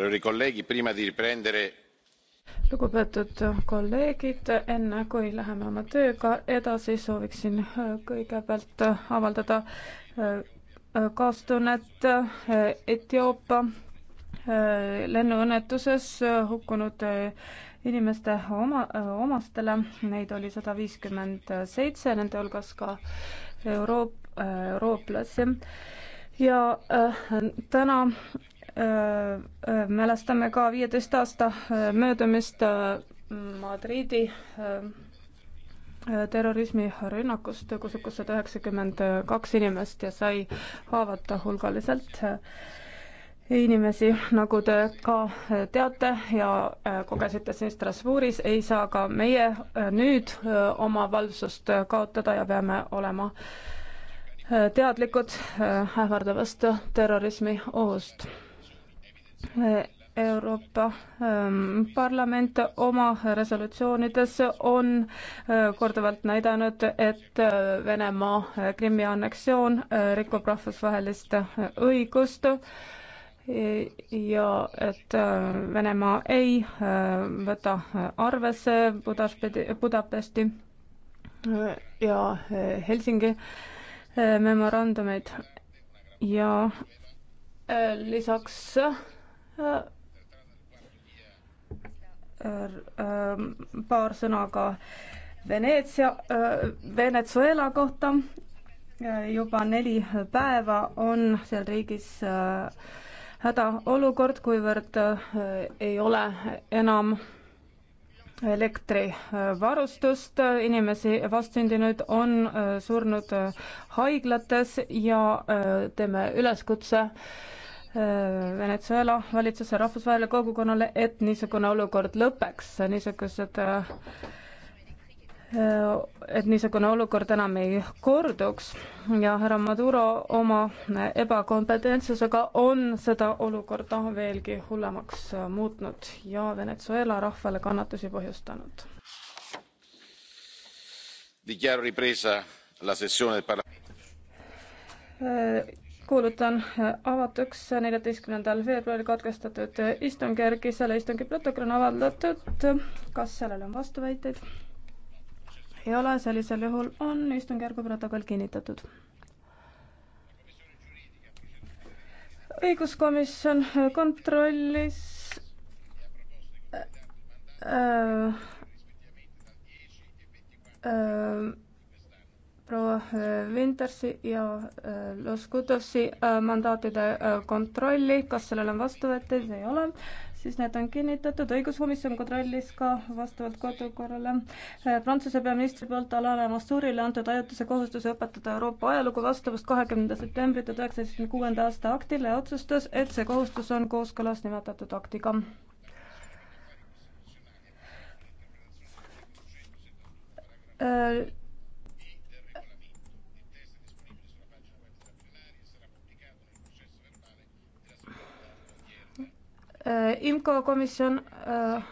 onorevoli colleghi prima di riprendere lugupeetud kolleegid, enne kui läheme oma tööga edasi, sooviksin äh, kõigepealt äh, avaldada äh, kaastunnet Etioopia lennuõnnetuses hukkunud inimeste oma, omastele, neid oli sada viiskümmend seitse, nende hulgas ka euroop-, eurooplasi. ja täna Äh, äh, mälestame ka viieteist aasta äh, möödumist Madridi terrorismirünnakust, kus hukkus sada üheksakümmend kaks inimest ja sai haavata hulgaliselt inimesi, nagu te ka teate ja kogesite siin Strasbourgis, ei saa ka meie nüüd oma valvsust kaotada ja peame olema teadlikud ähvardavast terrorismi ohust Euroopa ähm, Parlament oma resolutsioonides on äh, korduvalt näidanud, et äh, Venemaa äh, Krimmi anneksioon rikub rahvusvahelist õigust ja et Venemaa ei võta arvesse Budapesti, Budapesti ja Helsingi memorandumeid ja lisaks Äh, äh, paar sõna ka Veneetsia, äh, Venezuela kohta. juba neli päeva on seal riigis hädaolukord, kuivõrd ei ole enam elektrivarustust, inimesi, vastsündinuid on surnud haiglates ja teeme üleskutse äh, Äh, Venezuela valitsuse rahvusvahelisele kogukonnale, et niisugune olukord lõpeks, niisugused äh, et niisugune olukord enam ei korduks ja härra Maduro oma ebakompetentsusega on seda olukorda veelgi hullemaks muutnud ja Venezuela rahvale kannatusi põhjustanud. Dichiaro ripresa la sessione del Parlamento äh, kuulutan äh, avatuks neljateistkümnendal veebruaril katkestatud äh, istungjärgi. selle istungi protokoll on avaldatud. kas sellele on vastuväiteid? ei ole, sellisel juhul on istungjärgu protokoll kinnitatud. õiguskomisjon äh, kontrollis äh, äh, proua äh, Wintersi ja äh, Los Kutosi äh, mandaatide kontrolli, kas sellele on vastuvõtteid, ei ole, siis need on kinnitatud, õiguskomisjon kontrollis ka vastavalt kodukorrale Prantsuse peaministri poolt Alain Lamassuurile antud ajutise kohustuse õpetada Euroopa ajalugu vastavust kahekümnenda septembri tuhat üheksasaja seitsmekümne kuuenda aasta aktile ja otsustas, et see kohustus on kooskõlas nimetatud aktiga. Uh... Äh Äh, IMCO komisjon äh,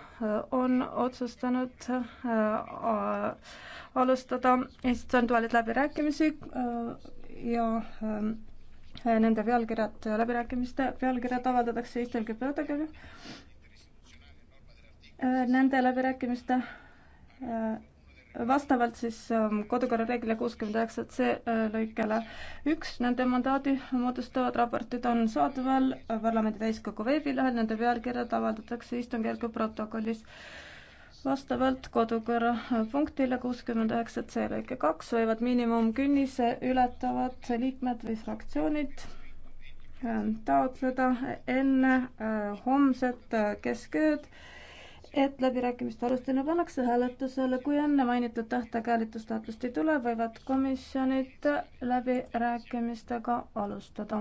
on otsustanud äh, alustada institutsionaalid läbirääkimisi ja nende pealkirjad, läbirääkimiste pealkirjad avaldatakse istungi peatekirja. Nende läbirääkimiste vastavalt siis ähm, kodukorra reeglile kuuskümmend üheksa C äh, lõikele üks nende mandaadi moodustavad raportid on saadaval parlamendi täiskogu veebilehel, nende pealkirjad avaldatakse istungjärgu protokollis vastavalt kodukorra äh, punktile kuuskümmend üheksa C lõike kaks võivad miinimumkünnise ületavad liikmed või fraktsioonid äh, taotleda enne homset keskööd et läbirääkimiste alustamine pannakse hääletusele, kui enne mainitud tähtaega hääletustaotlust ei tule, võivad komisjonid läbirääkimistega alustada.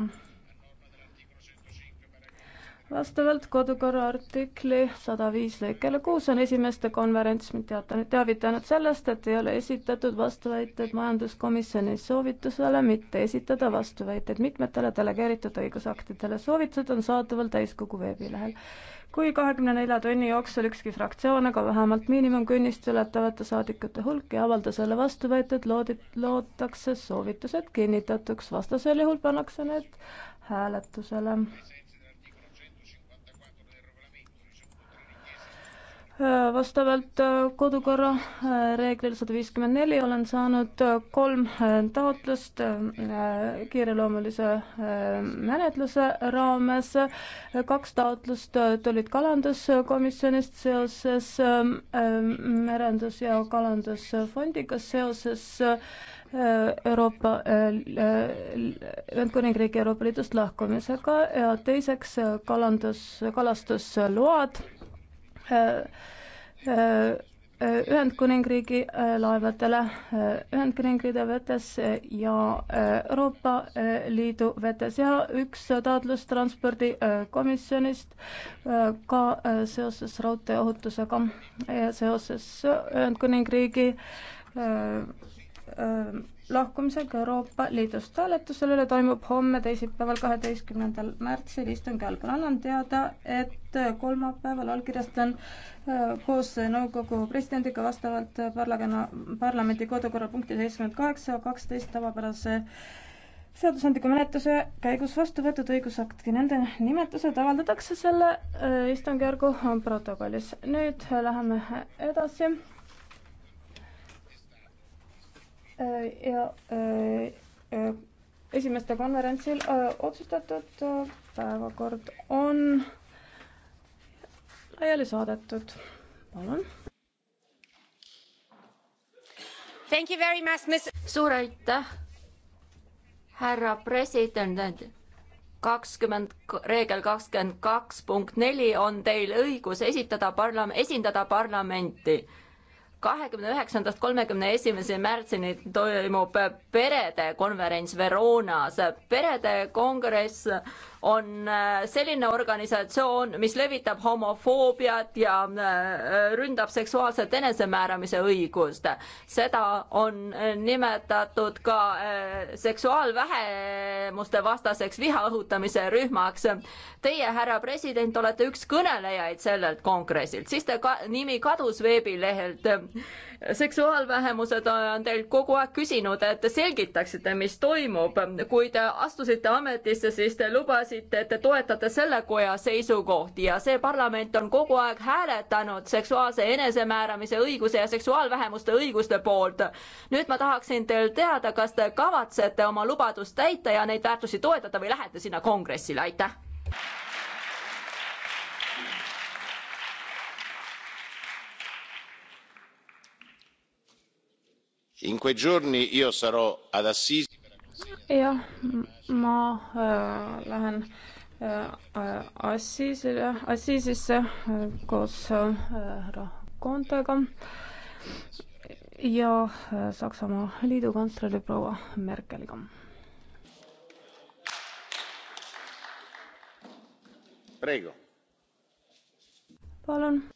vastavalt kodukorra artikli sada viis lõikele kuus on esimeste konverents mind teatanud, teavitanud sellest, et ei ole esitatud vastuväiteid majanduskomisjoni soovitusele mitte esitada vastuväiteid mitmetele delegeeritud õigusaktidele. soovitused on saadaval täiskogu veebilehel kui kahekümne nelja tunni jooksul ükski fraktsioon aga vähemalt miinimumkünnist ületavate saadikute hulk ei avalda selle vastu võetud, loodi-, loodetakse soovitused kinnitatuks, vastasel juhul pannakse need hääletusele. Äh, vastavalt äh, kodukorra äh, reeglil sada viiskümmend neli olen saanud kolm taotlust kiireloomulise menetluse raames. kaks taotlust tulid kalanduskomisjonist seoses ähm, ähm, merendus- ja kalandusfondiga seoses Euroopa, Ühendkuningriigi Euroopa Liidust lahkumisega ja teiseks kalandus, kalastusload Äh, äh, Ühendkuningriigi äh, laevadele Ühendkuningriigi vetes ja Euroopa Liidu vetes ja üks taotlus Transpordikomisjonist ka seoses raudteeohutusega ja seoses Ühendkuningriigi Äh, lahkumisega Euroopa Liidust. hääletus selle üle toimub homme, teisipäeval, kaheteistkümnendal märtsil istungi algul. annan teada, et kolmapäeval allkirjastan äh, koos nõukogu presidendiga vastavalt parlagana, parlamendi kodukorrapunkti seitsekümmend kaheksa ja kaksteist tavapärase seadusandliku menetluse käigus vastu võetud õigusakti. Nende nimetused avaldatakse selle äh, istungjärgu protokollis. nüüd läheme edasi Äh, ja äh, äh, esimeste konverentsil otsustatud päevakord on laiali saadetud. palun. suur aitäh, härra president. kakskümmend, reegel kakskümmend kaks punkt neli on teil õigus esitada parlam-, esindada parlamenti kahekümne üheksandast kolmekümne esimese märtsini toimub perede konverents Veroonas. perede kongress on äh, selline organisatsioon, mis levitab homofoobiat ja äh, ründab seksuaalset enesemääramise õigust. seda on äh, nimetatud ka seksuaalvähemuste vastaseks viha õhutamise rühmaks. Teie, härra president, olete üks kõnelejaid sellelt kongressilt, siis te ka nimi kadus veebilehelt seksuaalvähemused on teilt kogu aeg küsinud, et te selgitaksite, mis toimub. kui te astusite ametisse, siis te lubasite, et te toetate selle koja seisukohti ja see parlament on kogu aeg hääletanud seksuaalse enesemääramise õiguse ja seksuaalvähemuste õiguste poolt. nüüd ma tahaksin teilt teada, kas te kavatsete oma lubadust täita ja neid väärtusi toetada või lähete sinna kongressile, aitäh! in quei giorni io sarò ad assisi. jah ma äh, lähen äh, assisile assisisse eh, koos härra äh, Kontega ja äh, saksamaa liidukantsleri proua merkeliga. palun!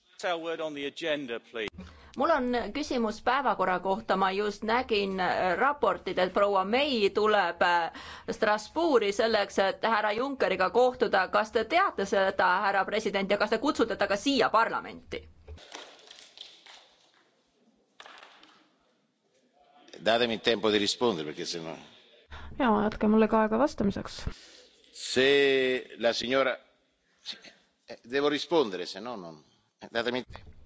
mul on küsimus päevakorra kohta, ma just nägin äh, raportit, et proua May tuleb äh, Strasbourgi selleks, et härra Junckeriga kohtuda. kas te teate seda, härra president, ja kas te kutsute ta ka siia parlamenti? ja andke mulle ka aega vastamiseks. see la signora eh, devo rispondere se no non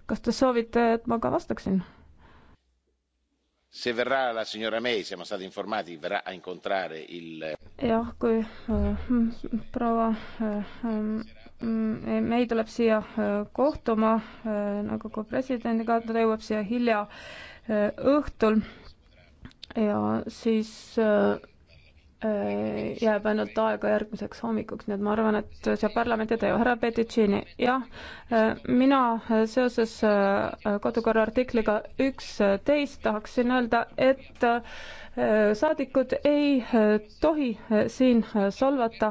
kas te soovite, et ma ka vastaksin? Se verrà la signora May, siamo stati informati, verrà a incontrare il... jah, kui äh, proua äh, äh, May tuleb siia äh, kohtuma äh, nõukogu presidendiga, ta jõuab siia hilja äh, õhtul ja siis äh, Äh, jääb ainult aega järgmiseks hommikuks, nii et ma arvan, et see parlamendi töö. härra Petitšiini, jah, äh, mina seoses äh, kodukorra artikliga üksteist tahaksin öelda, et saadikud ei eh, tohi eh, siin eh, solvata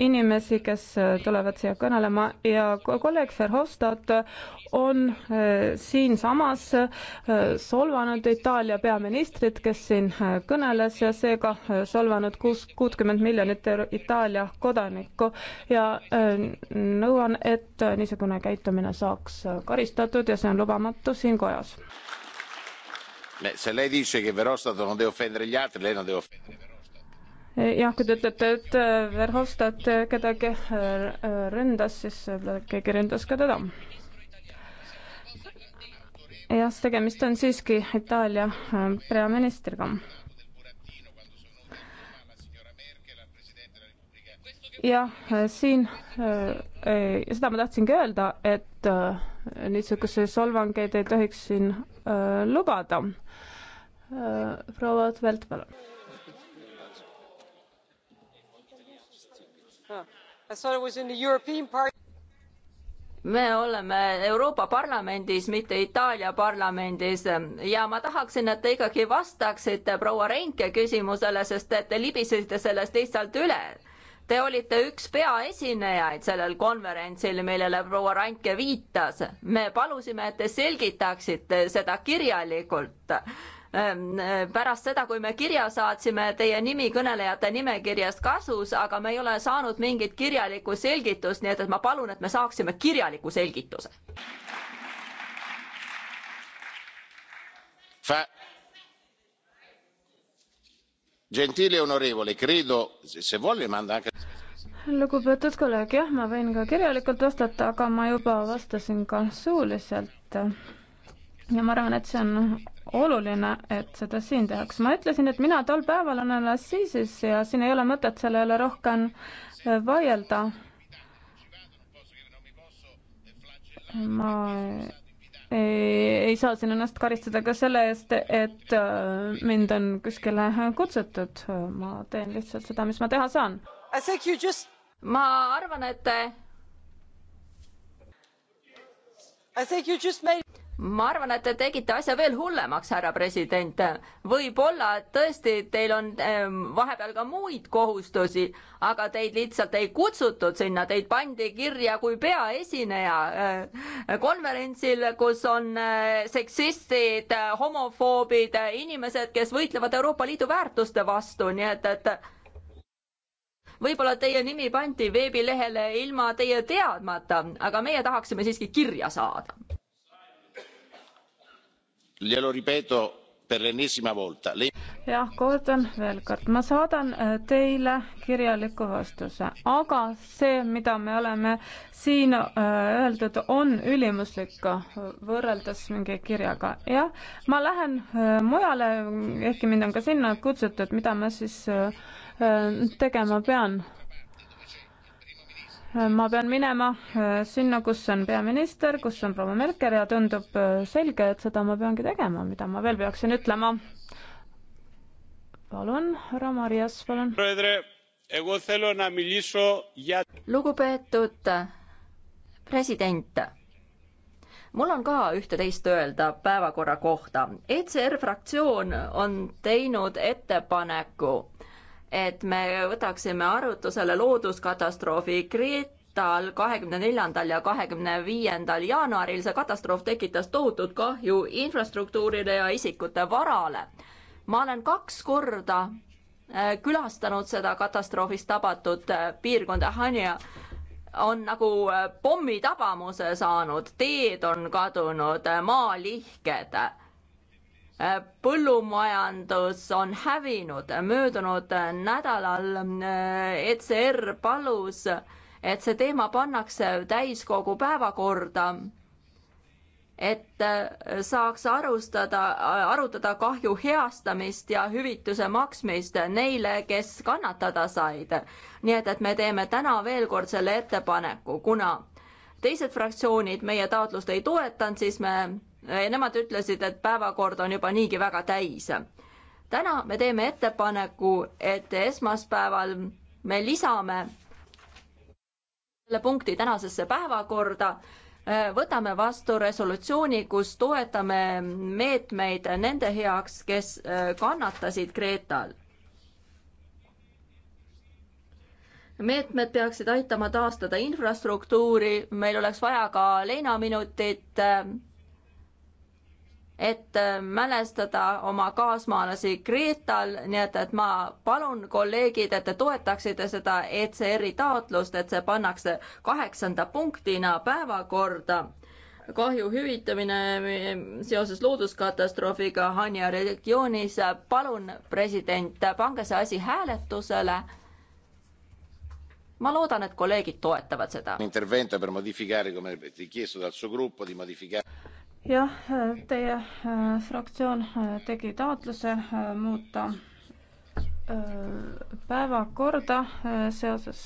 inimesi, kes tulevad siia kõnelema ja kolleeg Verhofstadt on siinsamas solvanud Itaalia peaministrit, kes siin kõneles ja seega solvanud kuus, kuutkümmend miljonit Itaalia kodanikku ja nõuan, et niisugune käitumine saaks karistatud ja see on lubamatu siin kojas se lei dice che verhofstadt non deve offendere gli altri lei non deve offendere eh, jah, kui te ütlete, et eh, Verhofstadt eh, kedagi ründas, siis keegi ründas ka teda. jah, tegemist on siiski Itaalia peaministriga. jah, siin, seda ma tahtsingi öelda, et niisuguseid solvangeid ei tohiks siin lubada proua Tvelt, palun. me oleme Euroopa Parlamendis, mitte Itaalia parlamendis ja ma tahaksin, et te ikkagi vastaksite proua Reinke küsimusele, sest et te libisesite sellest lihtsalt üle. Te olite üks peaesinejaid sellel konverentsil, millele proua Reinke viitas. me palusime, et te selgitaksite seda kirjalikult Ähm, äh, pärast seda, kui me kirja saatsime teie nimi kõnelejate nimekirjast kasus, aga me ei ole saanud mingit kirjalikku selgitust, nii et, et ma palun, et me saaksime kirjaliku selgituse. Gentile onorevole, credo, se vuole manda anche lugupeetud kolleeg, jah, ma võin ka kirjalikult vastata, aga ma juba vastasin ka suuliselt ja ma arvan, et see on oluline, et seda siin tehakse. ma ütlesin, et mina tol päeval olen Assisis ja siin ei ole mõtet selle üle rohkem äh, vaielda. ma ei, ei saa siin ennast karistada ka selle eest, et äh, mind on kuskile kutsutud. ma teen lihtsalt seda, mis ma teha saan. Just... ma arvan, et. Made ma arvan, et te tegite asja veel hullemaks, härra president. võib-olla tõesti teil on ehm, vahepeal ka muid kohustusi, aga teid lihtsalt ei kutsutud sinna, teid pandi kirja kui peaesineja eh, konverentsil, kus on eh, seksistid, eh, homofoobid, inimesed, kes võitlevad Euroopa Liidu väärtuste vastu, nii et, et võib-olla teie nimi pandi veebilehele ilma teie teadmata, aga meie tahaksime siiski kirja saada jah kordan veel kord ma saadan äh, teile kirjaliku vastuse aga see mida me oleme siin äh, öeldud on ülimuslik äh, võrreldes mingi kirjaga jah ma lähen mujale ehkki mind on ka sinna kutsutud mida ma siis tegema pean ma pean minema äh, sinna, kus on peaminister, kus on proua Merkel ja tundub äh, selge, et seda ma peangi tegema, mida ma veel peaksin ütlema. palun, härra Marias, palun. lugupeetud äh, president, mul on ka ühte-teist öelda päevakorra kohta. ECR fraktsioon on teinud ettepaneku et me võtaksime arutusele looduskatastroofi Kreetal kahekümne neljandal ja kahekümne viiendal jaanuaril. see katastroof tekitas tohutut kahju infrastruktuurile ja isikute varale. ma olen kaks korda äh, külastanud seda katastroofist tabatud äh, piirkonda Hania on nagu äh, pommitabamuse saanud, teed on kadunud, maalihked põllumajandus on hävinud. möödunud nädalal äh, ECR palus, et see teema pannakse täiskogu päevakorda, et äh, saaks arustada, arutada kahju heastamist ja hüvituse maksmist neile, kes kannatada said. nii et, et me teeme täna veel kord selle ettepaneku, kuna teised fraktsioonid meie taotlust ei toetanud, siis me Äh, nemad ütlesid, et päevakord on juba niigi väga täis. täna me teeme ettepaneku, et esmaspäeval me lisame selle punkti tänasesse päevakorda, äh, võtame vastu resolutsiooni, kus toetame meetmeid nende heaks, kes äh, kannatasid Kreetal. meetmed peaksid aitama taastada infrastruktuuri, meil oleks vaja ka leinaminutit et äh, mälestada oma kaasmaalasi Kreetal, nii et, et ma palun, kolleegid, et te toetaksite seda ECR-i taotlust, et see pannakse kaheksanda punktina päevakorda. kahju hüvitamine äh, seoses looduskatastroofiga Hanja regioonis. palun, president, pange see asi hääletusele. ma loodan, et kolleegid toetavad seda. intervento per modificare come richiesto dal suo gruppo di modificare jah, teie äh, fraktsioon äh, tegi taotluse äh, muuta päevakorda seoses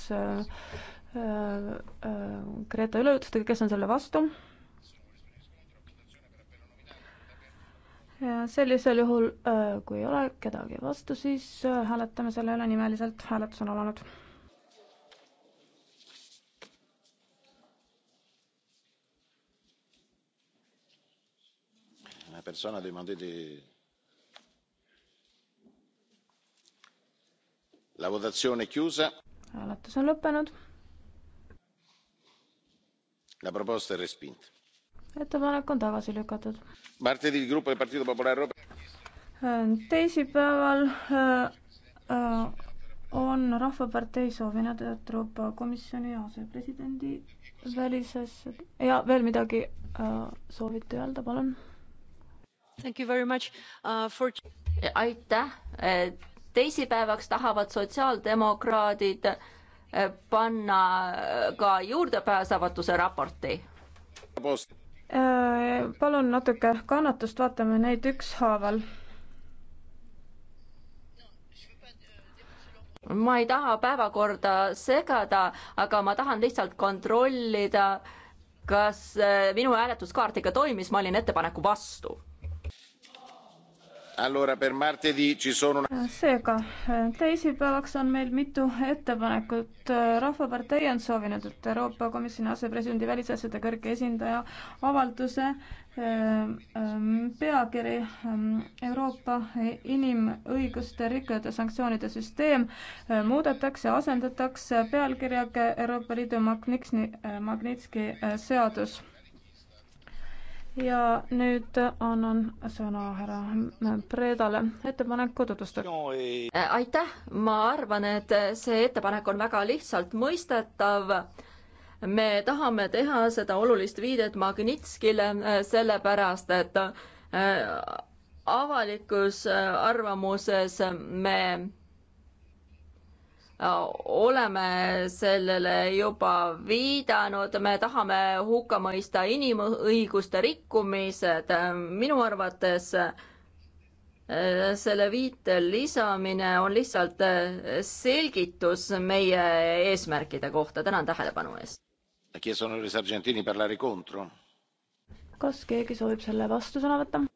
Greta üleütlustega, kes on selle vastu? ja sellisel juhul, kui ei ole kedagi vastu, siis hääletame selle üle nimeliselt, hääletus on alanud personne n'a demandé di. la votazione è chiusa. hääletus on lõppenud. la proposta è respinta. ettepanek on tagasi lükatud. martedì il gruppo del partito popolare europeo. Äh, teisipäeval äh, äh, on Rahvapartei soovinud, et Euroopa Komisjoni asepresidendi välises ja veel midagi äh, soovite öelda, palun Uh, for... aitäh, teisipäevaks tahavad sotsiaaldemokraadid eh, panna eh, ka juurdepääsematuse raporti. Eh, palun natuke kannatust, vaatame neid ükshaaval ma ei taha päevakorda segada, aga ma tahan lihtsalt kontrollida, kas minu hääletuskaart ikka toimis, ma olin ettepaneku vastu seega teisipäevaks on meil mitu ettepanekut. rahvapartei on soovinud, et Euroopa Komisjoni asepresidendi välisasjade kõrge esindaja avalduse ehm, ehm, pealkiri ehm, Euroopa inimõiguste rikkujate sanktsioonide süsteem muudetakse, asendatakse pealkirjaga Euroopa Liidu Magnitski, Magnitski seadus ja nüüd annan sõna härra Predale ettepaneku tutvustamiseks. aitäh, ma arvan, et see ettepanek on väga lihtsalt mõistetav. me tahame teha seda olulist viidet Magnitskile, eh, sellepärast et eh, avalikus eh, arvamuses me oleme sellele juba viidanud, me tahame hukka mõista inimõiguste rikkumised, minu arvates äh, selle viite lisamine on lihtsalt äh, selgitus meie eesmärkide kohta, tänan tähelepanu eest. kas keegi soovib selle vastu sõna võtta?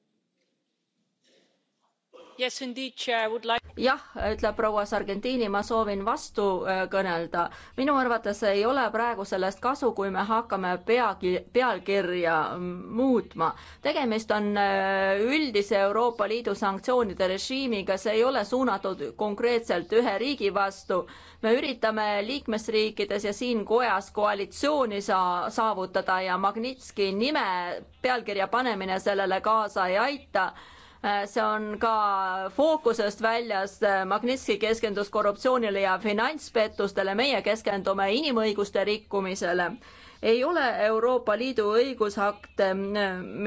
jah, ütleb proua Sargentini, ma soovin vastu äh, kõnelda. minu arvates ei ole praegu sellest kasu, kui me hakkame peagi, pealkirja mm, muutma. tegemist on äh, üldise Euroopa Liidu sanktsioonide režiimiga, see ei ole suunatud konkreetselt ühe riigi vastu. me üritame liikmesriikides ja siin kojas koalitsiooni saa-, saavutada ja Magnitski nime pealkirja panemine sellele kaasa ei aita see on ka fookusest väljas, äh, Magnitski keskendus korruptsioonile ja finantspettustele, meie keskendume inimõiguste rikkumisele. ei ole Euroopa Liidu õigusakte,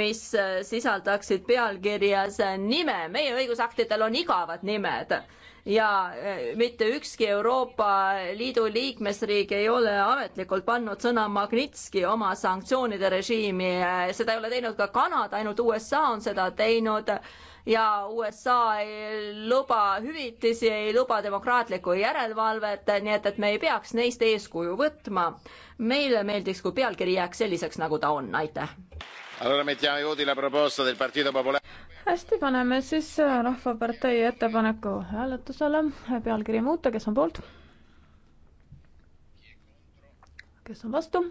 mis äh, sisaldaksid pealkirjas äh, nime, meie õigusaktidel on igavad nimed ja eh, mitte ükski Euroopa Liidu liikmesriik ei ole ametlikult pannud sõna Magnitski oma sanktsioonide režiimi, eh, seda ei ole teinud ka Kanada, ainult USA on seda teinud ja USA ei luba hüvitisi, ei luba demokraatlikku järelevalvet, eh, nii et, et me ei peaks neist eeskuju võtma. meile meeldiks, kui pealkiri jääks selliseks, nagu ta on, aitäh hästi, paneme siis äh, Rahvapartei ettepaneku hääletusele. pealkiri muuta, kes on poolt? kes on vastu?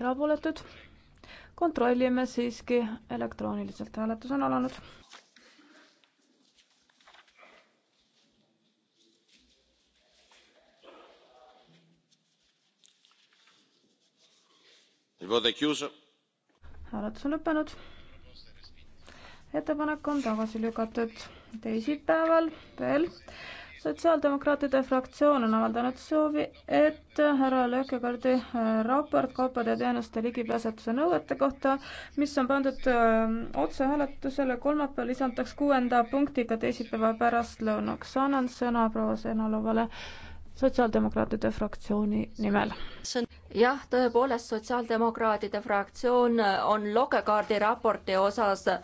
erapooletud? kontrollime siiski elektrooniliselt, hääletus on alanud. hääletus on lõppenud ettepanek on tagasi lükatud. teisipäeval veel sotsiaaldemokraatide fraktsioon on avaldanud soovi, et härra Löökekardi äh, raport kaupade ja teenuste ligipääsetuse nõuete kohta, mis on pandud äh, otsehääletusele kolmapäeval, lisandaks kuuenda punktiga teisipäeva pärastlõunaks. annan sõna proua Senalovale sotsiaaldemokraatide fraktsiooni nimel. jah, tõepoolest, sotsiaaldemokraatide fraktsioon on Löökekardi raporti osas äh,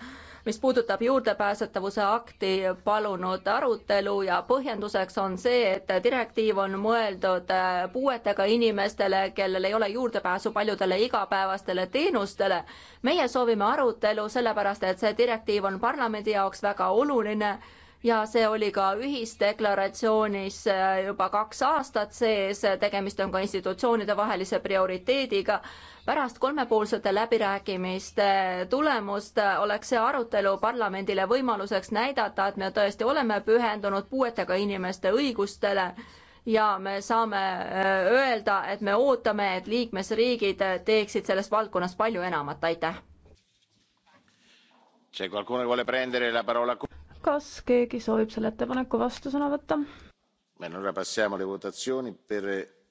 mis puudutab juurdepääsetavuse akti palunud arutelu ja põhjenduseks on see, et direktiiv on mõeldud äh, puuetega inimestele, kellel ei ole juurdepääsu paljudele igapäevastele teenustele. meie soovime arutelu sellepärast, et see direktiiv on parlamendi jaoks väga oluline ja see oli ka ühisdeklaratsioonis äh, juba kaks aastat sees, tegemist on ka institutsioonide vahelise prioriteediga. pärast kolmepoolsete läbirääkimiste tulemust äh, oleks see arutelu parlamendile võimaluseks näidata, et me tõesti oleme pühendunud puuetega inimeste õigustele ja me saame äh, öelda, et me ootame, et liikmesriigid teeksid selles valdkonnas palju enamat, aitäh kas keegi soovib selle ettepaneku vastu sõna võtta?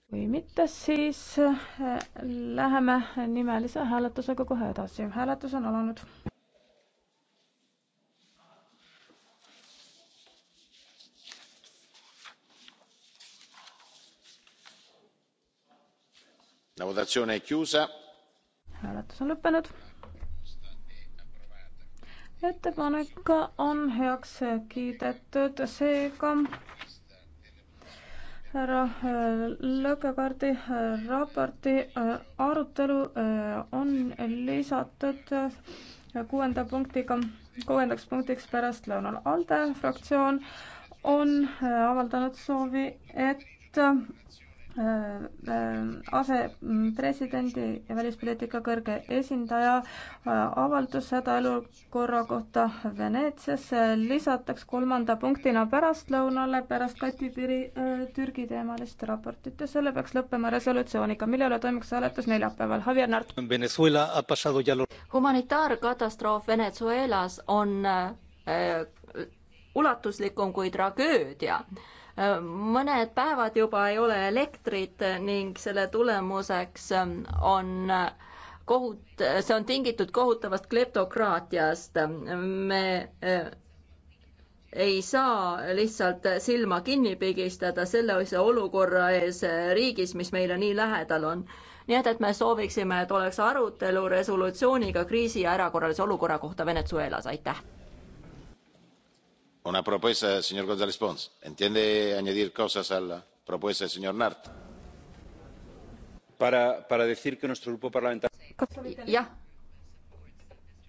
kui mitte, siis äh, läheme nimelise hääletusega kohe edasi. hääletus on alanud. hääletus on lõppenud ettepanek on heaks kiidetud, seega härra äh, Lõkkekaardi äh, raporti äh, arutelu on lisatud kuuenda punktiga, kuuendaks punktiks pärastlõunal. ALDE fraktsioon on avaldanud soovi, et Äh, äh, asepresidendi ja välispoliitika kõrge esindaja äh, avaldus hädaolukorra kohta Veneetsias lisataks kolmanda punktina pärastlõunale pärast Kati Piri Türgi teemalist raportit ja selle peaks lõppema resolutsiooniga, mille üle toimuks hääletus neljapäeval. Javier Nart. humanitaarkatastroof Venezuelas on äh, ulatuslikum kui tragöödia mõned päevad juba ei ole elektrit ning selle tulemuseks on kohut-, see on tingitud kohutavast kleptokraatiast. me eh, ei saa lihtsalt silma kinni pigistada sellise olukorra ees riigis, mis meile nii lähedal on. nii et, et me sooviksime, et oleks arutelu resolutsiooniga kriisi ja erakorralise olukorra kohta Venezuelas, aitäh! una propuesta señor gonzález pons entiende añadir cosas a la propuesta del señor nart? para decir que nuestro grupo parlamentario. jah,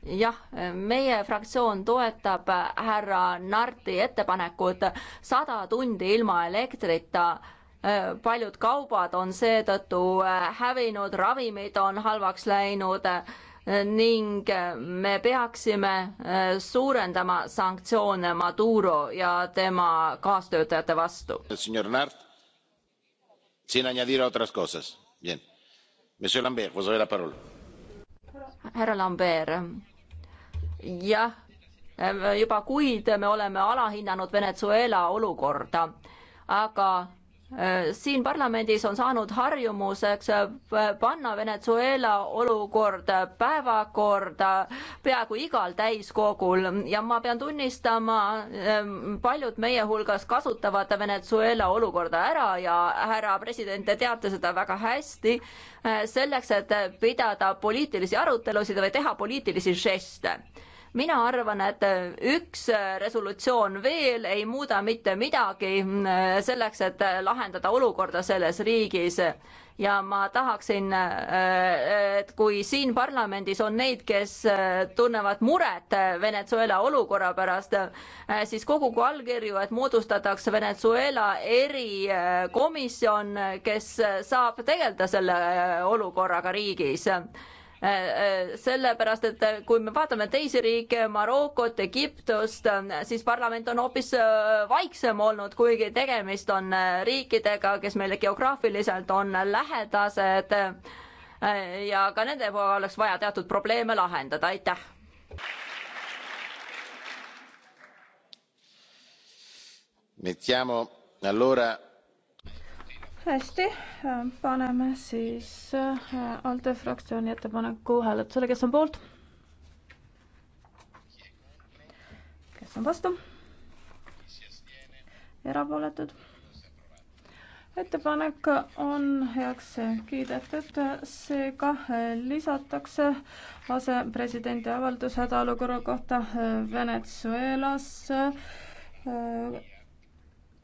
eh, jah, meie fraktsioon toetab eh, härra Narti ettepanekut sada tundi ilma elektrita eh, paljud kaubad on seetõttu hävinud, ravimid on halvaks läinud ning me peaksime äh, suurendama sanktsioone Maduro ja tema kaastöötajate vastu. härra Lambert, jah, äh, juba kuid me oleme alahinnanud Venezuela olukorda, aga Äh, siin parlamendis on saanud harjumuseks äh, panna Venezuela olukord äh, päevakorda peaaegu igal täiskogul ja ma pean tunnistama, ähm, paljud meie hulgas kasutavad Venezuela olukorda ära ja härra president, te teate seda väga hästi, selleks, et pidada poliitilisi arutelusid või teha poliitilisi žeste mina arvan, et üks resolutsioon veel ei muuda mitte midagi mm, selleks, et lahendada olukorda selles riigis ja ma tahaksin, äh, et kui siin parlamendis on neid, kes äh, tunnevad muret Venezuela olukorra pärast, äh, siis kogugu allkirju, et moodustatakse Venezuela erikomisjon, kes saab tegeleda selle olukorraga riigis sellepärast, et kui me vaatame teisi riike, Marokot, Egiptust, siis parlament on hoopis äh, vaiksem olnud, kuigi tegemist on äh, riikidega, kes meile geograafiliselt on lähedased. Äh, ja ka nende puhul oleks vaja teatud probleeme lahendada, aitäh. Mettiamo allora hästi, äh, paneme siis äh, ALDE fraktsiooni ettepaneku hääletusele, kes on poolt? kes on vastu? erapooletud? ettepanek on heaks kiidetud, seega äh, lisatakse asepresidendi avaldus hädaolukorra kohta Venezuelas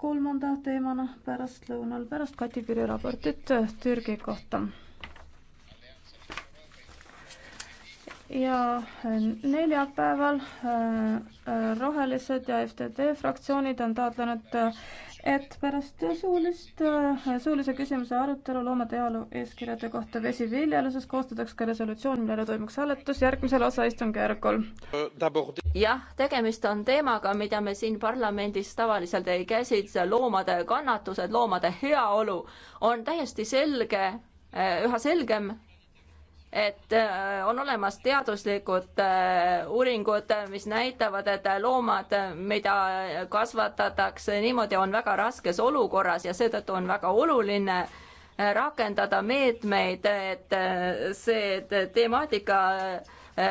kolmanda teemana pärastlõunal pärast Kati Piri raportit Türgi kohta. ja neljapäeval äh, äh, Rohelised ja FTD fraktsioonid on taotlenud äh, et pärast suulist, äh, suulise küsimuse arutelu loomade heaolu eeskirjade kohta vesiviljeluses koostataks ka resolutsioon, millele toimuks hääletus järgmisel osaistungjärgul. jah, tegemist on teemaga, mida me siin parlamendis tavaliselt ei käsitle, loomade kannatused, loomade heaolu on täiesti selge, äh, üha selgem et äh, on olemas teaduslikud äh, uuringud, äh, mis näitavad, et loomad, mida kasvatatakse niimoodi, on väga raskes olukorras ja seetõttu on väga oluline rakendada meetmeid, et see temaatika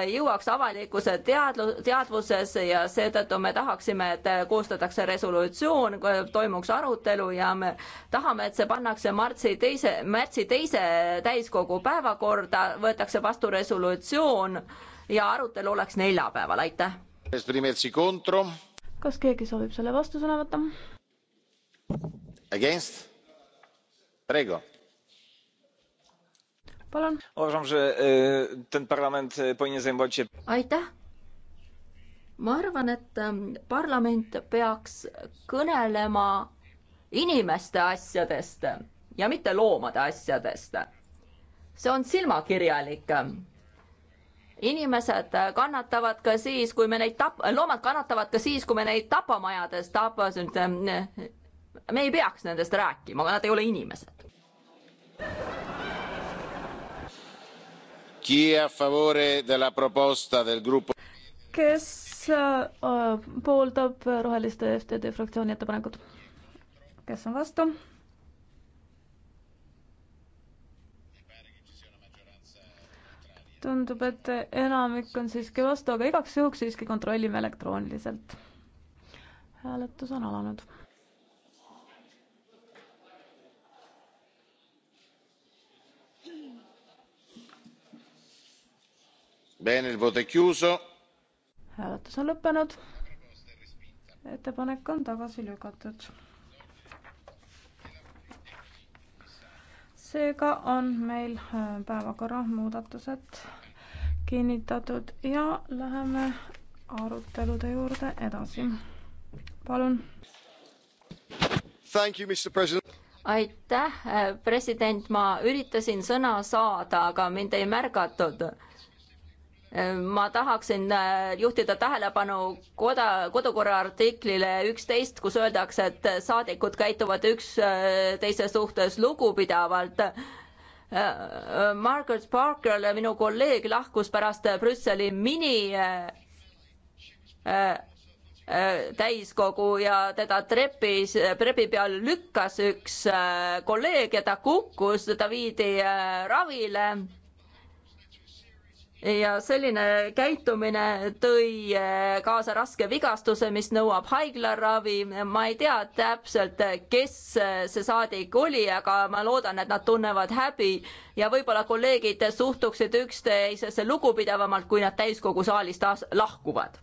jõuaks avalikkuse teadlu-, teadvusesse ja seetõttu me tahaksime, et koostatakse resolutsioon, toimuks arutelu ja me tahame, et see pannakse märtsi teise, märtsi teise täiskogu päevakorda, võetakse vastu resolutsioon ja arutelu oleks neljapäeval, aitäh. kas keegi soovib selle vastu sõna võtta? Against? Prego palun. aitäh. ma arvan, et parlament peaks kõnelema inimeste asjadest ja mitte loomade asjadest. see on silmakirjalik. inimesed kannatavad ka siis, kui me neid tap-, loomad kannatavad ka siis, kui me neid tapamajades tapasime. me ei peaks nendest rääkima, nad ei ole inimesed kes äh, pooldab roheliste FTD fraktsiooni ettepanekut? kes on vastu? tundub, et enamik on siiski vastu, aga igaks juhuks siiski kontrollime elektrooniliselt. hääletus on alanud hääletus on lõppenud. ettepanek on tagasi lükatud. seega on meil äh, päevakorra muudatused kinnitatud ja läheme arutelude juurde edasi. palun. aitäh, äh, president, ma üritasin sõna saada, aga mind ei märgatud ma tahaksin äh, juhtida tähelepanu koda, kodukorra artiklile üksteist, kus öeldakse, et saadikud käituvad üksteise äh, suhtes lugupidavalt. Äh, Margaret Parker, minu kolleeg, lahkus pärast Brüsseli mini täiskogu ja teda trepis, trepi peal lükkas üks kolleeg ja ta kukkus, ta viidi ravile ja selline käitumine tõi eh, kaasa raske vigastuse, mis nõuab haiglaravi. ma ei tea täpselt, kes eh, see saadik oli, aga ma loodan, et nad tunnevad häbi ja võib-olla kolleegid suhtuksid üksteisesse lugupidavamalt, kui nad täiskogu saalist lahkuvad.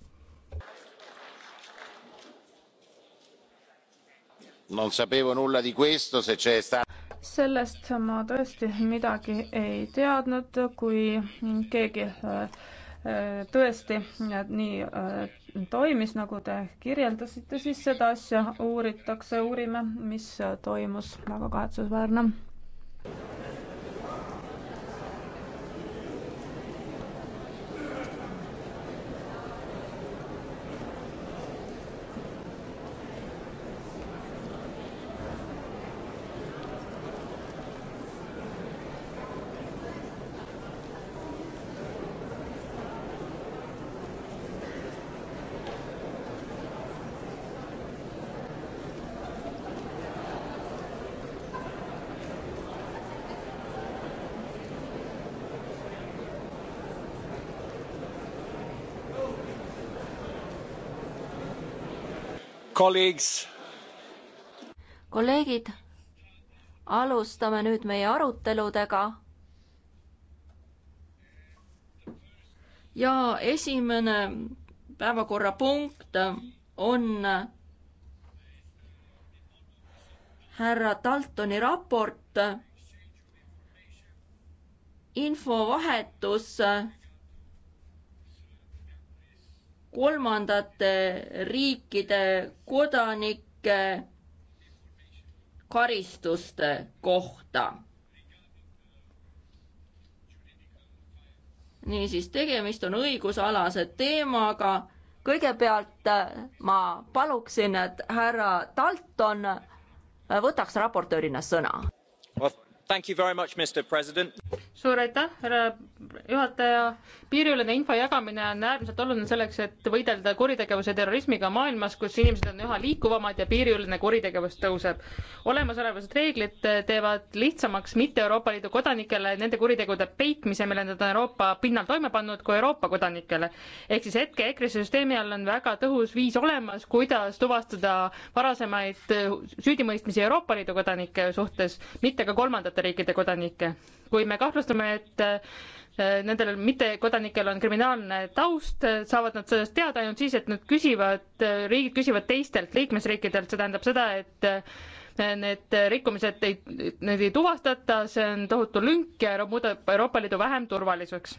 Non sapevo nulla di questo, se c'è stato sellest ma tõesti midagi ei teadnud, kui keegi äh, tõesti nii äh, toimis, nagu te kirjeldasite, siis seda asja uuritakse, uurime, mis toimus, väga kahetsusväärne. kolleegid, alustame nüüd meie aruteludega. ja esimene päevakorrapunkt on härra Daltoni raport, infovahetus kolmandate riikide kodanike karistuste kohta. niisiis, tegemist on õigusalase teemaga. kõigepealt ma paluksin, et härra Dalton võtaks raportöörina sõna suur aitäh, härra juhataja. piiriülene info jagamine on äärmiselt oluline selleks, et võidelda kuritegevuse ja terrorismiga maailmas, kus inimesed on üha liikuvamad ja piiriülene kuritegevus tõuseb. olemasolevad reeglid teevad lihtsamaks mitte Euroopa Liidu kodanikele nende kuritegude peitmise, mille nad on Euroopa pinnal toime pannud, kui Euroopa kodanikele. ehk siis hetke EKRE süsteemi all on väga tõhus viis olemas, kuidas tuvastada varasemaid süüdimõistmisi Euroopa Liidu kodanike suhtes, mitte ka kolmandate kolmandate riikide kodanikke. kui me kahtlustame, et äh, nendel mittekodanikel on kriminaalne taust, äh, saavad nad sellest teada ainult siis, et nad küsivad, äh, riigid küsivad teistelt liikmesriikidelt, see tähendab seda, et need rikkumised ei, need ei tuvastata, see on tohutu lünk ja muudab Euroopa Liidu vähem turvaliseks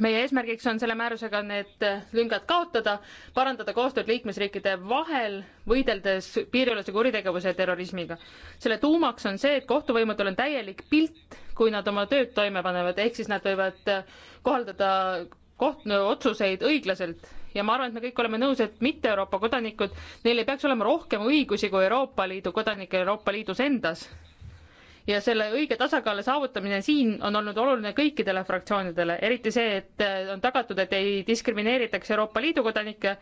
meie eesmärgiks on selle määrusega need lüngad kaotada, parandada koostööd liikmesriikide vahel, võideldes piiriülese kuritegevuse ja terrorismiga. selle tuumaks on see, et kohtuvõimudel on täielik pilt, kui nad oma tööd toime panevad, ehk siis nad võivad kohaldada koht-, otsuseid õiglaselt ja ma arvan, et me kõik oleme nõus, et mitte Euroopa kodanikud, neil ei peaks olema rohkem õigusi kui Euroopa Liidu kodanikel Euroopa Liidus endas ja selle õige tasakaalu saavutamine siin on olnud oluline kõikidele fraktsioonidele, eriti see, et äh, on tagatud, et ei diskrimineeritaks Euroopa Liidu kodanikke,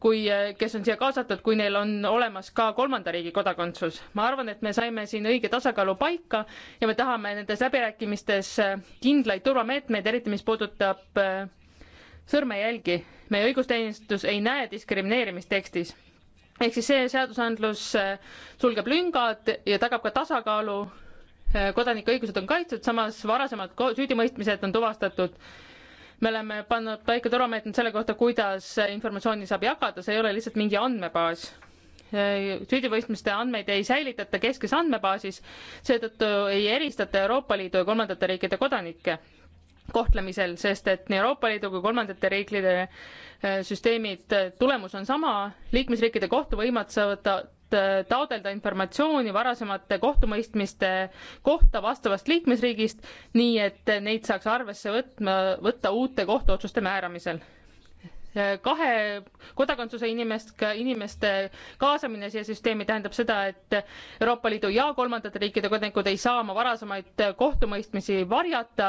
kui, äh, kes on siia kaasatud, kui neil on olemas ka kolmanda riigi kodakondsus. ma arvan, et me saime siin õige tasakaalu paika ja me tahame nendes läbirääkimistes äh, kindlaid turvameetmeid, eriti mis puudutab sõrmejälgi. meie õigusteenistus ei näe diskrimineerimist tekstis ehk siis see seadusandlus äh, sulgeb lüngad ja tagab ka tasakaalu, äh, kodanike õigused on kaitstud, samas varasemad süüdimõistmised on tuvastatud. me oleme pannud paika turvameetmed selle kohta, kuidas äh, informatsiooni saab jagada, see ei ole lihtsalt mingi andmebaas süüdimõistmiste andmeid ei säilitata keskses andmebaasis, seetõttu ei eristata Euroopa Liidu ja kolmandate riikide kodanikke kohtlemisel, sest et nii Euroopa Liidu kui kolmandate riikide äh, süsteemid, äh, tulemus on sama, liikmesriikide kohtuvõimad saavad äh, taodelda informatsiooni varasemate kohtumõistmiste kohta vastavast liikmesriigist, nii et neid saaks arvesse võtma, võtta uute kohtuotsuste määramisel kahe kodakondsuse inimest, inimeste kaasamine siia süsteemi tähendab seda, et Euroopa Liidu ja kolmandate riikide kodanikud ei saa oma varasemaid kohtumõistmisi varjata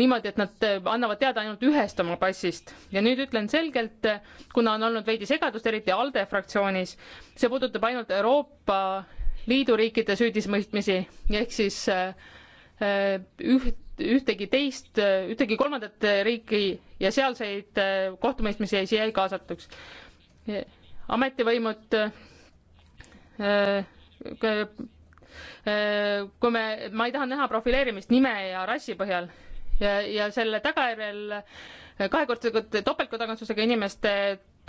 niimoodi, et nad annavad teada ainult ühest oma passist. ja nüüd ütlen selgelt, kuna on olnud veidi segadust, eriti ALDE fraktsioonis, see puudutab ainult Euroopa Liidu riikide süüdismõistmisi ehk siis äh, üht ühtegi teist, ühtegi kolmandat riiki ja sealseid äh, kohtumõistmisi ei, siia ei kaasatuks. ametivõimud äh, äh, kui me, ma ei taha näha profileerimist nime ja rassi põhjal ja, ja selle tagajärjel kahekordse topeltkodakondsusega inimeste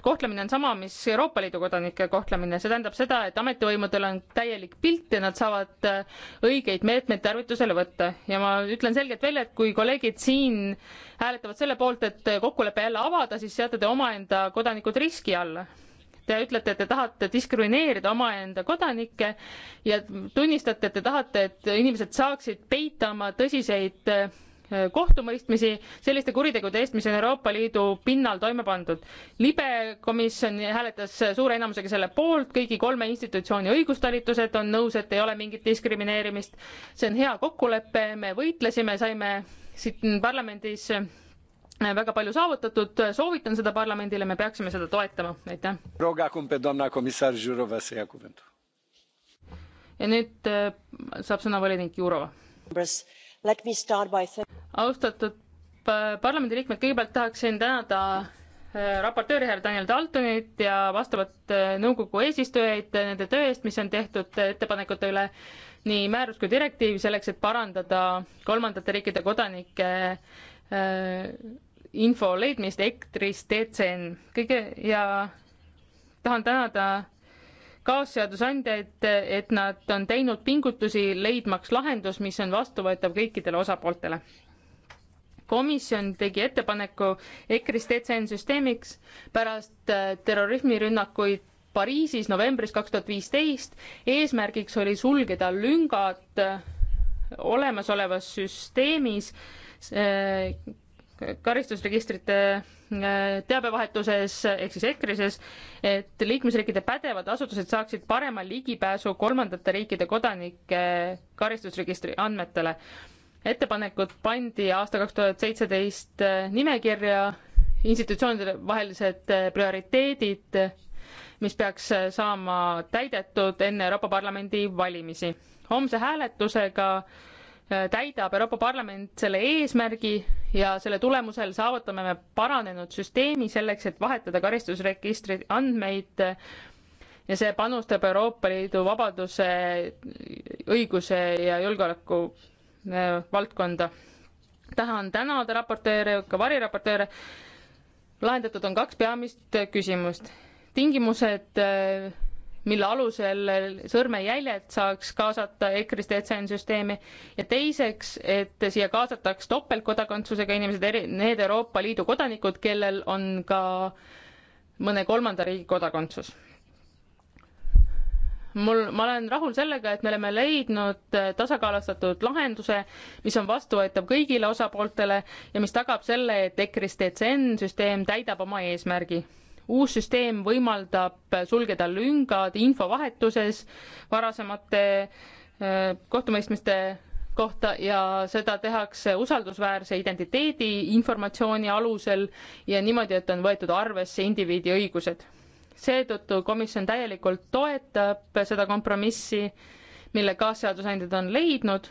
kohtlemine on sama, mis Euroopa Liidu kodanike kohtlemine, see tähendab seda, et ametivõimudel on täielik pilt ja nad saavad äh, õigeid meetmeid tarvitusele võtta ja ma ütlen selgelt välja, et kui kolleegid siin hääletavad selle poolt, et kokkulepe jälle avada, siis seate te omaenda kodanikud riski alla. Te ütlete, et te tahate diskrimineerida omaenda kodanikke ja tunnistate, et te tahate, et inimesed saaksid peita oma tõsiseid äh, kohtumõistmisi selliste kuritegude eest, mis on Euroopa Liidu pinnal toime pandud. libe komisjon hääletas suure enamusega selle poolt, kõigi kolme institutsiooni õigustalitused on nõus, et ei ole mingit diskrimineerimist. see on hea kokkulepe, me võitlesime, saime siin parlamendis väga palju saavutatud, soovitan seda parlamendile, me peaksime seda toetama, aitäh. ja nüüd äh, saab sõna volinik Jurova austatud parlamendiliikmed, kõigepealt tahaksin tänada äh, raportööri härra Daniel Daltonit ja vastavat äh, nõukogu eesistujaid nende töö eest, mis on tehtud ettepanekute üle, nii määrus kui direktiiv, selleks et parandada kolmandate riikide kodanike äh, info leidmist EKTRis DCN. kõige ja tahan tänada kaasseadusandjaid, et nad on teinud pingutusi leidmaks lahendus, mis on vastuvõetav kõikidele osapooltele komisjon tegi ettepaneku EKRE-s detsentsüsteemiks pärast äh, terrorismirünnakuid Pariisis novembris kaks tuhat viisteist. eesmärgiks oli sulgeda lüngad äh, olemasolevas süsteemis äh, karistusregistrite teabevahetuses ehk siis EKRE-ses, et liikmesriikide pädevad asutused saaksid parema ligipääsu kolmandate riikide kodanike karistusregistri andmetele ettepanekud pandi aasta kaks tuhat seitseteist äh, nimekirja institutsioonide vahelised äh, prioriteedid, mis peaks äh, saama täidetud enne Euroopa Parlamendi valimisi. homse hääletusega täidab Euroopa Parlament selle eesmärgi ja selle tulemusel saavutame me paranenud süsteemi selleks, et vahetada karistusregistri andmeid ja see panustab Euroopa Liidu vabaduse, õiguse ja julgeoleku Äh, valdkonda. tahan tänada raportööre, ka variraportööre. lahendatud on kaks peamist äh, küsimust. tingimused, äh, mille alusel sõrmejäljed saaks kaasata EKRE-st süsteemi ja teiseks, et siia kaasataks topeltkodakondsusega inimesed, eri, need Euroopa Liidu kodanikud, kellel on ka mõne kolmanda riigi kodakondsus mul, ma olen rahul sellega, et me oleme leidnud äh, tasakaalustatud lahenduse, mis on vastuvõetav kõigile osapooltele ja mis tagab selle, et EKRE-s DCN süsteem täidab oma eesmärgi. uus süsteem võimaldab äh, sulgeda lüngad infovahetuses varasemate äh, kohtumõistmiste kohta ja seda tehakse usaldusväärse identiteedi informatsiooni alusel ja niimoodi, et on võetud arvesse indiviidi õigused seetõttu komisjon täielikult toetab seda kompromissi, mille kaasseadusandjad on leidnud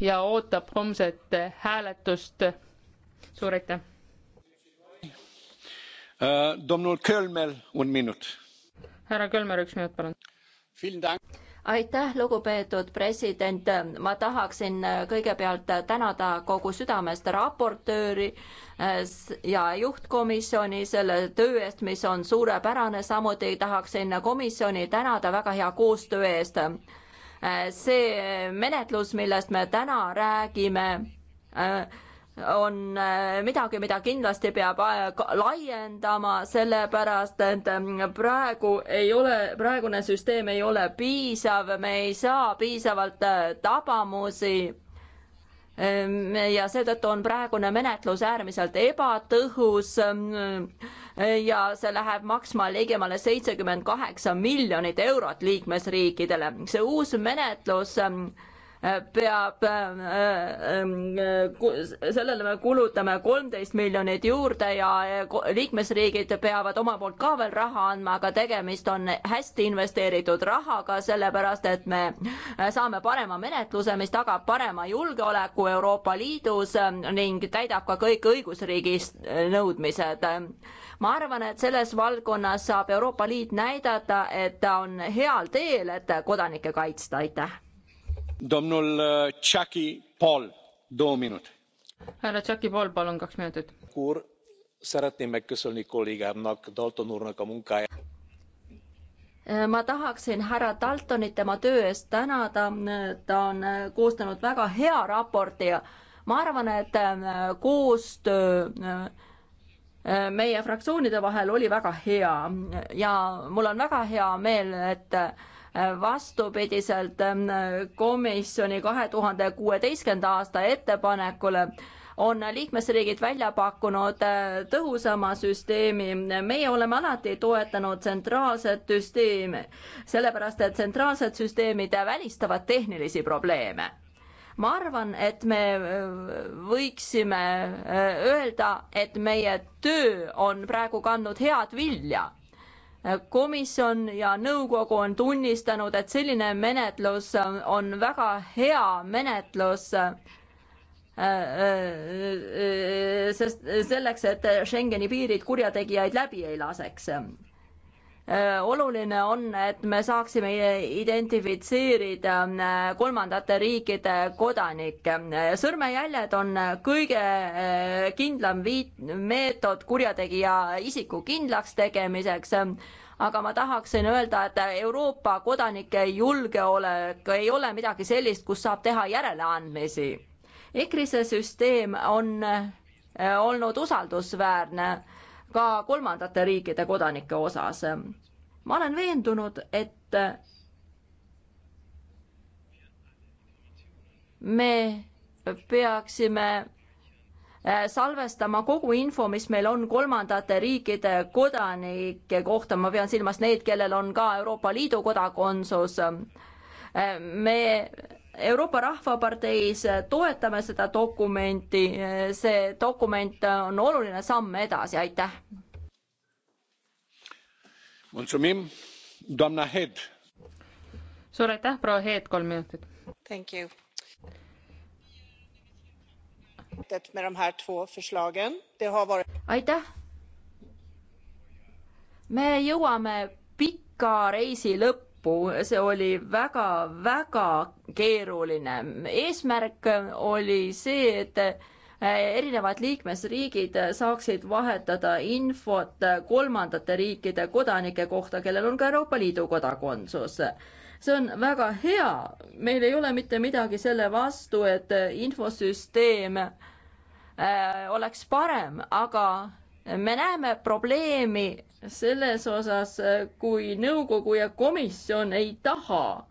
ja ootab homset hääletust. suur aitäh! Äh, härra Kölmer, üks minut, palun! aitäh, lugupeetud president, ma tahaksin kõigepealt tänada kogu südamest raportööri äh, ja juhtkomisjoni selle töö eest, mis on suurepärane, samuti tahaksin komisjoni tänada väga hea koostöö eest. Äh, see menetlus, millest me täna räägime, äh, on äh, midagi, mida kindlasti peab äh, laiendama, sellepärast et ähm, praegu ei ole, praegune süsteem ei ole piisav, me ei saa piisavalt äh, tabamusi. Ähm, ja seetõttu on praegune menetlus äärmiselt ebatõhus. Ähm, ja see läheb maksma ligemale seitsekümmend kaheksa miljonit eurot liikmesriikidele. see uus menetlus peab, ähm, ähm, äh, sellele me kulutame kolmteist miljonit juurde ja äh, liikmesriigid peavad oma poolt ka veel raha andma, aga tegemist on hästi investeeritud rahaga, sellepärast et me äh, saame parema menetluse, mis tagab parema julgeoleku Euroopa Liidus ähm, ning täidab ka kõik õigusriigis nõudmised. ma arvan, et selles valdkonnas saab Euroopa Liit näidata, et ta on heal teel, et kodanikke kaitsta, aitäh härra uh, tsaki paul palun kaks minutit! szeretném megköszönni kollégámnak dalton úrnak a munkáját. ma tahaksin härra daltonit tema töö eest tänada ta on eh, koostanud väga hea raporti ja ma arvan et eh, koostöö eh, meie fraktsioonide vahel oli väga hea ja mul on väga hea meel et vastupidiselt ähm, komisjoni kahe tuhande kuueteistkümnenda aasta ettepanekule on liikmesriigid välja pakkunud äh, tõhusama süsteemi. meie oleme alati toetanud tsentraalset süsteemi, sellepärast et tsentraalsed süsteemid välistavad tehnilisi probleeme ma arvan, et me äh, võiksime äh, öelda, et meie töö on praegu kandnud head vilja komisjon ja nõukogu on tunnistanud, et selline menetlus on väga hea menetlus, äh, äh, äh, sest selleks, et Schengeni piirid kurjategijaid läbi ei laseks Äh, oluline on, et me saaksime identifitseerida äh, kolmandate riikide kodanikke. Äh, sõrmejäljed on kõige kindlam viit-, meetod kurjategija isiku kindlaks tegemiseks aga ma tahaksin öelda, et Euroopa kodanike julgeolek ei ole midagi sellist, kus saab teha järeleandmisi. EKRE-se süsteem on olnud usaldusväärne ka kolmandate riikide kodanike osas. ma olen veendunud, et me peaksime äh, salvestama kogu info, mis meil on kolmandate riikide kodanike kohta, ma pean silmas neid, kellel on ka Euroopa Liidu kodakondsus. Äh, me Euroopa Rahvaparteis toetame seda dokumenti, see dokument on oluline samm edasi, aitäh. suur aitäh, proua Heed, kolm minutit. aitäh. me jõuame pika reisi lõppu lõppu, see oli väga-väga keeruline. eesmärk oli see, et äh, erinevad liikmesriigid saaksid vahetada infot kolmandate riikide kodanike kohta, kellel on ka Euroopa Liidu kodakondsus. see on väga hea, meil ei ole mitte midagi selle vastu, et infosüsteem äh, oleks parem, aga me näeme probleemi selles osas, kui nõukogu ja komisjon ei taha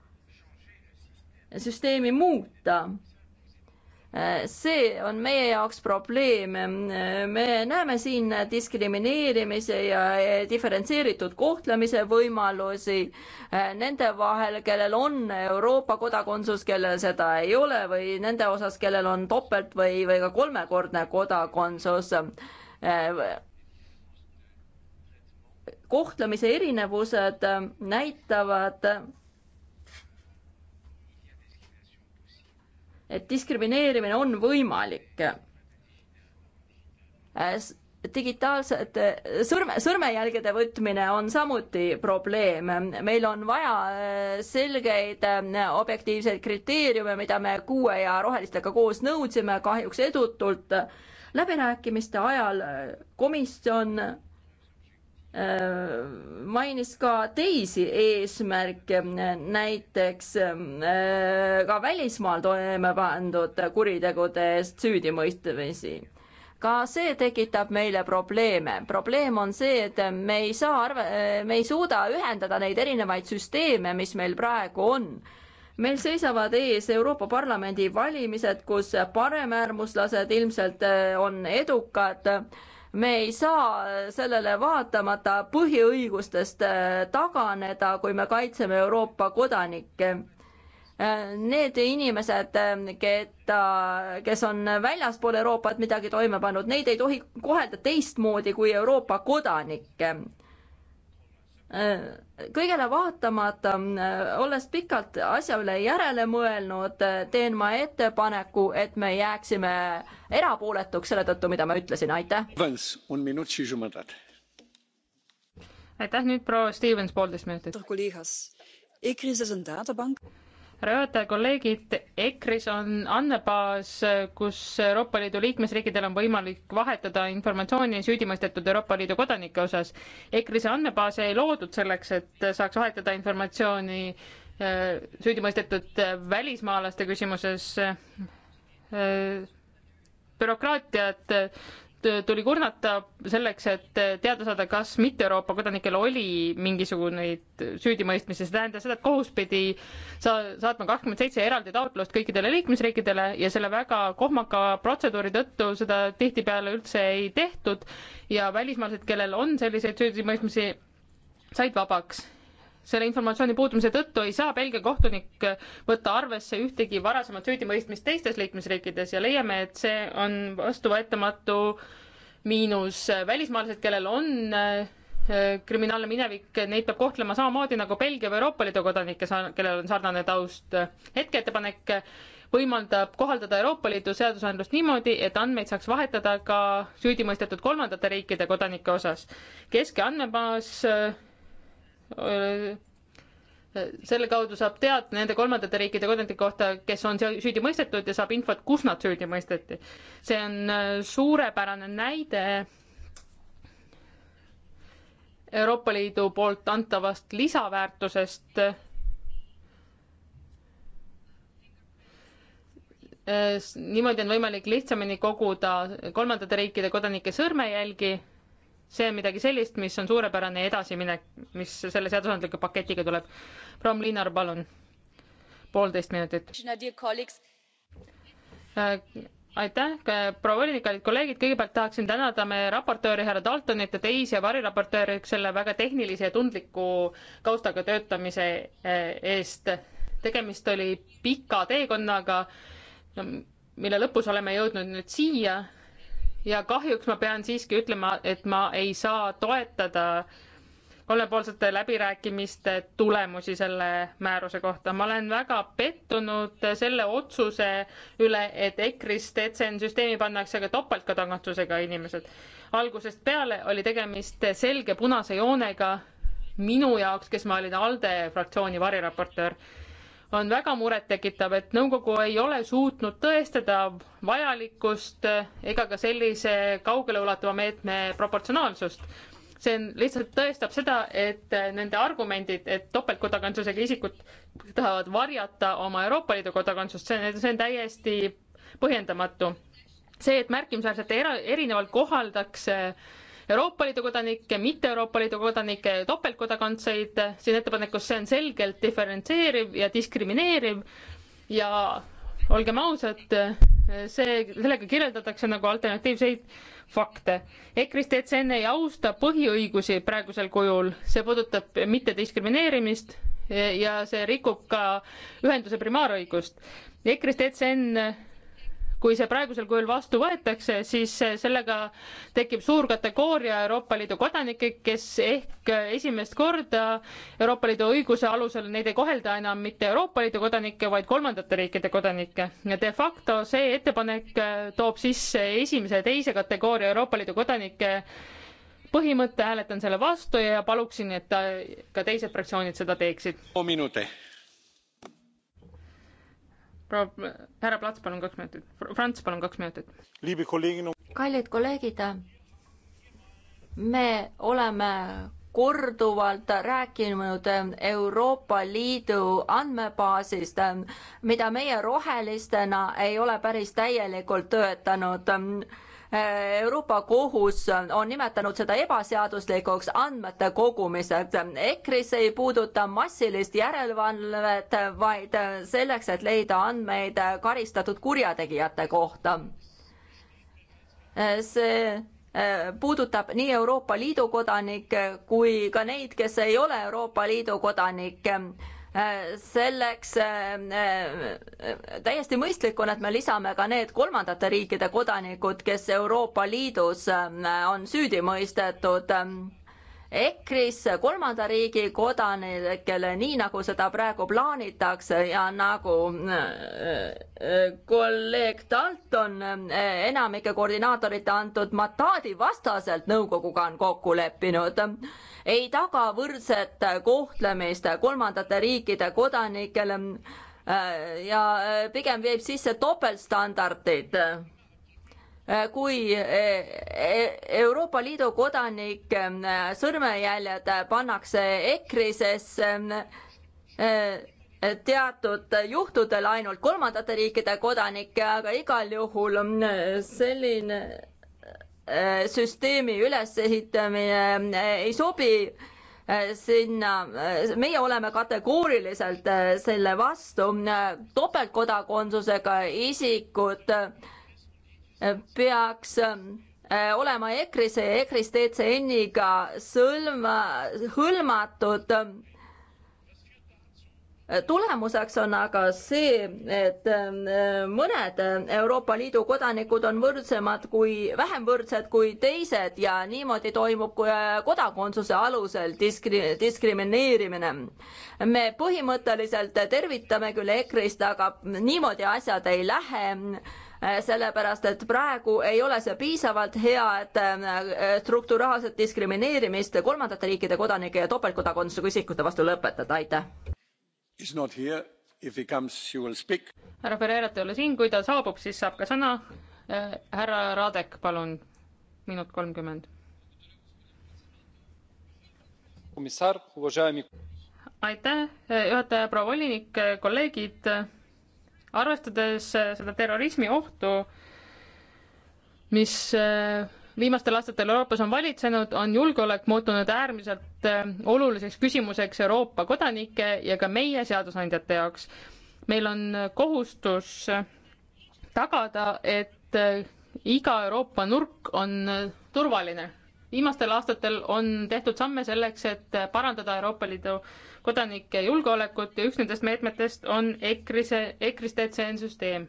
süsteemi muuta. see on meie jaoks probleem. me näeme siin diskrimineerimise ja diferentseeritud kohtlemise võimalusi nende vahel, kellel on Euroopa kodakondsus, kellel seda ei ole või nende osas, kellel on topelt või, või ka kolmekordne kodakondsus Äh, kohtlemise erinevused näitavad, et diskrimineerimine on võimalik. Äh, digitaalsete sõrme, sõrmejälgede võtmine on samuti probleem. meil on vaja äh, selgeid objektiivseid kriteeriume, mida me kuue ja rohelistega koos nõudsime, kahjuks edutult läbirääkimiste ajal äh, komisjon äh, mainis ka teisi eesmärke, näiteks äh, ka välismaal toime pandud kuritegude eest süüdimõistmisi. ka see tekitab meile probleeme. probleem on see, et me ei saa arve, me ei suuda ühendada neid erinevaid süsteeme, mis meil praegu on meil seisavad ees Euroopa Parlamendi valimised, kus paremäärmuslased ilmselt eh, on edukad. me ei saa sellele vaatamata põhiõigustest eh, taganeda, kui me kaitseme Euroopa kodanikke eh, need inimesed, keda, kes on väljaspool Euroopat midagi toime pannud, neid ei tohi kohelda teistmoodi kui Euroopa kodanikke kõigele vaatamata, äh, olles pikalt asja üle järele mõelnud, äh, teen ma ettepaneku, et me jääksime erapooletuks selle tõttu, mida ma ütlesin, aitäh. aitäh, nüüd proua Stevens, poolteist minutit härra juhataja, kolleegid, EKRE-s on andmebaas, kus Euroopa Liidu liikmesriikidel on võimalik vahetada informatsiooni süüdimõistetud Euroopa Liidu kodanike osas. EKRE-s andmebaas ei loodud selleks, et saaks vahetada informatsiooni äh, süüdimõistetud äh, välismaalaste küsimuses, äh, bürokraatiat tuli kurnata selleks, et teada saada, kas mitte Euroopa kodanikel oli mingisuguseid süüdimõistmisi, see tähendas seda, et kohus pidi sa-, saatma kakskümmend seitse eraldi taotlust kõikidele liikmesriikidele ja selle väga kohmaka protseduuri tõttu seda tihtipeale üldse ei tehtud ja välismaalased, kellel on selliseid süüdimõistmisi, said vabaks selle informatsiooni puudumise tõttu ei saa Belgia kohtunik võtta arvesse ühtegi varasemat süüdimõistmist teistes liikmesriikides ja leiame, et see on vastuvõetamatu miinus välismaalased, kellel on äh, kriminaalne minevik, neid peab kohtlema samamoodi nagu Belgia või Euroopa Liidu kodanikke, kellel on sarnane taust. hetkeettepanek võimaldab kohaldada Euroopa Liidu seadusandlust niimoodi, et andmeid saaks vahetada ka süüdimõistetud kolmandate riikide kodanike osas. keske andmebaas äh, selle kaudu saab teada nende kolmandate riikide kodanike kohta, kes on süüdi mõistetud ja saab infot, kus nad süüdi mõisteti. see on äh, suurepärane näide Euroopa Liidu poolt antavast lisaväärtusest. Äh, niimoodi on võimalik lihtsamini koguda kolmandate riikide kodanike sõrmejälgi see on midagi sellist, mis on suurepärane edasiminek, mis selle seadusandliku paketiga tuleb. Brom Linnar, palun, poolteist minutit. Äh, aitäh, proua volinik, kallid kolleegid, kõigepealt tahaksin tänada meie raportööri härra Daltonit ja teisi variraportööre selle väga tehnilise ja tundliku taustaga töötamise äh, eest. tegemist oli pika teekonnaga, mille lõpus oleme jõudnud nüüd siia ja kahjuks ma pean siiski ütlema, et ma ei saa toetada kolmepoolsete läbirääkimiste tulemusi selle määruse kohta. ma olen väga pettunud selle otsuse üle, et EKRE-st ETSEN süsteemi pannakse ka topeltkodakondsusega inimesed. algusest peale oli tegemist selge punase joonega minu jaoks, kes ma olin ALDE fraktsiooni variraportöör on väga murettekitav, et nõukogu ei ole suutnud tõestada vajalikkust ega ka sellise kaugeleulatuva meetme proportsionaalsust. see on, lihtsalt tõestab seda, et nende argumendid, et topeltkodakondsusega isikud tahavad varjata oma Euroopa Liidu kodakondsust, see on, see on täiesti põhjendamatu. see, et märkimisväärselt era, erinevalt kohaldakse äh, Euroopa Liidu kodanikke, mitte Euroopa Liidu kodanikke, topeltkodakondseid siin ettepanekus, see on selgelt diferentseeriv ja diskrimineeriv ja olgem ausad, see, sellega kirjeldatakse nagu alternatiivseid fakte. EKRE-st ECN ei austa põhiõigusi praegusel kujul, see puudutab mittediskrimineerimist ja see rikub ka ühenduse primaarõigust. EKRE-st ECN kui see praegusel kujul vastu võetakse, siis sellega tekib suur kategooria Euroopa Liidu kodanikke, kes ehk esimest korda Euroopa Liidu õiguse alusel neid ei kohelda enam mitte Euroopa Liidu kodanikke, vaid kolmandate riikide kodanikke. ja de facto see ettepanek toob sisse esimese ja teise kategooria Euroopa Liidu kodanikke põhimõtte, hääletan selle vastu ja paluksin, et ka teised fraktsioonid seda teeksid proua, härra Plats, palun kaks minutit. Franz, palun kaks minutit. kallid kolleegid, me oleme korduvalt rääkinud Euroopa Liidu andmebaasist, mida meie rohelistena ei ole päris täielikult töötanud Euroopa Kohus on nimetanud seda ebaseaduslikuks andmete kogumiseks. EKRE-s ei puuduta massilist järelevalvet, vaid selleks, et leida andmeid karistatud kurjategijate kohta. see eh, puudutab nii Euroopa Liidu kodanikke kui ka neid, kes ei ole Euroopa Liidu kodanikke selleks äh, täiesti mõistlik on, et me lisame ka need kolmandate riikide kodanikud, kes Euroopa Liidus äh, on süüdi mõistetud EKRE-s kolmanda riigi kodanikele, nii nagu seda praegu plaanitakse ja nagu äh, äh, kolleeg Dalton äh, enamike koordinaatorite antud mandaadi vastaselt nõukoguga on kokku leppinud, ei taga võrdset kohtlemist kolmandate riikide kodanikele ja pigem viib sisse topeltstandardid Äh, kui äh, e-, Euroopa Liidu kodanike ähm, sõrmejäljed pannakse EKRE-sesse äh, teatud juhtudel ainult kolmandate riikide kodanikke, aga igal juhul selline süsteemi ülesehitamine ei sobi sinna, meie oleme kategooriliselt selle vastu, topeltkodakondsusega isikud äh, peaks ähm, äh, olema EKRE-s ja EKRE-s DCN-iga sõlma, hõlmatud. tulemuseks on aga see, et ähm, mõned Euroopa Liidu kodanikud on võrdsemad kui, vähem võrdsed kui teised ja niimoodi toimub äh, kodakondsuse alusel diskri-, diskrimineerimine. me põhimõtteliselt tervitame küll EKRE-st, aga niimoodi asjad ei lähe Äh, sellepärast et praegu ei ole see piisavalt hea, et äh, strukturaalset diskrimineerimist kolmandate riikide kodanike ja topeltkodakondsusega isikute vastu lõpetada, aitäh. härra Pereirat ei ole siin, kui ta saabub, siis saab ka sõna. Äh, härra Radek, palun, minut kolmkümmend. aitäh, juhataja, proua volinik, kolleegid arvestades äh, seda terrorismi ohtu, mis äh, viimastel aastatel Euroopas on valitsenud, on julgeolek muutunud äärmiselt äh, oluliseks küsimuseks Euroopa kodanike ja ka meie seadusandjate jaoks. meil on kohustus tagada, et iga Euroopa nurk on turvaline. viimastel aastatel on tehtud samme selleks, et parandada Euroopa Liidu kodanike julgeolekut ja üks nendest meetmetest on EKRE-se, EKRE-ste tsensusüsteem.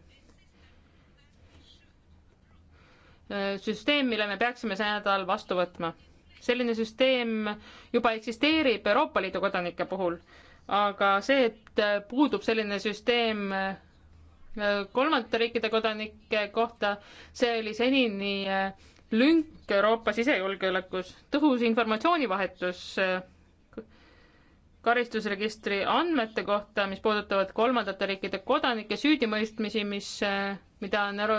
süsteem, mille me peaksime see nädal vastu võtma. selline süsteem juba eksisteerib Euroopa Liidu kodanike puhul, aga see, et puudub selline süsteem äh, kolmandate riikide kodanike kohta, see oli senini äh, lünk Euroopa sisejulgeolekus, tõhus informatsioonivahetus äh, karistusregistri andmete kohta, mis puudutavad kolmandate riikide kodanike süüdimõistmisi, mis, äh, mida on Euro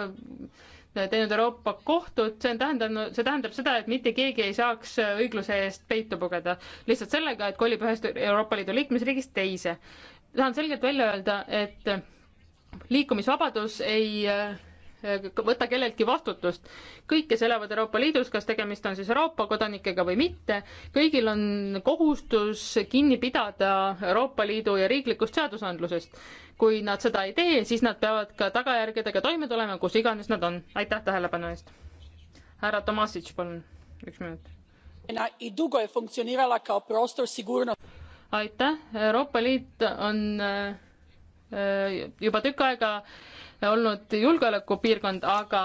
teinud Euroopa kohtud, see on tähendanud, see tähendab seda, et mitte keegi ei saaks õigluse eest peitu pugeda. lihtsalt sellega, et kolib ühest Euroopa Liidu liikmesriigist teise. tahan selgelt välja öelda, et liikumisvabadus ei äh, võtta kelleltki vastutust. kõik, kes elavad Euroopa Liidus, kas tegemist on siis Euroopa kodanikega või mitte, kõigil on kohustus kinni pidada Euroopa Liidu ja riiklikust seadusandlusest. kui nad seda ei tee, siis nad peavad ka tagajärgedega toime tulema, kus iganes nad on. aitäh tähelepanu eest. härra Tomasic, palun, üks minut. aitäh, Euroopa Liit on äh, äh, juba tükk aega olnud julgeolekupiirkond, aga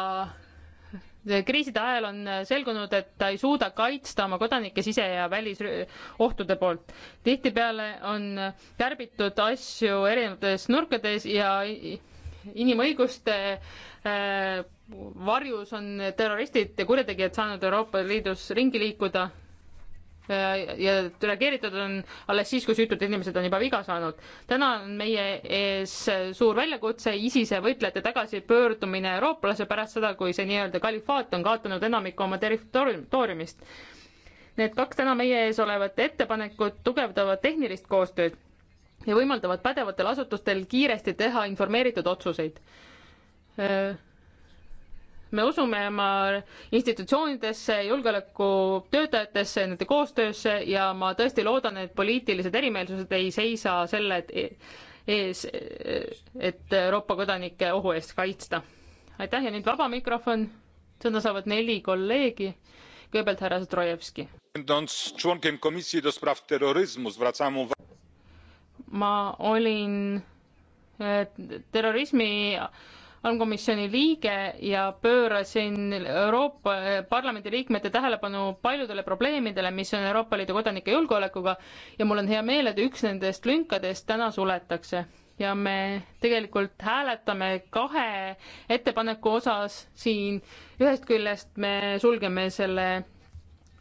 kriiside ajal on selgunud, et ta ei suuda kaitsta oma kodanikke sise- ja välisohtude poolt. tihtipeale on kärbitud asju erinevates nurkades ja inimõiguste äh, varjus on terroristid ja kurjategijad saanud Euroopa Liidus ringi liikuda Äh, ja reageeritud on alles siis, kui süütud inimesed on juba viga saanud. täna on meie ees suur väljakutse ISISe võitlejate tagasipöördumine eurooplase pärast seda, kui see nii-öelda kalifaat on kaotanud enamikku oma territooriumist. Need kaks täna meie ees olevat ettepanekut tugevdavad tehnilist koostööd ja võimaldavad pädevatel asutustel kiiresti teha informeeritud otsuseid äh, me usume oma institutsioonidesse, julgeolekutöötajatesse, nende koostöösse ja ma tõesti loodan, et poliitilised erimeelsused ei seisa selle ees, et Euroopa kodanike ohu eest kaitsta. aitäh ja nüüd vaba mikrofon. sõna saavad neli kolleegi. kõigepealt härra Zdrojevski. ma olin e, terrorismi allkomisjoni liige ja pöörasin Euroopa eh, Parlamendi liikmete tähelepanu paljudele probleemidele, mis on Euroopa Liidu kodanike julgeolekuga ja mul on hea meel, et üks nendest lünkadest täna suletakse ja me tegelikult hääletame kahe ettepaneku osas siin. ühest küljest me sulgeme selle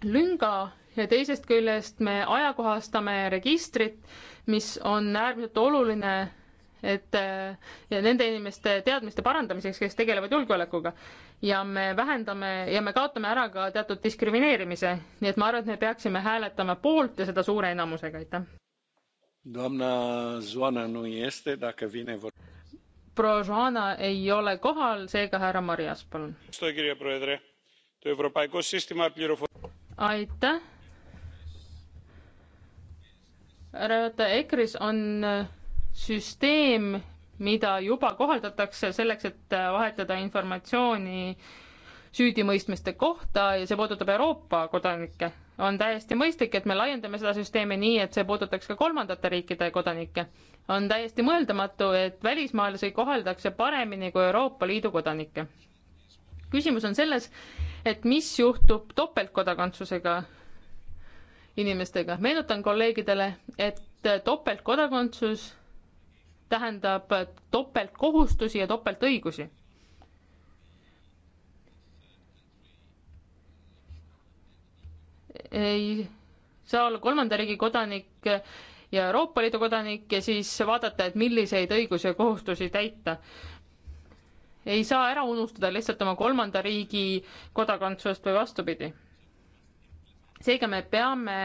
lünga ja teisest küljest me ajakohastame registrit, mis on äärmiselt oluline et äh, ja nende inimeste teadmiste parandamiseks, kes tegelevad julgeolekuga. ja me vähendame ja me kaotame ära ka teatud diskrimineerimise, nii et ma arvan, et me peaksime hääletama poolt ja seda suure enamusega, aitäh. proua Joana ei ole kohal, seega härra Marias, palun. aitäh. härra juhataja, EKRE-s on äh, süsteem, mida juba kohaldatakse selleks, et vahetada informatsiooni süüdimõistmiste kohta ja see puudutab Euroopa kodanikke, on täiesti mõistlik, et me laiendame seda süsteemi nii, et see puudutaks ka kolmandate riikide kodanikke. on täiesti mõeldamatu, et välismaalasi koheldakse paremini kui Euroopa Liidu kodanikke. küsimus on selles, et mis juhtub topeltkodakondsusega inimestega. meenutan kolleegidele, et topeltkodakondsus tähendab topeltkohustusi ja topeltõigusi. ei saa olla kolmanda riigi kodanik ja Euroopa Liidu kodanik ja siis vaadata, et milliseid õigusi ja kohustusi täita. ei saa ära unustada lihtsalt oma kolmanda riigi kodakondsust või vastupidi. seega me peame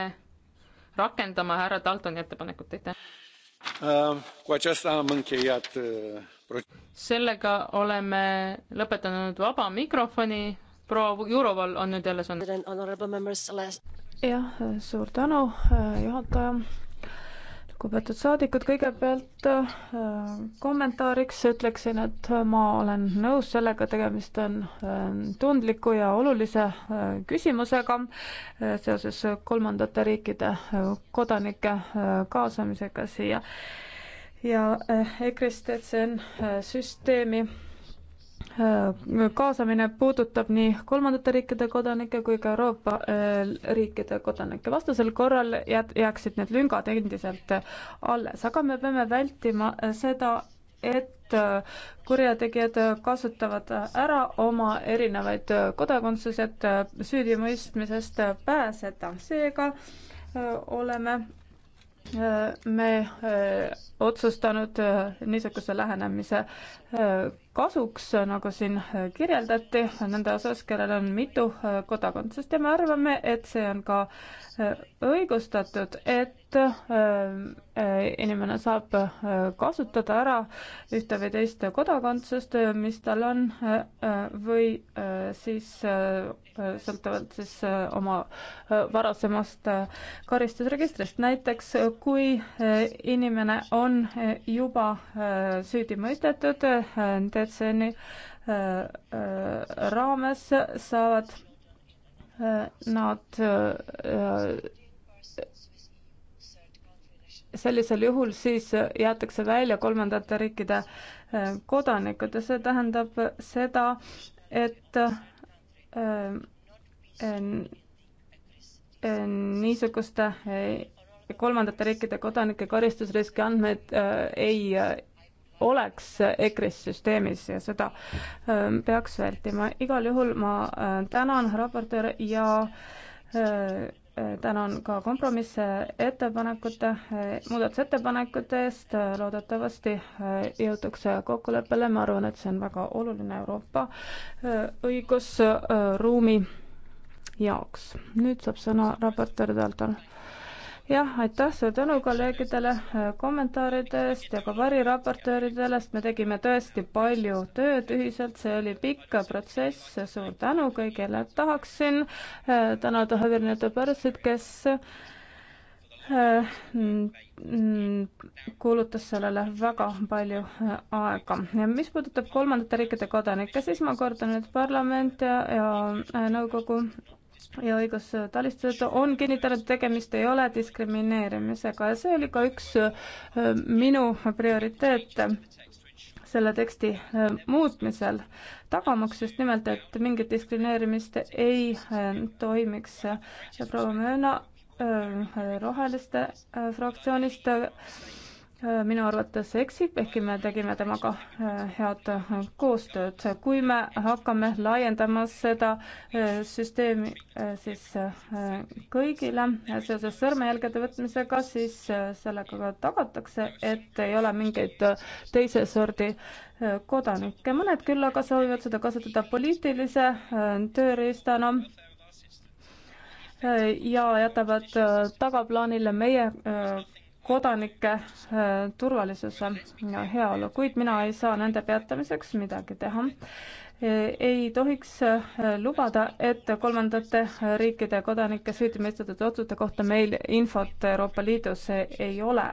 rakendama härra Daltoni ettepanekut, aitäh. Um, uh, sellega oleme lõpetanud vaba mikrofoni. proua Juroval on nüüd jälle sõna. jah, suur tänu, äh, juhataja lugupeetud saadikud, kõigepealt äh, kommentaariks ütleksin, et ma olen nõus sellega, tegemist on äh, tundliku ja olulise äh, küsimusega seoses kolmandate riikide kodanike kaasamisega siia ja EKRE-st süsteemi Äh, kaasamine puudutab nii kolmandate riikide kodanikke kui ka Euroopa äh, riikide kodanikke. vastasel korral jääd, jääksid need lüngad endiselt alles, aga me peame vältima äh, seda, et kurjategijad kasutavad ära oma erinevaid kodakondsusi, et süüdimõistmisest pääseda. seega oleme Äh, me äh, otsustanud äh, niisuguse lähenemise kasuks, nagu siin kirjeldati, nende osas, kellel on mitu kodakondsust ja me arvame, et see on ka õigustatud, et inimene saab kasutada ära ühte või teist kodakondsust, mis tal on, või siis sõltuvalt siis äh, oma äh, varasemast äh, karistusregistrist. näiteks kui inimene on juba süüdi mõistetud DCN-i raames, saavad nad sellisel juhul siis jäetakse välja kolmandate riikide kodanikud ja see tähendab seda, et niisuguste eh, kolmandate riikide kodanike karistusriski andmed eh, ei eh, oleks EKRE-s süsteemis ja seda peaks vältima. igal juhul ma tänan raportööre ja tänan ka kompromisse ettepanekute, muudatusettepanekute eest, loodetavasti äh, jõutakse kokkuleppele, ma arvan, et see on väga oluline Euroopa äh, õigusruumi äh, jaoks. nüüd saab sõna raportöör Dalton jah, aitäh, suur tänu kolleegidele äh, kommentaaride eest ja ka variraportööridele, sest me tegime tõesti palju tööd ühiselt, see oli pikk protsess, suur tänu kõigile, tahaksin äh, tänada Javier-Neto Pärsit, kes äh, kulutas sellele väga palju aega. mis puudutab kolmandate riikide kodanikke, siis ma kordan, et parlament ja, ja nõukogu ja õigustalistused on kinnitanud, tegemist ei ole diskrimineerimisega ja see oli ka üks äh, minu prioriteete selle teksti äh, muutmisel, tagamaks just nimelt, et mingit diskrimineerimist ei äh, toimiks. proua Mööna roheliste fraktsioonist Äh, minu arvates eksib, ehkki me tegime temaga äh, head äh, koostööd. kui me hakkame laiendama seda süsteemi siis kõigile seoses sõrmejälgede võtmisega, siis sellega ka tagatakse, et ei ole mingeid teise sordi kodanikke. mõned küll aga soovivad seda kasutada poliitilise tööriistana ja jätavad tagaplaanile meie kodanike äh, turvalisuse ja heaolu, kuid mina ei saa nende peatamiseks midagi teha. ei tohiks äh, lubada, et kolmandate äh, riikide kodanike süüdimõistetud otsuste kohta meil infot Euroopa Liidus ei ole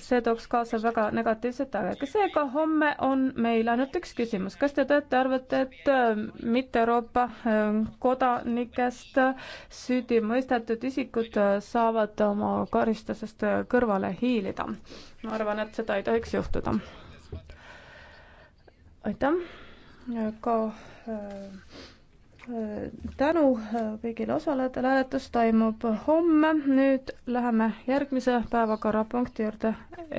see tooks kaasa väga negatiivset aega. seega homme on meil ainult üks küsimus. kas te tõesti arvate, et ähm, mitte Euroopa ähm, kodanikest äh, süüdi mõistetud isikud äh, saavad oma karistusest äh, kõrvale hiilida? ma arvan, et seda ei tohiks juhtuda. aitäh. ka äh, Äh, tänu äh, kõigile osalejatele, hääletus toimub homme, nüüd läheme järgmise päevakorrapunkti juurde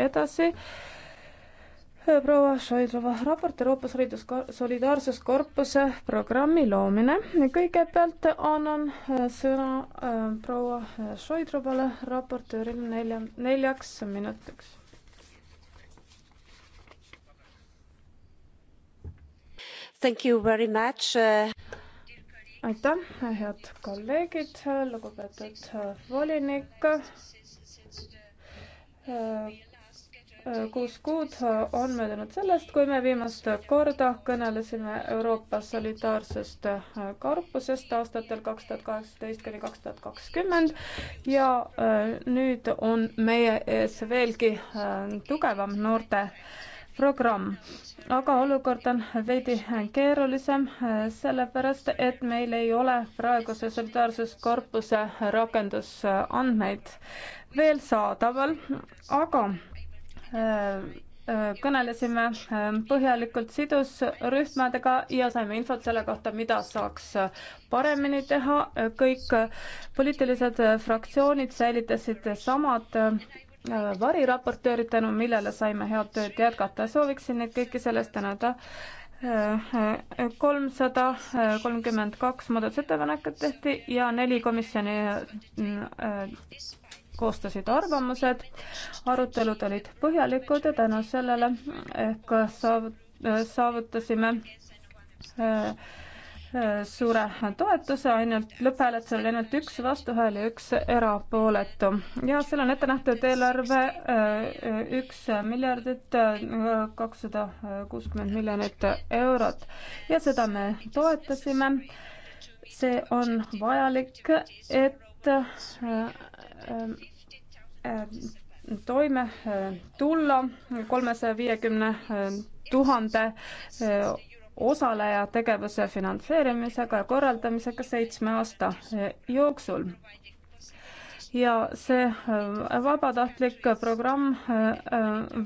edasi. Äh, proua Šoidrova raport Euroopa Solidaarsuskorpuse programmi loomine. kõigepealt annan sõna proua Šoidrovale, raportööril nelja, neljaks minutiks thank you very much aitäh, head kolleegid, lugupeetud äh, volinik. Äh, äh, kuus kuud on möödunud sellest, kui me viimast korda kõnelesime Euroopa solidaarsest korpusest aastatel kaks tuhat kaheksateist kuni kaks tuhat kakskümmend ja nüüd on meie ees veelgi tugevam noorte programm. aga olukord on veidi keerulisem, äh, sellepärast et meil ei ole praeguse solidaarsuskorpuse rakendusandmeid veel saadaval, aga äh, äh, kõnelesime põhjalikult sidusrühmadega ja saime infot selle kohta, mida saaks paremini teha. kõik poliitilised fraktsioonid säilitasid samad Äh, variraportöörid, tänu millele saime head tööd jätkata. sooviksin neid kõiki sellest tänada. Äh, kolmsada äh, kolmkümmend kaks muudatusettepanekut tehti ja neli komisjoni koostasid arvamused. arutelud olid põhjalikud ja tänu sellele ehk saavutasime Äh, suure toetuse, ainult lõpphääletusel oli ainult üks vastuhääl ja üks erapooletu. ja seal on ette nähtud eelarve äh, üks miljardit äh, kakssada kuuskümmend miljonit eurot ja seda me toetasime. see on vajalik, et toime tulla kolmesaja viiekümne tuhande osaleja tegevuse finantseerimisega ja korraldamisega seitsme aasta jooksul ja see äh, vabatahtlik programm äh,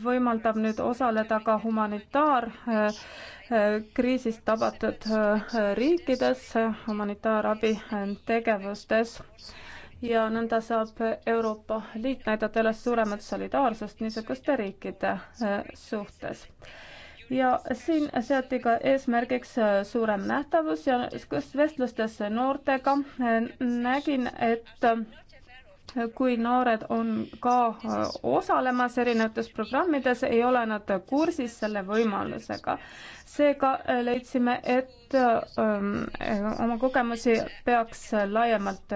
võimaldab nüüd osaleda ka humanitaarkriisist äh, tabatud riikides humanitaarabi tegevustes ja nõnda saab Euroopa Liit näidata üles suuremat solidaarsust niisuguste riikide suhtes ja siin seati ka eesmärgiks äh, suurem nähtavus ja vestlustes noortega äh, nägin, et äh, kui noored on ka osalemas erinevates programmides, ei ole nad kursis selle võimalusega. seega leidsime, et ähm, oma kogemusi peaks laiemalt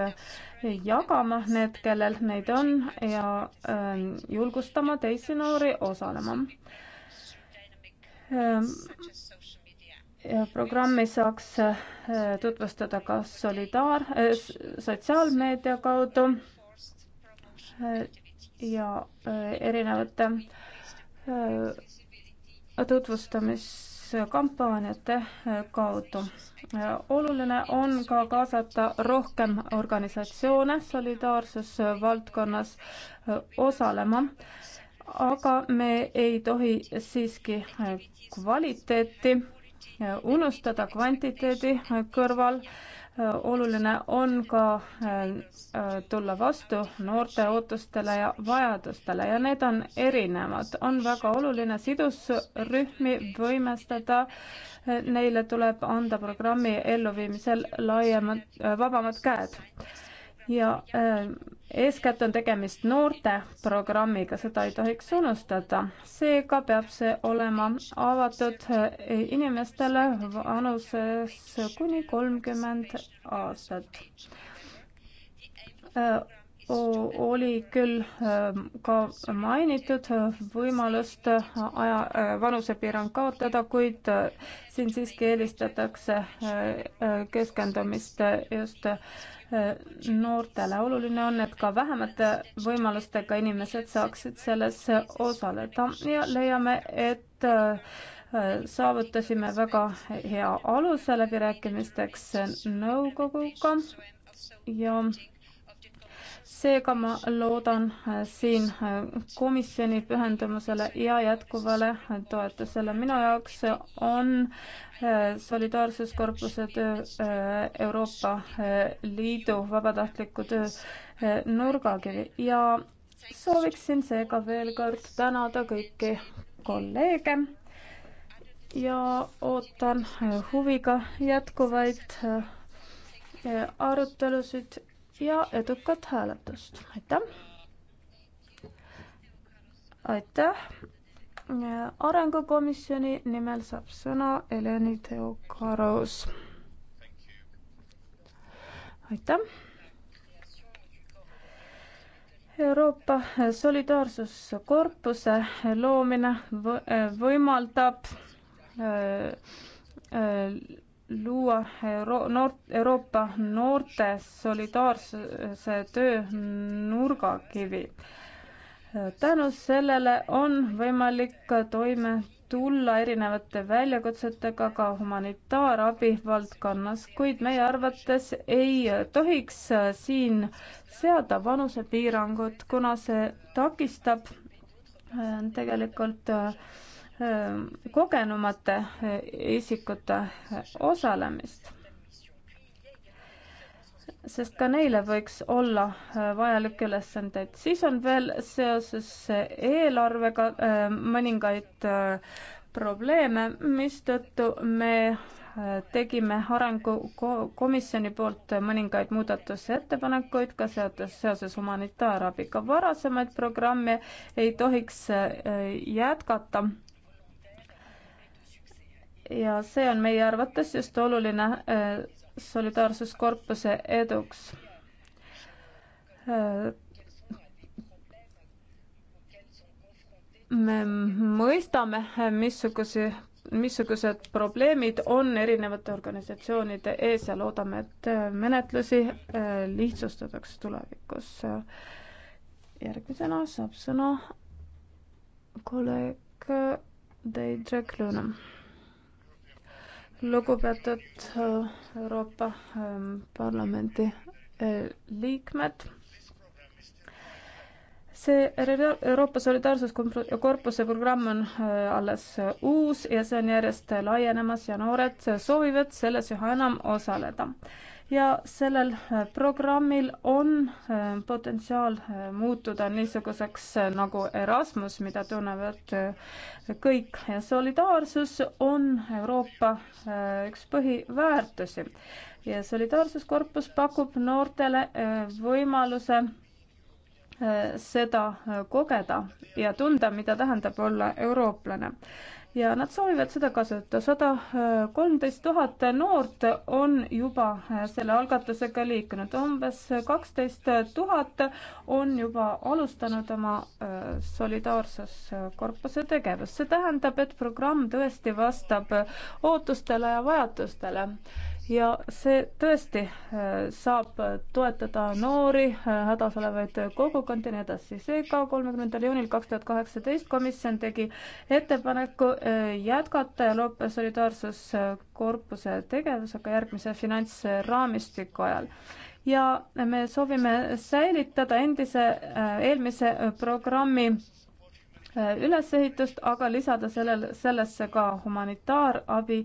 jagama need, kellel neid on ja ähm, julgustama teisi noori osalema Ehm, programmi saaks eh, tutvustada ka solidaar-, eh, sotsiaalmeedia kaudu eh, ja erinevate tutvustamiskampaaniate kaudu. oluline on ka kaasata rohkem organisatsioone solidaarsusvaldkonnas osalema aga me ei tohi siiski kvaliteeti unustada kvantiteedi kõrval. oluline on ka äh, tulla vastu noorte ootustele ja vajadustele ja need on erinevad. on väga oluline sidusrühmi võimestada. Neile tuleb anda programmi elluviimisel laiemad, äh, vabamad käed ja äh, eeskätt on tegemist noorte programmiga, seda ei tohiks unustada. seega peab see olema avatud äh, inimestele vanuses kuni kolmkümmend aastat. Äh, oli küll ka mainitud võimalust aja, vanusepiirang kaotada, kuid siin siiski eelistatakse keskendumist just noortele. oluline on, et ka vähemate võimalustega inimesed saaksid selles osaleda ja leiame, et äh, saavutasime väga hea aluse läbirääkimisteks nõukoguga ja seega ma loodan äh, siin äh, komisjoni pühendumusele ja jätkuvale äh, toetusele. minu jaoks on solidaarsuskorpuse töö Euroopa Liidu vabatahtliku töö nurgakivi ja sooviksin seega veel kord tänada kõiki kolleege ja ootan huviga jätkuvaid arutelusid ja edukat hääletust, aitäh! aitäh! arengukomisjoni nimel saab sõna Eleni Teokaros. aitäh! Euroopa Solidaarsuskorpuse loomine võimaldab äh, äh, luua Euro-, noort, Euroopa noorte solidaarse töö nurgakivi. tänu sellele on võimalik toime tulla erinevate väljakutsetega ka humanitaarabi valdkonnas, kuid meie arvates ei tohiks siin seada vanusepiirangut, kuna see takistab äh, tegelikult äh, kogenumate isikute osalemist sest ka neile võiks olla vajalikke ülesandeid. siis on veel seoses eelarvega mõningaid probleeme, mistõttu me tegime arengukomisjoni poolt mõningaid muudatusettepanekuid ka seotud seoses humanitaarabiga. varasemaid programme ei tohiks jätkata ja see on meie arvates just oluline äh, solidaarsuskorpuse eduks. Äh, me mõistame, missuguse, missugused probleemid on erinevate organisatsioonide ees ja loodame, et äh, menetlusi lihtsustatakse tulevikus. järgmisena saab sõna kolleeg Deidre Klõõna lugupeetud äh, Euroopa ähm, Parlamendi äh, liikmed. see Euroopa Solidaarsuskorpuse programm on äh, alles uus ja see on järjest laienemas ja noored soovivad selles üha enam osaleda ja sellel äh, programmil on äh, potentsiaal äh, muutuda niisuguseks nagu Erasmus, mida tunnevad kõik ja solidaarsus on Euroopa üks põhiväärtusi. ja solidaarsuskorpus pakub noortele võimaluse seda kogeda ja tunda, mida tähendab olla eurooplane ja nad soovivad seda kasutada. sada äh, kolmteist tuhat noort on juba äh, selle algatusega liikunud, umbes kaksteist tuhat on juba alustanud oma äh, solidaarsuskorpuse tegevust. see tähendab, et programm tõesti vastab ootustele ja vajadustele ja see tõesti äh, saab toetada noori, äh, hädas olevaid kogukondi ja nii edasi. seega kolmekümnendal juunil kaks tuhat kaheksateist komisjon tegi ettepaneku äh, jätkata Euroopa Solidaarsuskorpuse tegevusega järgmise finantsraamistiku ajal ja me soovime säilitada endise, eelmise programmi Äh, ülesehitust, aga lisada sellel, sellesse ka humanitaarabi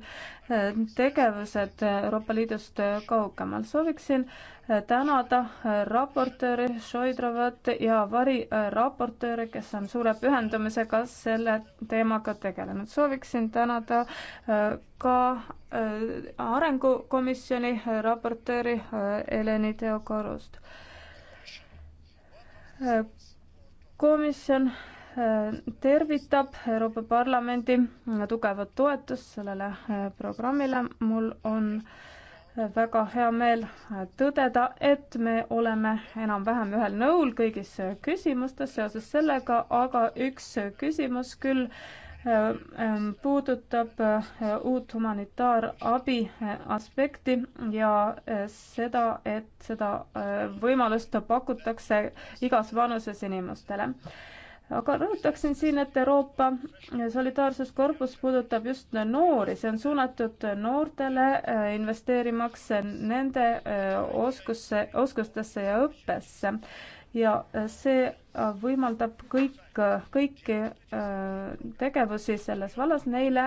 äh, tegevused äh, Euroopa Liidust kaugemal. sooviksin tänada raportööri Šoidrovat ja variraportööre, kes on suure pühendumisega selle teemaga tegelenud. sooviksin tänada ka arengukomisjoni raportööri Eleni Teokorust komisjon tervitab Euroopa Parlamendi tugevat toetust sellele äh, programmile. mul on äh, väga hea meel äh, tõdeda, et me oleme enam-vähem ühel nõul kõigis küsimustes seoses sellega, aga üks küsimus küll puudutab uut humanitaarabi aspekti ja seda, et seda võimalust pakutakse igas vanuses inimestele aga rõhutaksin siin, et Euroopa solidaarsuskorpus puudutab just noori, see on suunatud noortele, äh, investeerimaks nende äh, oskusse, oskustesse ja õppesse. ja äh, see võimaldab kõik, kõiki tegevusi selles vallas neile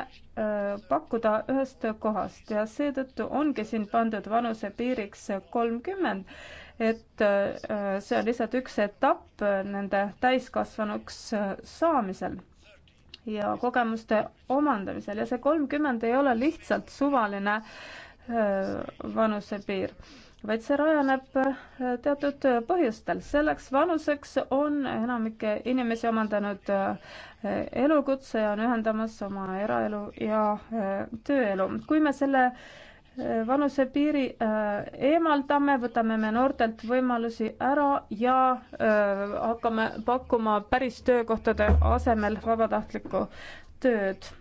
pakkuda ühest kohast ja seetõttu ongi siin pandud vanusepiiriks kolmkümmend et äh, see on lihtsalt üks etapp äh, nende täiskasvanuks äh, saamisel ja kogemuste omandamisel ja see kolmkümmend ei ole lihtsalt suvaline vanusepiir, vaid see rajaneb teatud põhjustel. selleks vanuseks on enamik inimesi omandanud elukutse ja on ühendamas oma eraelu ja tööelu. kui me selle vanusepiiri äh, eemaldame, võtame me noortelt võimalusi ära ja öö, äh, hakkame pakkuma päris töökohtade asemel vabatahtlikku tööd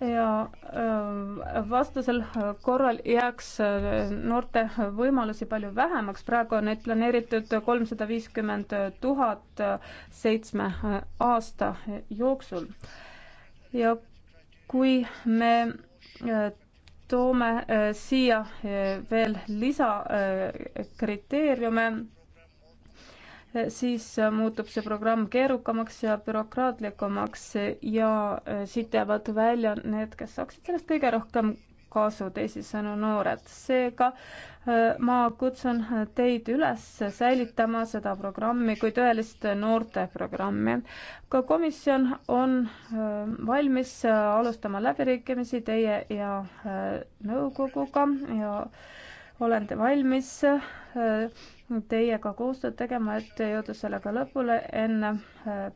ja äh, vastasel korral jääks äh, noorte võimalusi palju vähemaks, praegu on neid planeeritud kolmsada viiskümmend tuhat äh, seitsme aasta jooksul. ja kui me toome siia veel lisakriteeriume, siis muutub see programm keerukamaks ja bürokraatlikumaks ja äh, siit jäävad välja need, kes saaksid sellest kõige rohkem kasu, teisisõnu noored. seega äh, ma kutsun teid üles säilitama seda programmi kui tõelist noorteprogrammi. ka komisjon on äh, valmis alustama läbirääkimisi teie ja nõukoguga ja olen valmis teiega koostööd tegema, et jõuda sellega lõpule enne äh,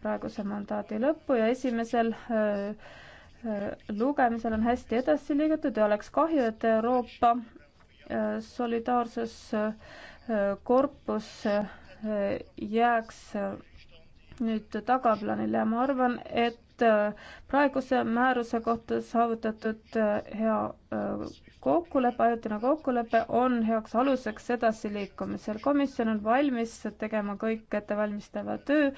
praeguse mandaadi lõppu ja esimesel äh, äh, lugemisel on hästi edasi liigutud ja oleks kahju, et Euroopa solidaarsuskorpus jääks nüüd tagaplaanile ja ma arvan, et just äh, praeguse määruse kohta saavutatud äh, hea äh, kokkulepe, ajutine kokkulepe on heaks aluseks edasiliikumisel. komisjon on valmis tegema kõik ettevalmistava töö,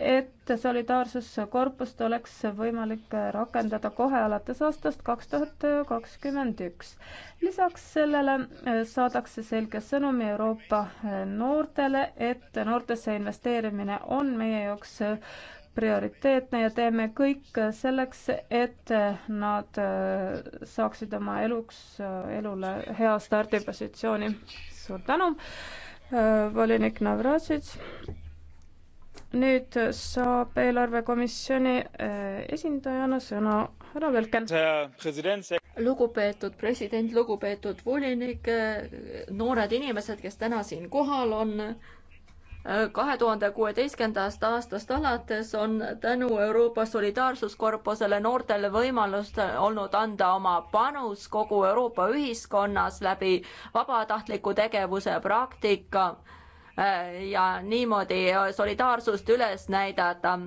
et solidaarsuskorpust oleks võimalik rakendada kohe alates aastast kaks tuhat kakskümmend üks. lisaks sellele saadakse selge sõnum Euroopa noortele, et noortesse investeerimine on meie jaoks prioriteetne ja teeme kõik selleks, et nad äh, saaksid oma eluks, äh, elule hea stardipositsiooni. suur tänu, äh, volinik Navratšits. nüüd saab eelarvekomisjoni esindajana sõna härra Velken. lugupeetud president, lugupeetud volinik, noored inimesed, kes täna siin kohal on kahe tuhande kuueteistkümnendast aastast alates on tänu Euroopa Solidaarsuskorpusele noortele võimalus olnud anda oma panus kogu Euroopa ühiskonnas läbi vabatahtliku tegevuse praktika äh, ja niimoodi äh, solidaarsust üles näidata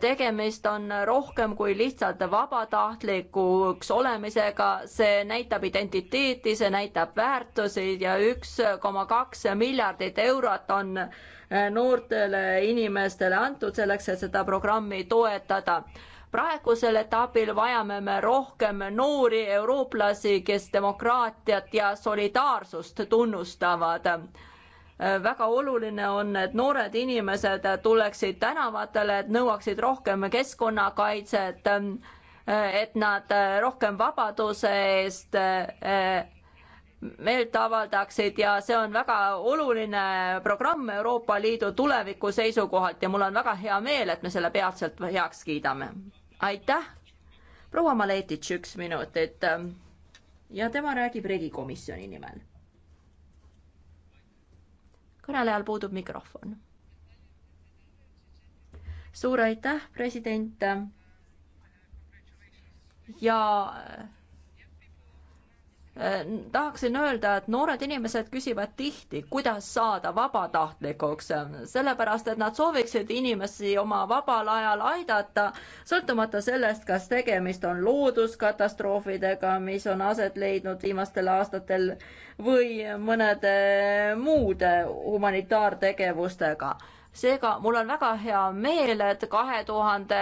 tegemist on rohkem kui lihtsalt vabatahtlikuks olemisega, see näitab identiteeti, see näitab väärtusi ja üks koma kaks miljardit eurot on äh, noortele inimestele antud selleks, et seda programmi toetada. praegusel etapil vajame me rohkem noori eurooplasi, kes demokraatiat ja solidaarsust tunnustavad Äh, väga oluline on, et noored inimesed tuleksid tänavatele, et nõuaksid rohkem keskkonnakaitset, ähm, äh, et nad äh, rohkem vabaduse eest meelt avaldaksid ja see on väga oluline programm Euroopa Liidu tuleviku seisukohalt ja mul on väga hea meel, et me selle peatselt heaks kiidame. aitäh, proua Maletitš, üks minut, et ja tema räägib regikomisjoni nimel kõnelejal puudub mikrofon. suur aitäh, president. ja tahaksin öelda, et noored inimesed küsivad tihti, kuidas saada vabatahtlikuks, sellepärast et nad sooviksid inimesi oma vabal ajal aidata, sõltumata sellest, kas tegemist on looduskatastroofidega, mis on aset leidnud viimastel aastatel või mõnede muude humanitaartegevustega seega mul on väga hea meel, et kahe tuhande,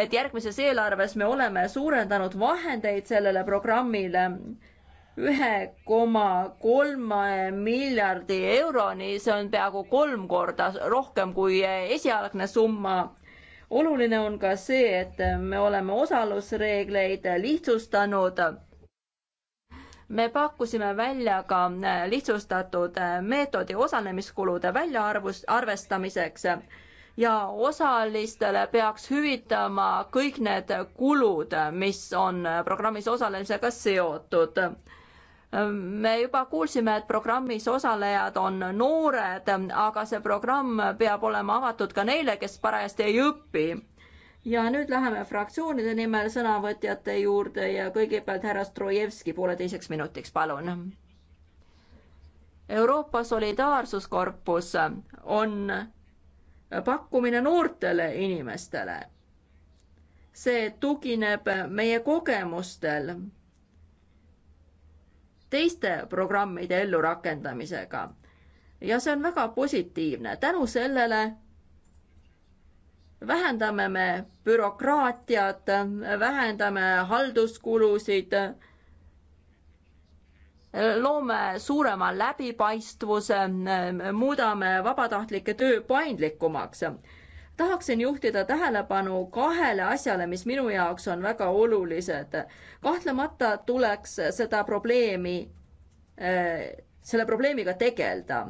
et järgmises eelarves me oleme suurendanud vahendeid sellele programmile ühe koma kolme miljardi euroni, see on peaaegu kolm korda rohkem kui esialgne summa. oluline on ka see, et me oleme osalusreegleid lihtsustanud me pakkusime välja ka äh, lihtsustatud äh, meetodi osalemiskulude väljaarvus, arvestamiseks ja osalistele peaks hüvitama kõik need kulud, mis on äh, programmis osalemisega seotud ähm, me juba kuulsime, et programmis osalejad on noored, aga see programm peab olema avatud ka neile, kes parajasti ei õpi ja nüüd läheme fraktsioonide nimel sõnavõtjate juurde ja kõigepealt härra Strojevski pooleteiseks minutiks, palun. Euroopa Solidaarsuskorpus on pakkumine noortele inimestele. see tugineb meie kogemustel teiste programmide ellurakendamisega ja see on väga positiivne. tänu sellele vähendame me bürokraatiat, vähendame halduskulusid, loome suurema läbipaistvuse, muudame vabatahtlike töö paindlikumaks tahaksin juhtida tähelepanu kahele asjale, mis minu jaoks on väga olulised. kahtlemata tuleks seda probleemi, selle probleemiga tegeleda.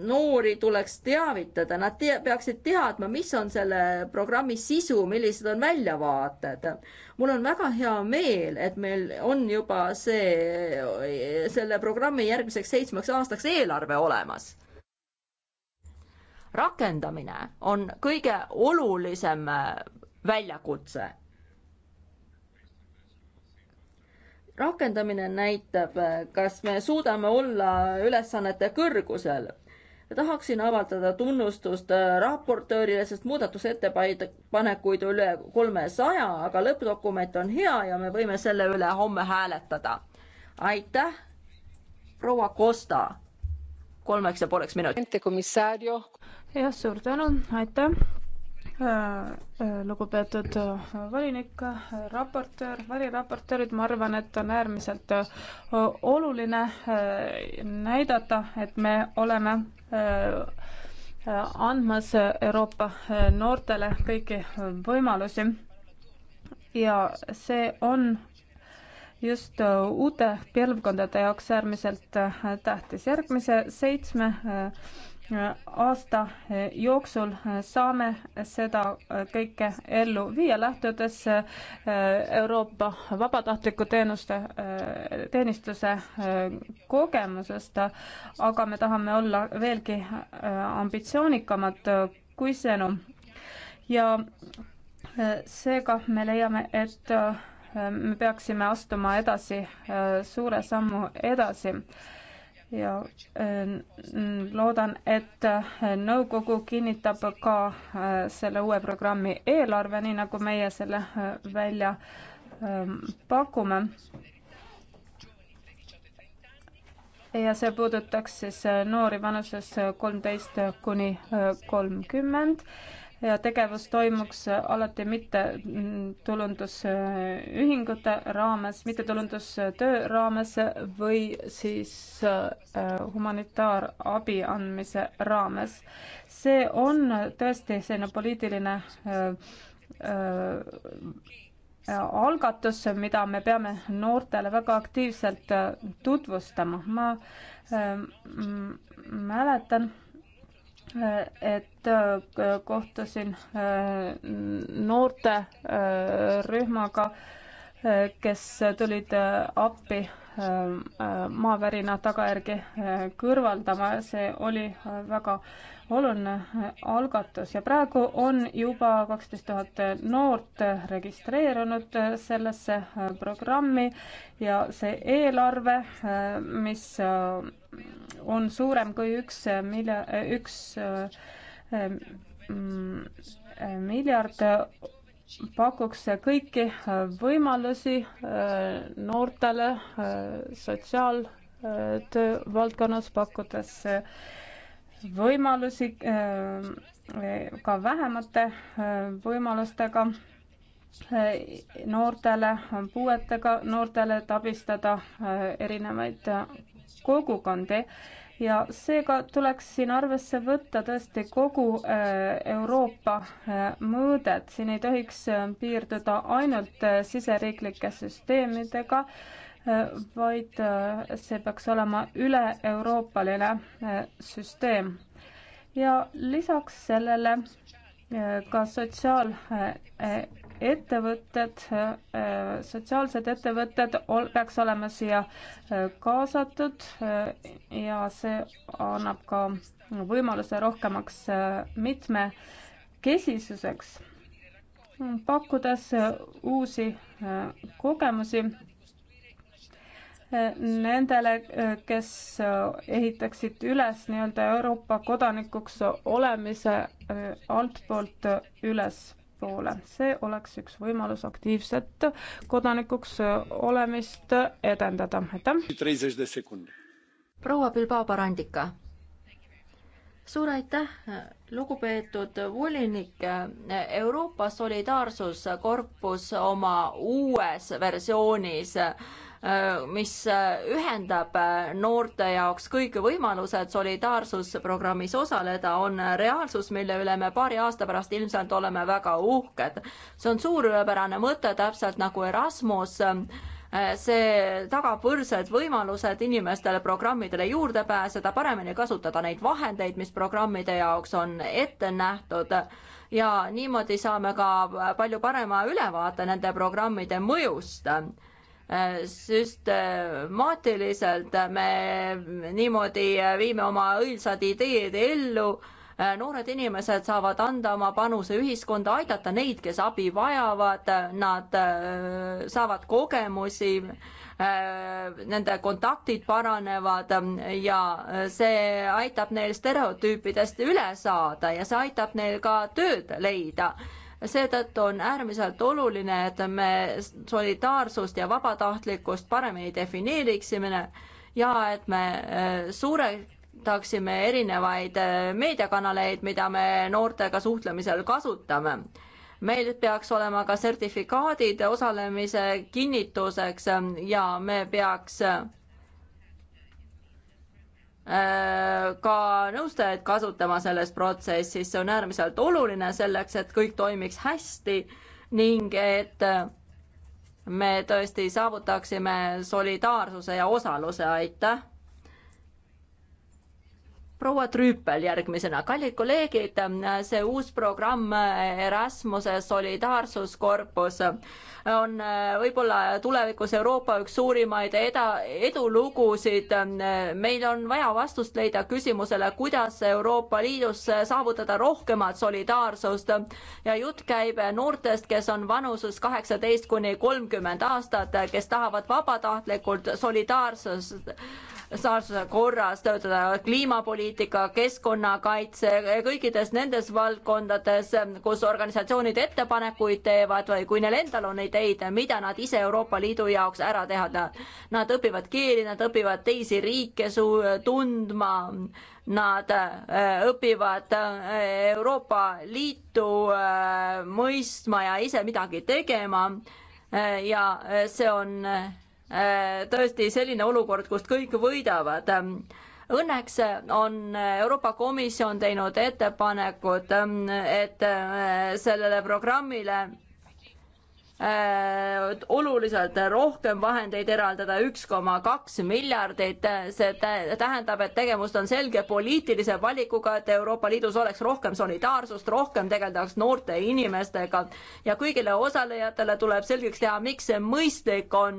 noori tuleks teavitada, nad te peaksid teadma, mis on selle programmi sisu, millised on väljavaated. mul on väga hea meel, et meil on juba see, selle programmi järgmiseks seitsmeks aastaks eelarve olemas. rakendamine on kõige olulisem väljakutse rakendamine näitab, kas me suudame olla ülesannete kõrgusel. tahaksin avaldada tunnustust raportöörile, sest muudatusettepanekuid üle kolmesaja, aga lõppdokument on hea ja me võime selle üle homme hääletada. aitäh, proua Kosta, kolmeks ja pooleks minutiks. jah, suur tänu, aitäh Äh, äh, lugupeetud äh, volinik, raportöör, variraportöörid, ma arvan, et on äärmiselt oluline näidata, et me oleme andmas Euroopa noortele kõiki võimalusi. ja see on just uute põlvkondade jaoks äärmiselt tähtis. järgmise seitsme aasta jooksul saame seda kõike ellu viia, lähtudes äh, Euroopa vabatahtliku teenuste, äh, teenistuse äh, kogemusest, aga me tahame olla veelgi ambitsioonikamad kui senu. ja seega me leiame, et me peaksime astuma edasi suure sammu edasi ja äh, loodan, et äh, nõukogu kinnitab ka äh, selle uue programmi eelarve, nii nagu meie selle välja ähm, pakume. ja see puudutaks siis noori vanuses kolmteist kuni kolmkümmend ja tegevus toimuks alati mittetulundusühingute raames, mittetulundustöö raames või siis äh, humanitaarabi andmise raames. see on tõesti selline poliitiline äh, äh, algatus, mida me peame noortele väga aktiivselt tutvustama. ma mäletan et äh, kohtusin äh, noorte äh, rühmaga, kes tulid appi maavärina tagajärgi kõrvaldama, see oli väga oluline algatus ja praegu on juba kaksteist tuhat noort registreerunud sellesse programmi ja see eelarve, mis on suurem kui üks äh, milja-, äh, üks äh, miljard pakuks kõiki võimalusi noortele sotsiaaltöö valdkonnas, pakkudes võimalusi ka vähemate võimalustega noortele, puuetega noortele, et abistada erinevaid kogukondi ja seega tuleks siin arvesse võtta tõesti kogu äh, Euroopa äh, mõõdet, siin ei tohiks äh, piirduda ainult siseriiklike süsteemidega, vaid see peaks olema üle-euroopaline süsteem. ja lisaks sellele ka sotsiaal ettevõtted, äh, sotsiaalsed ettevõtted ol, peaks olema siia äh, kaasatud äh, ja see annab ka võimaluse rohkemaks mitmekesisuseks, pakkudes uusi kogemusi nendele, kes ehitaksid üles nii-öelda Euroopa kodanikuks olemise altpoolt üles poole. see oleks üks võimalus aktiivset kodanikuks olemist edendada. aitäh! proua Bilbao Barandika suur aitäh, lugupeetud volinik. Euroopa Solidaarsuskorpus oma uues versioonis Äh, mis äh, ühendab äh, noorte jaoks kõik võimalused solidaarsusprogrammis osaleda, on reaalsus, mille üle me paari aasta pärast ilmselt oleme väga uhked. see on suurepärane mõte, täpselt nagu Erasmus see tagab võrdsed võimalused inimestele programmidele juurde pääseda, paremini kasutada neid vahendeid, mis programmide jaoks on ette nähtud ja niimoodi saame ka palju parema ülevaate nende programmide mõjust süstemaatiliselt me niimoodi viime oma õilsad ideed ellu. noored inimesed saavad anda oma panuse ühiskonda, aidata neid, kes abi vajavad, nad äh, saavad kogemusi, äh, nende kontaktid paranevad ja see aitab neil stereotüüpidest üle saada ja see aitab neil ka tööd leida seetõttu on äärmiselt oluline, et me solidaarsust ja vabatahtlikkust paremini defineeriksime ja et me äh, suurendaksime erinevaid äh, meediakanaleid, mida me noortega suhtlemisel kasutame meil peaks olema ka sertifikaadid osalemise kinnituseks äh, ja me peaks ka nõustajaid kasutama selles protsessis, see on äärmiselt oluline selleks, et kõik toimiks hästi ning et me tõesti saavutaksime solidaarsuse ja osaluse, aitäh! proua Trüüpel järgmisena. kallid kolleegid, see uus programm Erasmuse solidaarsuskorpus on võib-olla tulevikus Euroopa üks suurimaid eda-, edulugusid. meil on vaja vastust leida küsimusele, kuidas Euroopa Liidus saavutada rohkemat solidaarsust ja jutt käib noortest, kes on vanuses kaheksateist kuni kolmkümmend aastat, kes tahavad vabatahtlikult solidaarsust saastuse korras, töötada kliimapoliitika, keskkonnakaitse, kõikides nendes valdkondades, kus organisatsioonid ettepanekuid teevad või kui neil endal on ideid, mida nad ise Euroopa Liidu jaoks ära teha. Nad õpivad keeli, nad õpivad teisi riike su-, tundma, nad äh, õpivad äh, Euroopa Liitu äh, mõistma ja ise midagi tegema ja see on Äh, tõesti selline olukord, kust kõik võidavad. Ähm, õnneks äh, on Euroopa Komisjon teinud ettepanekud, ähm, et äh, sellele programmile Äh, oluliselt rohkem vahendeid eraldada, üks koma kaks miljardit, see tähendab, et tegemist on selge poliitilise valikuga, et Euroopa Liidus oleks rohkem solidaarsust, rohkem tegeldaks noorte inimestega ja kõigile osalejatele tuleb selgeks teha, miks see mõistlik on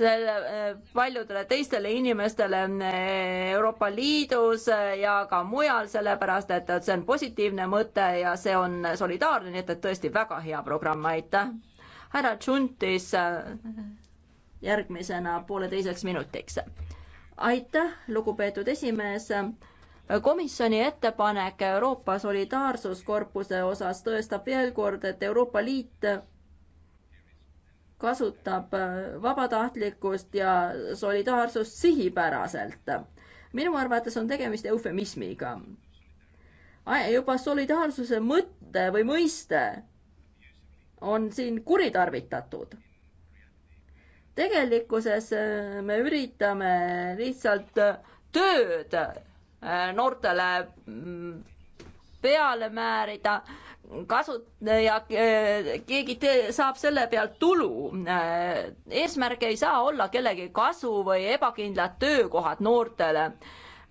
selle äh, paljudele teistele inimestele äh, Euroopa Liidus ja ka mujal, sellepärast et see on positiivne mõte ja see on solidaarne, nii et, et tõesti väga hea programm, aitäh! härra Tšuntis äh, järgmisena pooleteiseks minutiks. aitäh, lugupeetud esimees komisjoni ettepanek Euroopa Solidaarsuskorpuse osas tõestab veel kord, et Euroopa Liit kasutab äh, vabatahtlikkust ja solidaarsust sihipäraselt. minu arvates on tegemist eufemismiga. juba solidaarsuse mõte või mõiste on siin kuritarvitatud. tegelikkuses äh, me üritame lihtsalt äh, tööd äh, noortele mm, peale määrida, kasut- ja keegi saab selle pealt tulu. eesmärk ei saa olla kellegi kasu või ebakindlad töökohad noortele.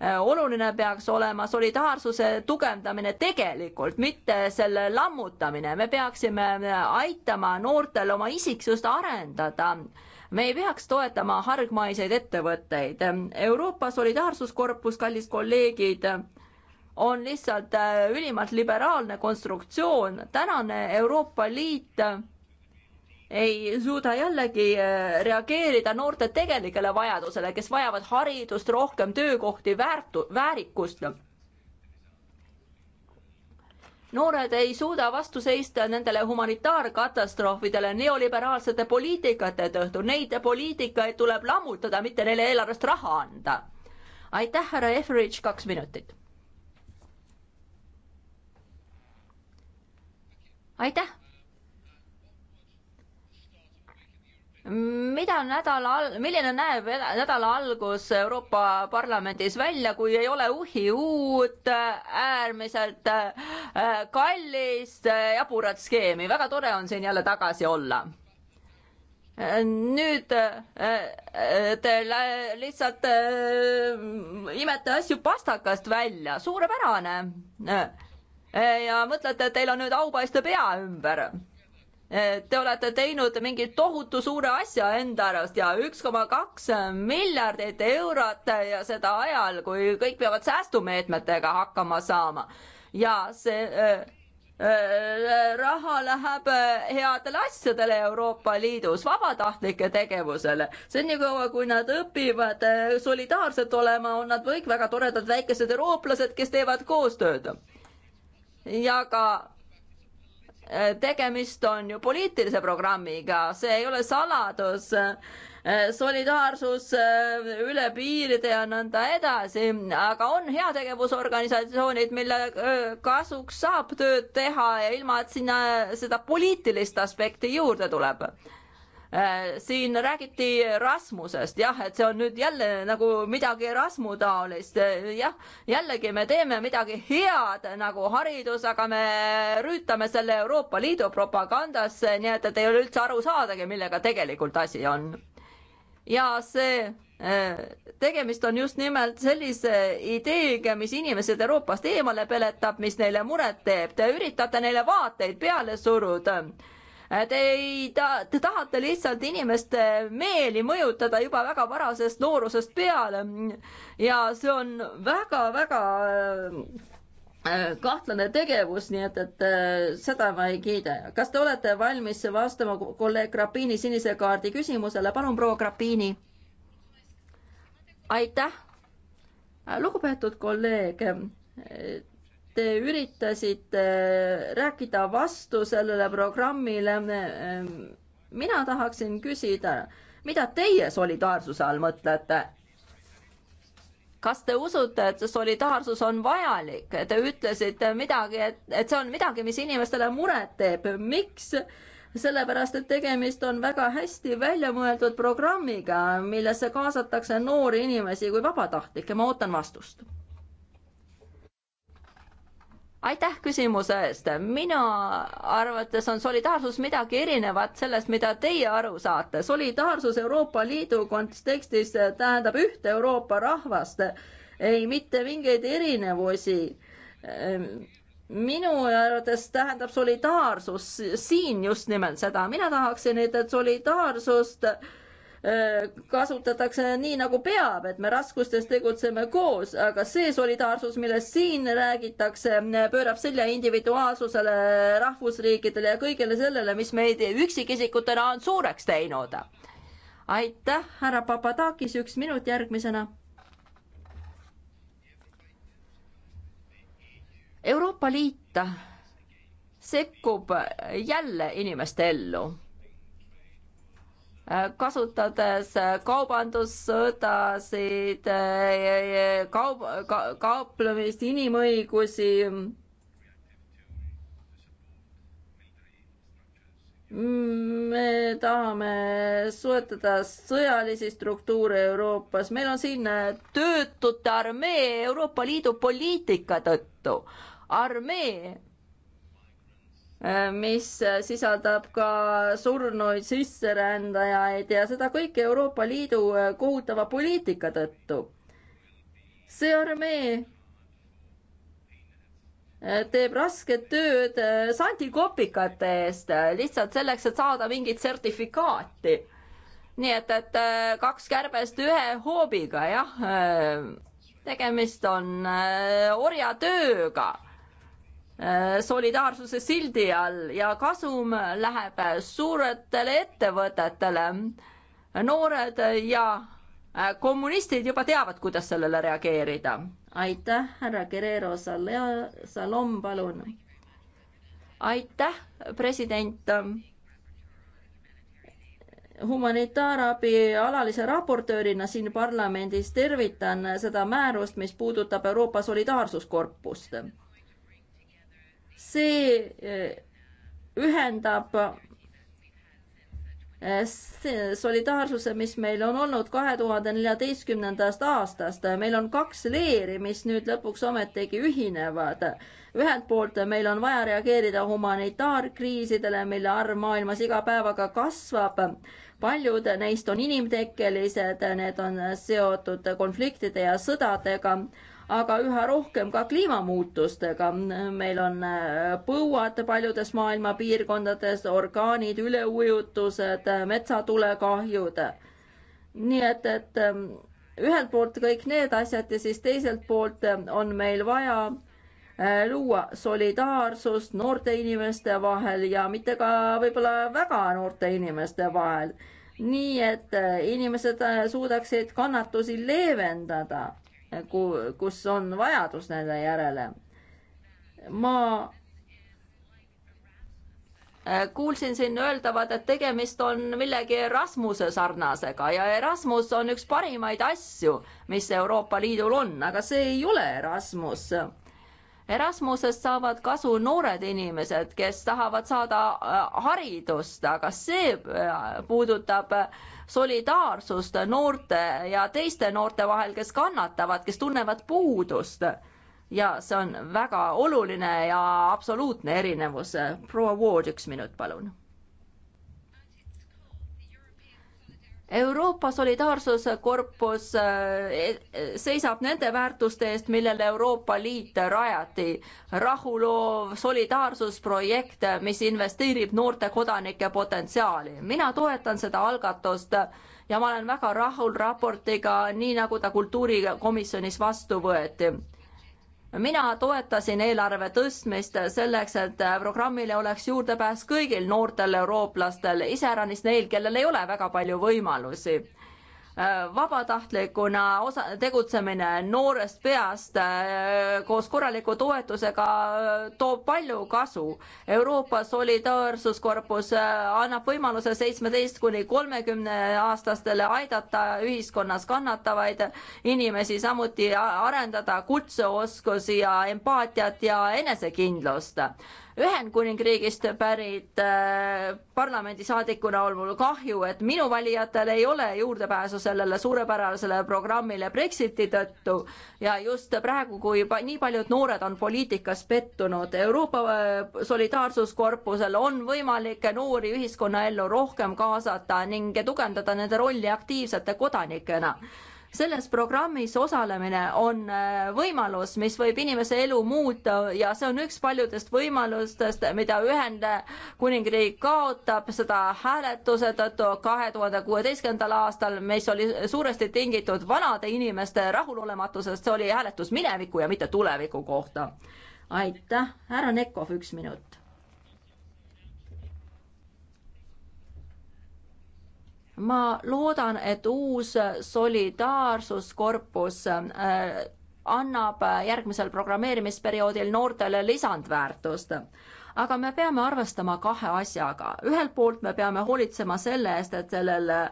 Äh, oluline peaks olema solidaarsuse tugevdamine tegelikult, mitte selle lammutamine. me peaksime äh, aitama noortel oma isiksust arendada. me ei peaks toetama hargmaiseid ettevõtteid. Euroopa Solidaarsuskorpus, kallid kolleegid, on lihtsalt äh, ülimalt liberaalne konstruktsioon. tänane Euroopa Liit ei suuda jällegi äh, reageerida noorte tegelikele vajadusele, kes vajavad haridust, rohkem töökohti, väärtu-, väärikust noored ei suuda vastu seista nendele humanitaarkatastroofidele neoliberaalsete poliitikate tõttu. Neid poliitikaid tuleb lammutada, mitte neile eelarvest raha anda. aitäh, härra Etheridge, kaks minutit. aitäh. mida nädala, milline näeb nädala algus Euroopa Parlamendis välja, kui ei ole uhi uut, äärmiselt äh, kallist jaburat skeemi, väga tore on siin jälle tagasi olla. nüüd äh, te lihtsalt äh, imete asju pastakast välja, suurepärane. ja mõtlete, et teil on nüüd aupaistev pea ümber Eh, te olete teinud mingi tohutu suure asja enda arust ja üks koma kaks miljardit eurot ja seda ajal, kui kõik peavad säästumeetmetega hakkama saama. ja see äh, äh, raha läheb headele asjadele Euroopa Liidus, vabatahtlike tegevusele. senikaua, kui nad õpivad solidaarsed olema, on nad kõik väga toredad väikesed eurooplased, kes teevad koostööd. ja ka tegemist on ju poliitilise programmiga, see ei ole saladus. solidaarsus äh, üle piiride ja nõnda edasi, aga on heategevusorganisatsioonid, mille äh, kasuks saab tööd teha ja ilma, et sinna seda poliitilist aspekti juurde tuleb Äh, siin räägiti Rasmusest, jah, et see on nüüd jälle nagu midagi Rasmu taolist, äh, jah, jällegi me teeme midagi head nagu haridus, aga me rüütame selle Euroopa Liidu propagandasse, nii et, et ei ole üldse aru saadagi, millega tegelikult asi on. ja see äh, tegemist on just nimelt sellise ideega, mis inimesed Euroopast eemale peletab, mis neile muret teeb, te üritate neile vaateid peale suruda Äh, te ei ta-, te tahate lihtsalt inimeste meeli mõjutada juba väga varasest noorusest peale ja see on väga-väga äh, kahtlane tegevus, nii et, et äh, seda ma ei kiida. kas te olete valmis vastama kolleeg Grapini sinise kaardi küsimusele, palun proua Grapini. aitäh, lugupeetud kolleeg te üritasite rääkida vastu sellele programmile. Ehm, mina tahaksin küsida, mida teie solidaarsuse all mõtlete? kas te usute, et see solidaarsus on vajalik? Te ütlesite midagi, et, et see on midagi, mis inimestele muret teeb. miks? sellepärast, et tegemist on väga hästi välja mõeldud programmiga, millesse kaasatakse noori inimesi kui vabatahtlikke. ma ootan vastust aitäh küsimuse eest, minu arvates on solidaarsus midagi erinevat sellest, mida teie aru saate. solidaarsus Euroopa Liidu kontekstis tähendab ühte Euroopa rahvast, ei mitte mingeid erinevusi. minu arvates tähendab solidaarsus siin just nimelt seda, mina tahaksin, et solidaarsust äh, kasutatakse nii, nagu peab, et me raskustes tegutseme koos, aga see solidaarsus, millest siin räägitakse, pöörab selja individuaalsusele, rahvusriikidele ja kõigele sellele, mis meid üksikisikutena on suureks teinud. aitäh, härra Papadakis, üks minut järgmisena. Euroopa Liit sekkub jälle inimeste ellu kasutades kaubandussõdasid, kaub-, ka-, kauplemist, inimõigusi. me tahame soetada sõjalisi struktuure Euroopas, meil on siin töötute armee Euroopa Liidu poliitika tõttu. armee mis sisaldab ka surnuid sisserändajaid ja seda kõike Euroopa Liidu kohutava poliitika tõttu. see armee teeb rasket tööd sandikopikate eest lihtsalt selleks, et saada mingit sertifikaati. nii et, et äh, kaks kärbest ühe hoobiga, jah. Äh, tegemist on äh, orjatööga Äh, solidaarsuse sildi all ja kasum läheb suuretele ettevõtetele. noored ja äh, kommunistid juba teavad, kuidas sellele reageerida. aitäh, härra Guerrero Sal-, Salom, palun. aitäh, president humanitaarabi alalise raportöörina siin parlamendis tervitan seda määrust, mis puudutab Euroopa Solidaarsuskorpust see eh, ühendab eh, see solidaarsuse, mis meil on olnud kahe tuhande neljateistkümnendast aastast. meil on kaks leeri, mis nüüd lõpuks ometigi ühinevad. ühelt poolt meil on vaja reageerida humanitaarkriisidele, mille arv maailmas iga päevaga kasvab. paljud neist on inimtekkelised, need on seotud konfliktide ja sõdadega aga üha rohkem ka kliimamuutustega. meil on äh, põuad paljudes maailma piirkondades, orkaanid, üleujutused, äh, metsatulekahjud. nii et, et ähm, ühelt poolt kõik need asjad ja siis teiselt poolt äh, on meil vaja luua solidaarsust noorte inimeste vahel ja mitte ka võib-olla väga noorte inimeste vahel. nii et inimesed suudaksid kannatusi leevendada kus on vajadus nende järele. ma äh, kuulsin siin öeldavat, et tegemist on millegi Erasmuse sarnasega ja Erasmus on üks parimaid asju, mis Euroopa Liidul on, aga see ei ole Erasmus. Erasmusest saavad kasu noored inimesed, kes tahavad saada äh, haridust, aga see äh, puudutab äh, solidaarsust noorte ja teiste noorte vahel, kes kannatavad, kes tunnevad puudust. ja see on väga oluline ja absoluutne erinevus. proua Ward, üks minut, palun Euroopa Solidaarsuskorpus eh, seisab nende väärtuste eest, millele Euroopa Liit rajati. rahuloov solidaarsusprojekt, mis investeerib noorte kodanike potentsiaali. mina toetan seda algatust ja ma olen väga rahul raportiga, nii nagu ta kultuurikomisjonis vastu võeti mina toetasin eelarve tõstmist selleks, et programmile oleks juurdepääs kõigil noortel eurooplastel, iseäranis neil, kellel ei ole väga palju võimalusi Äh, vabatahtlikuna osa, tegutsemine noorest peast äh, koos korraliku toetusega äh, toob palju kasu. Euroopa Solidaarsuskorpus annab võimaluse seitsmeteist kuni kolmekümne aastastele aidata ühiskonnas kannatavaid inimesi, samuti arendada kutseoskusi ja empaatiat ja enesekindlust Ühendkuningriigist pärit äh, parlamendisaadikuna on mul kahju, et minu valijatel ei ole juurdepääsu sellele suurepärasele programmile Brexiti tõttu ja just praegu, kui nii paljud noored on poliitikas pettunud, Euroopa äh, Solidaarsuskorpusel on võimalik noori ühiskonnaellu rohkem kaasata ning tugevdada nende rolli aktiivsete kodanikena selles programmis osalemine on äh, võimalus, mis võib inimese elu muuta ja see on üks paljudest võimalustest, mida Ühendkuningriik kaotab, seda hääletuse tõttu kahe tuhande kuueteistkümnendal aastal, mis oli suuresti tingitud vanade inimeste rahulolematusest, see oli hääletus mineviku ja mitte tuleviku kohta. aitäh, härra Nekov, üks minut ma loodan, et uus solidaarsuskorpus äh, annab järgmisel programmeerimisperioodil noortele lisandväärtust. aga me peame arvestama kahe asjaga, ühelt poolt me peame hoolitsema selle eest, et sellel äh,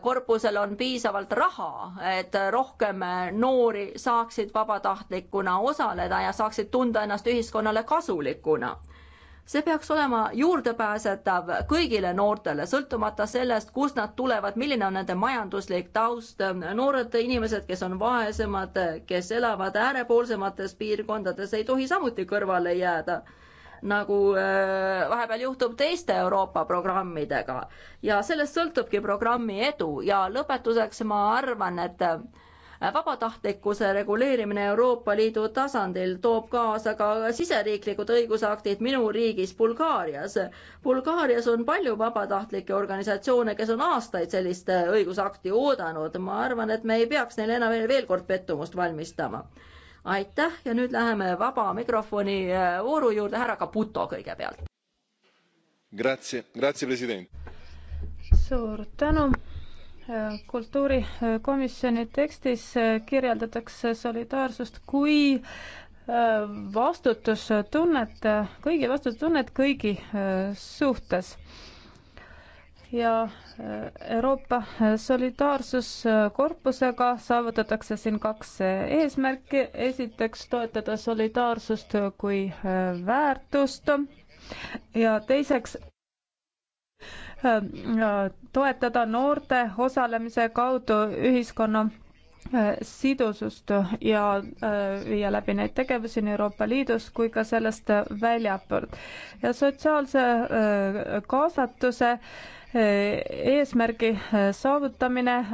korpusel on piisavalt raha, et rohkem äh, noori saaksid vabatahtlikuna osaleda ja saaksid tunda ennast ühiskonnale kasulikuna see peaks olema juurdepääsetav kõigile noortele, sõltumata sellest, kust nad tulevad, milline on nende majanduslik taust. noored inimesed, kes on vaesemad, kes elavad äärepoolsemates piirkondades, ei tohi samuti kõrvale jääda nagu äh, vahepeal juhtub teiste Euroopa programmidega ja sellest sõltubki programmi edu ja lõpetuseks ma arvan, et Äh, vabatahtlikkuse reguleerimine Euroopa Liidu tasandil toob kaasa ka siseriiklikud õigusaktid minu riigis Bulgaarias. Bulgaarias on palju vabatahtlikke organisatsioone, kes on aastaid sellist äh, õigusakti oodanud. ma arvan, et me ei peaks neile enam veel kord pettumust valmistama. aitäh ja nüüd läheme vaba mikrofoni äh, vooru juurde, härra Caputo kõigepealt. Grazie, grazie president. suur tänu kultuurikomisjoni tekstis kirjeldatakse solidaarsust kui äh, vastutustunnet, kõigi vastutustunnet kõigi äh, suhtes. ja äh, Euroopa solidaarsuskorpusega saavutatakse siin kaks eesmärki, esiteks toetada solidaarsust kui väärtust ja teiseks Äh, äh, toetada noorte osalemise kaudu ühiskonna äh, sidusust ja viia läbi neid tegevusi nii Euroopa Liidus kui ka sellest väljapoolt. ja sotsiaalse kaasatuse äh, eesmärgi äh, saavutamine äh,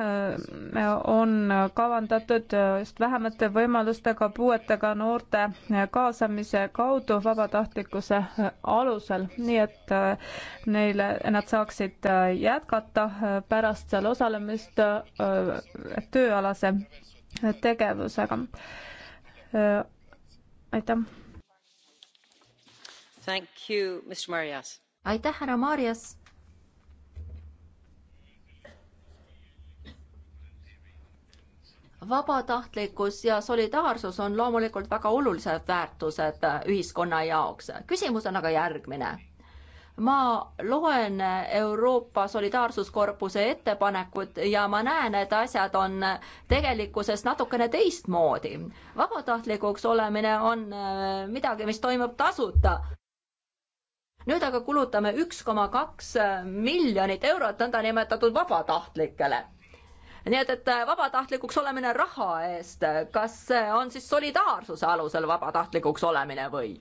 on kavandatud äh, just vähemate võimalustega puuetega noorte kaasamise kaudu vabatahtlikkuse alusel, nii et neile, nad saaksid jätkata pärast seal osalemist tööalase tegevusega. aitäh. aitäh, härra Marias vabatahtlikkus ja solidaarsus on loomulikult väga olulised väärtused äh, ühiskonna jaoks. küsimus on aga järgmine. ma loen Euroopa Solidaarsuskorpuse ettepanekut ja ma näen, et asjad on tegelikkuses natukene teistmoodi. vabatahtlikuks olemine on äh, midagi, mis toimub tasuta nüüd aga kulutame üks koma kaks miljonit eurot nõndanimetatud vabatahtlikele nii et, et äh, vabatahtlikuks olemine raha eest, kas see äh, on siis solidaarsuse alusel vabatahtlikuks olemine või?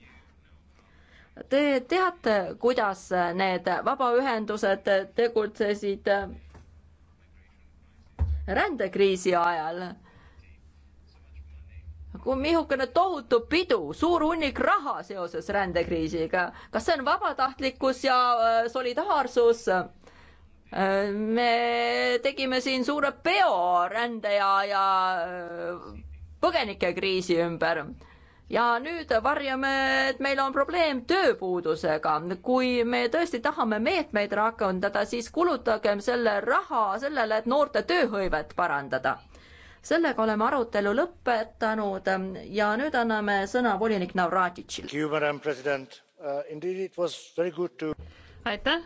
Te teate, kuidas äh, need vabaühendused tegutsesid rändekriisi ajal? kui mihukene tohutu pidu, suur hunnik raha seoses rändekriisiga, kas see on vabatahtlikkus ja solidaarsus? me tegime siin suure peo rände ja, ja äh, põgenikekriisi ümber ja nüüd varjame, et meil on probleem tööpuudusega. kui me tõesti tahame meetmeid rakendada, siis kulutagem selle raha sellele, et noorte tööhõivet parandada. sellega oleme arutelu lõpetanud ja nüüd anname sõna volinik Navratitšile. Uh, aitäh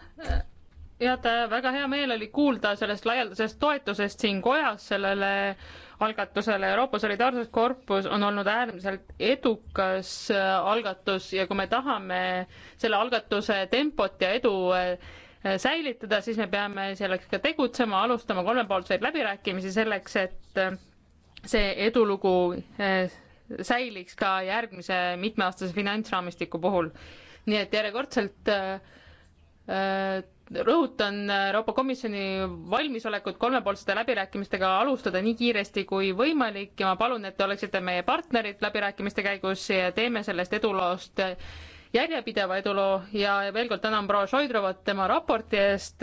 juhataja, väga hea meel oli kuulda sellest laialdasest toetusest siin kojas sellele algatusele. Euroopa Solidaarsuskorpus on olnud äärmiselt edukas äh, algatus ja kui me tahame selle algatuse tempot ja edu äh, säilitada, siis me peame selleks ka tegutsema, alustama kolmepoolseid läbirääkimisi selleks, et äh, see edulugu säiliks ka järgmise mitmeaastase finantsraamistiku puhul. nii et järjekordselt äh, rõhutan Euroopa Komisjoni valmisolekut kolmepoolsete läbirääkimistega alustada nii kiiresti kui võimalik ja ma palun, et te oleksite meie partnerid läbirääkimiste käigus ja teeme sellest eduloost järjepideva eduloo ja veel kord tänan proua Šoidrovat tema raporti eest.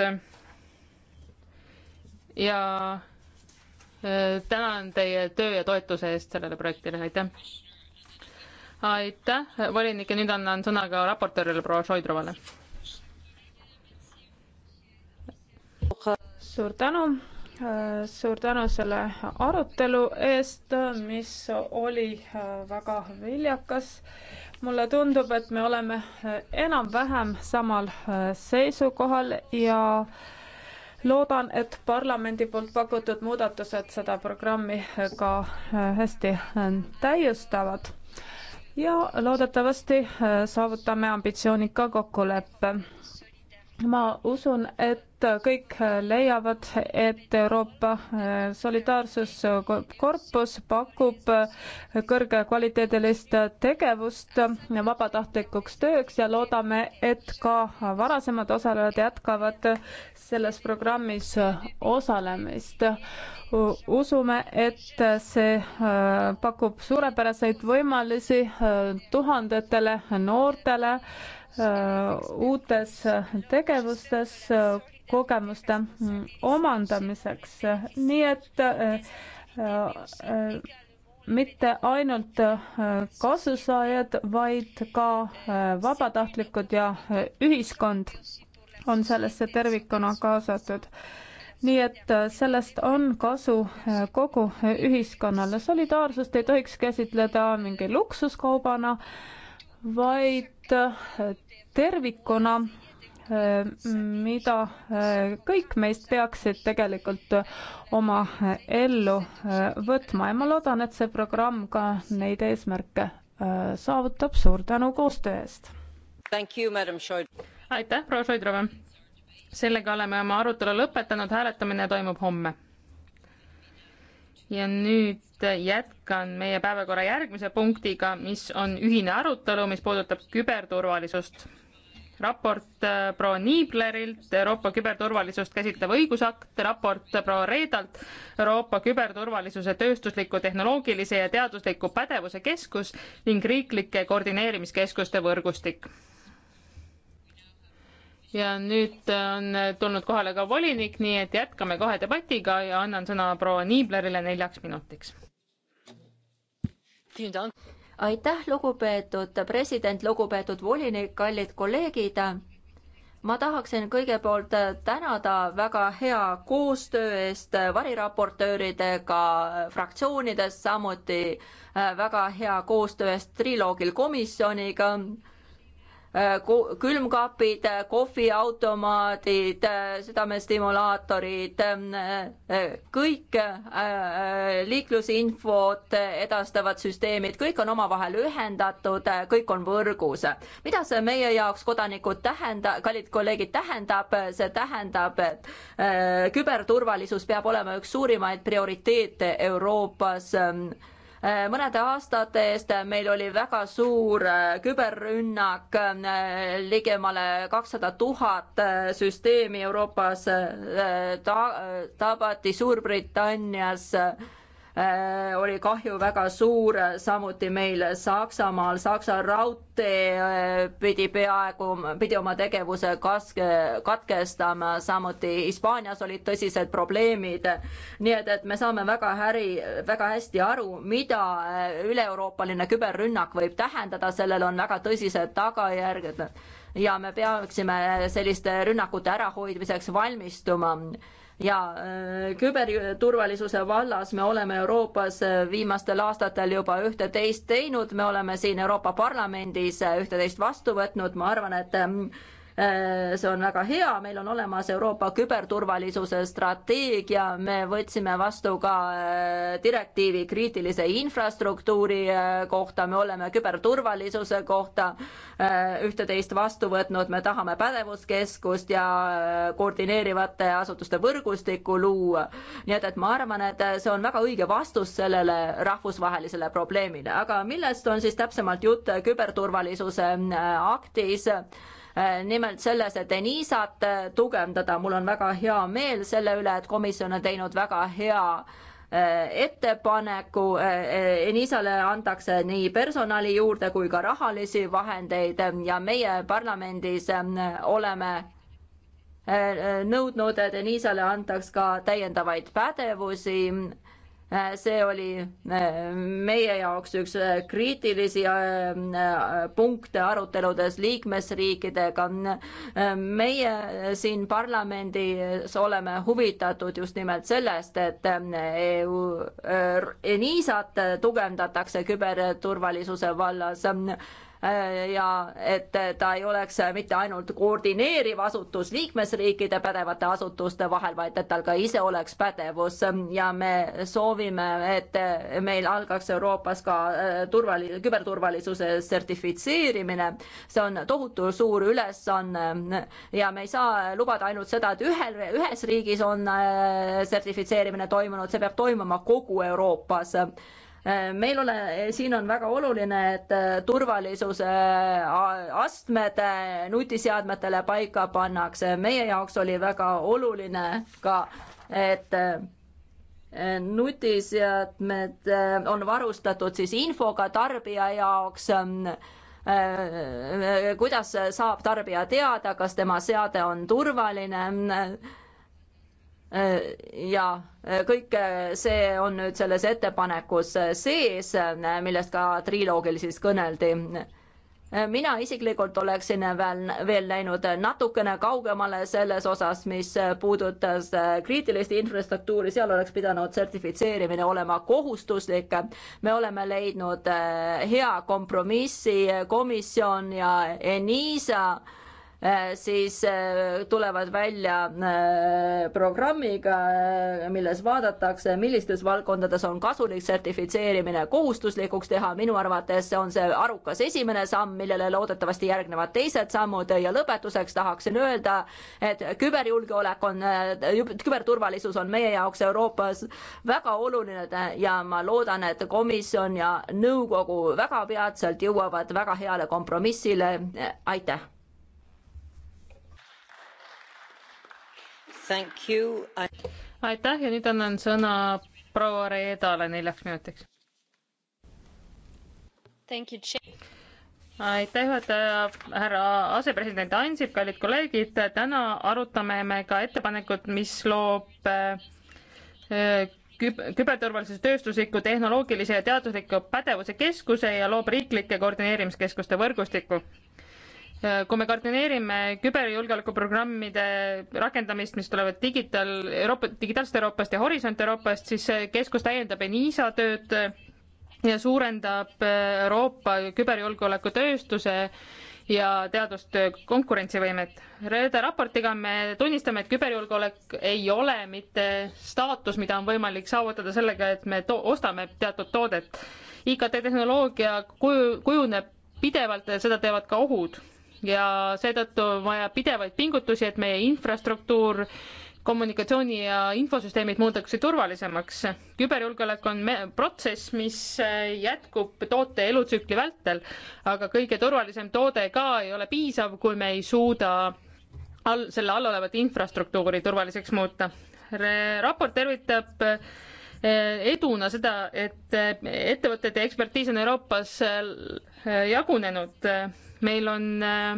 ja äh, tänan teie töö ja toetuse eest sellele projektile, aitäh. aitäh, volinik ja nüüd annan sõna ka raportöörile proua Šoidrovale suur tänu, äh, suur tänu selle arutelu eest, mis oli äh, väga viljakas mulle tundub, et me oleme äh, enam-vähem samal seisukohal ja loodan, et parlamendi poolt pakutud muudatused seda programmi ka hästi täiustavad. ja loodetavasti saavutame ambitsioonika kokkuleppe ma usun, et kõik leiavad, et Euroopa äh, Solidaarsuskorpus pakub äh, kõrgekvaliteedilist tegevust vabatahtlikuks tööks ja loodame, et ka varasemad osalejad jätkavad selles programmis osalemist. usume, et see äh, pakub suurepäraseid võimalusi tuhandetele noortele Äh, uutes tegevustes äh, kogemuste mm, omandamiseks, nii et äh, mitte ainult kasusaajad, vaid ka vabatahtlikud ja ühiskond on sellesse tervikuna kaasatud. nii et sellest on kasu kogu ühiskonnale. solidaarsust ei tohiks käsitleda mingi luksuskaubana, vaid Äh, tervikuna, äh, mida äh, kõik meist peaksid tegelikult oma ellu võtma ja ma loodan, et see programm ka neid eesmärke saavutab. suur tänu koostöö eest! aitäh, proua Šoidrova! sellega oleme oma arutelu lõpetanud, hääletamine toimub homme ja nüüd jätkan meie päevakorra järgmise punktiga, mis on ühine arutelu, mis puudutab küberturvalisust. raport äh, proua Niiblerilt, Euroopa küberturvalisust käsitlev õigusakt, raport äh, proua Reedalt, Euroopa küberturvalisuse tööstusliku, tehnoloogilise ja teadusliku pädevuse keskus ning riiklike koordineerimiskeskuste võrgustik ja nüüd äh, on äh, tulnud kohale ka volinik, nii et jätkame kahe debatiga ja annan sõna proua Niiblerile neljaks minutiks. aitäh, lugupeetud president, lugupeetud volinik, kallid kolleegid ma tahaksin kõigepealt tänada väga hea koostöö eest variraportööridega fraktsioonides, samuti äh, väga hea koostöö eest triloogil komisjoniga Äh, külmkapid, äh, kohviautomaadid, äh, südamestimulaatorid, kõik liiklusinfod edastavad süsteemid, kõik on omavahel ühendatud, kõik on võrgus. mida see meie jaoks, kodanikud, tähenda-, kallid kolleegid, tähendab, see tähendab, et küberturvalisus peab olema üks suurimaid prioriteete Euroopas Eh, mõnede aastate eest meil oli väga suur eh, küberrünnak, eh, ligemale kakssada tuhat süsteemi Euroopas ta-, tabati Suurbritannias Äh, oli kahju väga suur, samuti meil Saksamaal, Saksa raudtee äh, pidi peaaegu, pidi oma tegevuse kaske, katkestama, samuti Hispaanias olid tõsised probleemid. nii et, et me saame väga häri, väga hästi aru, mida äh, üle-euroopaline küberrünnak võib tähendada, sellel on väga tõsised tagajärged ja me peaksime selliste rünnakute ärahoidmiseks valmistuma ja äh, küberturvalisuse vallas me oleme Euroopas äh, viimastel aastatel juba üht-teist teinud, me oleme siin Euroopa Parlamendis äh, üht-teist vastu võtnud, ma arvan, et ähm, Äh, see on väga hea, meil on olemas Euroopa küberturvalisuse strateegia, me võtsime vastu ka äh, direktiivi kriitilise infrastruktuuri äh, kohta, me oleme küberturvalisuse kohta ühte-teist vastu võtnud, me tahame pädevuskeskust ja koordineerivate asutuste võrgustikku luua. nii et, et ma arvan, et see on väga õige vastus sellele rahvusvahelisele probleemile, aga millest on siis täpsemalt jutt küberturvalisuse aktis? Äh, nimelt selles, et Enisat äh, tugevdada. mul on väga hea meel selle üle, et komisjon on teinud väga hea äh, ettepaneku, Enisale antakse nii personali juurde kui ka rahalisi vahendeid ja meie parlamendis oleme nõudnud, et Enisale antaks ka täiendavaid pädevusi Äh, see oli äh, meie jaoks üks äh, kriitilisi punkte aruteludes liikmesriikidega. meie siin parlamendis oleme huvitatud just nimelt sellest, et EU, ENISA-t tugevdatakse küberturvalisuse vallas Äh, ja et ta ei oleks mitte ainult koordineeriv asutus liikmesriikide pädevate asutuste vahel, vaid et tal ka ise oleks pädevus ja me soovime, et meil algaks Euroopas ka äh, turvali-, küberturvalisuse sertifitseerimine. see on tohutu suur ülesanne ja me ei saa lubada ainult seda, et ühel, ühes riigis on äh, sertifitseerimine toimunud, see peab toimuma kogu Euroopas Euroopas Äh, meil ole, siin on väga oluline, et äh, turvalisuse äh, astmed nutiseadmetele paika pannakse. meie jaoks oli väga oluline ka, et nutiseadmed on varustatud siis infoga tarbija jaoks, ähm, kuidas saab tarbija teada, kas tema seade on turvaline Äh, ja äh, kõik äh, see on nüüd selles ettepanekus sees, millest ka triloogil siis kõneldi. mina isiklikult oleksin veel, veel läinud natukene kaugemale selles osas, mis puudutas kriitilist infrastruktuuri, seal oleks pidanud sertifitseerimine olema kohustuslik. me oleme leidnud hea kompromissi, komisjon ja ENISA Äh, siis äh, tulevad välja äh, programmiga, milles vaadatakse, millistes valdkondades on kasulik sertifitseerimine kohustuslikuks teha. minu arvates on see arukas esimene samm, millele loodetavasti järgnevad teised sammud ja lõpetuseks tahaksin öelda, et küberjulgeolek on, küberturvalisus on meie jaoks Euroopas väga oluline ja ma loodan, et komisjon ja nõukogu väga peatselt jõuavad väga heale kompromissile. aitäh! aitäh ja nüüd annan sõna proua Reedale neljaks minutiks. aitäh, juhataja, härra asepresident Ansip, kallid kolleegid, täna arutame me ka ettepanekut, mis loob äh, küberturvalisuse tööstusliku, tehnoloogilise ja teadusliku pädevuse keskuse ja loob riiklike koordineerimiskeskuste võrgustiku kui me koordineerime küberjulgeolekuprogrammide rakendamist, mis tulevad digitaal, Euroopa, digitaalsest Euroopast ja Horisont Euroopast, siis see keskus täiendab ENISA tööd ja suurendab Euroopa küberjulgeolekutööstuse ja teadustöö konkurentsivõimet. Rööde raportiga me tunnistame, et küberjulgeolek ei ole mitte staatus, mida on võimalik saavutada sellega, et me to-, ostame teatud toodet. IKT tehnoloogia kuju, kujuneb pidevalt ja seda teevad ka ohud ja seetõttu on vaja pidevaid pingutusi, et meie infrastruktuur kommunikatsiooni ja infosüsteemid muudetakse turvalisemaks. küberjulgeolek on protsess, mis äh, jätkub toote elutsükli vältel, aga kõige turvalisem toode ka ei ole piisav, kui me ei suuda all, selle all olevat infrastruktuuri turvaliseks muuta. raport tervitab äh, eduna seda, et äh, ettevõtete ekspertiis on Euroopas jagunenud meil on äh,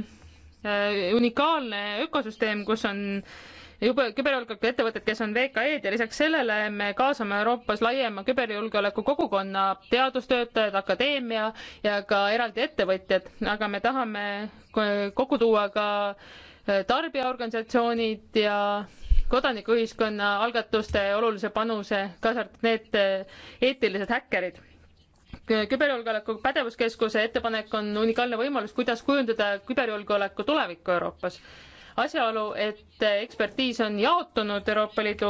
äh, unikaalne ökosüsteem, kus on jube küberjulgeoleku ettevõtted, kes on VKE-d ja lisaks sellele me kaasame Euroopas laiema küberjulgeoleku kogukonna teadustöötajad, akadeemia ja ka eraldi ettevõtjad, aga me tahame kokku tuua ka äh, tarbijaorganisatsioonid ja kodanikuühiskonna algatuste olulise panuse, kaasa arvatud need eetilised häkkerid küberjulgeoleku pädevuskeskuse ettepanek on unikaalne võimalus, kuidas kujundada küberjulgeoleku tulevikku Euroopas. asjaolu, et ekspertiis on jaotunud Euroopa Liidu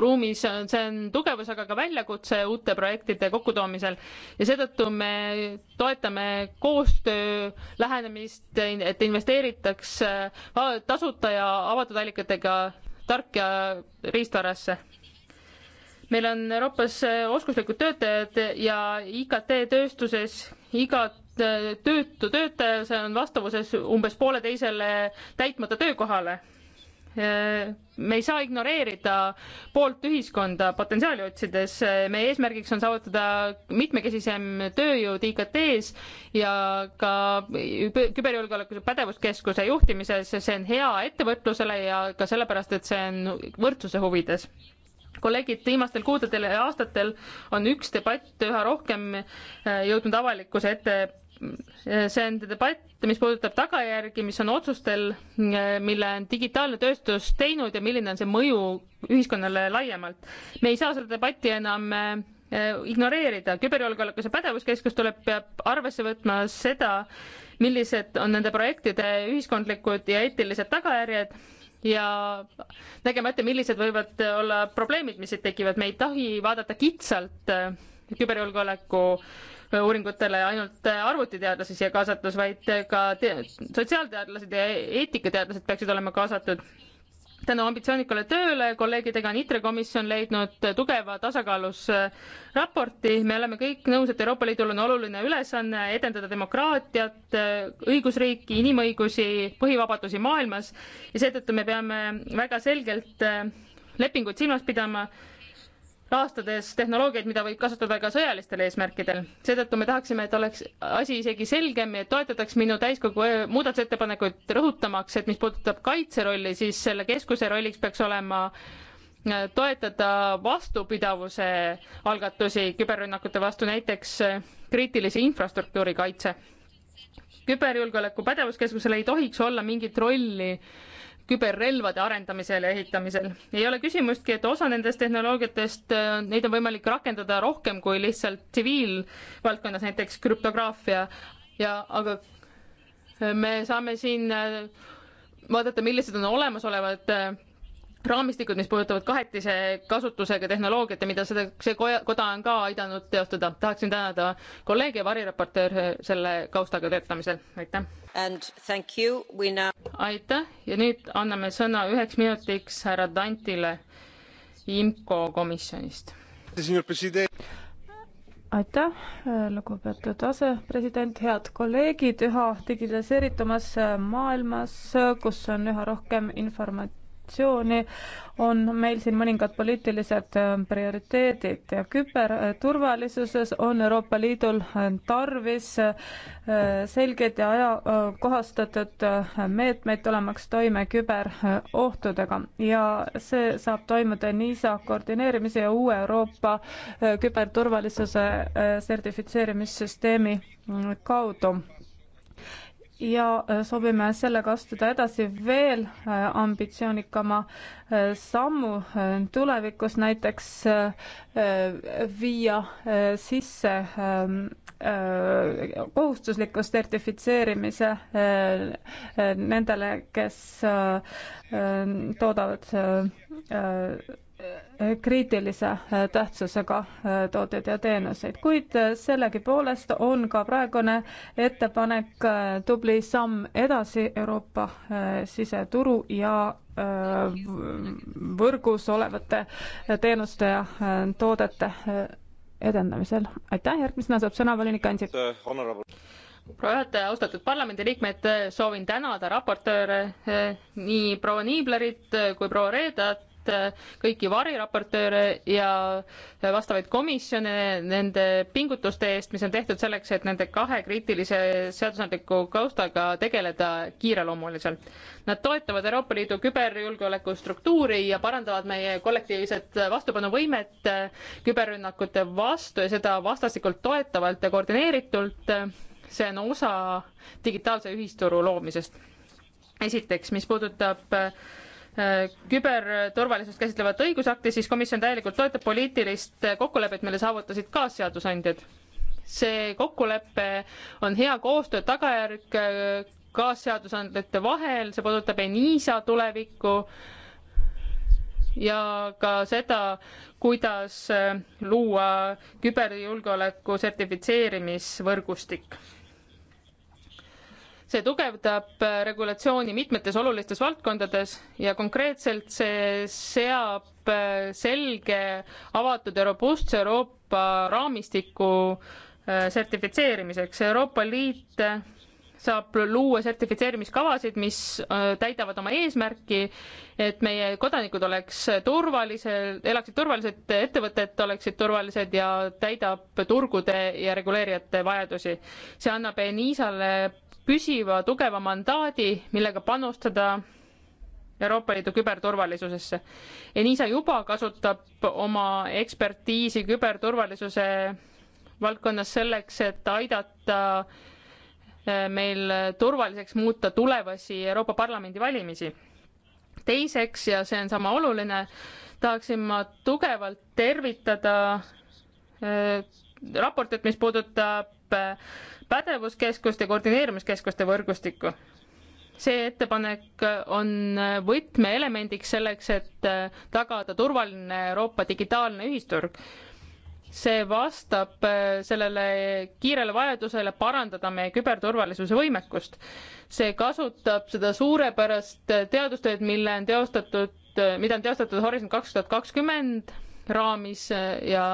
ruumis, see on tugevus, aga ka väljakutse uute projektide kokkutoomisel ja seetõttu me toetame koostöö lähenemist, et investeeritaks äh, tasuta ja avatud allikatega tark ja riistvarasse meil on Euroopas äh, oskuslikud töötajad ja IKT tööstuses iga äh, töötu töötaja, see on vastavuses umbes pooleteisele täitmata töökohale. Äh, me ei saa ignoreerida poolt ühiskonda potentsiaali otsides, meie eesmärgiks on saavutada mitmekesisem tööjõud IKT-s ja ka küberjulgeoleku pädevuskeskuse juhtimises, see on hea ettevõtlusele ja ka sellepärast, et see on võrdsuse huvides kolleegid, viimastel kuudel ja aastatel on üks debatt üha rohkem äh, jõudnud avalikkuse ette. Äh, see on debatt, mis puudutab tagajärgi, mis on otsustel, äh, mille on digitaalne tööstus teinud ja milline on see mõju ühiskonnale laiemalt. me ei saa seda debatti enam ignoreerida. küberjulgeolekuse pädevuskeskus tuleb, peab arvesse võtma seda, millised on nende projektide ühiskondlikud ja eetilised tagajärjed ja nägema ette, millised võivad olla probleemid, mis siit tekivad, me ei tohi vaadata kitsalt äh, küberjulgeoleku äh, uuringutele ainult äh, arvutiteadlasi siia kaasatus, vaid ka sotsiaalteadlased ja eetikateadlased peaksid olema kaasatud tänu ambitsioonikale tööle kolleegidega on ITRE komisjon leidnud tugeva tasakaalus äh, raporti. me oleme kõik nõus, et Euroopa Liidul on oluline ülesanne edendada demokraatiat, äh, õigusriiki, inimõigusi, põhivabadusi maailmas ja seetõttu me peame väga selgelt äh, lepingut silmas pidama taastades tehnoloogiaid, mida võib kasutada ka sõjalistel eesmärkidel. seetõttu me tahaksime, et oleks asi isegi selgem ja toetataks minu täiskogu äh, muudatusettepanekuid, rõhutamaks, et mis puudutab kaitse rolli, siis selle keskuse rolliks peaks olema äh, toetada vastupidavuse algatusi küberrünnakute vastu, näiteks äh, kriitilise infrastruktuuri kaitse. küberjulgeoleku pädevuskeskusel ei tohiks olla mingit rolli küberrelvade arendamisel ja ehitamisel. ei ole küsimustki, et osa nendest tehnoloogiatest, äh, neid on võimalik rakendada rohkem kui lihtsalt tsiviilvaldkonnas, näiteks krüptograafia ja aga äh, me saame siin äh, vaadata, millised on olemasolevad äh, raamistikud, mis puudutavad kahetise kasutusega tehnoloogiat ja mida seda, see koja, koda on ka aidanud teostada. tahaksin tänada kolleege ja variraportööre selle kaustaga töötamisel, aitäh! Now... aitäh ja nüüd anname sõna üheks minutiks härra Dantile IMCO komisjonist. aitäh, lugupeetud asepresident, head kolleegid, üha digitaliseeritumas maailmas, kus on üha rohkem informat-, regulatsiooni, on meil siin mõningad poliitilised äh, prioriteedid ja küberturvalisuses on Euroopa Liidul äh, tarvis äh, selgeid ja ajakohastatud meetmeid, olemaks toime küberohtudega ja see saab toimuda NISA koordineerimise ja uue Euroopa küberturvalisuse sertifitseerimissüsteemi mm, kaudu ja äh, soovime sellega astuda edasi veel äh, ambitsioonikama äh, sammu tulevikus, näiteks viia sisse ähm, kohustusliku sertifitseerimise nendele, kes toodavad kriitilise äh, tähtsusega äh, tooteid ja teenuseid, kuid äh, sellegipoolest on ka praegune ettepanek tubli samm edasi Euroopa siseturu ja võrgus olevate teenuste ja toodete edendamisel. aitäh, järgmisena saab sõna volinik Ansip. proua juhataja, austatud parlamendiliikmed, soovin tänada raportööre, nii proua Niiblerit kui proua Reedat Äh, kõiki variraportööre ja vastavaid komisjone nende pingutuste eest, mis on tehtud selleks, et nende kahe kriitilise seadusandliku kaustaga tegeleda kiireloomuliselt. Nad toetavad Euroopa Liidu küberjulgeoleku struktuuri ja parandavad meie kollektiivset vastupanuvõimet äh, küberrünnakute vastu ja seda vastastikult toetavalt ja koordineeritult. see on osa digitaalse ühisturu loomisest esiteks, mis puudutab äh, küberturvalisust käsitlevat õigusakti, siis komisjon täielikult toetab poliitilist kokkulepet, mille saavutasid kaasseadusandjad. see kokkulepe on hea koostöö tagajärg äh, kaasseadusandjate vahel, see puudutab ENISA tulevikku ja ka seda, kuidas äh, luua küberjulgeoleku sertifitseerimisvõrgustik see tugevdab äh, regulatsiooni mitmetes olulistes valdkondades ja konkreetselt see seab äh, selge, avatud ja robustse Euroopa raamistiku äh, sertifitseerimiseks. Euroopa Liit saab luua sertifitseerimiskavasid, mis täidavad oma eesmärki, et meie kodanikud oleks turvalised, elaksid turvaliselt, ettevõtted oleksid turvalised ja täidab turgude ja reguleerijate vajadusi. see annab ENISA-le püsiva tugeva mandaadi, millega panustada Euroopa Liidu küberturvalisusesse. Enisa juba kasutab oma ekspertiisi küberturvalisuse valdkonnas selleks, et aidata eh, meil turvaliseks muuta tulevasi Euroopa Parlamendi valimisi. teiseks, ja see on sama oluline, tahaksin ma tugevalt tervitada eh, raportit, mis puudutab eh, pädevuskeskuste, koordineerimiskeskuste võrgustikku. see ettepanek on võtmeelemendiks selleks, et tagada turvaline Euroopa digitaalne ühisturg. see vastab sellele kiirele vajadusele parandada meie küberturvalisuse võimekust. see kasutab seda suurepärast teadustööd, mille on teostatud, mida on teostatud Horisont kaks tuhat kakskümmend raamis ja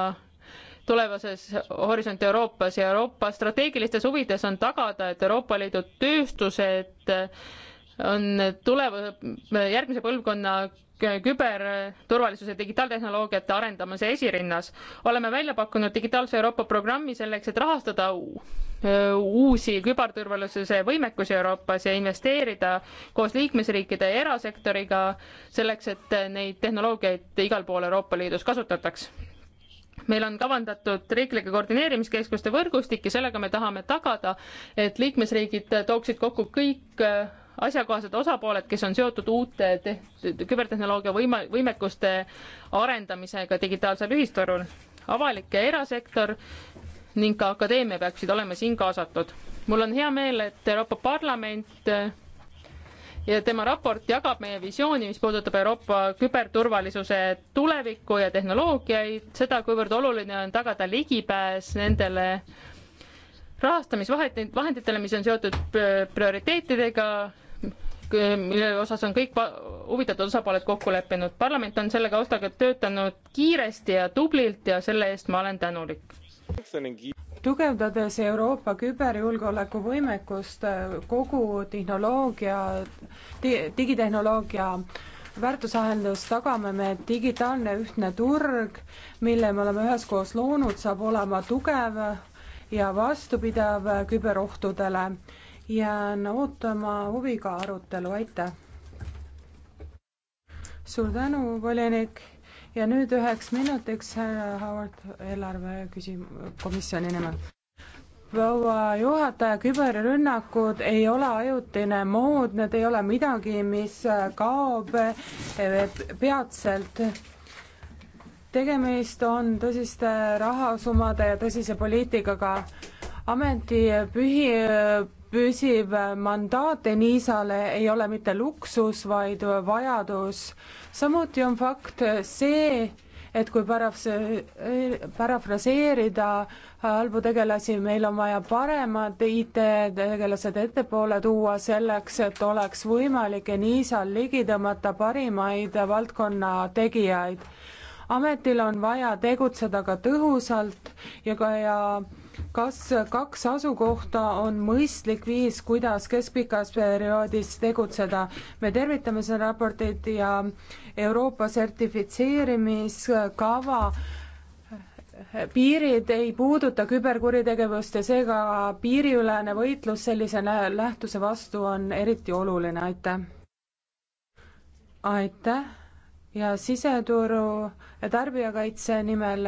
tulevases Horisont Euroopas ja Euroopa strateegilistes huvides on tagada, et Euroopa Liidu tööstused on tuleva, järgmise põlvkonna küberturvalisuse digitaaltehnoloogiate arendamise esirinnas. oleme välja pakkunud Digitaalse Euroopa programmi selleks, et rahastada uusi küberturvalisuse võimekusi Euroopas ja investeerida koos liikmesriikide ja erasektoriga selleks, et neid tehnoloogiaid igal pool Euroopa Liidus kasutataks meil on kavandatud riiklike koordineerimiskeskuste võrgustik ja sellega me tahame tagada, et liikmesriigid tooksid kokku kõik äh, asjakohased osapooled, kes on seotud uute kübertehnoloogia võima-, võimekuste arendamisega digitaalsel ühisturul. avalik ja erasektor ning ka akadeemia peaksid olema siin kaasatud. mul on hea meel, et Euroopa Parlament äh, ja tema raport jagab meie visiooni, mis puudutab Euroopa küberturvalisuse tulevikku ja tehnoloogiaid, seda, kuivõrd oluline on tagada ligipääs nendele rahastamisvahenditele, vahenditele, mis on seotud prioriteetidega, mille osas on kõik huvitatud osapooled kokku leppinud. parlament on selle kaustaga töötanud kiiresti ja tublilt ja selle eest ma olen tänulik tugevdades Euroopa küberjulgeoleku võimekust eh, kogu tehnoloogia di, digitehnoloogia väärtusahendus tagame me, et digitaalne ühtne turg, mille me oleme üheskoos loonud, saab olema tugev ja vastupidav küberohtudele. jään ootama huviga arutelu, aitäh! suur tänu, volinik! ja nüüd üheks minutiks härra Howard eelarve küsim-, komisjoni nimel proua juhataja, küberrünnakud ei ole ajutine mood, need ei ole midagi, mis kaob peatselt. tegemist on tõsiste rahasummade ja tõsise poliitikaga. ameti pühi püsiv mandaat Enisale ei ole mitte luksus, vaid vajadus. samuti on fakt see, et kui parafse-, parafraseerida halbu tegelasi, meil on vaja paremad IT-tegelased ettepoole tuua selleks, et oleks võimalik Enisal ligi tõmmata parimaid valdkonna tegijaid. ametil on vaja tegutseda ka tõhusalt ja ka ja kas kaks asukohta on mõistlik viis, kuidas keskpikas perioodis tegutseda? me tervitame seda raportit ja Euroopa sertifitseerimiskava piirid ei puuduta küberkuritegevust ja seega piiriülene võitlus sellise lähtuse vastu on eriti oluline, aitäh. aitäh ja siseturu tarbijakaitse nimel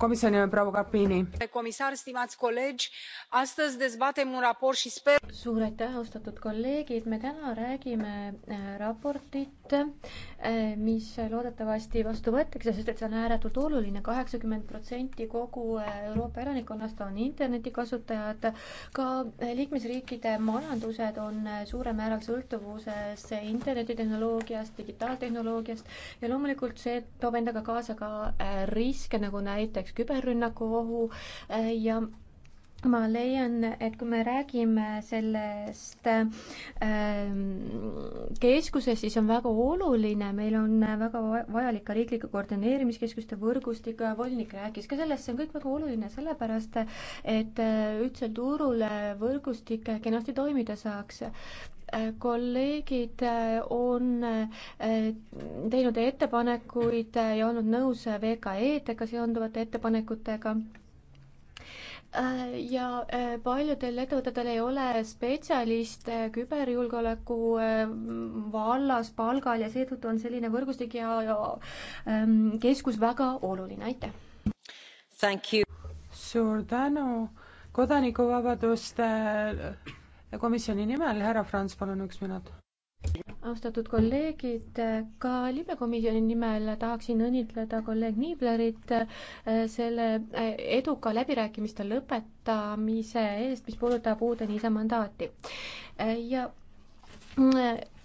komisjoni nimel proua Grapini. komisar, stimați colegi, astăzi dezbatem un raport și sper. suur aitäh, austatud kolleegid, me täna räägime äh, raportit, äh, mis loodetavasti vastu võetakse, sest et see on ääretult oluline, kaheksakümmend protsenti kogu äh, Euroopa elanikkonnast on internetikasutajad, ka liikmesriikide majandused on suurel määral sõltuvuses internetitehnoloogiast, digitaaltehnoloogiast ja loomulikult see toob endaga kaasa kaasa ka äh, riske, nagu näiteks küberrünnaku ohu äh, ja ma leian, et kui me räägime sellest ähm, keskusest, siis on väga oluline, meil on väga vajalik ka riiklike koordineerimiskeskuste võrgustik, volinik rääkis ka sellest, see on kõik väga oluline, sellepärast et äh, ühtsel turul äh, võrgustik kenasti toimida saaks äh, kolleegid on teinud ettepanekuid ja olnud nõus VKE-dega seonduvate ettepanekutega Äh, ja äh, paljudel ettevõtetel ei ole spetsialiste küberjulgeoleku äh, vallas palgal ja seetõttu on selline võrgustik ja, ja ähm, keskus väga oluline, aitäh! suur tänu, kodanikuvabaduste komisjoni nimel härra Franz, palun üks minut austatud kolleegid, ka libekomisjoni nimel tahaksin õnnitleda kolleeg Niiblerit eh, selle eh, eduka läbirääkimiste lõpetamise eest, mis puudutab uute NISA mandaati. Eh, ja mm,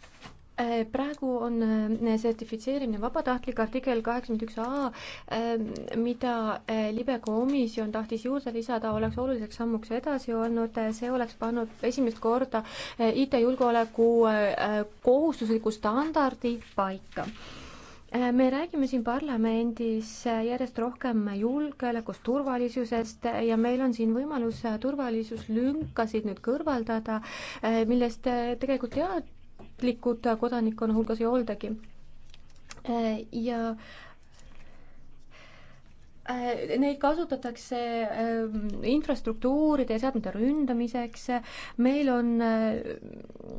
Äh, praegu on äh, sertifitseerimine vabatahtlik, artikkel kaheksakümmend üks A, äh, mida libe komisjon tahtis juurde lisada, oleks oluliseks sammuks edasi olnud, see oleks pannud esimest korda IT-julgeoleku kohustusliku standardi paika me räägime siin parlamendis järjest rohkem julgeolekust, turvalisusest ja meil on siin võimalus turvalisuslünkasid nüüd kõrvaldada, millest tegelikult tead-, ametlikud kodanikkonna hulgas ei oldagi. ja äh, Neid kasutatakse äh, infrastruktuuride ja seadmete ründamiseks, meil on äh,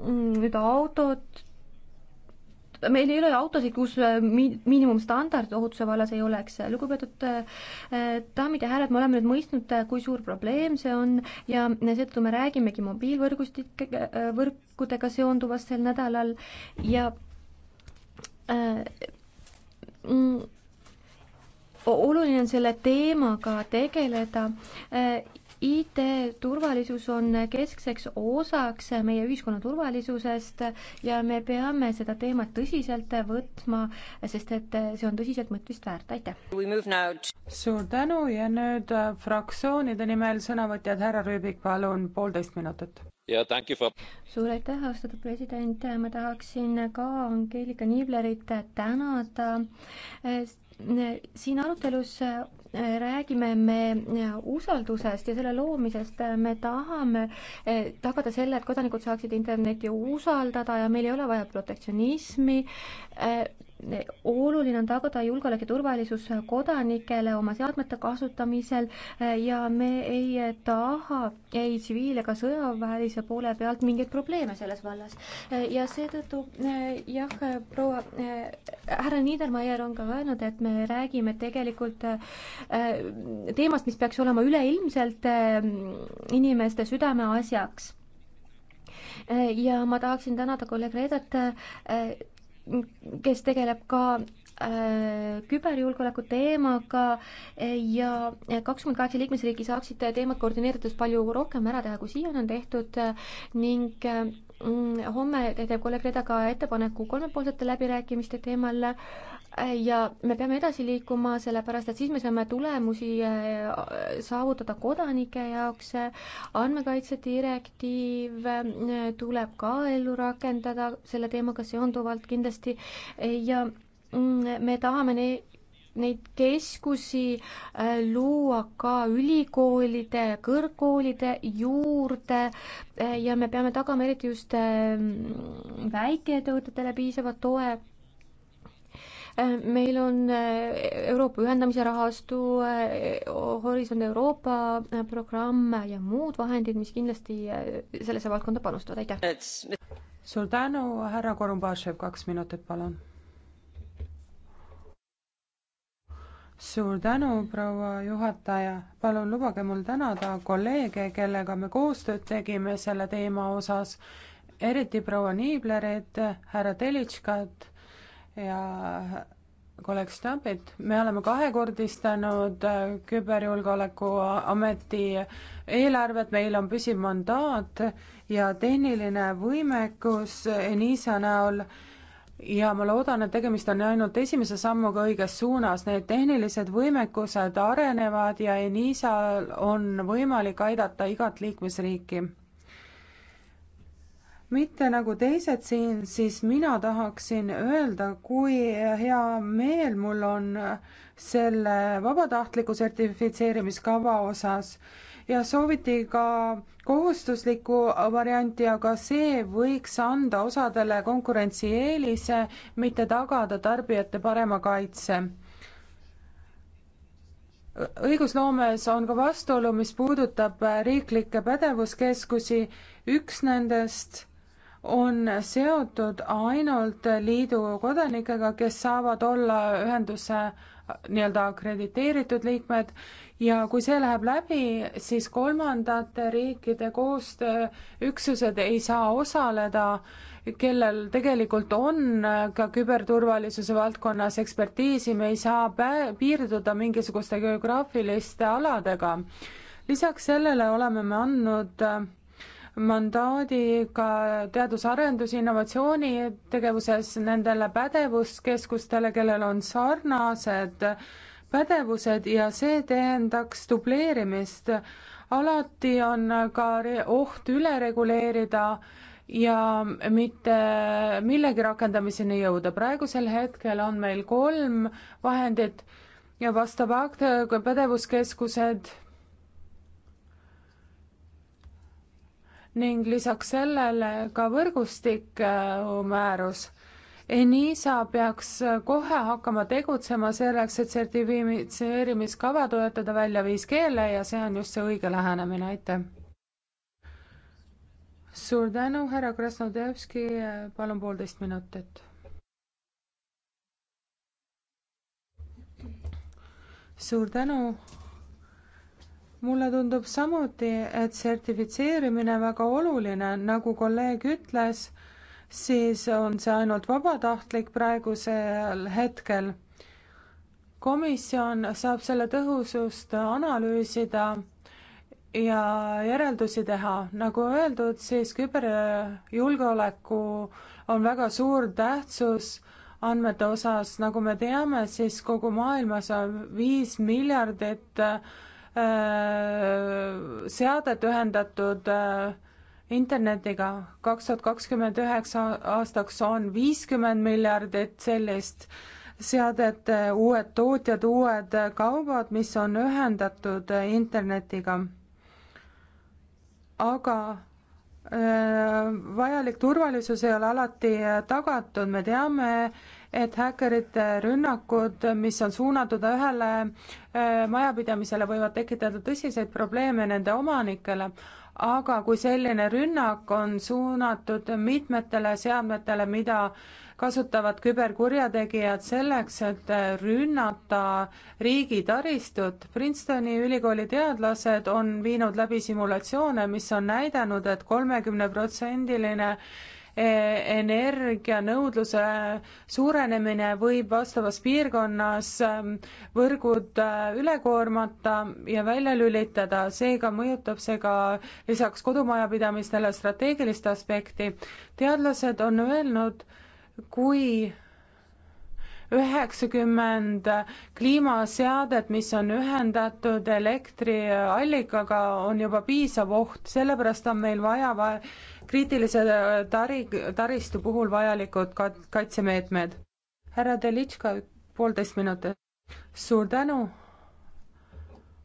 nüüd autod, aut-, meil ei ole autosid, kus äh, mi-, miinimumstandard ohutuse vallas ei oleks. lugupeetud äh, daamid ja härrad, me oleme nüüd mõistnud, äh, kui suur probleem see on ja seetõttu me räägimegi mobiilvõrgustik-, võrkudega seonduvast sel nädalal ja äh, mm, oluline on selle teemaga tegeleda äh, IT-turvalisus on keskseks osaks meie ühiskonna turvalisusest ja me peame seda teemat tõsiselt võtma, sest et see on tõsiseltmõtmist väärt, aitäh! suur tänu ja nüüd äh, fraktsioonide nimel sõnavõtjad, härra Rüübik, palun, poolteist minutit. For... suur aitäh, austatud president, ma tahaksin ka Angeelika Niiblerit tänada siin arutelus räägime me usaldusest ja selle loomisest, me tahame eh, tagada selle, et kodanikud saaksid internetti usaldada ja meil ei ole vaja protektsionismi, eh, oluline on tagada julgeolek ja turvalisus kodanikele oma seadmete kasutamisel eh, ja me ei taha ei tsiviil- ega sõjaväelise poole pealt mingeid probleeme selles vallas. ja seetõttu jah, proua härra Niedermayer on ka öelnud, et me räägime tegelikult Äh, teemast, mis peaks olema üleilmselt äh, inimeste südameasjaks. Äh, ja ma tahaksin tänada kolleeg Reedat, kes tegeleb ka Äh, küberjulgeoleku teemaga ja kakskümmend kaheksa liikmesriigi saaksid teemat koordineerides palju rohkem ära teha, kui siiani on tehtud ning mm, homme teeb kolleeg Reda ka ettepaneku kolmepoolsete läbirääkimiste teemal ja me peame edasi liikuma, sellepärast et siis me saame tulemusi äh, saavutada kodanike jaoks. andmekaitse direktiiv äh, tuleb ka ellu rakendada selle teemaga seonduvalt kindlasti ja Mm, me tahame neid, neid keskusi äh, luua ka ülikoolide, kõrgkoolide juurde äh, ja me peame tagama eriti just äh, väikeettevõtetele piisava toe meil on Euroopa ühendamise rahastu, Horisont Euroopa programm ja muud vahendid, mis kindlasti sellesse valdkonda panustavad, aitäh! suur tänu, härra Korumbašev, kaks minutit, palun! suur tänu, proua juhataja. palun lubage mul tänada kolleege, kellega me koostööd tegime selle teema osas, eriti proua Niiblerit, härra Telitškat ja kolleeg Stabit. me oleme kahekordistanud äh, Küberjulgeoleku Ameti eelarvet, meil on püsiv mandaat ja tehniline võimekus Enisa näol ja ma loodan, et tegemist on ainult esimese sammuga õiges suunas, need tehnilised võimekused arenevad ja ENISA-l on võimalik aidata igat liikmesriiki. mitte nagu teised siin, siis mina tahaksin öelda, kui hea meel mul on selle vabatahtliku sertifitseerimiskava osas ja sooviti ka kohustuslikku varianti, aga see võiks anda osadele konkurentsieelise, mitte tagada tarbijate parema kaitse õigusloomes on ka vastuolu, mis puudutab riiklikke pädevuskeskusi, üks nendest on seotud ainult liidu kodanikega, kes saavad olla ühenduse nii-öelda akrediteeritud liikmed ja kui see läheb läbi, siis kolmandate riikide koostööüksused ei saa osaleda, kellel tegelikult on ka küberturvalisuse valdkonnas ekspertiisi, me ei saa piirduda mingisuguste geograafiliste aladega. lisaks sellele oleme me andnud mandaadi ka teadus-arendus, innovatsioonitegevuses nendele pädevuskeskustele, kellel on sarnased pädevused ja see tähendaks dubleerimist. alati on ka oht üle reguleerida ja mitte millegi rakendamiseni jõuda. praegusel hetkel on meil kolm vahendit ja vastav akt, pädevuskeskused ning lisaks sellele ka võrgustik äh, määrus Enisa peaks äh, kohe hakkama tegutsema selleks, et sertifitseerimiskava toetada välja 5G-le ja see on just see õige lähenemine, aitäh. suur tänu, härra Krasnodevski, äh, palun poolteist minutit. suur tänu, mulle tundub samuti, et sertifitseerimine väga oluline, nagu kolleeg ütles, siis on see ainult vabatahtlik praegusel hetkel. komisjon saab selle tõhusust analüüsida ja järeldusi teha. nagu öeldud, siis küberjulgeoleku on väga suur tähtsus andmete osas, nagu me teame, siis kogu maailmas on viis miljardit Äh, seadet ühendatud äh, internetiga. kaks tuhat kakskümmend üheksa aastaks on viiskümmend miljardit sellist seadet, äh, uued tootjad, uued kaubad, mis on ühendatud internetiga. aga vajalik turvalisus ei ole alati tagatud, me teame, et häkkerite rünnakud, mis on suunatud ühele äh, majapidamisele, võivad tekitada tõsiseid probleeme nende omanikele, aga kui selline rünnak on suunatud mitmetele seadmetele, mida kasutavad küberkurjategijad selleks, et äh, rünnata riigi taristut. Princetoni ülikooli teadlased on viinud läbi simulatsioone, mis on näidanud et, et kolmekümneprotsendiline energianõudluse suurenemine võib vastavas piirkonnas ähm, võrgud äh, üle koormata ja välja lülitada, seega mõjutab see ka lisaks kodumajapidamistele strateegilist aspekti. teadlased on öelnud, kui üheksakümmend kliimaseadet, mis on ühendatud elektriallikaga, on juba piisav oht, sellepärast on meil vaja kriitilise tari, taristu puhul vajalikud kaitsemeetmed. härra Delitška, poolteist minutit. suur tänu.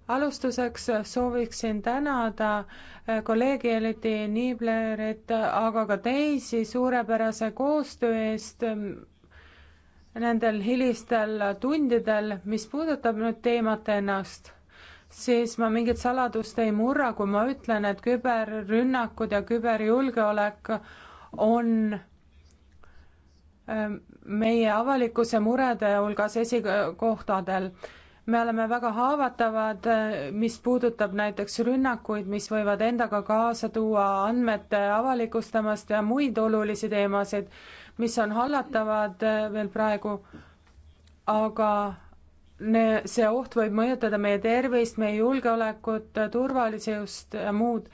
alustuseks sooviksin tänada äh, kolleeg Jeliti Niiblerit, aga ka teisi suurepärase koostöö eest ähm, nendel hilistel tundidel, mis puudutab nüüd teemat ennast siis ma mingit saladust ei murra, kui ma ütlen, et küberrünnakud ja küberjulgeolek on ähm, meie avalikkuse murede hulgas esikohtadel. me oleme väga haavatavad, äh, mis puudutab näiteks rünnakuid, mis võivad endaga kaasa tuua andmete avalikustamast ja muid olulisi teemasid, mis on hallatavad äh, veel praegu, aga ne-, see oht võib mõjutada meie tervist, meie julgeolekut, turvalisust ja muud.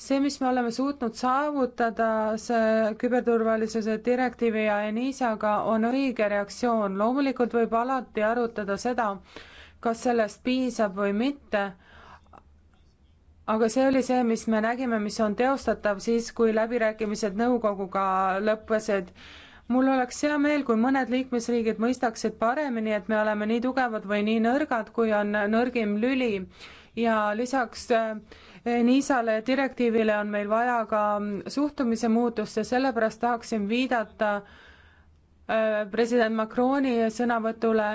see, mis me oleme suutnud saavutada, see küberturvalisuse direktiivi ja ENISA-ga, on õige reaktsioon. loomulikult võib alati arutada seda, kas sellest piisab või mitte, aga see oli see, mis me nägime, mis on teostatav siis, kui läbirääkimised nõukoguga lõppesid mul oleks hea meel, kui mõned liikmesriigid mõistaksid paremini, et me oleme nii tugevad või nii nõrgad, kui on nõrgim lüli ja lisaks eh, Niisale direktiivile on meil vaja ka suhtumise muutust ja sellepärast tahaksin viidata eh, president Macroni sõnavõtule,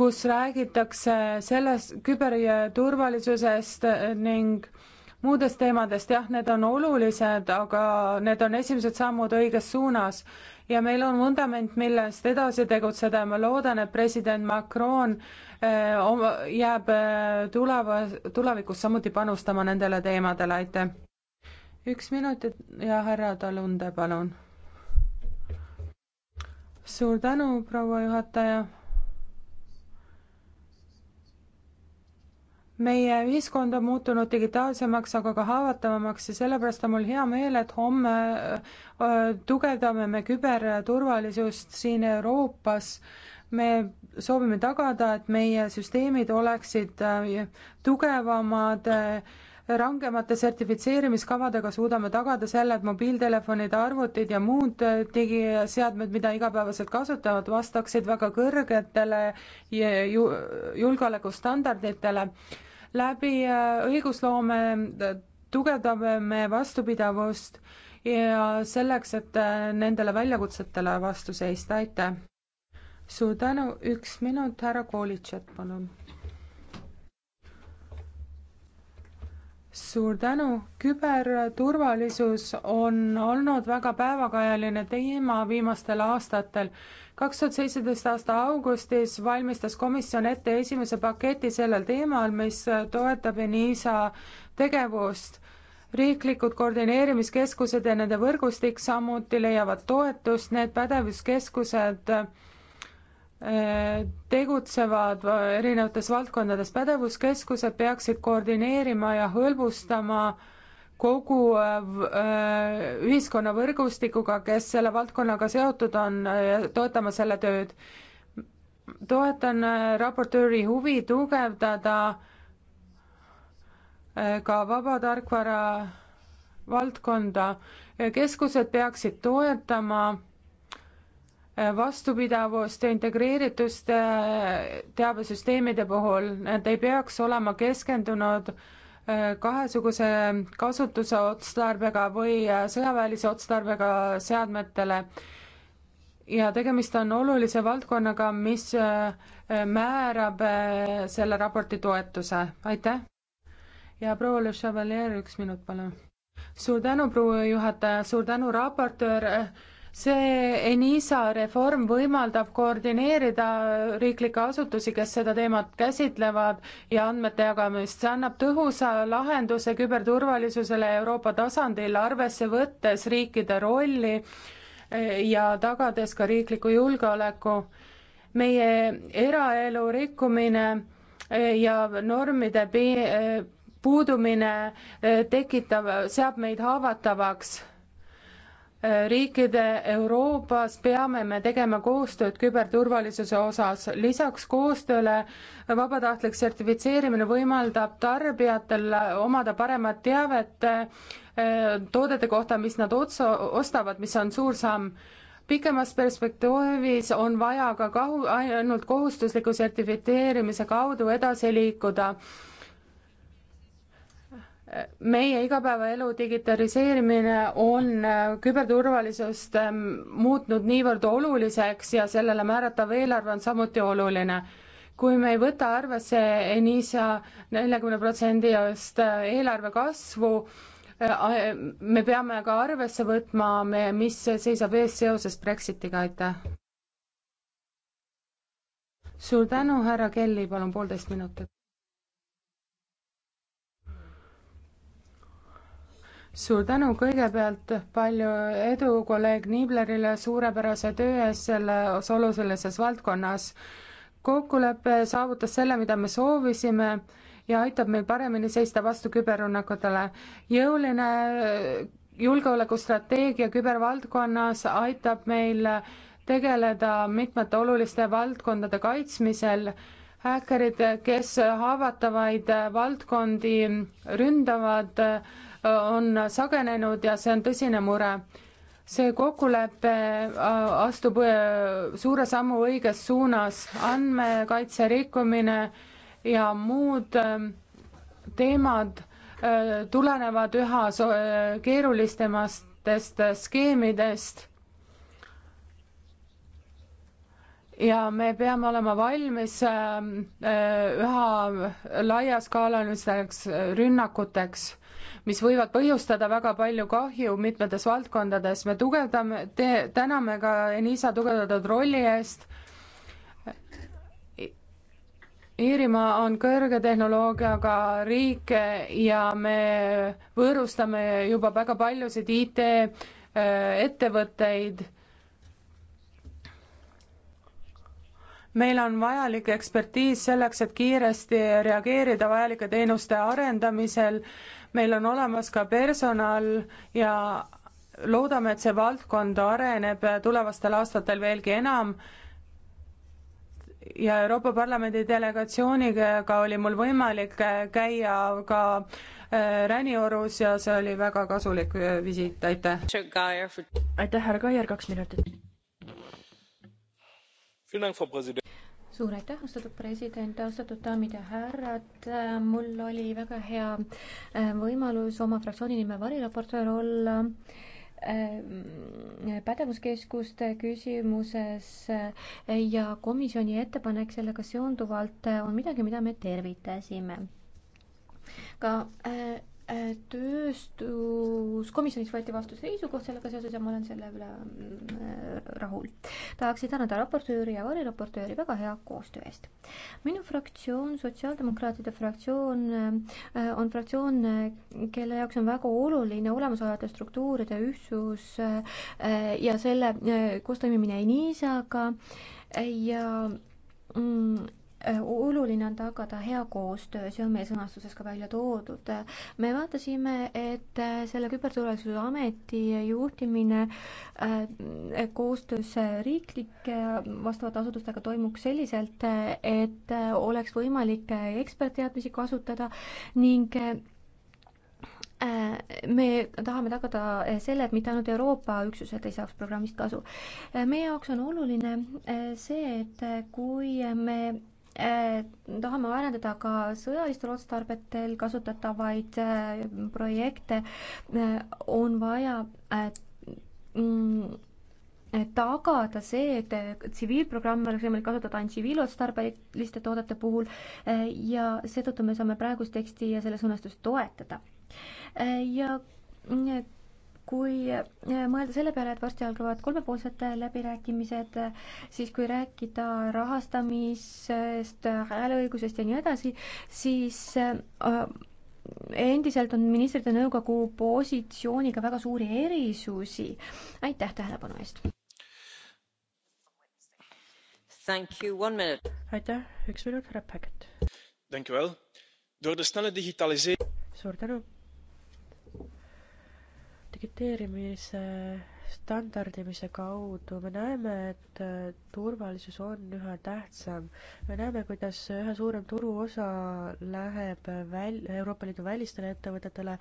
kus räägitakse sellest küberturvalisusest ning äh, muudest teemadest, jah, need on olulised, aga need on esimesed sammud õiges suunas ja meil on vundament, millest edasi tegutseda ja ma loodan, et president Macron eh, jääb eh, tuleva, tulevikus samuti panustama nendele teemadele, aitäh. üks minut ja härra Talunde, palun. suur tänu, proua juhataja meie ühiskond on muutunud digitaalsemaks, aga ka haavatavamaks ja sellepärast on mul hea meel, et homme tugevdame me küberturvalisust siin Euroopas. me soovime tagada, et meie süsteemid oleksid tugevamad, rangemate sertifitseerimiskavadega suudame tagada selle, et mobiiltelefonid, arvutid ja muud digiseadmed, mida igapäevaselt kasutavad, vastaksid väga kõrgetele ju julgeolekustandarditele läbi äh, õigusloome äh, tugevdame vastupidavust ja selleks, et äh, nendele väljakutsetele vastu seista, aitäh! suur tänu, üks minut, härra Kolitšet, palun! suur tänu, küberturvalisus on olnud väga päevakajaline teema viimastel aastatel kaks tuhat seitseteist aasta augustis valmistas komisjon ette esimese paketi sellel teemal, mis toetab ENISA tegevust. riiklikud koordineerimiskeskused ja nende võrgustik samuti leiavad toetust, need pädevuskeskused eh, tegutsevad erinevates valdkondades, pädevuskeskused peaksid koordineerima ja hõlbustama äh, kogu äh, äh, ühiskonna võrgustikuga, kes selle valdkonnaga seotud on, äh, toetama selle tööd. toetan raportööri huvi tugevdada ka vaba tarkvara valdkonda. keskused peaksid toetama vastupidavust ja integreeritust teabesüsteemide puhul, nad ei peaks olema keskendunud äh, kahesuguse kasutuse otstarbega või sõjaväelise otstarbega seadmetele. ja tegemist on olulise valdkonnaga, mis äh, määrab äh, selle raporti toetuse, aitäh. ja proua Le Chevalier, üks minut, palun. suur tänu, proua juhataja, suur tänu, raportöör see ENISA reform võimaldab koordineerida riiklikke asutusi, kes seda teemat käsitlevad ja andmete jagamist. see annab tõhusa lahenduse küberturvalisusele Euroopa tasandil, arvesse võttes riikide rolli eh, ja tagades ka riikliku julgeoleku. meie eraelu rikkumine eh, ja normide pi-, eh, puudumine tekitab, seab meid haavatavaks riikide Euroopas peame me tegema koostööd küberturvalisuse osas. lisaks koostööle vabatahtlik sertifitseerimine võimaldab tarbijatel omada paremat teavet eh, toodete kohta, mis nad otsa, ostavad, mis on suur samm. pikemas perspektiivis on vaja ka kahu, ainult kohustusliku sertifitseerimise kaudu edasi liikuda meie igapäevaelu digitaliseerimine on äh, küberturvalisust ähm, muutnud niivõrd oluliseks ja sellele määratav eelarve on samuti oluline. kui me ei võta arvesse ENISA neljakümne protsendist äh, eelarve kasvu, äh, me peame ka arvesse võtma, mis seisab ees seoses Brexitiga, aitäh. suur tänu, härra Kelly, palun poolteist minutit. suur tänu kõigepealt, palju edu kolleeg Niblerile suurepärase töö eest selles olulises valdkonnas. kokkulepe saavutas selle, mida me soovisime ja aitab meil paremini seista vastu küberrünnakutele. jõuline äh, julgeolekustrateegia kübervaldkonnas aitab meil tegeleda mitmete oluliste valdkondade kaitsmisel häkkerid, kes haavatavaid valdkondi ründavad, on sagenenud ja see on tõsine mure. see kokkulepe äh, astub äh, suure sammu õiges suunas, andmekaitse rikkumine ja muud äh, teemad tulenevad üha keerulisematest skeemidest ja me peame olema valmis ähm, äh, üha laiaskaalaliseks rünnakuteks, mis võivad põhjustada väga palju kahju mitmetes valdkondades. me tugevdame, täname ka Enisa tugevdatud rolli eest. Iirimaa on kõrge tehnoloogiaga riik ja me võõrustame juba väga paljusid IT äh, ettevõtteid meil on vajalik ekspertiis selleks, et kiiresti reageerida vajalike teenuste arendamisel, meil on olemas ka personal ja loodame, et see valdkond areneb tulevastel aastatel veelgi enam ja Euroopa Parlamendi delegatsiooniga oli mul võimalik käia ka äh, Räniorus ja see oli väga kasulik äh, visiit, aitäh. aitäh, härra Kaier, kaks minutit suur aitäh, austatud president, austatud daamid ja härrad. mul oli väga hea äh, võimalus oma fraktsiooni nimel variraportöör olla äh, pädevuskeskuste küsimuses äh, ja komisjoni ettepanek sellega seonduvalt on midagi, mida me tervitasime. ka tööstuskomisjonis võeti vastu seisukoht sellega seoses ja ma olen selle üle mm, rahul. tahaksin tänada raportööri ja variraportööri väga hea koostöö eest. minu fraktsioon, Sotsiaaldemokraatide fraktsioon, äh, on fraktsioon, kelle jaoks on väga oluline olemasolevate struktuuride ühtsus äh, ja selle äh, koostoimimine ENISA-ga ja mm, Äh, oluline on tagada hea koostöö, see on meie sõnastuses ka välja toodud. me vaatasime, et äh, selle küberturvalisuse ameti juhtimine äh, koostöös riiklike vastavate asutustega toimuks selliselt, et oleks võimalik ekspertteadmisi kasutada ning me tahame tagada selle, et mitte ainult Euroopa üksused ei saaks programmist kasu. meie jaoks on oluline see, et kui me Eh, tahame arendada ka sõjalistel otstarbetel kasutatavaid eh, projekte, eh, on vaja mm, tagada see, et tsiviilprogramme oleks võimalik kasutada ainult tsiviilotstarbeliste toodete puhul ja seetõttu me saame praegust teksti ja selle sõnastust toetada. ja mm, kui eh, mõelda selle peale, et varsti algavad kolmepoolsed eh, läbirääkimised, eh, siis kui rääkida rahastamisest, hääleõigusest ja nii edasi, siis endiselt on ministrite nõukogu positsiooniga väga suuri erisusi. aitäh tähelepanu eest! aitäh, üks minut, härra Päkk. suur tänu etiketeerimise standardimise kaudu me näeme, et äh, turvalisus on üha tähtsam. me näeme, kuidas üha suurem turuosa läheb väl-, Euroopa Liidu välistele ettevõtetele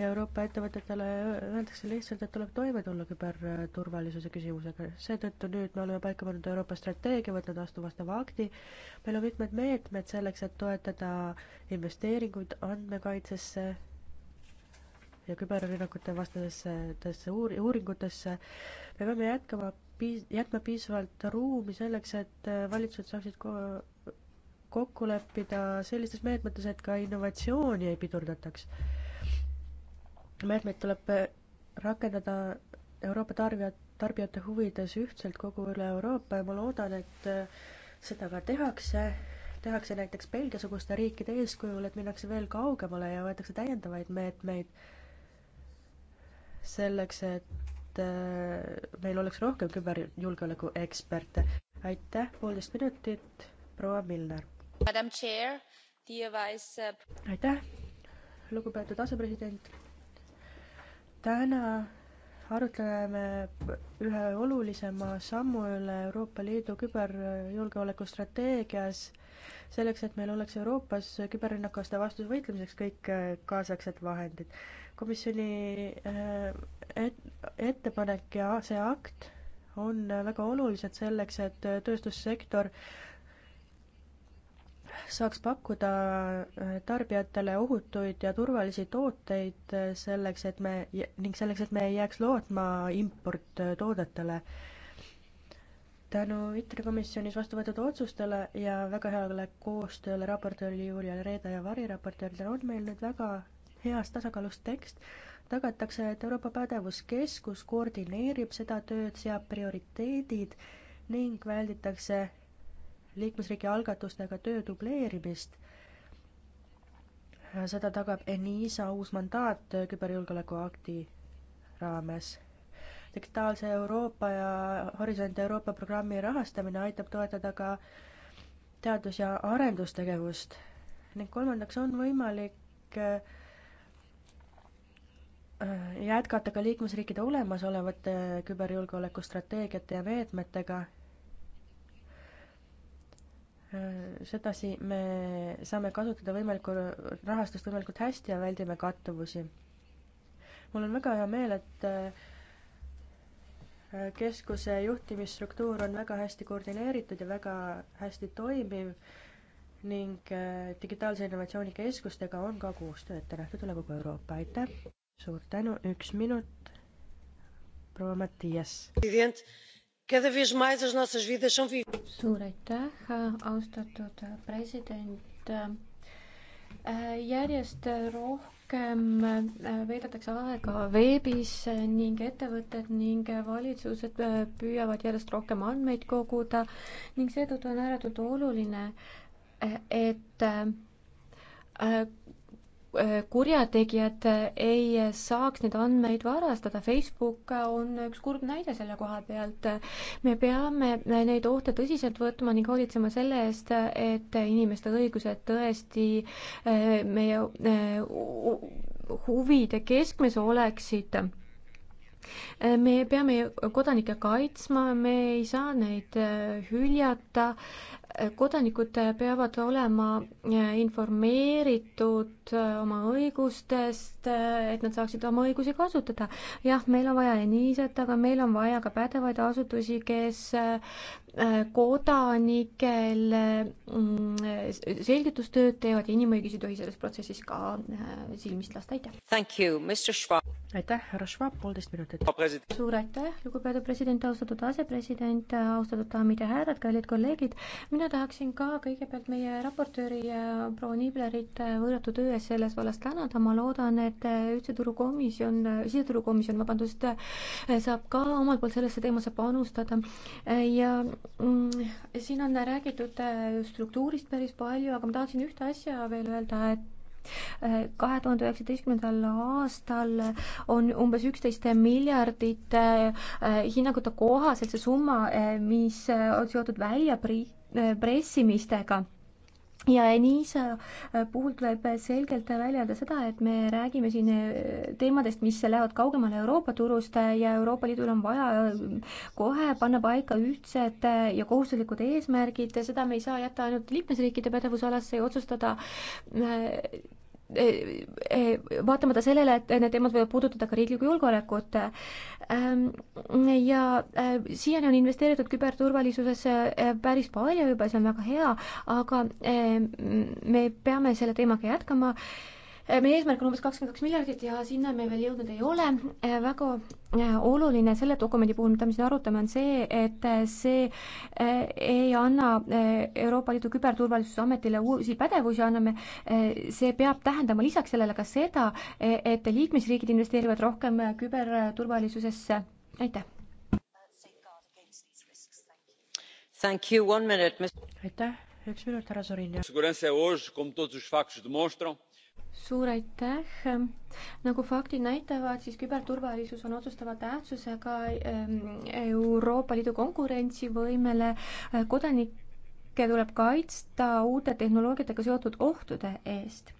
ja Euroopa ettevõtetele öeldakse lihtsalt, et tuleb toime tulla küberturvalisuse küsimusega. seetõttu nüüd me oleme paika pannud Euroopa strateegia, võtnud vastu vastava akti, meil on mitmed meetmed selleks, et toetada investeeringuid andmekaitsesse küberrünnakute vastastesse uur-, uuringutesse. me peame jätkama piis-, jätma piisavalt ruumi selleks, et äh, valitsused saaksid ko-, kokku leppida sellistes meetmetes, et ka innovatsiooni ei pidurdataks. meetmeid tuleb äh, rakendada Euroopa tarbijat, tarbijate huvides ühtselt kogu üle Euroopa ja ma loodan, et äh, seda ka tehakse, tehakse näiteks Belgia-suguste riikide eeskujul, et minnakse veel kaugemale ja võetakse täiendavaid meetmeid meet selleks, et äh, meil oleks rohkem küberjulgeoleku eksperte. aitäh, poolteist minutit, proua Milner. Äh, aitäh, lugupeetud asepresident. täna arutleme ühe olulisema sammu üle Euroopa Liidu küberjulgeoleku strateegias selleks, et meil oleks Euroopas küberrünnakuste vastu võitlemiseks kõik äh, kaasaegsed vahendid. komisjoni äh, et-, ettepanek ja see akt on väga olulised selleks, et tööstussektor saaks pakkuda äh, tarbijatele ohutuid ja turvalisi tooteid selleks, et me, ning selleks, et me ei jääks lootma importtoodetele tänu ITRE komisjonis vastu võetud otsustele ja väga heale koostööle raportööril Julial Reeda ja variraportööridel on meil nüüd väga heas tasakaalus tekst, tagatakse, et Euroopa Pädevuskeskus koordineerib seda tööd, seab prioriteedid ning välditakse liikmesriigi algatustega töö dubleerimist. seda tagab ENISA uus mandaat küberjulgeoleku akti raames digitaalse Euroopa ja Horisont Euroopa programmi rahastamine aitab toetada ka teadus- ja arendustegevust ning kolmandaks on võimalik äh, jätkata ka liikmesriikide olemasolevate küberjulgeoleku strateegiate ja meetmetega. Äh, sedasi me saame kasutada võimalikku rahastust võimalikult hästi ja väldime kattuvusi. mul on väga hea meel, et äh, keskuse juhtimisstruktuur on väga hästi koordineeritud ja väga hästi toimiv ning äh, digitaalse innovatsiooni keskustega on ka koostöö ette nähtud üle kogu Euroopa, aitäh! suur tänu, üks minut, proua Mattias. suur aitäh, austatud president! Äh, järjest rohkem äh, veedetakse aega veebis äh, ning ettevõtted ning valitsused püüavad järjest rohkem andmeid koguda ning seetõttu on ääretult oluline, et Eh, kurjategijad eh, ei saaks neid andmeid varastada. Facebook eh, on üks kurb näide selle koha pealt. me peame neid ohte tõsiselt võtma ning hoolitsema selle eest, et inimeste õigused tõesti meie huvide keskmes oleksid me peame kodanikke kaitsma, me ei saa neid hüljata kodanikud peavad olema eh, informeeritud eh, oma õigustest, eh, et nad saaksid oma õigusi kasutada. jah, meil on vaja Enisat, aga meil on vaja ka pädevaid asutusi, kes kodanikele mm, selgitustööd teevad ja inimõigusi ei tohi selles protsessis ka silmist lasta, aitäh! aitäh, härra Schwab, poolteist minutit. suur aitäh, lugupeetud president, austatud asepresident, austatud daamid ja härrad, kallid kolleegid, mina mina tahaksin ka kõigepealt meie raportööri äh, proua Niiblerit äh, võõratu töö eest selles vallas tänada, ma loodan, et äh, Ühtse Turu Komisjon, siseturukomisjon, vabandust, saab ka omalt poolt sellesse teemasse panustada ja mm, siin on räägitud struktuurist päris palju, aga ma tahaksin ühte asja veel öelda, et kahe tuhande üheksateistkümnendal aastal on umbes üksteist miljardit hinnangute kohaselt see summa, mis on seotud välja Briti pressimistega ja Enisa puhul tuleb selgelt välja öelda seda, et me räägime siin äh, teemadest, mis lähevad kaugemale Euroopa turust ja Euroopa Liidul on vaja äh, kohe panna paika ühtsed äh, ja kohustuslikud eesmärgid, seda me ei saa jätta ainult liikmesriikide pädevusalasse ja otsustada Eh, vaatamata sellele, et need teemad võivad puudutada ka riiklikku julgeolekut. Ähm, ja äh, siiani on investeeritud küberturvalisusesse äh, päris palju juba, see on väga hea, aga äh, me peame selle teemaga jätkama meie eesmärk on umbes kakskümmend kaks miljardit ja sinna me veel jõudnud ei ole. Äh, väga äh, oluline selle dokumendi puhul, mida me siin arutame, on see, et äh, see ei anna Euroopa Liidu Küberturvalisuse Ametile uusi pädevusi, anname, see peab tähendama lisaks sellele ka seda, e, et liikmesriigid investeerivad rohkem küberturvalisusesse. aitäh. aitäh, üks minut, härra Sorin suur aitäh! nagu faktid näitavad, siis küberturvalisus on otsustava tähtsusega ehm, Euroopa Liidu konkurentsivõimele, kodanikke tuleb kaitsta uute tehnoloogiatega seotud ohtude eest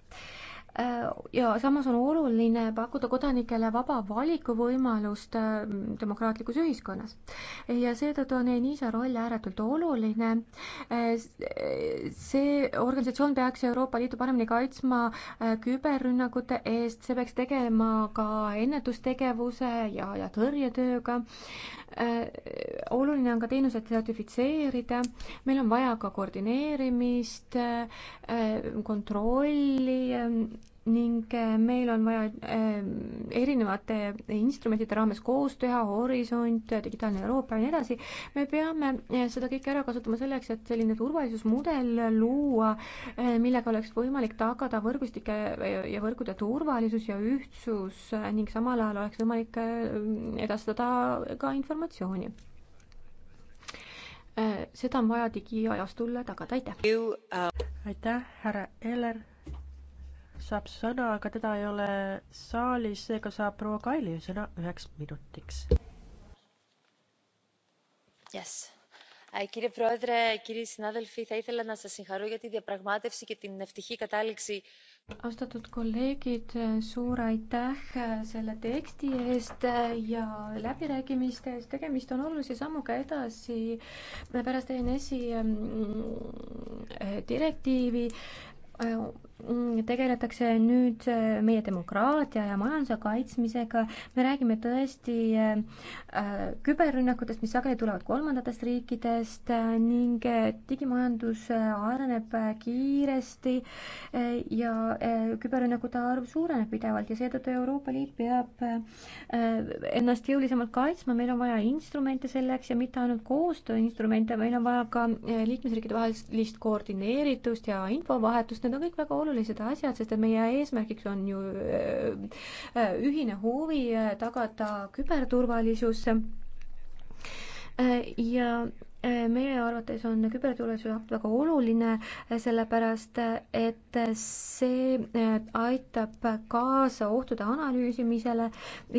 Äh, ja samas on oluline pakkuda kodanikele vaba valikuvõimalust äh, demokraatlikus ühiskonnas. ja seetõttu on ENISA roll ääretult oluline. Äh, see organisatsioon peaks Euroopa Liitu paremini kaitsma küberrünnakute eest, see peaks tegelema ka ennetustegevuse ja, ja tõrjetööga Äh, oluline on ka teenused sertifitseerida, meil on vaja ka koordineerimist, äh, kontrolli ähm, ning äh, meil on vaja äh, erinevate instrumentide raames koos teha, Horisont, Digitaalne Euroopa ja nii edasi, me peame äh, seda kõike ära kasutama selleks, et selline turvalisusmudel luua, millega oleks võimalik tagada võrgustike ja võrgude turvalisus ja ühtsus ning samal ajal oleks võimalik edastada ka informatsiooni. seda on vaja digiajastul tagada, aitäh! aitäh, härra Eller! saab sõna, aga teda ei ole saalis, seega saab proua Kaili sõna üheks minutiks. Yes. Κύριε Πρόεδρε, κύριοι συνάδελφοι, θα ήθελα να σας συγχαρώ για τη διαπραγμάτευση και την ευτυχή κατάληξη. Austatud kolleegid, suur aitäh äh, selle teksti eest äh, ja läbirääkimiste eest. tegemist on olulise sammuga edasi pärast ENS-i ähm, äh, direktiivi Äh, tegeletakse nüüd äh, meie demokraatia ja majanduse kaitsmisega, me räägime tõesti äh, küberrünnakutest, mis sageli tulevad kolmandatest riikidest ning digimajandus areneb kiiresti ja küberrünnakute arv suureneb pidevalt ja seetõttu Euroopa Liit peab ennast jõulisemalt kaitsma, meil on vaja instrumente selleks ja mitte ainult koostööinstrumente, meil on vaja ka liikmesriikide vahelist koordineeritust ja infovahetust, õigust, need on kõik väga olulised asjad, sest et meie eesmärgiks on ju äh, äh, ühine huvi äh, tagada küberturvalisus ja meie arvates on küberturvalisuse akt väga oluline, eh, sellepärast et see eh, aitab kaasa ohtude analüüsimisele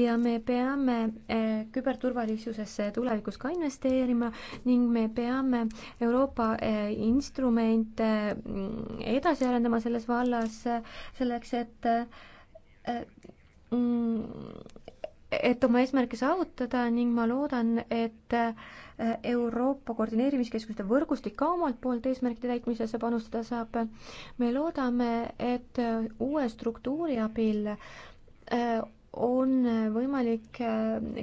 ja me peame eh, küberturvalisusesse tulevikus ka investeerima ning me peame Euroopa instrumente mm, edasi arendama selles vallas, selleks et mm, et oma eesmärke saavutada ning ma loodan, et äh, Euroopa koordineerimiskeskuste võrgustik ka omalt poolt eesmärkide täitmisesse panustada saab. me loodame, et äh, uue struktuuri abil äh, on võimalik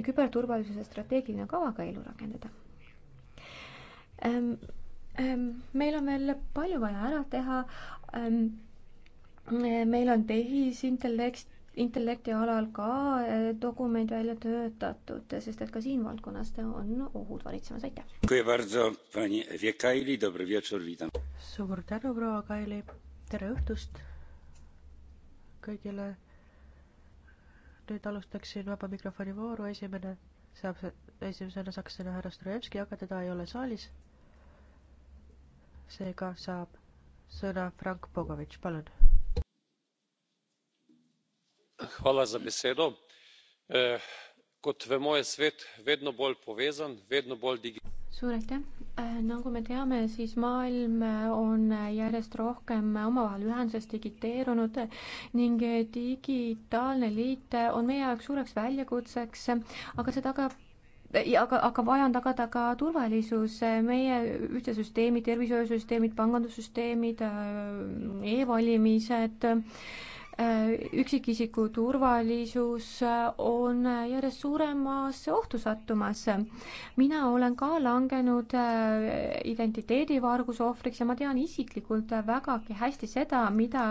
küberturvalisuse strateegiline kava ka ellu rakendada. Ehm, ehm, meil on veel palju vaja ära teha. Ehm, meil on tehisintellekt intellekti alal ka eh, dokument välja töötatud, sest et ka siin valdkonnas on ohud valitsemas, aitäh. suur tänu, proua Kaili, tere õhtust kõigile. nüüd alustaksin vaba mikrofoni vooru, esimene saab, esimesena saaks sõna härra Strojevski, aga teda ei ole saalis. seega saab sõna Frank Bogovic, palun Eh, kot vemo je svet vedno bolj povezan vedno bolj suur aitäh! Eh, nagu me teame, siis maailm eh, on järjest rohkem omavahel ühenduses digiteerunud ning digitaalne liit on meie jaoks suureks väljakutseks, aga see tagab aga, aga vaja on tagada ka turvalisus, meie ühtse süsteemi, tervishoiusüsteemid, pangandussüsteemid e, e-valimised Äh, üksikisiku turvalisus äh, on äh, järjest suuremasse ohtu sattumas. mina olen ka langenud identiteedivarguse ohvriks ja ma tean isiklikult vägagi hästi seda, mida,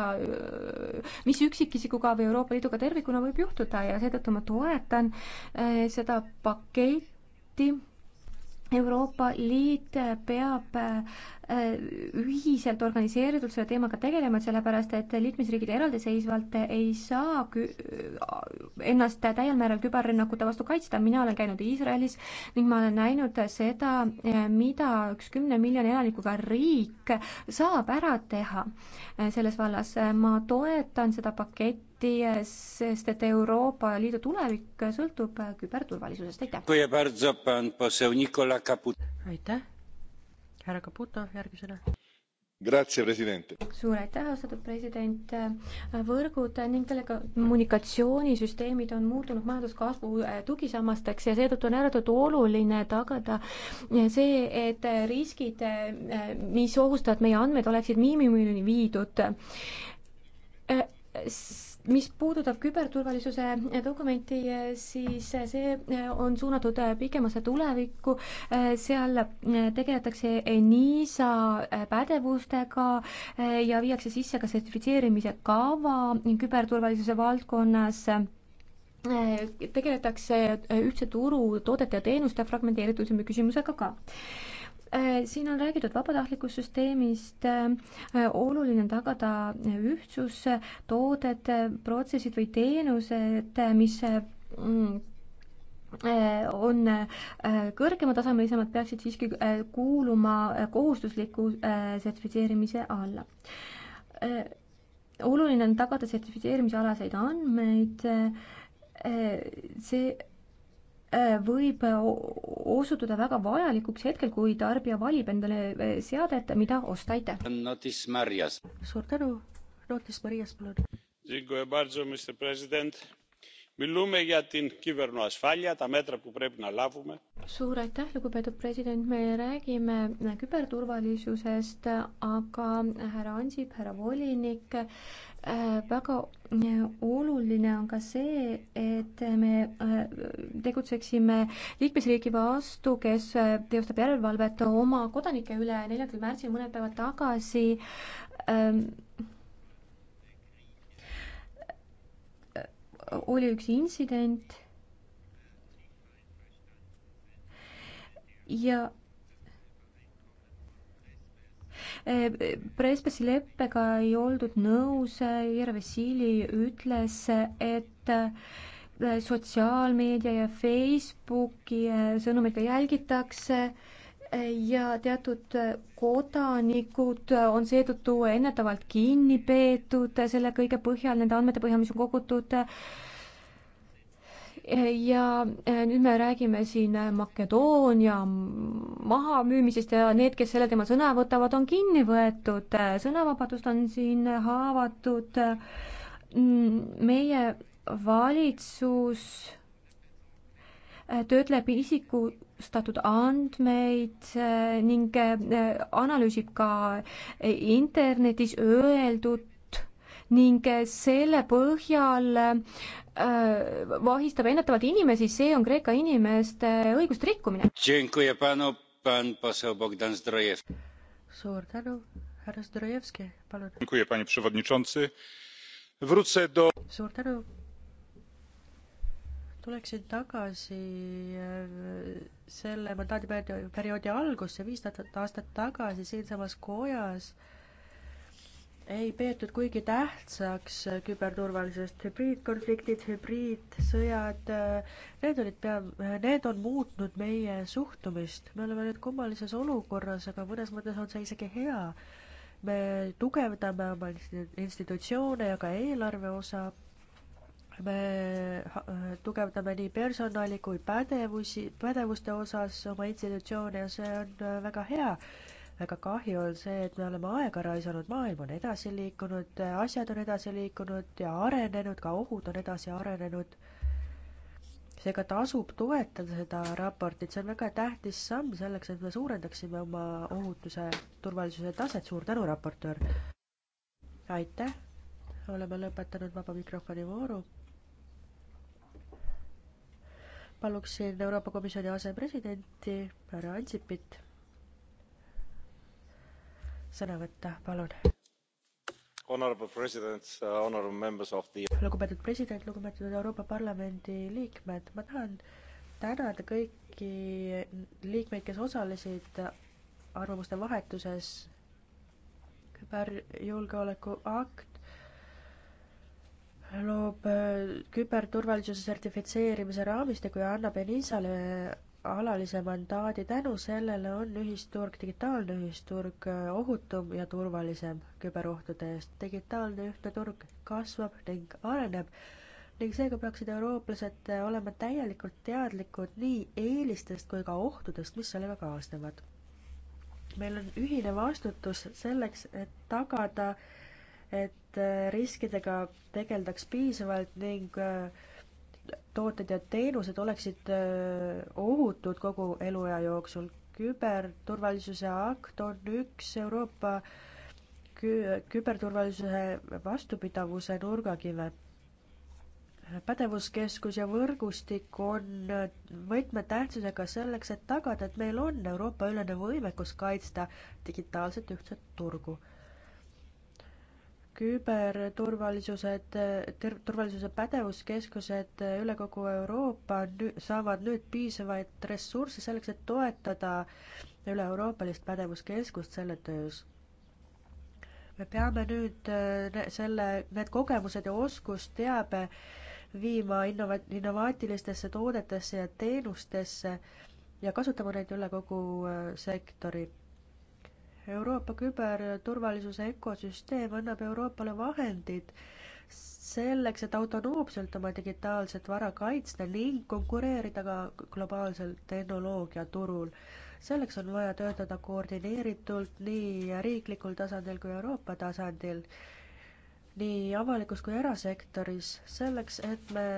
mis üksikisikuga või Euroopa Liiduga tervikuna võib juhtuda ja seetõttu ma toetan seda paketti Euroopa Liit peab Äh, ühiselt organiseeritult selle teemaga tegelema, sellepärast et liikmesriigid eraldiseisvalt ei saa äh, ennast täiel määral küberrünnakute vastu kaitsta. mina olen käinud Iisraelis ning ma olen näinud seda, äh, mida üks kümne miljoni elanikuga riik saab ära teha selles vallas. ma toetan seda paketti, sest et Euroopa Liidu tulevik sõltub küberturvalisusest. aitäh! aitäh! härra Caputo järgmisena. suur aitäh, austatud president. võrgud ning telekommunikatsioonisüsteemid on muutunud majanduskasvu eh, tugisammasteks ja seetõttu on ääretult oluline tagada see, et riskid, eh, mis ohustavad meie andmeid, oleksid miinimumini viidud eh, mis puudutab küberturvalisuse dokumenti, siis see on suunatud pikemasse tulevikku, seal tegeletakse NISA pädevustega ja viiakse sisse ka sertifitseerimise kava küberturvalisuse valdkonnas tegeletakse ühtse turu toodete ja teenuste fragmenteeritusega küsimusega ka Äh, siin on räägitud vabatahtlikust süsteemist, äh, oluline on tagada ühtsus, tooted, protsessid või teenused, mis mm, äh, on kõrgema tasemelisemad, peaksid siiski kuuluma kohustusliku sertifitseerimise alla. oluline on tagada sertifitseerimisalaseid andmeid, see Äh, võib äh, osutuda väga vajalikuks hetkel, kui tarbija valib endale äh, seadet, mida osta, aitäh. suur tänu, Notis Marias, palun. Μιλούμε για την κυβερνοασφάλεια, τα μέτρα που πρέπει να λάβουμε. Suur aitäh, lugupeetud president, me räägime küberturvalisusest, aga härra Ansip, härra volinik, Äh, väga äh, oluline on ka see, et me äh, tegutseksime liikmesriigi vastu, kes teostab järelevalvet oma kodanike üle. neljandal märtsil mõned päevad tagasi ähm, oli üks intsident ja Prespesi leppega ei oldud nõus, Jere Vassili ütles, et äh, sotsiaalmeedia ja Facebooki äh, sõnumeid ka jälgitakse äh, ja teatud kodanikud on seetõttu ennetavalt kinni peetud selle kõige põhjal, nende andmete põhjal, mis on kogutud ja äh, nüüd me räägime siin äh, Makedoonia mahamüümisest ja need, kes selle teema sõna võtavad, on kinni võetud, äh, sõnavabadust on siin haavatud. meie valitsus töötleb isikustatud andmeid ning analüüsib ka internetis öeldut ning selle põhjal äh, vahistab ennetavalt inimesi, see on Kreeka inimeste õiguste rikkumine. suur tänu, härra Zdrojevski, palun. suur tänu. tuleksin tagasi äh, selle mandaadi perioodi algusse, viis aastat tagasi siinsamas kojas ei peetud kuigi tähtsaks küberturvalisust, hübriidkonfliktid, hübriidsõjad, need olid pea, need on muutnud meie suhtumist. me oleme nüüd kummalises olukorras, aga mõnes mõttes on see isegi hea. me tugevdame oma institutsioone ja ka eelarve osa. me tugevdame nii personali kui pädevusi, pädevuste osas oma institutsioone ja see on väga hea väga kahju on see, et me oleme aega raisanud, maailm on edasi liikunud, asjad on edasi liikunud ja arenenud, ka ohud on edasi arenenud. seega tasub toetada seda raportit, see on väga tähtis samm selleks, et me suurendaksime oma ohutuse, turvalisuse taset, suur tänu, raportöör! aitäh, oleme lõpetanud vaba mikrofoni vooru paluksin Euroopa Komisjoni asepresidenti härra Ansipit sõna võtta, palun. Uh, lugupeetud president, lugupeetud Euroopa Parlamendi liikmed, ma tahan tänada kõiki liikmeid, kes osalesid arvamuste vahetuses. küberjulgeoleku akt loob äh, küberturvalisuse sertifitseerimise raamistiku ja annab ENISA-le alalise mandaadi tänu sellele on ühisturg, digitaalne ühisturg äh, ohutum ja turvalisem küberohtude eest. digitaalne ühtne turg kasvab ning areneb ning seega peaksid eurooplased äh, olema täielikult teadlikud nii eelistest kui ka ohtudest, mis sellega kaasnevad. meil on ühine vastutus selleks, et tagada, et äh, riskidega tegeldaks piisavalt ning äh, tooted ja teenused oleksid ohutud kogu eluea jooksul. küberturvalisuse akt on üks Euroopa küberturvalisuse vastupidavuse nurgakive. pädevuskeskus ja võrgustik on võtmetähtsusega selleks, et tagada, et meil on Euroopa-ülene võimekus kaitsta digitaalset ühtset turgu küberturvalisused, turvalisuse pädevuskeskused üle kogu Euroopa saavad nüüd piisavaid ressursse selleks, et toetada üle-euroopalist pädevuskeskust selle töös. me peame nüüd selle, need kogemused ja oskusteabe viima innova-, innovaatilistesse toodetesse ja teenustesse ja kasutama neid üle kogu äh, sektori Euroopa küberturvalisuse ökosüsteem annab Euroopale vahendid selleks, et autonoomselt oma digitaalset vara kaitsta ning konkureerida ka globaalsel tehnoloogiaturul. selleks on vaja töötada koordineeritult nii riiklikul tasandil kui Euroopa tasandil, nii avalikus kui erasektoris, selleks et me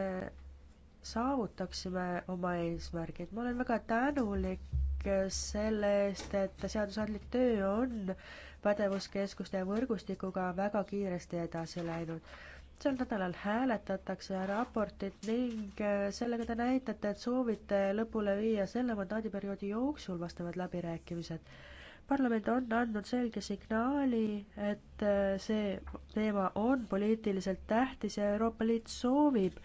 saavutaksime oma eesmärgid. ma olen väga tänulik selle eest, et seadusandlik töö on pädevuskeskuste võrgustikuga väga kiiresti edasi läinud. sel nädalal hääletatakse raportit ning sellega te näitate, et soovite lõpule viia selle mandaadiperioodi jooksul vastavad läbirääkimised parlament on andnud selge signaali, et see teema on poliitiliselt tähtis ja Euroopa Liit soovib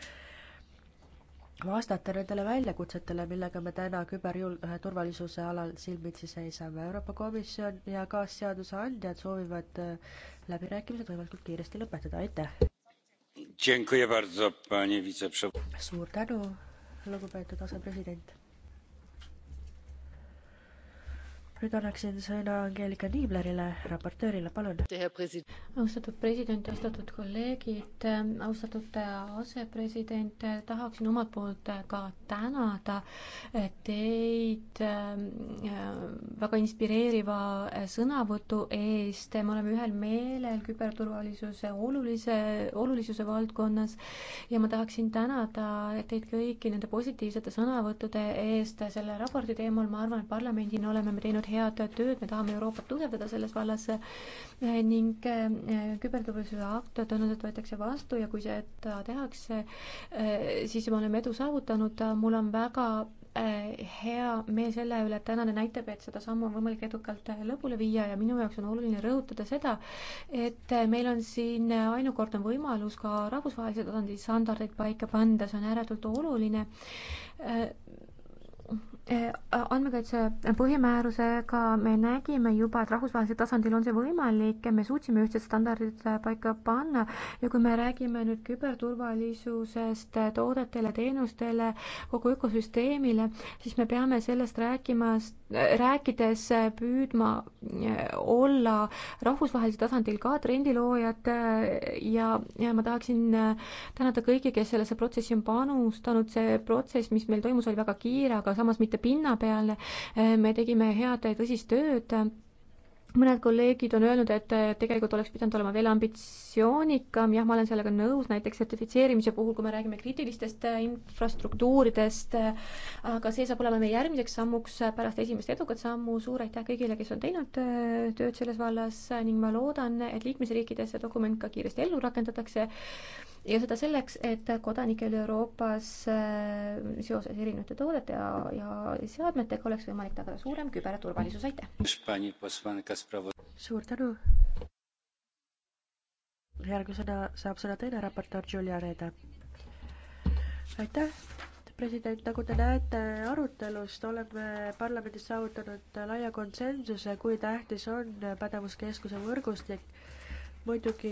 vastata nendele väljakutsetele, millega me täna küberturvalisuse äh, alal silmitsi seisame. Euroopa Komisjon ja kaasseadusandjad soovivad äh, läbirääkimised võimalikult kiiresti lõpetada, aitäh! suur tänu, lugupeetud asepresident! nüüd annaksin sõna Angeelika Niiblerile, raportöörile, palun. austatud president, austatud kolleegid, austatud asepresident, tahaksin omalt poolt ka tänada teid ähm, äh, väga inspireeriva sõnavõtu eest. me oleme ühel meelel küberturvalisuse olulise, olulisuse valdkonnas ja ma tahaksin tänada teid kõiki nende positiivsete sõnavõttude eest selle raporti teemal. ma arvan, et parlamendina oleme me teinud teinud head tööd, me tahame Euroopat tugevdada selles vallas ning äh, küberturvalisuse akt tõenäoliselt võetakse vastu ja kui seda tehakse, äh, siis me oleme edu saavutanud, mul on väga äh, hea meel selle üle, et tänane näitab, et seda sammu on võimalik edukalt lõpule viia ja minu jaoks on oluline rõhutada seda, et meil on siin ainukordne võimalus ka rahvusvahelise tasandi standardeid paika panna, see on ääretult oluline Äh, andmekaitse põhimäärusega me nägime juba, et rahvusvahelisel tasandil on see võimalik, me suutsime ühtsed standardid äh, paika panna ja kui me räägime nüüd küberturvalisusest äh, toodetele, teenustele, kogu ökosüsteemile, siis me peame sellest rääkima, rääkides püüdma olla rahvusvahelisel tasandil ka trendiloojad ja, ja ma tahaksin tänada kõiki, kes sellesse protsessi on panustanud, see protsess, mis meil toimus, oli väga kiire, aga samas mitte teemade pinna peal. Äh, me tegime head tõsist tööd mõned kolleegid on öelnud, et äh, tegelikult oleks pidanud olema veel ambitsioonikam, jah, ma olen sellega nõus, näiteks sertifitseerimise puhul, kui me räägime kriitilistest äh, infrastruktuuridest, aga see saab olema meie järgmiseks sammuks pärast esimest edukat sammu, suur aitäh kõigile, kes on teinud tööd selles vallas ning ma loodan, et liikmesriikides see dokument ka kiiresti ellu rakendatakse ja seda selleks, et kodanikel Euroopas äh, seoses erinevate toodete ja, ja seadmetega oleks võimalik tagada suurem küberturvalisus, aitäh! suur tänu! järgmisena saab sõna teine raportöör Julia Reede. aitäh, president, nagu te näete arutelust, oleme parlamendis saavutanud laia konsensuse, kui tähtis on pädevuskeskuse võrgustik muidugi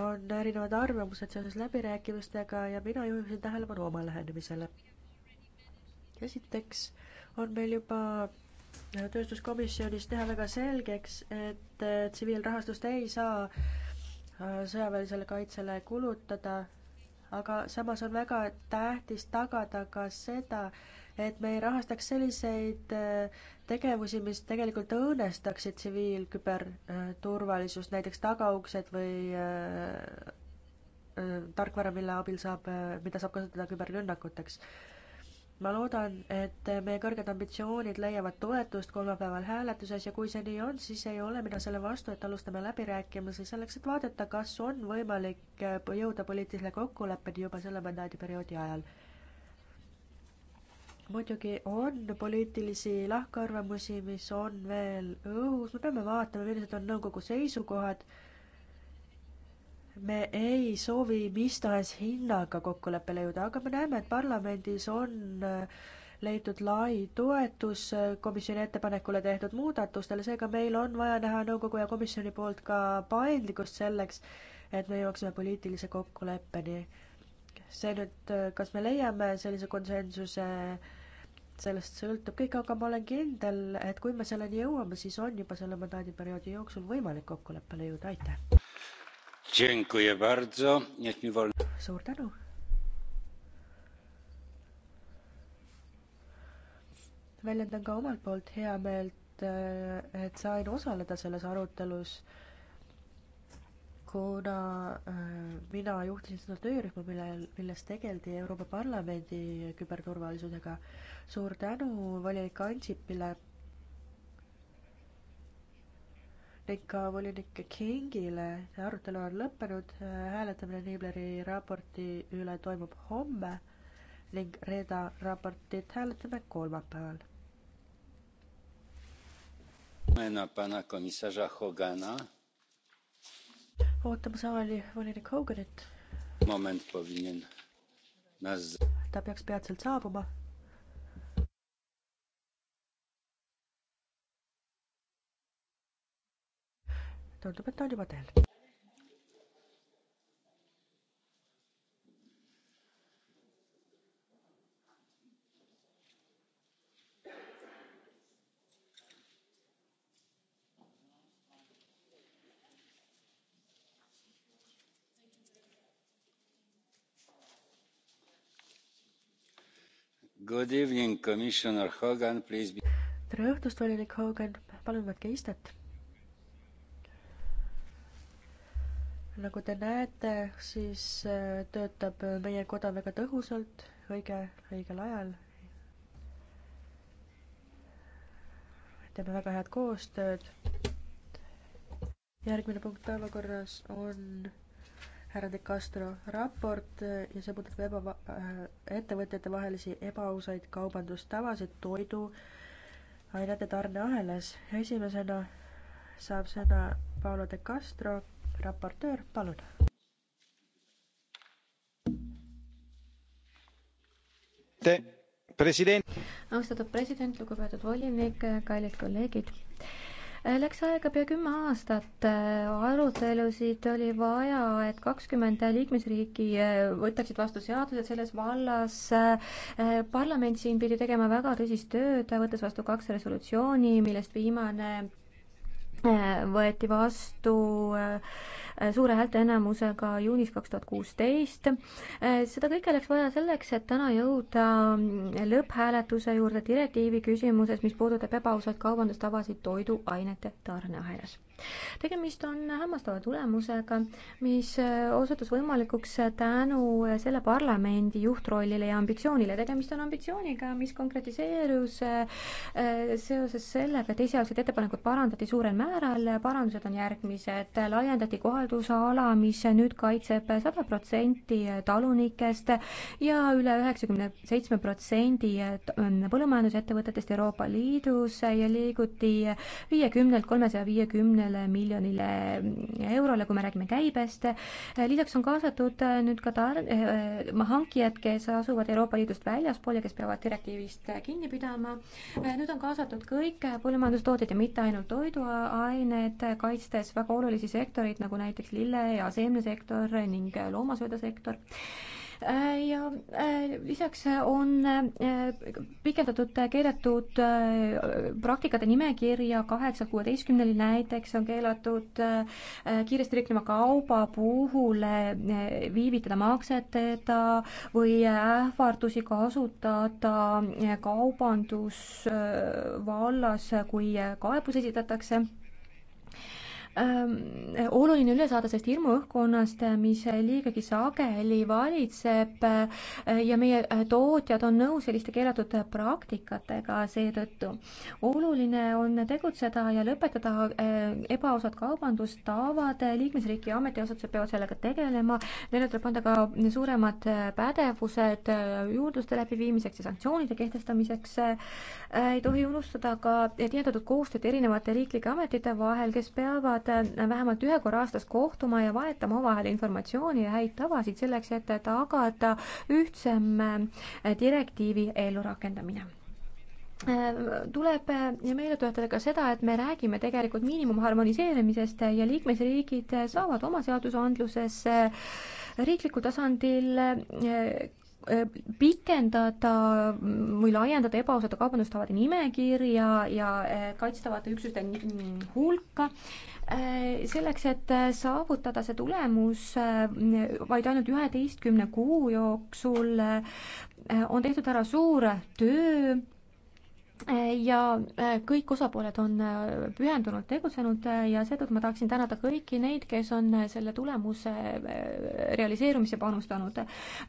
on erinevad arvamused seoses läbirääkimistega ja mina juhisin tähelepanu oma lähenemisele. esiteks on meil juba tööstuskomisjonis teha väga selgeks, et tsiviilrahastust ei saa äh, sõjaväelisele kaitsele kulutada, aga samas on väga tähtis tagada ka seda, et me ei rahastaks selliseid äh, tegevusi, mis tegelikult õõnestaksid tsiviilküberturvalisust, näiteks tagauksed või äh, äh, tarkvara, mille abil saab, mida saab kasutada küberrünnakuteks. ma loodan, et meie kõrged ambitsioonid leiavad toetust kolmapäeval hääletuses ja kui see nii on, siis ei ole mina selle vastu, et alustame läbirääkimisi selleks, et vaadata, kas on võimalik jõuda poliitilisele kokkuleppeni juba selle mandaadiperioodi ajal muidugi on poliitilisi lahkarvamusi, mis on veel õhus, me peame vaatama, millised on nõukogu seisukohad. me ei soovi mis tahes hinnaga kokkuleppele jõuda, aga me näeme, et parlamendis on äh, leitud lai toetus äh, komisjoni ettepanekule tehtud muudatustele, seega meil on vaja näha nõukogu ja komisjoni poolt ka paindlikkust selleks, et me jõuaksime poliitilise kokkuleppeni see nüüd, äh, kas me leiame sellise konsensuse, sellest sõltub kõik, aga ma olen kindel, et kui me selleni jõuame, siis on juba selle mandaadiperioodi jooksul võimalik kokkuleppele jõuda, aitäh. suur tänu. väljendan ka omalt poolt heameelt, äh, et sain osaleda selles arutelus kuna äh, mina juhtisin seda töörühma, millel, milles tegeldi Euroopa Parlamendi küberturvalisusega, suur tänu volinik Ansipile ning ka volinik Kingile, see arutelu on lõppenud, hääletamine Niibleri raporti üle toimub homme ning Reeda raportit hääletame kolmapäeval. tänan, härra komisjon Hogana ootame saali volinik Hoganit. moment, Pavlin. ta peaks peatselt saabuma tundub, et ta on juba teel. Evening, Hogan, tere õhtust, volinik Hogan, palun võtke istet. nagu te näete, siis äh, töötab meie koda väga tõhusalt, õige, õigel ajal. teeme väga head koostööd. järgmine punkt päevakorras on härra De Castro raport ja see puudutab eba-, äh, ettevõtjate vahelisi ebaausaid kaubandustavasid toiduainete tarneahelas. esimesena saab sõna Paolo De Castro, raportöör, palun. austatud president, lugupeetud volinik, kallid kolleegid Läks aega pea kümme aastat, arutelusid oli vaja, et kakskümmend liikmesriiki äh, võtaksid vastu seadused selles vallas. Äh, parlament siin pidi tegema väga tõsist tööd, võttes vastu kaks resolutsiooni, millest viimane äh, võeti vastu Äh, suure häälteenamusega juunis kaks tuhat kuusteist. Äh, seda kõike oleks vaja selleks, et täna jõuda mm, lõpphääletuse juurde direktiivi küsimuses, mis puudutab ebaausat kaubandustavasid toiduainete tarneahelas tegemist on hämmastava tulemusega, mis äh, osutus võimalikuks tänu äh, selle parlamendi juhtrollile ja ambitsioonile. tegemist on ambitsiooniga, mis konkretiseerus äh, seoses sellega, et esialgsed ettepanekud parandati suurel määral, parandused on järgmised, laiendati kohaldusala, mis nüüd kaitseb sada protsenti talunikest ja üle üheksakümne seitsme protsendi põllumajandusettevõtetest Euroopa Liidus ja liiguti viiekümnelt kolmesaja viiekümne kümnele miljonile eurole, kui me räägime käibest. lisaks on kaasatud nüüd ka tar-, eh, hankijad, kes asuvad Euroopa Liidust väljaspool ja kes peavad direktiivist kinni pidama. nüüd on kaasatud kõik põllumajandustooted ja mitte ainult toiduained, kaitstes väga olulisi sektoreid, nagu näiteks lille- ja seemnesektor ning loomasöödasektor Äh, ja äh, lisaks äh, on pikendatud keelatud praktikate nimekirja kaheksa kuueteistkümneni näiteks on keelatud kiiresti rikneva kauba puhul viivitada maksetega või ähvardusi kasutada kaubandusvallas, kui kaebus esitatakse Ehm, oluline üle saada sellest hirmuõhkkonnast, mis liigagi sageli valitseb eh, ja meie eh, tootjad on nõus selliste keelatud praktikatega seetõttu. oluline on tegutseda ja lõpetada eh, ebaausad kaubandustavad, liikmesriik ja ametiasutused peavad sellega tegelema, neile tuleb anda ka suuremad pädevused juurdluste läbiviimiseks ja sanktsioonide kehtestamiseks. ei tohi unustada ka tihendatud koostööd erinevate riiklike ametite vahel, kes peavad peavad äh, vähemalt ühe korra aastas kohtuma ja vahetama omavahel informatsiooni ja häid tavasid selleks, et tagada ühtsem äh, direktiivi ellurakendamine äh, tuleb meelde tuletada ka seda, et me räägime tegelikult miinimumharmoniseerimisest ja liikmesriigid saavad oma seadusandluses riiklikul tasandil pikendada või laiendada ebausate kaubandustavade nimekirja ja kaitstavate üksuste hulka Äh, selleks, et äh, saavutada see tulemus äh, vaid ainult üheteistkümne kuu jooksul, on tehtud ära suur töö ja äh, kõik osapooled on äh, pühendunult tegutsenud äh, ja seetõttu ma tahaksin tänada kõiki neid, kes on selle tulemuse realiseerumisse panustanud.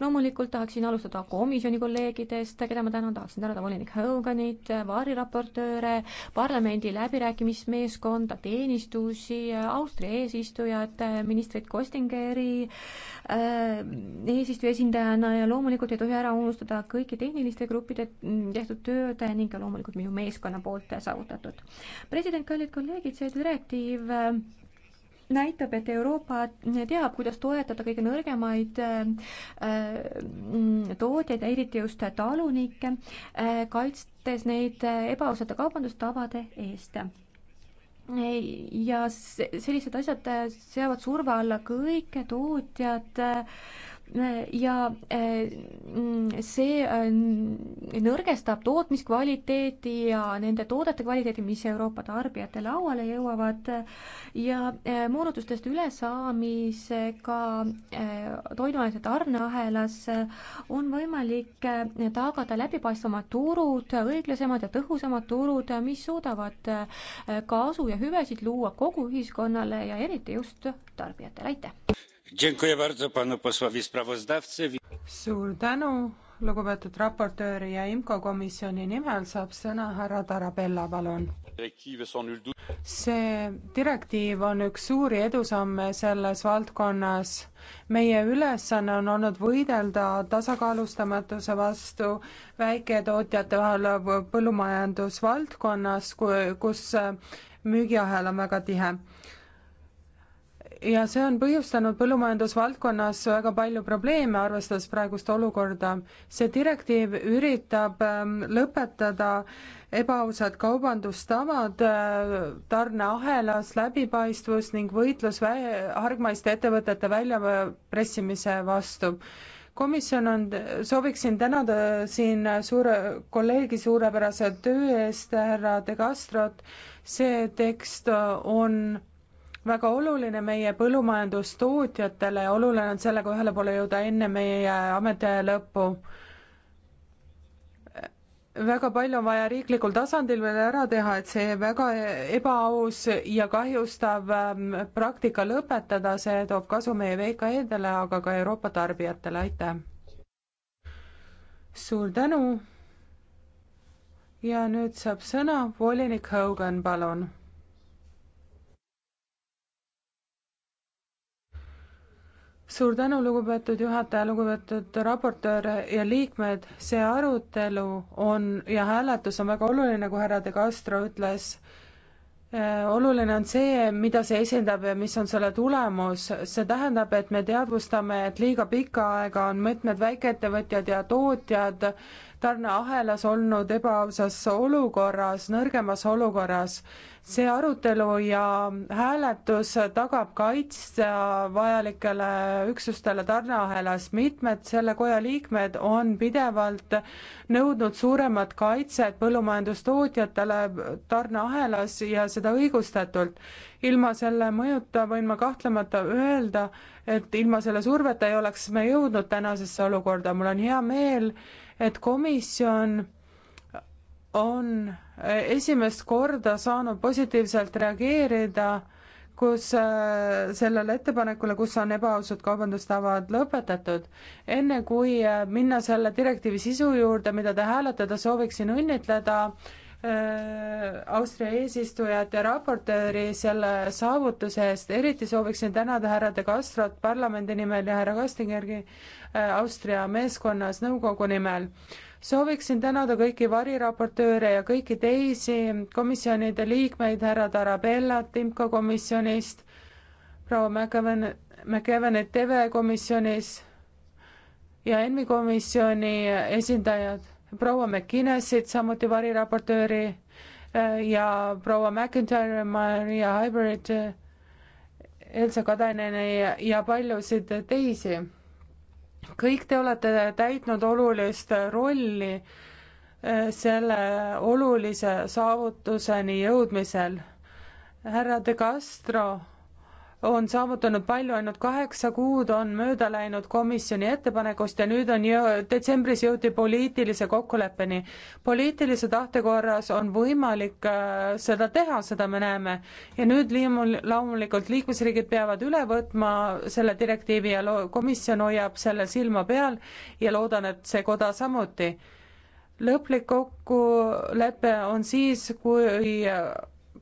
loomulikult tahaksin alustada komisjoni kolleegidest, keda ma tänan, tahaksin tänada volinik Hoganit, variraportööre, parlamendi läbirääkimismeeskonda, teenistusi, Austria eesistujat, ministrit Kostingeri eesistuja esindajana ja loomulikult ei tohi ära unustada kõiki tehniliste gruppide mm, tehtud tööd ning loomulikult loomulikult minu meeskonna poolt saavutatud. president, kallid kolleegid, see direktiiv äh, näitab, et Euroopa teab, kuidas toetada kõige nõrgemaid äh, äh, tootjaid, eriti just talunikke, kaitstes neid ebaausate kaubandustavade eest ja sellised asjad seavad surve alla kõik tootjad ja eh, see eh, nõrgestab tootmiskvaliteeti ja nende toodete kvaliteeti, mis Euroopa tarbijate lauale jõuavad ja eh, moonutustest ülesaamisega toiduainete tarneahelas on võimalik tagada läbipaistvamad turud, õiglasemad ja tõhusamad turud, mis suudavad kasu ja hüvesid luua kogu ühiskonnale ja eriti just tarbijatele, aitäh! suur tänu, lugupeetud raportööri ja IMCO komisjoni nimel saab sõna härra Tarabella, palun. see direktiiv on üks suuri edusamme selles valdkonnas meie ülesanne on olnud võidelda tasakaalustamatuse vastu väiketootjate vahel põllumajandusvaldkonnas, kus müügiahel on väga tihe ja see on põhjustanud põllumajandusvaldkonnas väga palju probleeme, arvestades praegust olukorda. see direktiiv üritab ähm, lõpetada ebaausad kaubandustavad, äh, tarneahelas läbipaistvus ning võitlus vä-, hargmaiste ettevõtete väljapressimise vastu komisjon on, sooviksin tänada siin suure, kolleegi suurepärase töö eest, härra De Castrot, see tekst on väga oluline meie põllumajandustootjatele, oluline on sellega ühele poole jõuda enne meie ametiaja lõppu. väga palju on vaja riiklikul tasandil veel ära teha, et see väga ebaaus ja kahjustav ähm, praktika lõpetada, see toob kasu meie VKE-dele, aga ka Euroopa tarbijatele, aitäh! suur tänu! ja nüüd saab sõna volinik Hogan, palun suur tänu, lugupeetud juhataja, lugupeetud raportöör ja liikmed, see arutelu on ja hääletus on väga oluline, nagu härra De Castro ütles. Eh, oluline on see, mida see esindab ja mis on selle tulemus, see tähendab, et me teadvustame, et liiga pikka aega on mitmed väikeettevõtjad ja tootjad äh, tarneahelas olnud ebaausas olukorras, nõrgemas olukorras. see arutelu ja hääletus tagab kaitse vajalikele üksustele tarneahelas. mitmed selle koja liikmed on pidevalt nõudnud suuremat kaitset põllumajandustootjatele tarneahelas ja seda õigustatult. ilma selle mõjuta võin ma kahtlemata öelda, et ilma selle surveta ei oleks me jõudnud tänasesse olukorda. mul on hea meel, et komisjon on esimest korda saanud positiivselt reageerida, kus äh, sellele ettepanekule, kus on ebaausad kaubandustavad lõpetatud. enne kui äh, minna selle direktiivi sisu juurde, mida te hääletada, sooviksin õnnitleda äh, Austria eesistujat ja raportööri selle saavutuse eest, eriti sooviksin tänada härra De Castrot parlamendi nimel ja härra Kastingergi Äh, Austria meeskonnas nõukogu nimel. sooviksin tänada kõiki variraportööre ja kõiki teisi komisjonide liikmeid, härra Tarabellat IMCO komisjonist, proua McEwen, McEwenit TV komisjonis ja ENMi komisjoni esindajad, proua McInnesit, samuti variraportööri äh, ja proua McIntyre, Maria Hybrid, Elsa Kadaneni ja paljusid teisi kõik te olete täitnud olulist rolli eh, selle olulise saavutuseni jõudmisel. härra De Castro on saavutanud palju, ainult kaheksa kuud on mööda läinud komisjoni ettepanekust ja nüüd on jõu-, detsembris jõuti poliitilise kokkuleppeni. poliitilise tahte korras on võimalik äh, seda teha, seda me näeme. ja nüüd liimul-, loomulikult liikmesriigid peavad üle võtma selle direktiivi ja lo-, komisjon hoiab selle silma peal ja loodan, et see koda samuti lõplik kokkulepe on siis, kui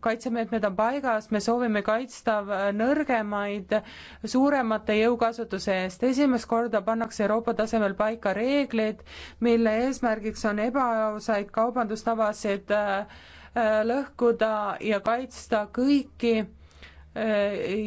kaitsemeetmed on paigas, me soovime kaitsta nõrgemaid suuremate jõukasutuse eest. esimest korda pannakse Euroopa tasemel paika reeglid, mille eesmärgiks on ebaausaid kaubandustavasid äh, äh, lõhkuda ja kaitsta kõiki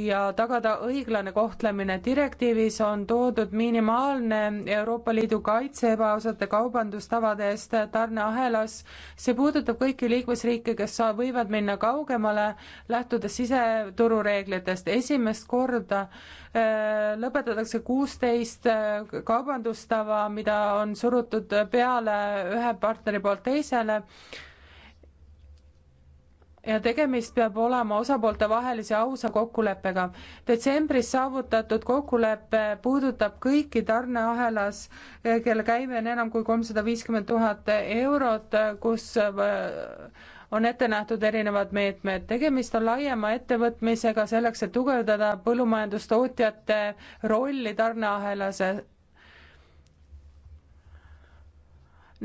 ja tagada õiglane kohtlemine. direktiivis on toodud minimaalne Euroopa Liidu kaitse ebaausate kaubandustavade eest tarneahelas. see puudutab kõiki liikmesriike, kes võivad minna kaugemale, lähtudes siseturu reeglitest. esimest korda äh, lõpetatakse kuusteist äh, kaubandustava, mida on surutud peale ühe partneri poolt teisele ja tegemist peab olema osapooltevahelise ausa kokkuleppega. detsembris saavutatud kokkulepe puudutab kõiki tarneahelas, kelle käive on enam kui kolmsada viiskümmend tuhat eurot, kus äh, on ette nähtud erinevad meetmed. tegemist on laiema ettevõtmisega selleks, et tugevdada põllumajandustootjate rolli tarneahelas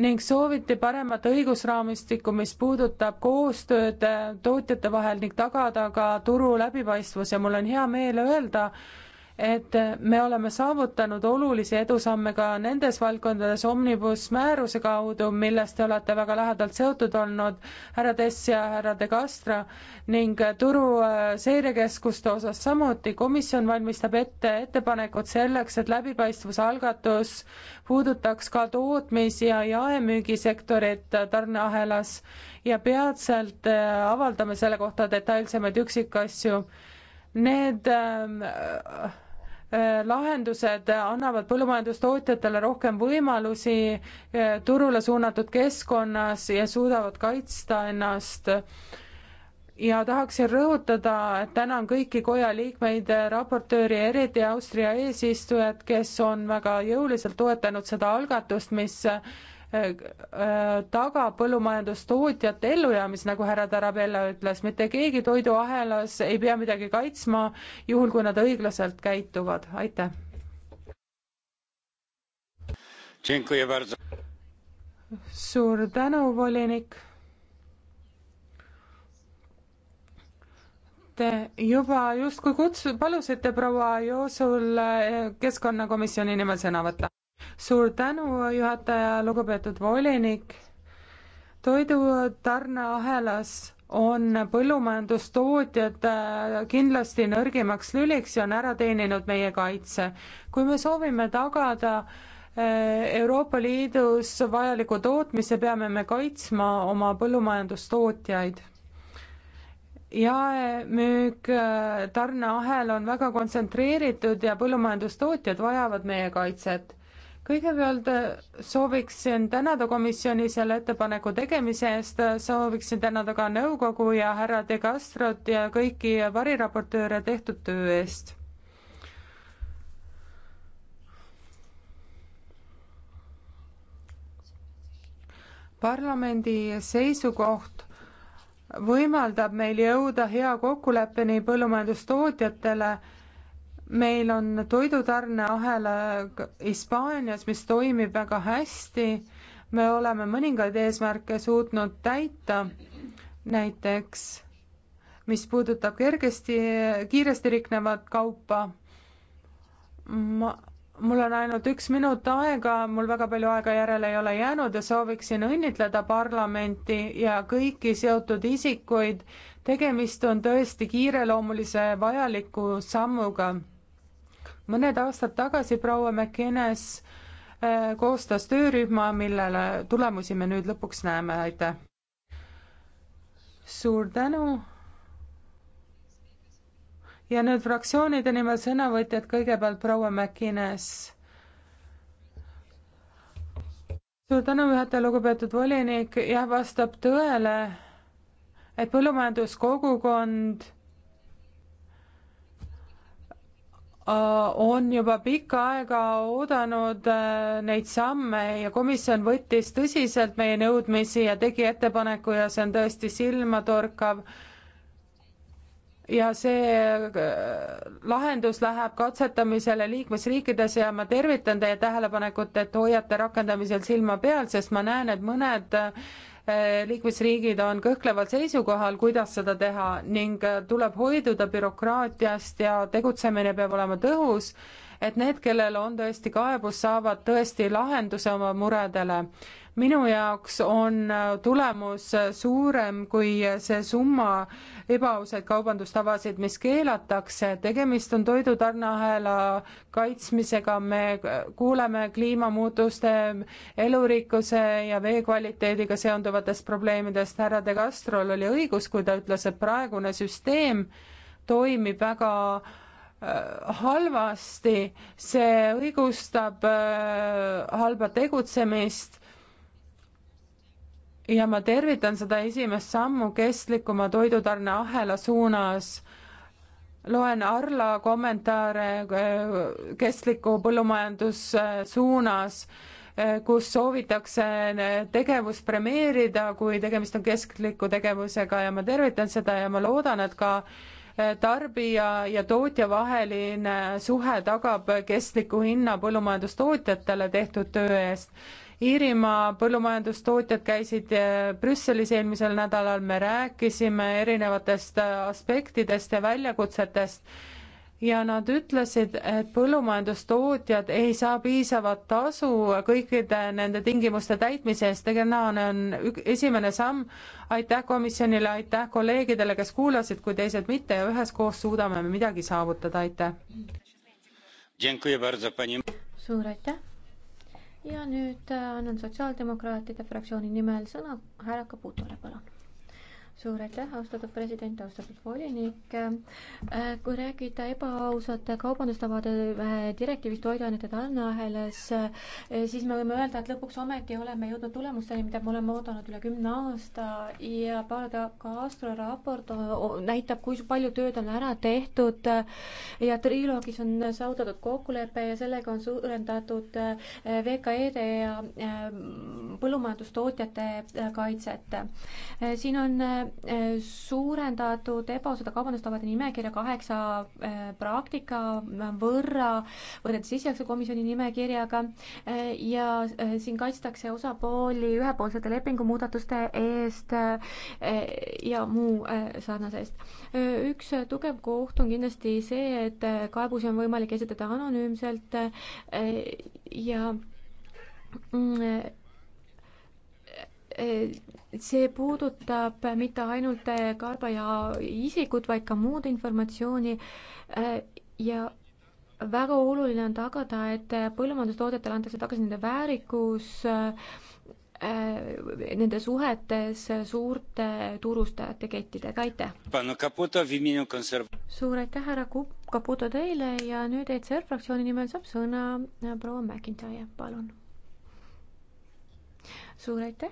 ning sooviti paremat õigusraamistikku, mis puudutab koostööd äh, tootjate vahel ning tagada ka turu läbipaistvus ja mul on hea meel öelda, et me oleme saavutanud olulisi edusamme ka nendes valdkondades Omnibus määruse kaudu, milles te olete väga lähedalt seotud olnud, härra Tess ja härra De Castra, ning turu äh, seirekeskuste osas samuti. komisjon valmistab ette ettepanekud selleks, et läbipaistvuse algatus puudutaks ka tootmis- ja jaemüügisektorit tarneahelas ja peatselt äh, avaldame selle kohta detailsemaid üksikasju Need ähm, äh, äh, lahendused annavad põllumajandustootjatele rohkem võimalusi äh, turule suunatud keskkonnas ja suudavad kaitsta ennast. ja tahaksin rõhutada, et tänan kõiki koja liikmeid, raportööri, eriti Austria eesistujat, kes on väga jõuliselt toetanud seda algatust, mis Äh, tagab põllumajandustootjate ellujäämise, nagu härra Tarabella ütles, mitte keegi toiduahelas ei pea midagi kaitsma, juhul kui nad õiglaselt käituvad, aitäh. suur tänu, volinik. Te juba justkui kutsu-, palusite proua Joosul äh, keskkonnakomisjoni nimel sõna võtta suur tänu, juhataja, lugupeetud volinik. toidutarneahelas on põllumajandustootjad äh, kindlasti nõrgimaks lüliks ja on ära teeninud meie kaitse. kui me soovime tagada äh, Euroopa Liidus vajaliku tootmise, peame me kaitsma oma põllumajandustootjaid. jaemüük, äh, tarneahel on väga kontsentreeritud ja põllumajandustootjad vajavad meie kaitset kõigepealt eh, sooviksin tänada komisjoni selle ettepaneku tegemise eest, sooviksin tänada ka nõukogu ja härra De Castrot ja kõiki variraportööre tehtud töö eest. parlamendi seisukoht võimaldab meil jõuda hea kokkuleppeni põllumajandustootjatele meil on toidutarneahela Hispaanias, mis toimib väga hästi. me oleme mõningaid eesmärke suutnud täita, näiteks mis puudutab kergesti, kiiresti riknevat kaupa. ma, mul on ainult üks minut aega, mul väga palju aega järele ei ole jäänud ja sooviksin õnnitleda parlamenti ja kõiki seotud isikuid. tegemist on tõesti kiireloomulise vajaliku sammuga mõned aastad tagasi proua McInnes äh, koostas töörühma, millele tulemusi me nüüd lõpuks näeme, aitäh. suur tänu. ja nüüd fraktsioonide nimel sõnavõtjad, kõigepealt proua McInnes. suur tänu, juhataja, lugupeetud volinik, jah, vastab tõele, et põllumajanduskogukond Äh, on juba pikka aega oodanud äh, neid samme ja komisjon võttis tõsiselt meie nõudmisi ja tegi ettepaneku ja see on tõesti silmatorkav. ja see äh, lahendus läheb katsetamisele liikmesriikides ja ma tervitan teie tähelepanekut, et hoiate rakendamisel silma peal, sest ma näen, et mõned Äh, liikmesriigid on kõhkleval seisukohal, kuidas seda teha ning äh, tuleb hoiduda bürokraatiast ja tegutsemine peab olema tõhus, et need, kellel on tõesti kaebus, saavad tõesti lahenduse oma muredele minu jaoks on äh, tulemus äh, suurem kui äh, see summa ebaausaid kaubandustavasid, mis keelatakse. tegemist on toidutarneahela kaitsmisega, me kuuleme kliimamuutuste, elurikkuse ja vee kvaliteediga seonduvatest probleemidest. härra De Castrol oli õigus, kui ta ütles, et praegune süsteem toimib väga halvasti, see õigustab halba tegutsemist ja ma tervitan seda esimest sammu kestlikuma toidutarneahela suunas. loen Arla kommentaare eh, kestliku põllumajandussuunas eh, eh, kus soovitakse tegevust premeerida, kui tegemist on keskliku tegevusega ja ma tervitan seda ja ma loodan, et ka tarbija ja tootja vaheline suhe tagab kestliku hinna põllumajandustootjatele tehtud töö eest. Iirimaa põllumajandustootjad käisid eh, Brüsselis eelmisel nädalal, me rääkisime erinevatest eh, aspektidest ja väljakutsetest ja nad ütlesid, et põllumajandustootjad ei saa piisavat tasu kõikide nende tingimuste täitmise eest, tegelikult on esimene samm, aitäh komisjonile, aitäh kolleegidele, kes kuulasid, kui teised mitte ja üheskoos suudame me midagi saavutada, aitäh! suur aitäh! ja nüüd äh, annan sotsiaaldemokraatide fraktsiooni nimel sõna härra Caputole, palun suur aitäh, austatud president, austatud volinik. Äh, kui rääkida ebaausate kaubandustavade äh, direktiivist toiduainete tarneahelas, äh, siis me võime öelda, et lõpuks ometi oleme jõudnud tulemusteni, mida me oleme oodanud üle kümne aasta ja Paolo Castro raport näitab, kui palju tööd on ära tehtud ja triloogis on saavutatud kokkulepe ja sellega on suurendatud VKE-de ja põllumajandustootjate kaitset. siin on Äh, suurendatud ebaausaste kaubandustavade nimekirja kaheksa äh, praktika võrra võrreldes esialgse komisjoni nimekirjaga äh, ja siin kaitstakse osapooli ühepoolsete lepingumuudatuste eest ja muu sarnase eest. üks tugev koht on kindlasti see, et kaebusi on võimalik esitada anonüümselt ja mm, Äh, see puudutab mitte ainult äh, karbaja isikut, vaid ka muud informatsiooni äh, ja väga oluline on tagada, et põllumajandustoodetele antakse tagasi nende väärikus, nende suhetes suurte turustajate kettidega, aitäh! suur aitäh, härra Caputo teile ja nüüd ECR fraktsiooni nimel saab sõna proua McIntyre, palun! suur aitäh!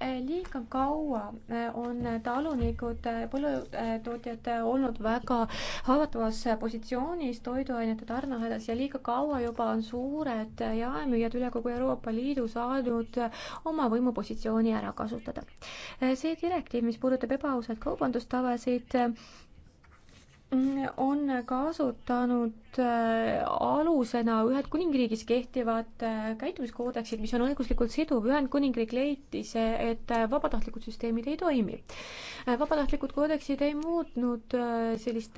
liiga kaua äh, on talunikud, äh, põllutootjad äh, olnud väga haavatavas positsioonis toiduainete tarneahelas ja liiga kaua juba on suured jaemüüjad üle kogu Euroopa Liidu saanud oma võimupositsiooni ära kasutada. see direktiiv, mis puudutab ebaausaid kaubandustavasid, on kasutanud võtnud äh, alusena Ühendkuningriigis kehtivad äh, käitumiskoodeksid, mis on õiguslikult siduv. Ühendkuningriik leidis, et äh, vabatahtlikud süsteemid ei toimi. vabatahtlikud koodeksid ei muutnud sellist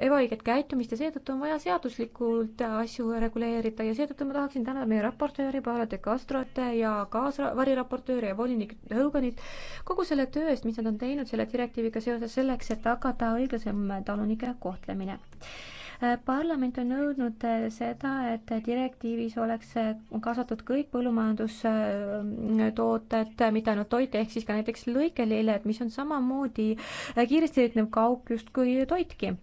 ebaõiget käitumist ja seetõttu on vaja seaduslikult asju reguleerida ja seetõttu ma tahaksin tänada meie raportööri Paolo de Castrot ja kaasvariraportööri ja volinik Hoganit kogu selle töö eest, mis nad on teinud selle direktiiviga seoses selleks, et tagada õiglasem talunike kohtlemine parlament on nõudnud äh, seda, et direktiivis oleks äh, kaasatud kõik põllumajandustooted, äh, mitte ainult toit, ehk siis ka näiteks lõikelilled, mis on samamoodi kiiresti liiknev kaup justkui toitki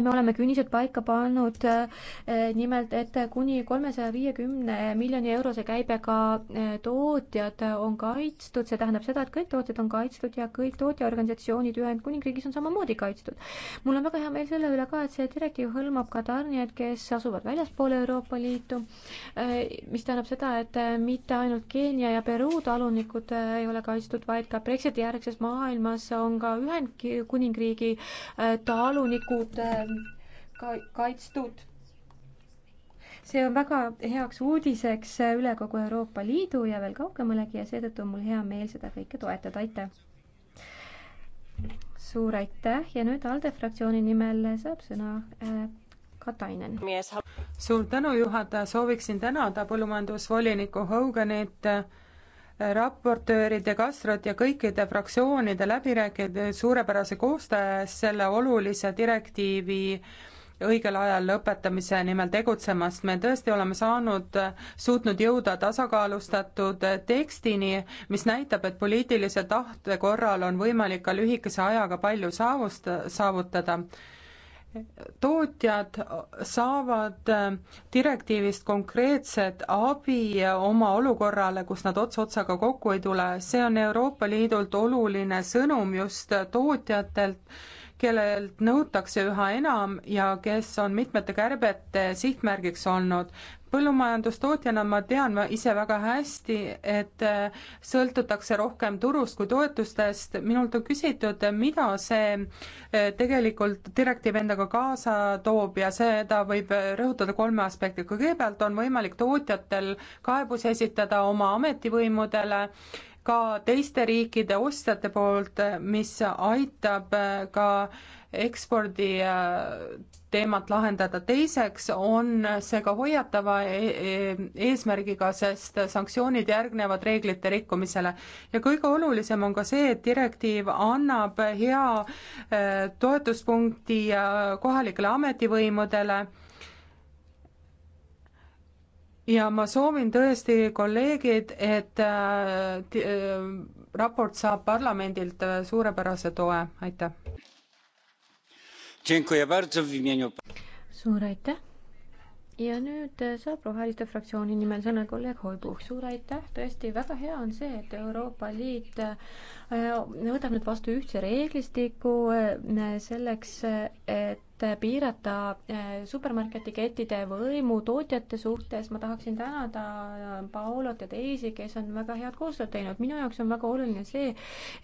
me oleme künnised paika pannud eh, nimelt, et kuni kolmesaja viiekümne miljoni eurose käibega eh, tootjad on kaitstud, see tähendab seda, et kõik tootjad on kaitstud ja kõik tootjaorganisatsioonid Ühendkuningriigis on samamoodi kaitstud. mul on väga hea meel selle üle ka, et see direktiiv hõlmab ka tarnijaid, kes asuvad väljaspool Euroopa Liitu, eh, mis tähendab seda, et mitte ainult Keenia ja Peruu talunikud ei ole kaitstud, vaid ka Brexiti järgses maailmas on ka Ühendkuningriigi talunikud ka kaitstud. see on väga heaks uudiseks üle kogu Euroopa Liidu ja veel kaugemalegi ja seetõttu on mul hea meel seda kõike toetada, aitäh! suur aitäh ja nüüd ALDE fraktsiooni nimel saab sõna äh, Katainen. suur tänu, juhataja, sooviksin tänada põllumajandusvoliniku Hoganit äh, raportööride, Kastrot ja kõikide fraktsioonide läbirääkijad suurepärase koostöö eest selle olulise direktiivi õigel ajal lõpetamise nimel tegutsemast. me tõesti oleme saanud, suutnud jõuda tasakaalustatud tekstini, mis näitab, et poliitilise tahte korral on võimalik ka lühikese ajaga palju saavust-, saavutada tootjad saavad äh, direktiivist konkreetset abi oma olukorrale, kus nad ots otsaga kokku ei tule, see on Euroopa Liidult oluline sõnum just tootjatelt, kellelt nõutakse üha enam ja kes on mitmete kärbete sihtmärgiks olnud põllumajandustootjana ma tean ise väga hästi, et äh, sõltutakse rohkem turust kui toetustest. minult on küsitud, mida see äh, tegelikult direktiiv endaga kaasa toob ja seda võib äh, rõhutada kolme aspekti. kõigepealt on võimalik tootjatel kaebusi esitada oma ametivõimudele ka teiste riikide ostjate poolt, mis aitab äh, ka ekspordi äh, teemat lahendada. teiseks on see ka hoiatava e-, e-, eesmärgiga, sest sanktsioonid järgnevad reeglite rikkumisele. ja kõige olulisem on ka see, et direktiiv annab hea äh, toetuspunkti kohalikele ametivõimudele ja ma soovin tõesti, kolleegid, et äh, äh raport saab parlamendilt äh, suurepärase toe, aitäh. suur aitäh. ja nüüd äh, saab Roheliste fraktsiooni nimel sõna kolleeg Hoibuh, suur aitäh, tõesti väga hea on see, et Euroopa Liit äh, võtab nüüd vastu ühtse reeglistiku äh, selleks, et et piirata äh, supermarketikettide võimu tootjate suhtes. ma tahaksin tänada äh, Paolot ja teisi, kes on väga head koostööd teinud. minu jaoks on väga oluline see,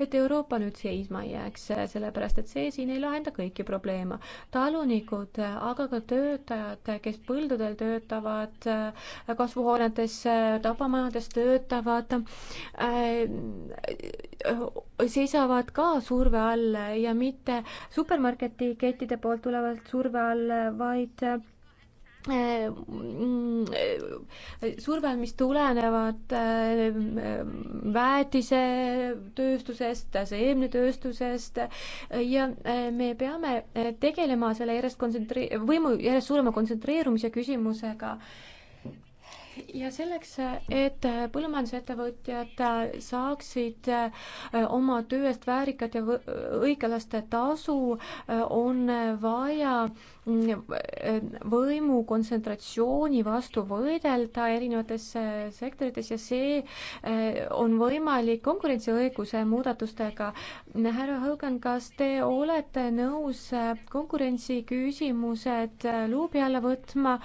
et Euroopa nüüd seisma ei jääks, äh, sellepärast et see siin ei lahenda kõiki probleeme. talunikud, aga ka töötajad, kes põldudel töötavad, kasvuhoonetes, tabamajades töötavad, seisavad ka surve all ja mitte supermarketi kettide poolt tulevad pidevalt surve all, vaid äh, mm, survel, mis tulenevad äh, väetisetööstusest, seemnetööstusest ja äh, me peame tegelema selle järjest kontsentri-, võimu järjest suurema kontsentreerumise küsimusega ja selleks, et põllumajandusettevõtjad saaksid äh, oma töö eest väärikat ja õiglast tasu, äh, on vaja mm, võimu kontsentratsiooni vastu võidelda erinevates äh, sektorites ja see on võimalik konkurentsiõiguse muudatustega. härra Hogan, kas te olete nõus konkurentsi küsimused luubi alla võtma?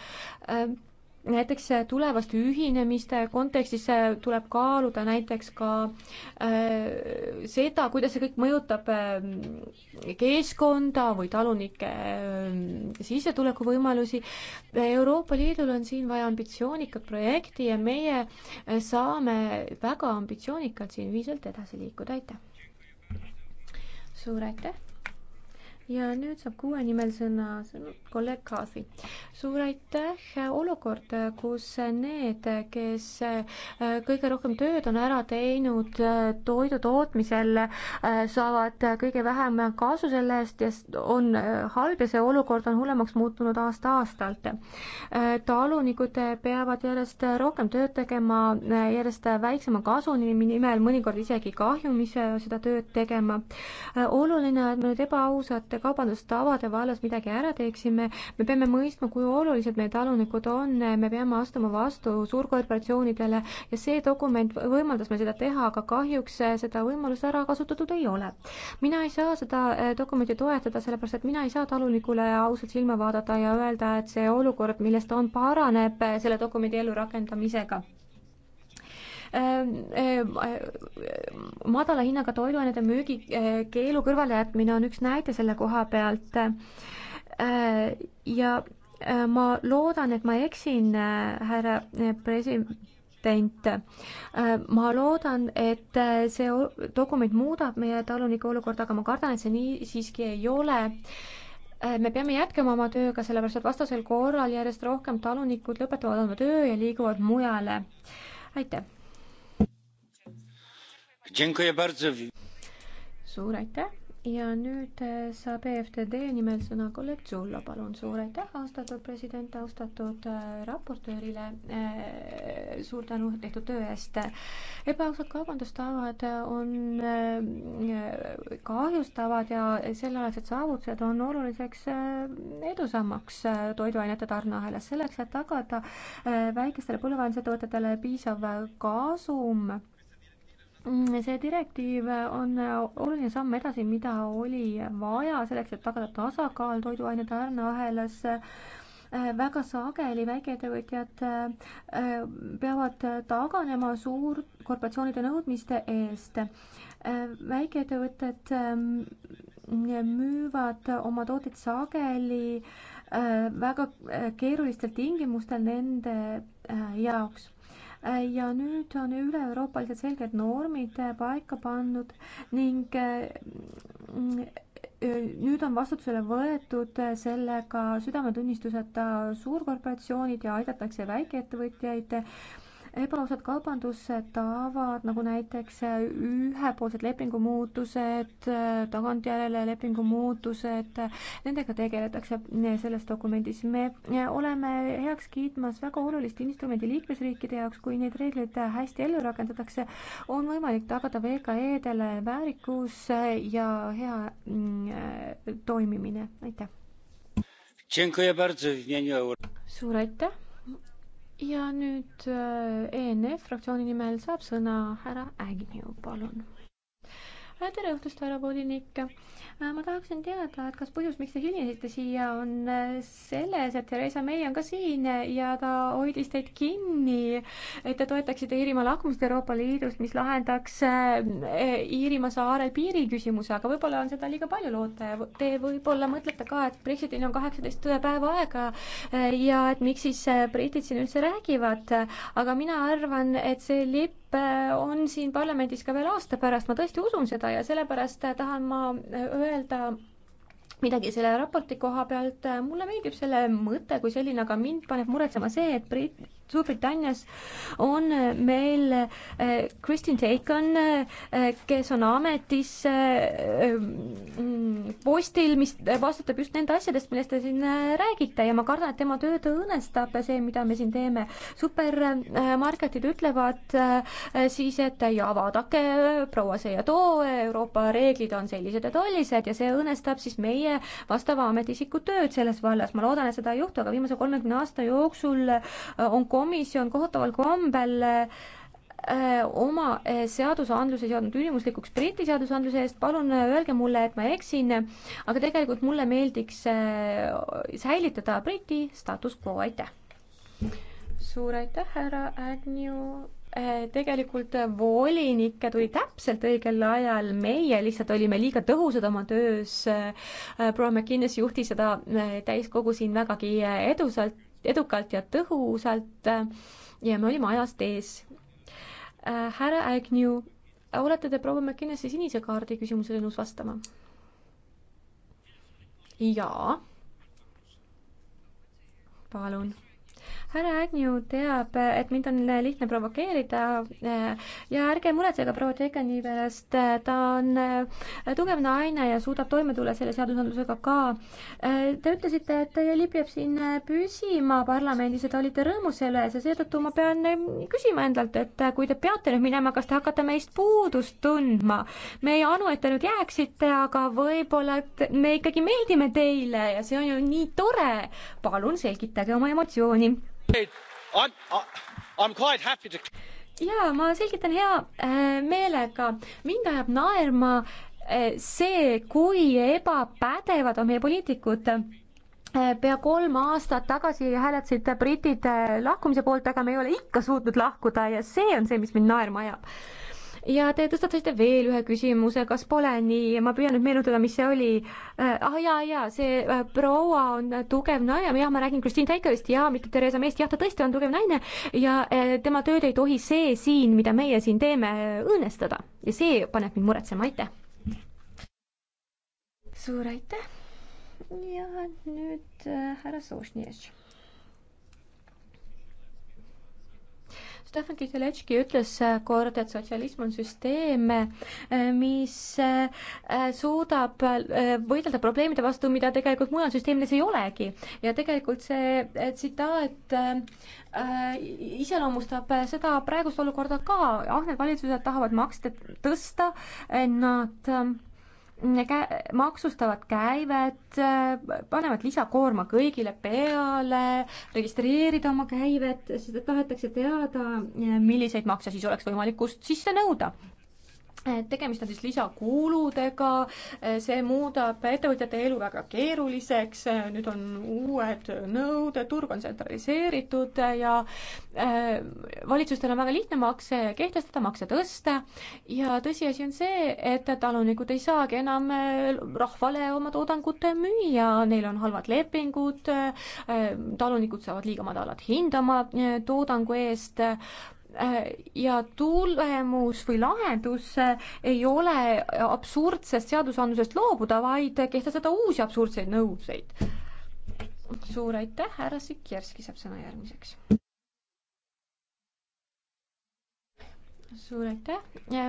näiteks tulevaste ühinemiste kontekstis tuleb kaaluda näiteks ka äh, seda, kuidas see kõik mõjutab äh, keskkonda või talunike äh, sissetulekuvõimalusi. Euroopa Liidul on siin vaja ambitsioonikat projekti ja meie äh, saame väga ambitsioonikalt siin ühiselt edasi liikuda, aitäh! suur aitäh! ja nüüd saab kuue nimel sõna, sõna kolleeg Kaafi. suur aitäh, olukord, kus need, kes äh, kõige rohkem tööd on ära teinud äh, toidu tootmisel, äh, saavad kõige vähem kasu selle eest ja on halb ja see olukord on hullemaks muutunud aasta-aastalt. talunikud peavad järjest rohkem tööd tegema, järjest väiksema kasumi nimel, mõnikord isegi kahjumis seda tööd tegema. oluline, et me nüüd ebaausate uute kaubandustavade vallas midagi ära teeksime. me peame mõistma, kui olulised meie talunikud on, me peame astuma vastu suurkorporatsioonidele ja see dokument võimaldas meil seda teha, aga kahjuks seda võimalust ära kasutatud ei ole. mina ei saa seda eh, dokumenti toetada, sellepärast et mina ei saa talunikule ausalt silma vaadata ja öelda, et see olukord, milles ta on, paraneb eh, selle dokumendi ellurakendamisega Ähm, ähm, äh, madala hinnaga toiduainete müügikeelu äh, kõrvalejätmine on üks näide selle koha pealt. Äh, ja ma loodan, et ma eksin, härra president patent. ma loodan, et see dokument muudab meie talunike olukorda, aga ma kardan, et see nii siiski ei ole. me peame jätkama oma tööga, sellepärast et vastasel korral järjest rohkem talunikud lõpetavad oma töö ja liiguvad mujale. aitäh! suur aitäh ja nüüd äh, saab EFTD nimel sõna kolleeg Tsullo, palun, suur aitäh, austatud president, austatud äh, raportöörile, äh, suur tänu tehtud töö eest. ebaausad kaubandustavad on kahjustavad ja sellealased saavutused on oluliseks edusammaks toiduainete tarneahelas, selleks et tagada väikestele põllumajandusettevõtetele piisav kasum Mm, see direktiiv on oluline samm edasi, mida oli vaja selleks, et tagada tasakaal toiduaine tarneahelas. Äh, väga sageli väikeettevõtjad äh, peavad taganema suurkorporatsioonide nõudmiste eest. Äh, väikeettevõtted müüvad oma tooteid sageli väga keerulistel tingimustel nende jaoks ja nüüd on üle-euroopaliselt selged normid paika pandud ning mm, nüüd on vastutusele võetud sellega südametunnistuseta suurkorporatsioonid ja aidatakse väikeettevõtjaid ebaausad kaubandustavad, nagu näiteks äh, ühepoolsed lepingumuutused, äh, tagantjärele lepingumuutused, äh, nendega tegeletakse selles dokumendis. me oleme heaks kiitmas väga olulist instrumenti liikmesriikide jaoks, kui neid reegleid hästi ellu rakendatakse, on võimalik tagada VKE-dele väärikus ja hea mm, toimimine, aitäh! suur aitäh! ja nüüd äh, ENF fraktsiooni nimel saab sõna härra Agnew, palun. Äh, tere õhtust, härra volinik. Äh, ma tahaksin teada, et kas põhjus, miks te hilinesite siia, on äh, selles, et Theresa May on ka siin ja ta hoidis teid kinni, et te toetaksite Iirimaa lahkumist Euroopa Liidust, mis lahendaks Iirimaa saarel piiriküsimuse, aga võib-olla on seda liiga palju loota ja te võib-olla mõtlete ka, et Brexitini on kaheksateist päeva aega ja et miks siis britid siin üldse räägivad, aga mina arvan, et see lipp on siin parlamendis ka veel aasta pärast, ma tõesti usun seda ja sellepärast tahan ma öelda midagi selle raporti koha pealt, mulle meeldib selle mõte kui selline, aga mind paneb muretsema see, et Brit-, Suurbritannias on äh, meil Kristin äh, Taken, äh, kes on ametis mm, postil, mis vastutab just nende asjadest, millest te siin räägite ja ma kardan, et tema tööd õõnestab see, mida me siin teeme. supermarketid ütlevad siis, et ja vaadake, proua see ja too, Euroopa reeglid on sellised ja tollised ja see õõnestab siis meie vastava ametiisiku tööd selles vallas. ma loodan, et seda ei juhtu, aga viimase kolmekümne aasta jooksul on komisjon kohutaval kombel äh, oma äh, seadusandluses ei olnud ülimuslikuks Briti seadusandluse eest, palun äh, öelge mulle, et ma eksin, aga tegelikult mulle meeldiks säilitada Briti status quo, aitäh. suur aitäh, härra Agnew. tegelikult volinikke tuli täpselt õigel ajal, meie lihtsalt olime liiga tõhusad oma töös. proua McInnes juhtis seda täiskogu siin vägagi edusalt edukalt ja tõhusalt äh, ja me olime ajast ees. Äh, härra Agnew, olete te proua McKinnesi sinise kaardi küsimusele nõus vastama? jaa. palun härra Agnew teab, et mind on lihtne provokeerida eh, ja ärge muretsege proua Tegeni pärast, eh, ta on eh, tugev naine ja suudab toime tulla selle seadusandlusega ka. Te ütlesite, et teie lipp jääb siin püsima parlamendis ja te olite rõõmus selle ees ja seetõttu ma pean küsima endalt, et kui te peate nüüd minema, kas te hakkate meist puudust tundma? me ei anu, et te nüüd jääksite, aga võib-olla, et me ikkagi meeldime teile ja see on ju nii tore. palun selgitage oma emotsiooni jaa, ma selgitan hea äh, meelega. mind ajab naerma äh, see, kui ebapädevad on meie poliitikud äh, pea kolm aastat tagasi hääletasid britid lahkumise poolt, aga me ei ole ikka suutnud lahkuda ja see on see, mis mind naerma ajab ja te tõstatasite veel ühe küsimuse, kas pole nii, ma püüan nüüd meenutada, mis see oli. Äh, ah jaa, jaa, see äh, proua on tugev naine, jah, ma räägin Kristiin Taikerist ja mitte Theresa May'st, jah, ta tõesti on tugev naine ja äh, tema tööd ei tohi see siin, mida meie siin teeme, õõnestada ja see paneb mind muretsema, aitäh. suur aitäh ja nüüd härra äh, Sošnjev. Stefan Kiteletški ütles kord, et sotsialism on süsteem, eh, mis eh, suudab eh, võidelda probleemide vastu, mida tegelikult mujal süsteemides ei olegi. ja tegelikult see tsitaat iseloomustab seda praegust olukorda ka, ahned valitsused tahavad makse tõsta, nad kä-, maksustavad käivet, panevad lisakoorma kõigile peale, registreerida oma käivet, sest et tahetakse teada, milliseid makse siis oleks võimalik kust sisse nõuda Eh, tegemist on siis lisakuludega, eh, see muudab ettevõtjate elu väga keeruliseks, eh, nüüd on uued nõuded, turg on tsentraliseeritud ja valitsustel on väga lihtne makse kehtestada, makse tõsta ja tõsiasi on see, et talunikud ei saagi enam rahvale oma toodangut müüa, neil on halvad lepingud, talunikud saavad liiga madalat hinda oma toodangu eest Äh, ja tulemus või lahendus äh, ei ole absurdsest seadusandlusest loobuda, vaid kehtestada uusi absurdseid nõudeid. suur aitäh, härra Sikierski saab sõna järgmiseks. suur aitäh,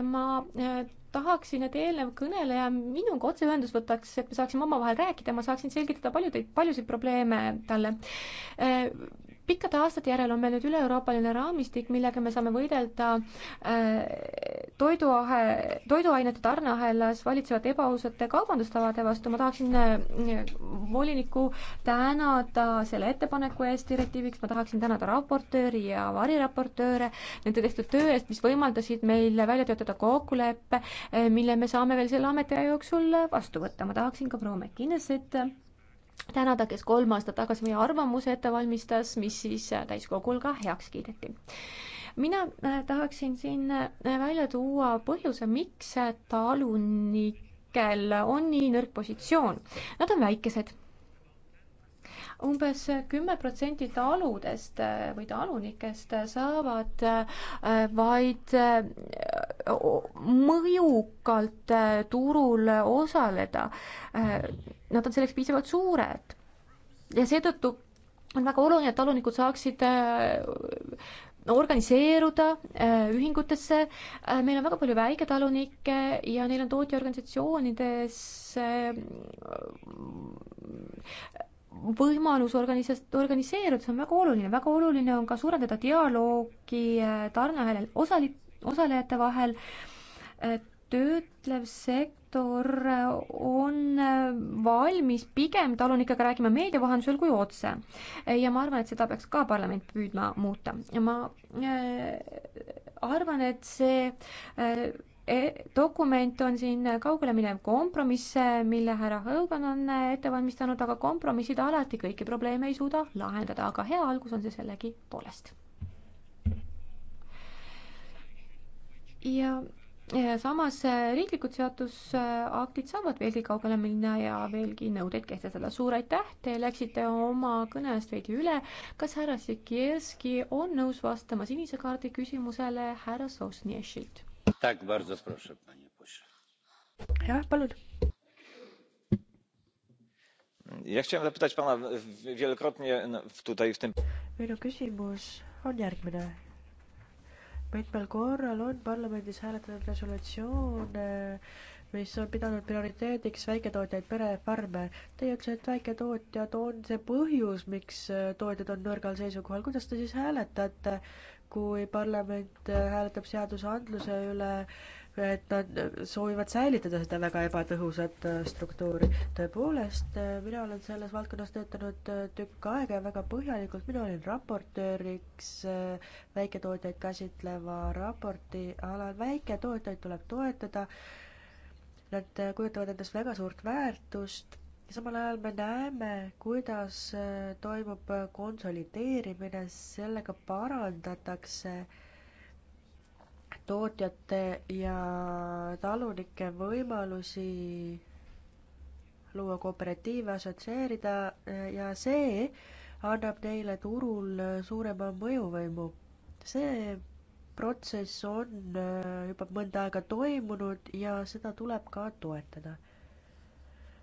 ma äh, tahaksin, et eelnev kõneleja minuga otseühendust võtaks, et me saaksime omavahel rääkida, ma saaksin selgitada paljudeid, paljusid probleeme talle pikkade aastate järel on meil nüüd üle-euroopaline raamistik, millega me saame võidelda äh, toiduahe, toiduainete tarneahelas valitsevate ebaausate kaubandustavade vastu. ma tahaksin äh, volinikku tänada selle ettepaneku eest direktiiviks, ma tahaksin tänada raportööri ja variraportööre nende tehtud töö eest, mis võimaldasid meil välja töötada kokkuleppe, äh, mille me saame veel selle ametiaja jooksul vastu võtta. ma tahaksin ka proua McInnesit tänada, kes kolm aastat tagasi meie arvamuse ette valmistas, mis siis täiskogul ka heaks kiideti. mina äh, tahaksin siin äh, välja tuua põhjuse, miks talunikel on nii nõrk positsioon. Nad on väikesed umbes kümme protsenti taludest äh, või talunikest saavad äh, vaid äh, mõjukalt turul osaleda. Nad on selleks piisavalt suured ja seetõttu on väga oluline, et talunikud saaksid organiseeruda ühingutesse, meil on väga palju väiketalunikke ja neil on tootjaorganisatsioonides võimalus organis-, organiseeruda, see on väga oluline, väga oluline on ka suurendada dialoogi äh, tarneahelal osali-, osalejate vahel, äh, töötlev sektor äh, on valmis pigem talunikega rääkima meedia vahendusel kui otse. ja ma arvan, et seda peaks ka parlament püüdma muuta ja ma äh, arvan, et see äh, E, dokument on siin kaugeleminev kompromiss, mille härra Hõugan on ette valmistanud, aga kompromissid alati kõiki probleeme ei suuda lahendada, aga hea algus on see sellegipoolest. ja samas riiklikud seadusaktid saavad veelgi kaugele minna ja veelgi nõudeid kehtestada. suur aitäh, te läksite oma kõne eest veidi üle. kas härra Sikierski on nõus vastama sinise kaardi küsimusele härra Sosnješilt? jah, palun. minu küsimus on järgmine. mitmel korral on parlamendis hääletatud resolutsioone eh, mis on pidanud prioriteediks väiketootjaid, perefarme. Teie ütlesite, et väiketootjad on see põhjus, miks eh, tootjad on nõrgal seisukohal. kuidas te siis hääletate kui parlament hääletab seadusandluse üle, et nad soovivad säilitada seda väga ebatõhusat äh, struktuuri. tõepoolest, äh, mina olen selles valdkonnas töötanud äh, tükk aega ja väga põhjalikult, mina olin raportööriks väiketootjaid käsitleva raporti alal, väiketootjaid tuleb toetada, nad kujutavad endast väga suurt väärtust ja samal ajal me näeme, kuidas äh, toimub äh, konsolideerimine, sellega parandatakse tootjate ja talunike võimalusi luua kooperatiive, assotsieerida äh, ja see annab neile turul suurema mõjuvõimu. see protsess on juba mõnda aega toimunud ja seda tuleb ka toetada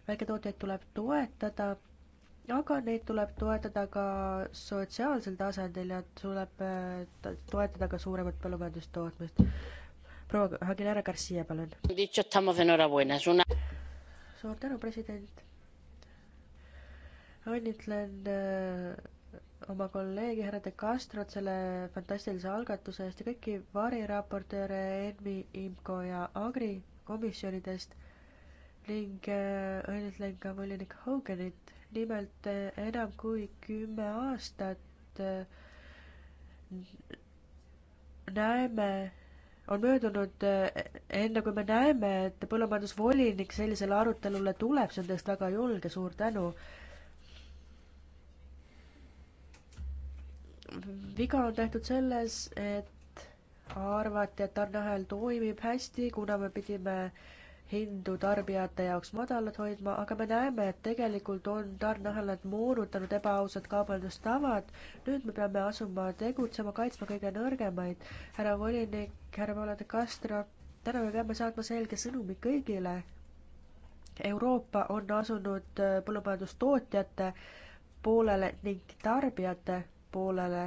väiketootjaid tuleb toetada, aga neid tuleb toetada ka sotsiaalsel tasandil ja tuleb äh, toetada ka suuremat põllumajandustootmist. proua Aguilera Garcia, palun. suur tänu, president. õnnitlen äh, oma kolleegi härra De Castrot selle fantastilise algatuse eest ja kõiki variraportööre ENMi, IMCO ja Agri komisjonidest ning äh, õnnitlen ka volinik Hoganit. nimelt äh, enam kui kümme aastat äh, näeme, on möödunud enne, kui me näeme, et põllumajandusvolinik sellisele arutelule tuleb, see on tõesti väga julge, suur tänu. viga on tehtud selles, et arvati, et tarneahel toimib hästi, kuna me pidime äh, hindu tarbijate jaoks madalad hoidma, aga me näeme, et tegelikult on tarneahelad moonutanud ebaausad kaubandustavad. nüüd me peame asuma tegutsema, kaitsma kõige nõrgemaid. härra volinik, härra Paula de Castro, täna me peame saatma selge sõnumi kõigile. Euroopa on asunud äh, põllumajandustootjate poolele ning tarbijate poolele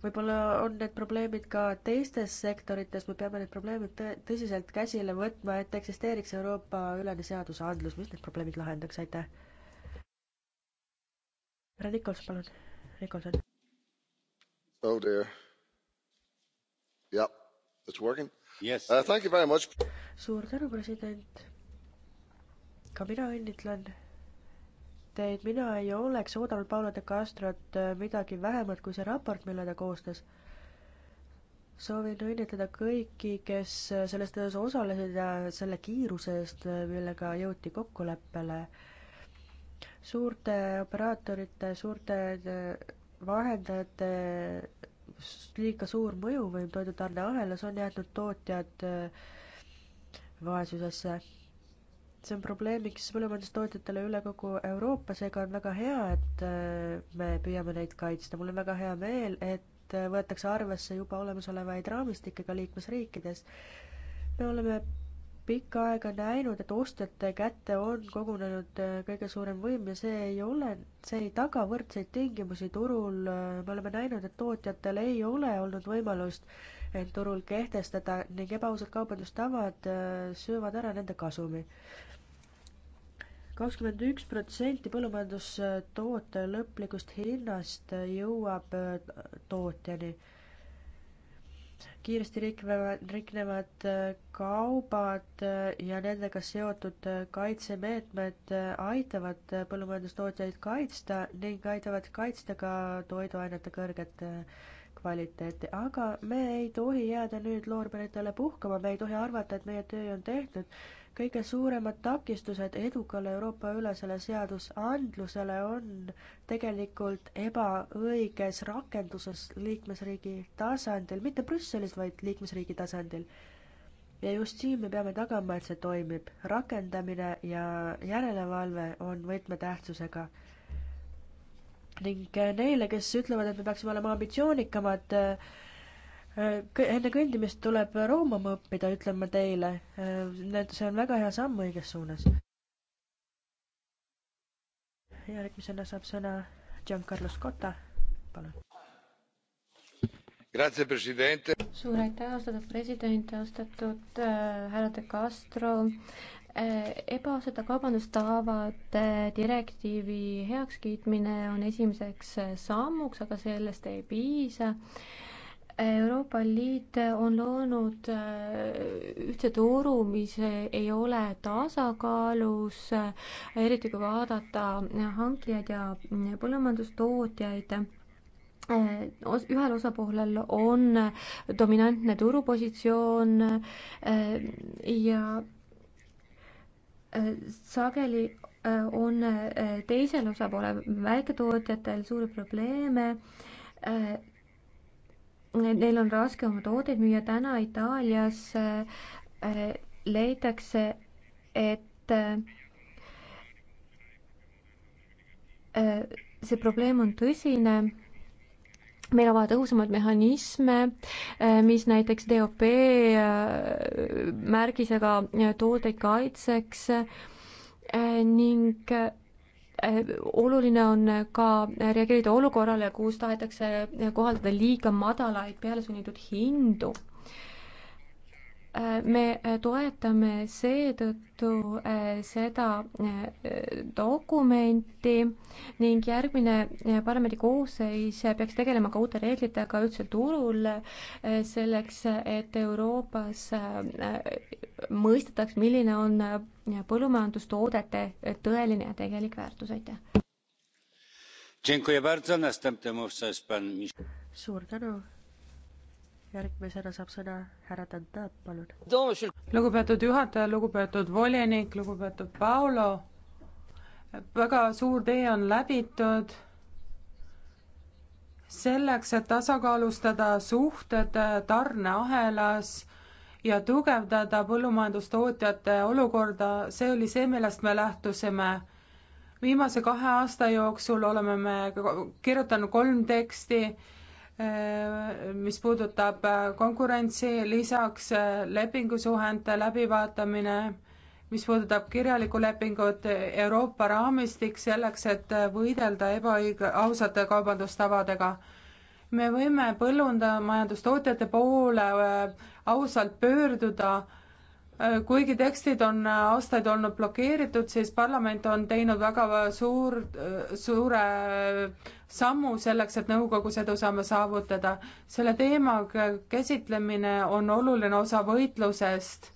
võib-olla on need probleemid ka teistes sektorites, me peame need probleemid tõ tõsiselt käsile võtma, et eksisteeriks Euroopa-ülene seadusandlus, mis need probleemid lahendaks, aitäh. härra Nikolson, palun, Nikolson. Oh dear. Yeah, it's working yes.. Uh, thank you very much. suur tänu, president. ka mina õnnitlen teid, mina ei oleks oodanud Paolo de Castrot äh, midagi vähemat kui see raport, mille ta koostas. soovin õnnitleda kõiki, kes äh, selles töös osalesid ja selle kiiruse eest, äh, millega jõuti kokkuleppele. suurte operaatorite, suurte vahendajate liiga suur mõjuvõim toidutarneahelas on jätnud tootjad vaesusesse see on probleemiks põllumajandustootjatele üle kogu Euroopa, seega on väga hea, et äh, me püüame neid kaitsta. mul on väga hea meel, et äh, võetakse arvesse juba olemasolevaid raamistikke ka liikmesriikides. me oleme pikka aega näinud, et ostjate kätte on kogunenud äh, kõige suurem võim ja see ei ole, see ei taga võrdseid tingimusi turul. me oleme näinud, et tootjatel ei ole olnud võimalust end turul kehtestada ning ebaausad kaubandustavad äh, söövad ära nende kasumi. kakskümmend üks protsenti põllumajandustoote lõplikust hinnast jõuab äh, tootjani kiiresti riknevad, riknevad äh, kaubad ja nendega seotud kaitsemeetmed aitavad põllumajandustootjaid kaitsta ning aitavad kaitsta ka toiduainete kõrget kvaliteeti, aga me ei tohi jääda nüüd loorberitele puhkama, me ei tohi arvata, et meie töö on tehtud kõige suuremad takistused edukale Euroopa-ülesele seadusandlusele on tegelikult ebaõiges rakenduses liikmesriigi tasandil, mitte Brüsselis, vaid liikmesriigi tasandil. ja just siin me peame tagama, et see toimib. rakendamine ja järelevalve on võtmetähtsusega ning äh, neile, kes ütlevad, et me peaksime olema ambitsioonikamad, äh, enne kõndimist tuleb roomama õppida, ütlen ma teile. Äh, need, see on väga hea samm õiges suunas. järgmisena saab sõna Giancarlo Scotta, palun. suur aitäh, austatud president, austatud härra äh, De Castro äh,. Äh, ebaausate kaubandustavade direktiivi heakskiitmine on esimeseks äh, sammuks, aga sellest ei piisa. Euroopa Liit on loonud äh, ühtse turu, mis ei ole tasakaalus, eriti kui vaadata hankijaid ja põllumajandustootjaid ühel osapoolel on dominantne turupositsioon ja sageli äh, on äh, teisel osapoolel, väiketootjatel suuri probleeme. Äh, neil on raske oma tooteid müüa, täna Itaalias leitakse, et see probleem on tõsine meil on vaja tõhusamaid mehhanisme, äh, mis näiteks DOP äh, märgisega äh, toodeid kaitseks ning oluline on ka reageerida olukorrale, kus tahetakse kohaldada liiga madalaid pealesunnitud hindu Äh, me äh, toetame seetõttu äh, seda dokumenti ning järgmine parlamendi koosseis peaks tegelema ka uute reeglitega ühtsel turul selleks, et Euroopas mõistetaks, milline on põllumajandustoodete tõeline ja tegelik väärtus, aitäh. suur tänu järgmisena saab sõna härra Dantat, palun. lugupeetud juhataja, lugupeetud volinik, lugupeetud Paolo, väga suur tee on läbitud selleks, et tasakaalustada suhted tarneahelas ja tugevdada põllumajandustootjate olukorda, see oli see, millest me lähtusime viimase kahe aasta jooksul oleme me kirjutanud kolm teksti mis puudutab konkurentsi, lisaks lepingusuhete läbivaatamine, mis puudutab kirjalikku lepingut, Euroopa raamistik selleks, et võidelda ebaõige, ausate kaubandustavadega me võime põllumajandus, majandustootjate poole ausalt pöörduda kuigi tekstid on aastaid olnud blokeeritud, siis parlament on teinud väga suur, suure sammu selleks, et nõukogus edusamme saavutada. selle teema käsitlemine on oluline osa võitlusest.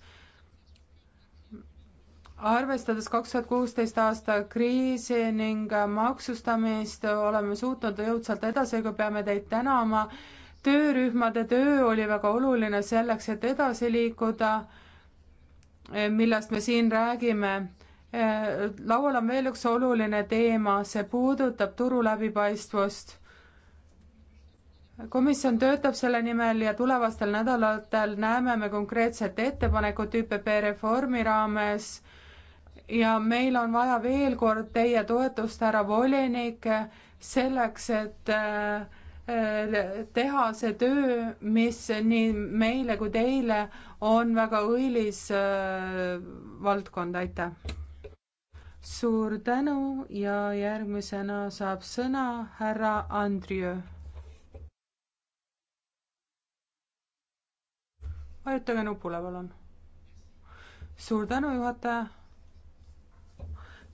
arvestades kaks tuhat kuusteist aasta kriisi ning maksustamist, oleme suutnud jõudsalt edasi, aga peame teid tänama. töörühmade töö oli väga oluline selleks, et edasi liikuda Eh, millest me siin räägime. Eh, laual on veel üks oluline teema, see puudutab turu läbipaistvust. komisjon töötab selle nimel ja tulevastel nädalatel näeme me konkreetset ettepanekut ÜPP reformi raames ja meil on vaja veel kord teie toetust, härra volinik, selleks, et äh, teha see töö, mis nii meile kui teile on väga õilis valdkond, aitäh! suur tänu ja järgmisena saab sõna härra Andriöö. vajutage nupule, palun. suur tänu, juhataja.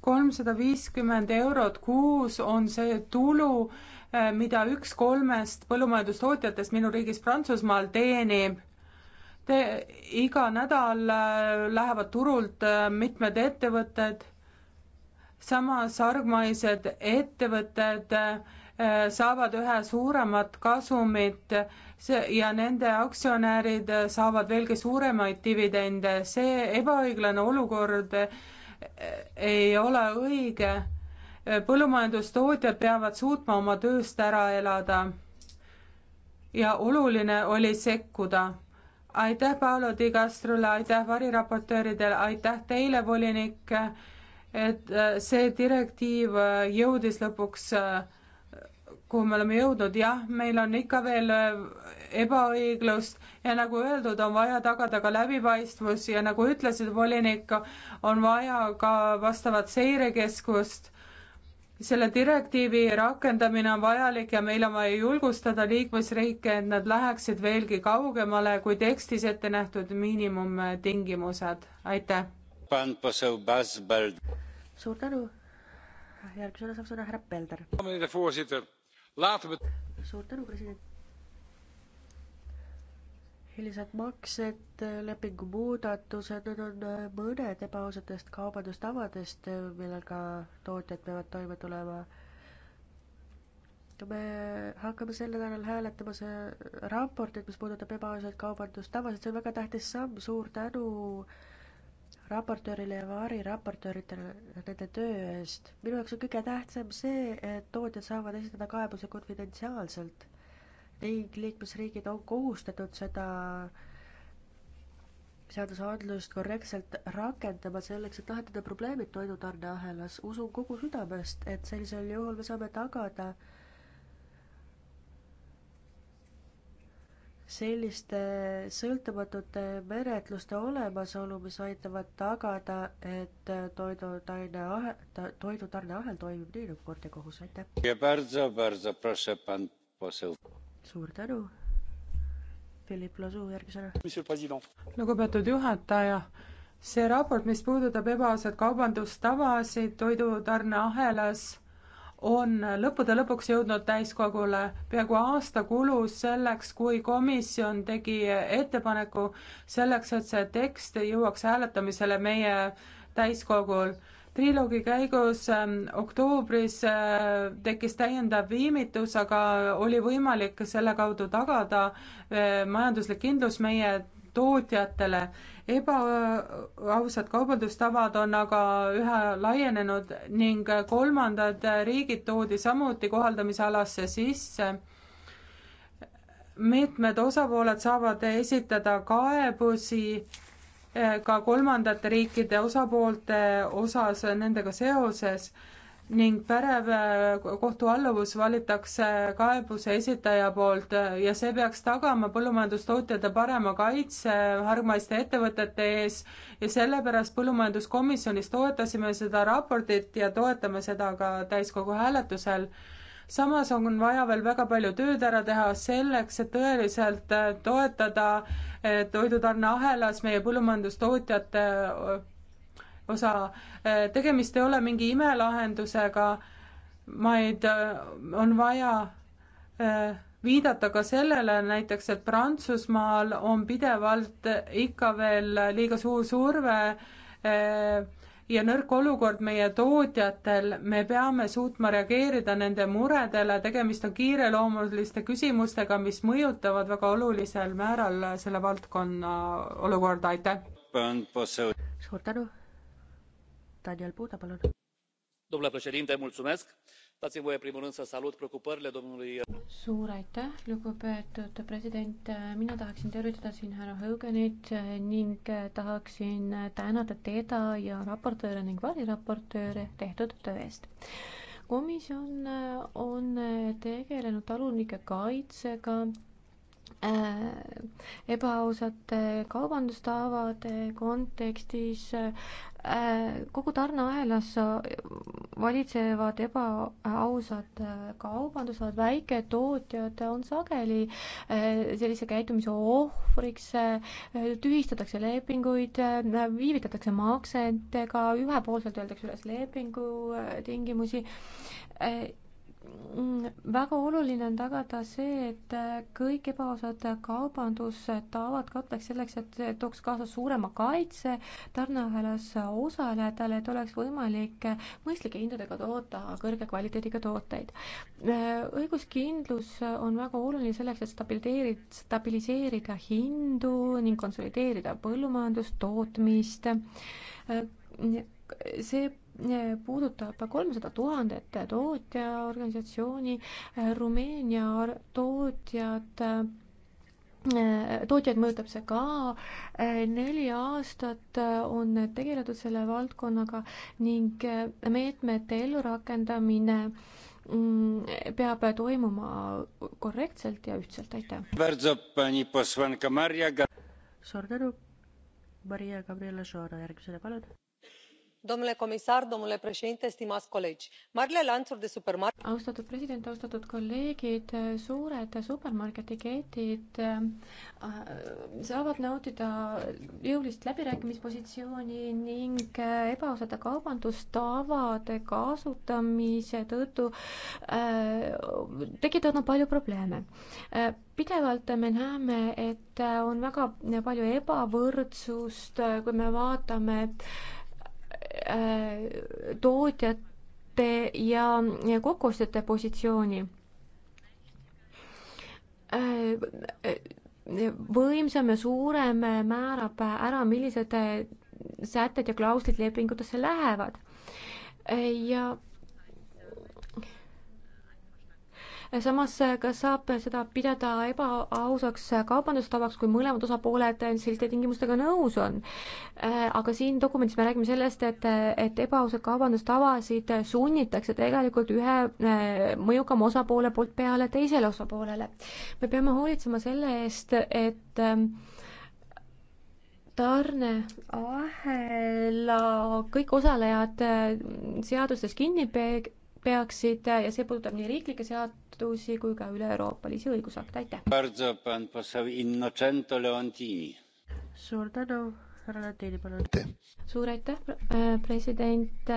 kolmsada viiskümmend eurot kuus on see tulu Äh, mida üks kolmest põllumajandustootjatest minu riigis Prantsusmaal teenib. Te, iga nädal äh, lähevad turult äh, mitmed ettevõtted, samas argmaised ettevõtted saavad üha suuremat kasumit ja nende aktsionärid saavad veelgi suuremaid dividende. see ebaõiglane olukord ei ole õige põllumajandustootjad peavad suutma oma tööst ära elada. ja oluline oli sekkuda. aitäh Paolo Di Castrole, aitäh variraportööridele, aitäh teile, volinik, et äh, see direktiiv äh, jõudis lõpuks, äh, kuhu me oleme jõudnud, jah, meil on ikka veel ebaõiglust ja nagu öeldud, on vaja tagada ka läbipaistvus ja nagu ütlesid volinik, on vaja ka vastavat seirekeskust selle direktiivi rakendamine on vajalik ja meil on vaja julgustada liikmesriike, et nad läheksid veelgi kaugemale kui tekstis ette nähtud miinimumtingimused. aitäh. suur tänu. järgmisena saab sõna härra Pelder. suur tänu, president hillised maksed, lepingumuudatused, need on äh, mõned ebaausatest kaubandustavadest, äh, millega tootjad peavad toime tulema. me hakkame sel nädalal hääletama see raportit, mis puudutab ebaausaid kaubandustavasid, see on väga tähtis samm, suur tänu raportöörile ja variraportööridele nende töö eest. minu jaoks on kõige tähtsam see, et tootjad saavad esitada kaebuse konfidentsiaalselt ning liikmesriigid on kohustatud seda seadusandlust korrektselt rakendama selleks, et lahendada probleemid toidutarneahelas. usun kogu südamest, et sellisel juhul me saame tagada selliste sõltumatute menetluste olemasolu, mis aitavad tagada, et toidutarne ahe, toidutarneahel toimib nii nagu kord ja kohus, aitäh suur tänu. Philippe Lasu järgmisena. lugupeetud juhataja, see raport, mis puudutab ebaausat kaubandustavasid toidutarneahelas, on lõppude lõpuks jõudnud täiskogule. peaaegu aasta kulus selleks, kui komisjon tegi ettepaneku selleks, et see tekst jõuaks hääletamisele meie täiskogul triloogi käigus ähm, oktoobris äh, tekkis täiendav viimitus, aga oli võimalik selle kaudu tagada äh, majanduslik kindlus meie tootjatele. ebaausad kaubandustavad on aga üha laienenud ning kolmandad riigid toodi samuti kohaldamisalasse sisse mitmed osapooled saavad esitada kaebusi ka kolmandate riikide osapoolte osas nendega seoses ning pärev kohtualluvus valitakse kaebuse esitaja poolt ja see peaks tagama põllumajandustootjate parema kaitse hargmaiste ettevõtete ees ja sellepärast põllumajanduskomisjonis toetasime seda raportit ja toetame seda ka täiskogu hääletusel samas on vaja veel väga palju tööd ära teha selleks, et tõeliselt äh, toetada äh, toidutarneahelas meie põllumajandustootjate äh, osa. tegemist ei ole mingi imelahendusega, vaid on vaja viidata ka sellele näiteks, et Prantsusmaal on pidevalt ikka veel liiga suur surve eh, ja nõrk olukord meie tootjatel, me peame suutma reageerida nende muredele, tegemist on kiireloomuliste küsimustega, mis mõjutavad väga olulisel määral selle valdkonna olukorda, aitäh! suur tänu! Daniel Puuda, palun! dați mi voie în primul rând să salut preocupările domnului. suur aitäh, lugupeetud president, mina tahaksin tervitada siin härra Hõugenit ning tahaksin tänada teda ja raportööre ning variraportööre tehtud töö eest komisjon on tegelenud talunike kaitsega äh, ebaausate kaubandustavade kontekstis kogu tarneahelas valitsevad ebaausad kaubandusalad, väiketootjad on sageli eh, sellise käitumise ohvriks, eh, tühistatakse lepinguid, eh, viivitatakse maksetega, ühepoolselt öeldakse üles lepingu tingimusi Mm, väga oluline on tagada see, et äh, kõik ebaausad kaubandustavad kattaks selleks, et see tooks kaasa suurema kaitse tarneahelas osalejatele, et oleks võimalik äh, mõistlike hindadega toota kõrge kvaliteediga tooteid. Äh, õiguskindlus on väga oluline selleks, et stabiliseerida, stabiliseerida hindu ning konsolideerida põllumajandustootmist see puudutab kolmsada tuhandet tootjaorganisatsiooni, Rumeenia tootjad, tootjaid mõjutab see ka, neli aastat on tegeletud selle valdkonnaga ning meetmete ellurakendamine mm, peab toimuma korrektselt ja ühtselt, aitäh. suur tänu, Maria Gabriela Šora, järgmisele palun domnule comisar domnule președinte stimați colegi marile lanțuri de supermarketid austatud president austatud kolleegid suured supermarketiketid äh, saavad nautida jõulist läbirääkimispositsiooni ning äh, ebaausate kaubandustavade kasutamise tõttu äh, tekitavad nad palju probleeme pidevalt me näeme, et on väga palju ebavõrdsust, kui me vaatame äh, Äh, tootjate ja kokkuostjate positsiooni äh, võimsam ja suurem määrab ära, millised sätted ja klauslid lepingutesse lähevad. Äh, ja samas, kas saab seda pidada ebaausaks kaubandustavaks, kui mõlemad osapooled selliste tingimustega nõus on? Äh, aga siin dokumendis me räägime sellest, et, et ebaausaid kaubandustavasid sunnitakse tegelikult ühe äh, mõjukama osapoole poolt peale teisele osapoolele. me peame hoolitsema selle eest, et ähm, tarneahela kõik osalejad äh, seadustes kinni pe-, peaksid ja see puudutab nii riiklikke seadusi kui ka üle-euroopalisi õigusakte, aitäh. suur tänu härra Latini, palun. suur aitäh, äh, president.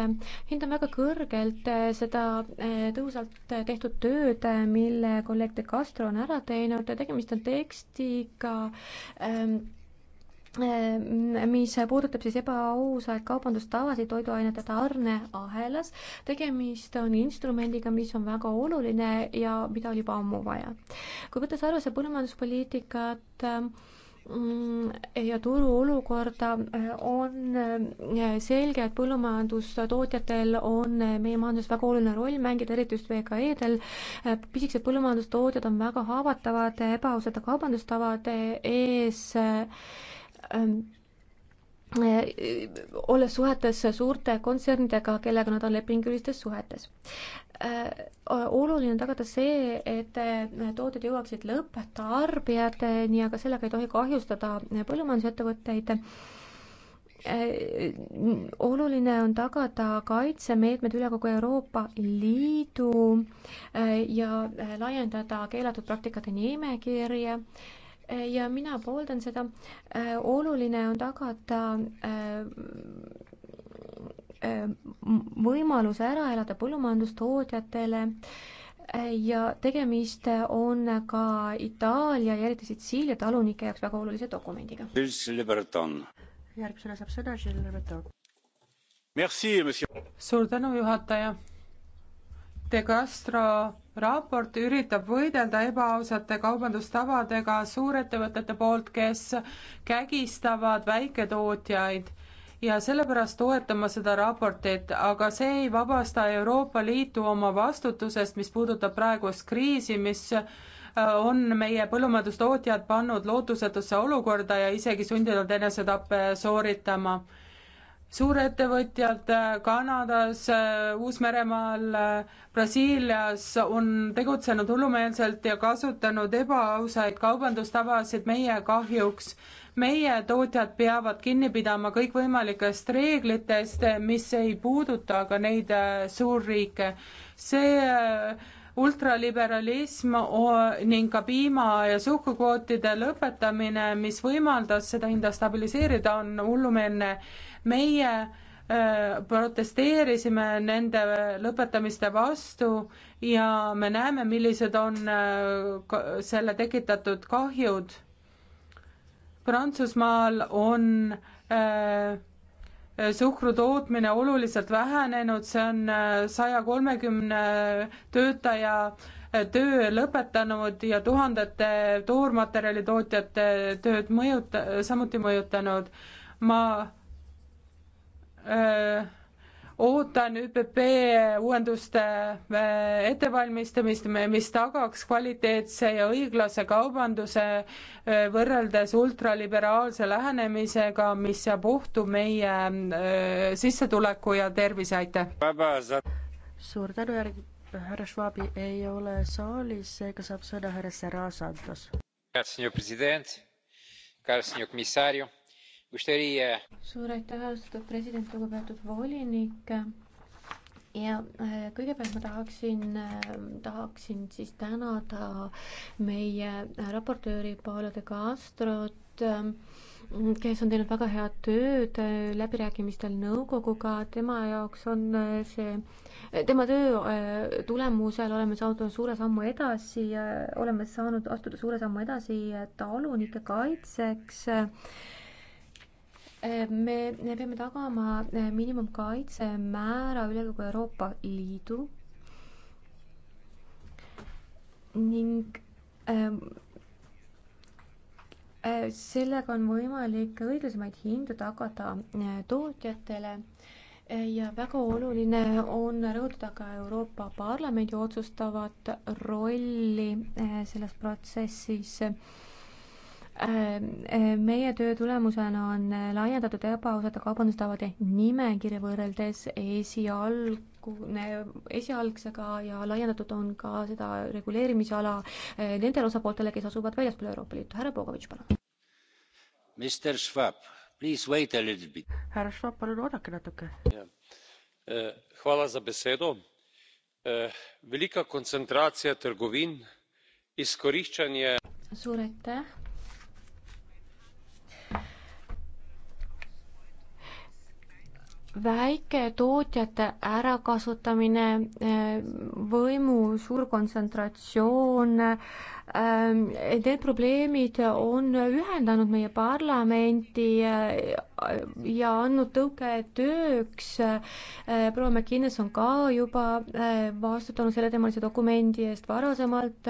hindan väga kõrgelt äh, seda äh, tõhusalt tehtud tööd, mille kolleeg De Castro on ära teinud. tegemist on tekstiga ähm, Ehm, mis puudutab siis ebaausaid kaubandustavasid toiduainete tarneahelas. tegemist on instrumendiga, mis on väga oluline ja mida oli juba ammu vaja. kui võttes arvesse põllumajanduspoliitikat ehm, ja turu olukorda, on ehm, selge, et põllumajandustootjatel on meie majanduses väga oluline roll mängida, eriti just VKE-del. pisikesed põllumajandustootjad on väga haavatavad ebaausate kaubandustavade ees Ähm, äh, olles suhetes suurte kontsernidega, kellega nad on lepingulistes suhetes. Äh, oluline on tagada see, et äh, tooted jõuaksid lõpptarbijateni, aga sellega ei tohi kahjustada põllumajandusettevõtteid oluline on tagada kaitsemeetmed üle kogu Euroopa Liidu ja laiendada keelatud praktikate nimekirja ja mina pooldan seda. Äh, oluline on tagada äh, äh, võimalus ära elada põllumajandustootjatele ja tegemist on ka Itaalia ja eriti Sitsiilia talunike jaoks väga olulise dokumendiga. järgmisena saab sõna Gilles Breton. suur tänu, juhataja. De Castro raport üritab võidelda ebaausate kaubandustavadega suurettevõtete poolt, kes kägistavad väiketootjaid ja sellepärast toetan ma seda raportit, aga see ei vabasta Euroopa Liitu oma vastutusest, mis puudutab praegust kriisi, mis äh, on meie põllumajandustootjad pannud lootusetusse olukorda ja isegi sundinud enesetappe sooritama suurettevõtjad äh, Kanadas, äh, Uus-Meremaal, äh, Brasiilias on tegutsenud hullumeelselt ja kasutanud ebaausaid kaubandustavasid meie kahjuks. meie tootjad peavad kinni pidama kõikvõimalikest reeglitest, mis ei puuduta aga neid suurriike. see ultraliberalism ning ka piima- ja suhkrukvootide lõpetamine, mis võimaldas seda hinda stabiliseerida, on hullumeelne meie protesteerisime nende lõpetamiste vastu ja me näeme, millised on selle tekitatud kahjud. Prantsusmaal on suhkru tootmine oluliselt vähenenud, see on saja kolmekümne töötaja töö lõpetanud ja tuhandete toormaterjalitootjate tööd mõjuta-, samuti mõjutanud. ma ootan ÜPP uuenduste ettevalmistamist, mis tagaks kvaliteetse ja õiglase kaubanduse võrreldes ultraliberaalse lähenemisega, mis seab ohtu meie sissetuleku ja tervise, aitäh! suur tänu, härra Schwabi ei ole saalis, seega saab sõna härra Serra Santos. Äh, suur aitäh, austatud president, lugupeetud volinik ja äh, kõigepealt ma tahaksin, äh, tahaksin siis tänada meie raportööri Paolo de Castrot, kes on teinud väga head tööd läbirääkimistel nõukoguga, tema jaoks on see, tema töö tulemusel oleme saanud suure sammu edasi, oleme saanud astuda suure sammu edasi talunike kaitseks me peame tagama eh, miinimumkaitsemäära üle kogu Euroopa Liidu ning ähm, äh, sellega on võimalik õiglasemaid hindu tagada äh, tootjatele äh, ja väga oluline on rõhutada ka Euroopa Parlamendi otsustavat rolli selles protsessis Äh, äh, meie töö tulemusena on laiendatud ebaausate kaubandustavade nimekirja võrreldes esialgne, esialgsega ja laiendatud on ka seda reguleerimisala äh, nendele osapooltele, kes asuvad väljaspool Euroopa Liitu. härra Pogovitš, palun. Mr Schwab, please wait a little bit. härra Schwab, palun oodake natuke. Hvala za besedo. Velika kontsentratsia trgovin, izkoriščanje. suur aitäh väiketootjate ärakasutamine, eh, võimu suur kontsentratsioon, Ähm, need probleemid on ühendanud meie parlamenti äh, ja andnud tõuke tööks. Äh, proua McInnes on ka juba äh, vastutanud selleteemalise dokumendi eest varasemalt.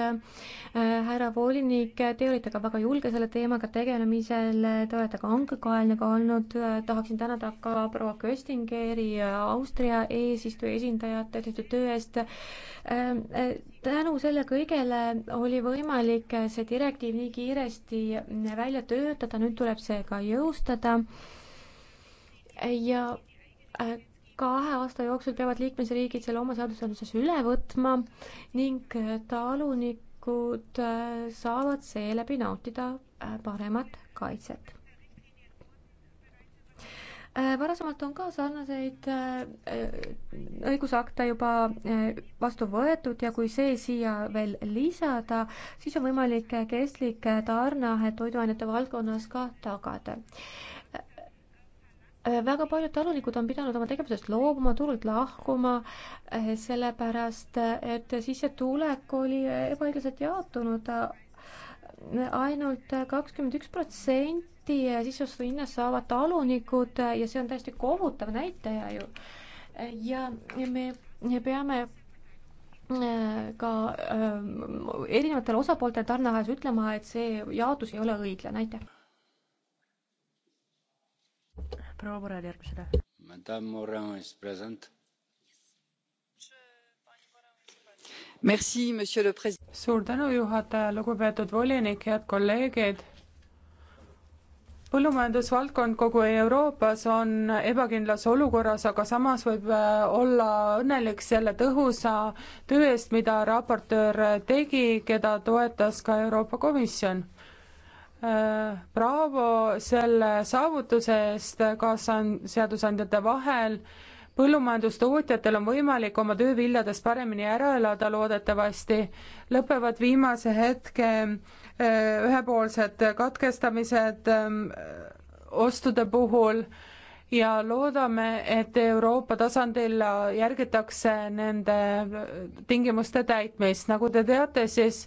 härra volinik, te olite ka väga julge selle teemaga tegelemisel, te olete ka angekaelne ka olnud. tahaksin tänada ka proua Köstingeri, Austria eesistuja esindajat tehtud töö eest tänu selle kõigele oli võimalik see direktiiv nii kiiresti välja töötada, nüüd tuleb see ka jõustada. ja äh, kahe aasta jooksul peavad liikmesriigid selle oma seadusandluses üle võtma ning talunikud äh, saavad seeläbi nautida äh, paremat kaitset. Äh, varasemalt on ka sarnaseid äh, õigusakte juba äh, vastu võetud ja kui see siia veel lisada, siis on võimalik kestlik tarneahe toiduainete valdkonnas ka tagada. väga paljud talunikud on pidanud oma tegevusest loobuma, turult lahkuma, sellepärast et sissetulek oli ebaõiglaselt jaotunud ainult kakskümmend üks protsenti sisseostuhinnast saavad talunikud ja see on täiesti kohutav näitaja ju. ja me, me peame äh, ka äh, erinevatele osapooltele tarneahes ütlema, et see jaotus ei ole õiglane, aitäh. proua Murel järgmisele. Madame Morin is present suur tänu, juhataja, lugupeetud volinik, head kolleegid. põllumajandusvaldkond kogu Euroopas on ebakindlas olukorras, aga samas võib äh, olla õnnelik selle tõhusa töö eest, mida raportöör tegi, keda toetas ka Euroopa Komisjon äh, Bravo selle saavutuse eest kaasseadusandjate vahel põllumajandustootjatel on võimalik oma tööviljadest paremini ära elada loodetavasti, lõpevad viimase hetke äh, ühepoolsed katkestamised äh, ostude puhul ja loodame, et Euroopa tasandil järgitakse nende äh, tingimuste täitmist, nagu te teate, siis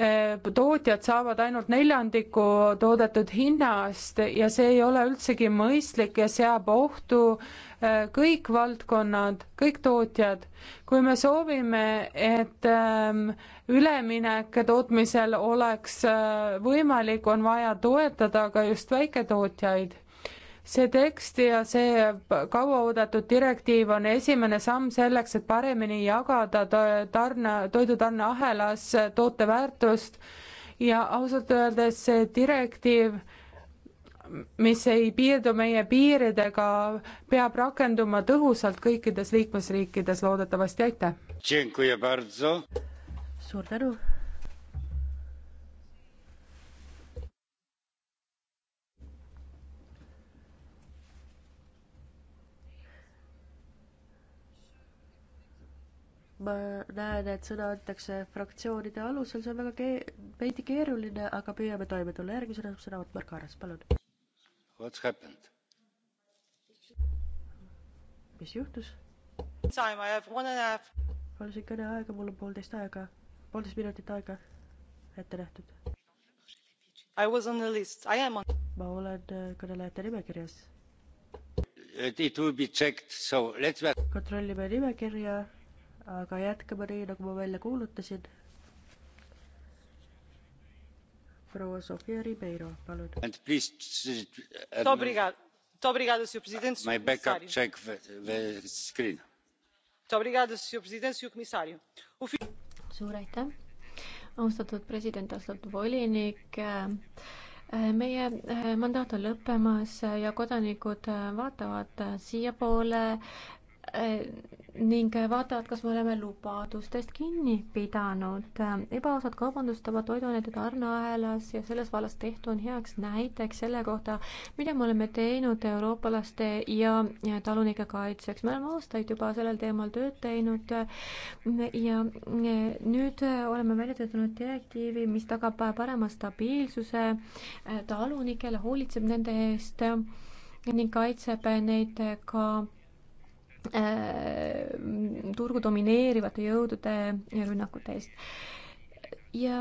Äh, tootjad saavad ainult neljandiku toodetud hinnast ja see ei ole üldsegi mõistlik ja seab ohtu äh, kõik valdkonnad, kõik tootjad. kui me soovime, et ähm, üleminek tootmisel oleks äh, võimalik, on vaja toetada ka just väiketootjaid see tekst ja see kauaoodatud direktiiv on esimene samm selleks, et paremini jagada tarne, toidutarneahelas toote väärtust ja ausalt öeldes see direktiiv mis ei piirdu meie piiridega, peab rakenduma tõhusalt kõikides liikmesriikides loodetavasti, aitäh! suur tänu, ma näen, et sõna antakse fraktsioonide alusel, see on väga ke-, veidi keeruline, aga püüame toime tulla. järgmisena sõnavõtt Mark Aras, palun. What's happened? mis juhtus? Time I have one and a half. palusin kõneaega, mul on poolteist aega, poolteist minutit aega ette nähtud. I was on the list, I am on. ma olen äh, kõnelejate nimekirjas. It will be checked, so let's. kontrollime nimekirja aga jätkame nii, nagu ma välja kuulutasin. proua Sofia Ribeiro, palun. suur aitäh, austatud president, austatud volinik äh, äh, meie äh, mandaat on lõppemas ja kodanikud vaatavad siiapoole Äh, ning vaatavad, kas me oleme lubadustest kinni pidanud. ebaausad kaubandustavad toiduainete tarneahelas ja selles vallas tehtu on heaks näiteks selle kohta, mida me oleme teinud eurooplaste ja talunike kaitseks. me oleme aastaid juba sellel teemal tööd teinud ja nüüd oleme välja töötanud direktiivi, mis tagab parema stabiilsuse äh, talunikele, hoolitseb nende eest ning kaitseb neid ka Äh, turgu domineerivate jõudude rünnakute eest. ja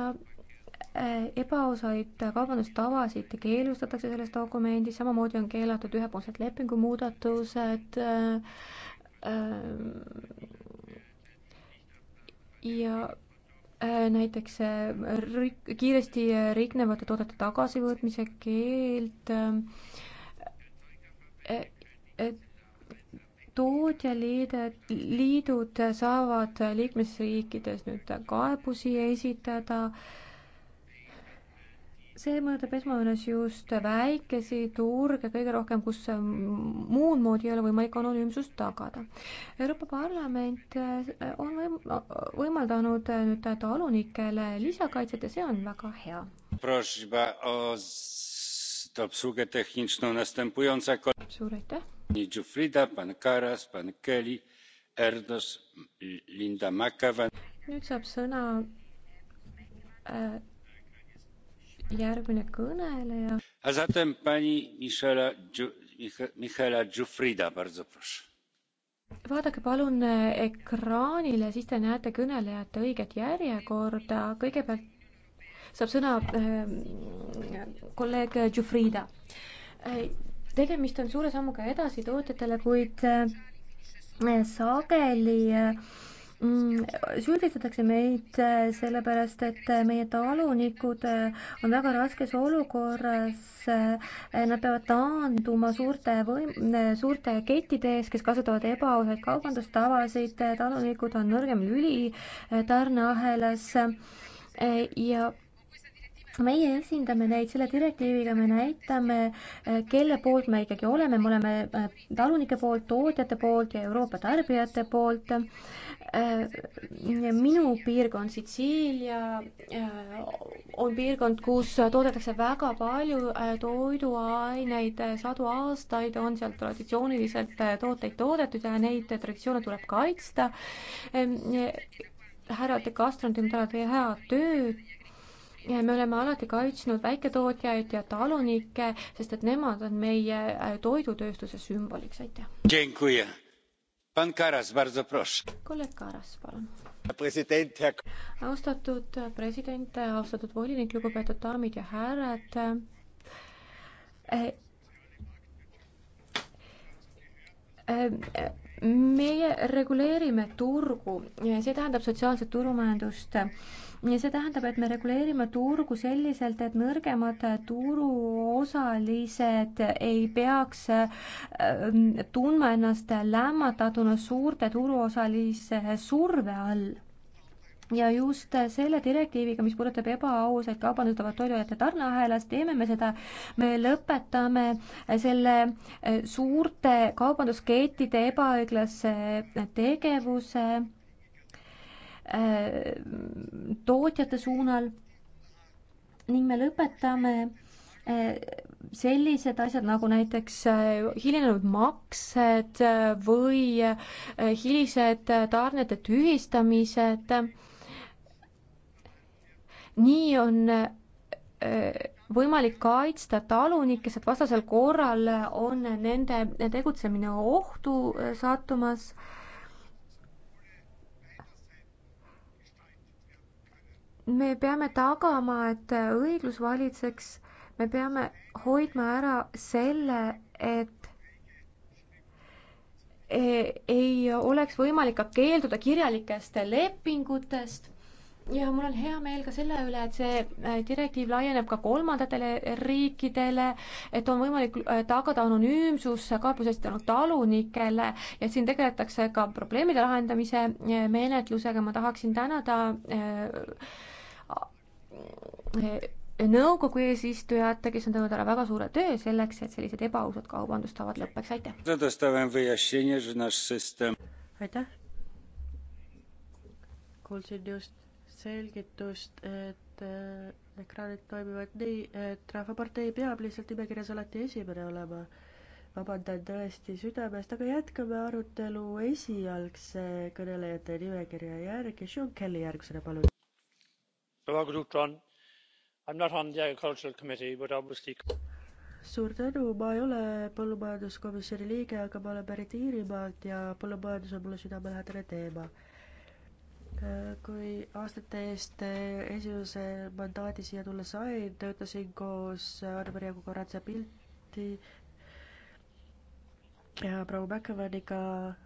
äh, ebaausaid kaubandustavasid keelustatakse selles dokumendis, samamoodi on keelatud ühepoolsed lepingumuudatused äh, ja näiteks rik-, kiiresti riknevate toodete tagasivõtmise keeld, et tootjaliided, liidud saavad liikmesriikides nüüd kaebusi esitada. see mõjutab esmajoones just väikesi turge kõige rohkem, kus muud moodi ei ole võimalik anonüümsust tagada. Euroopa Parlament on võim-, võimaldanud nüüd talunikele lisakaitset ja see on väga hea. suur aitäh! nüüd saab sõna äh, järgmine kõneleja. vaadake palun äh, ekraanile, siis te näete kõnelejate õiget järjekorda. kõigepealt saab sõna äh, kolleeg Jufrida äh, tegemist on suure sammuga edasi tootjatele, kuid äh, sageli äh, süüdistatakse meid äh, sellepärast, et meie talunikud on väga raskes olukorras, nad peavad taanduma suurte võim-, suurte kettide ees, kes kasutavad ebaausaid kaubandustavasid, talunikud on nõrgem lüli tarneahelas ja meie esindame neid, selle direktiiviga me näitame, eh, kelle poolt me ikkagi oleme, me oleme eh, talunike poolt, tootjate poolt ja Euroopa tarbijate poolt. Eh, minu piirkond, Sitsiilia, on piirkond, kus toodetakse väga palju toiduaineid, sadu aastaid on seal traditsiooniliselt tooteid toodetud ja neid traditsioone tuleb kaitsta härra de Castro on teinud alati head tööd me oleme alati kaitsnud väiketootjaid ja talunikke, sest et nemad on meie äh, toidutööstuse sümboliks, aitäh. Pan Karas, bardzo proszę. kolleeg Karas, palun. Äh, president, austatud äh, president, austatud volinik, lugupeetud daamid ja härrad äh,. Äh, meie reguleerime turgu, see tähendab sotsiaalset turumajandust ja see tähendab, et me reguleerime turgu selliselt, et nõrgemad turuosalised ei peaks ähm, tundma ennast lämmatatuna suurte turuosalise surve all ja just selle direktiiviga, mis puudutab ebaausat kaubandustavat toiduainete tarneahelas, teeme me seda, me lõpetame selle eh, suurte kaubanduskettide ebaõiglase eh, tegevuse eh, tootjate suunal ning me lõpetame sellised asjad nagu näiteks hilinenud maksed või hilised tarnete tühistamised nii on äh, äh, võimalik kaitsta talunikke, sest vastasel korral on nende tegutsemine ohtu äh, sattumas. me peame tagama, et õiglus valitseks, me peame hoidma ära selle, et ei oleks võimalik ka keelduda kirjalikest lepingutest ja mul on hea meel ka selle üle, et see äh, direktiiv laieneb ka kolmandatele riikidele, et on võimalik äh, tagada anonüümsus kaebuse esitanud talunikele ja siin tegeletakse ka probleemide lahendamise äh, menetlusega, ma tahaksin tänada nõukogu eesistujat, kes on teinud ära väga suure töö selleks, et sellised ebaausad kaubandustavad lõpeks, aitäh! aitäh! kuulsin just, selgitust, et äh, ekraanid toimivad nii, et Rahvapartei peab lihtsalt nimekirjas alati esimene olema. vabandan tõesti südamest, aga jätkame arutelu esialgse kõnelejate nimekirja järgi. Sean Kelly järgmisena, palun. suur tänu, ma ei ole põllumajanduskomisjoni liige, aga ma olen pärit Iirimaalt ja põllumajandus on mulle südamelähedane teema kui aastate eest eh, esimese mandaadi siia tulla sain, töötasin koos Anne-Maria Kukoratsa pilti ja proua McEvaniga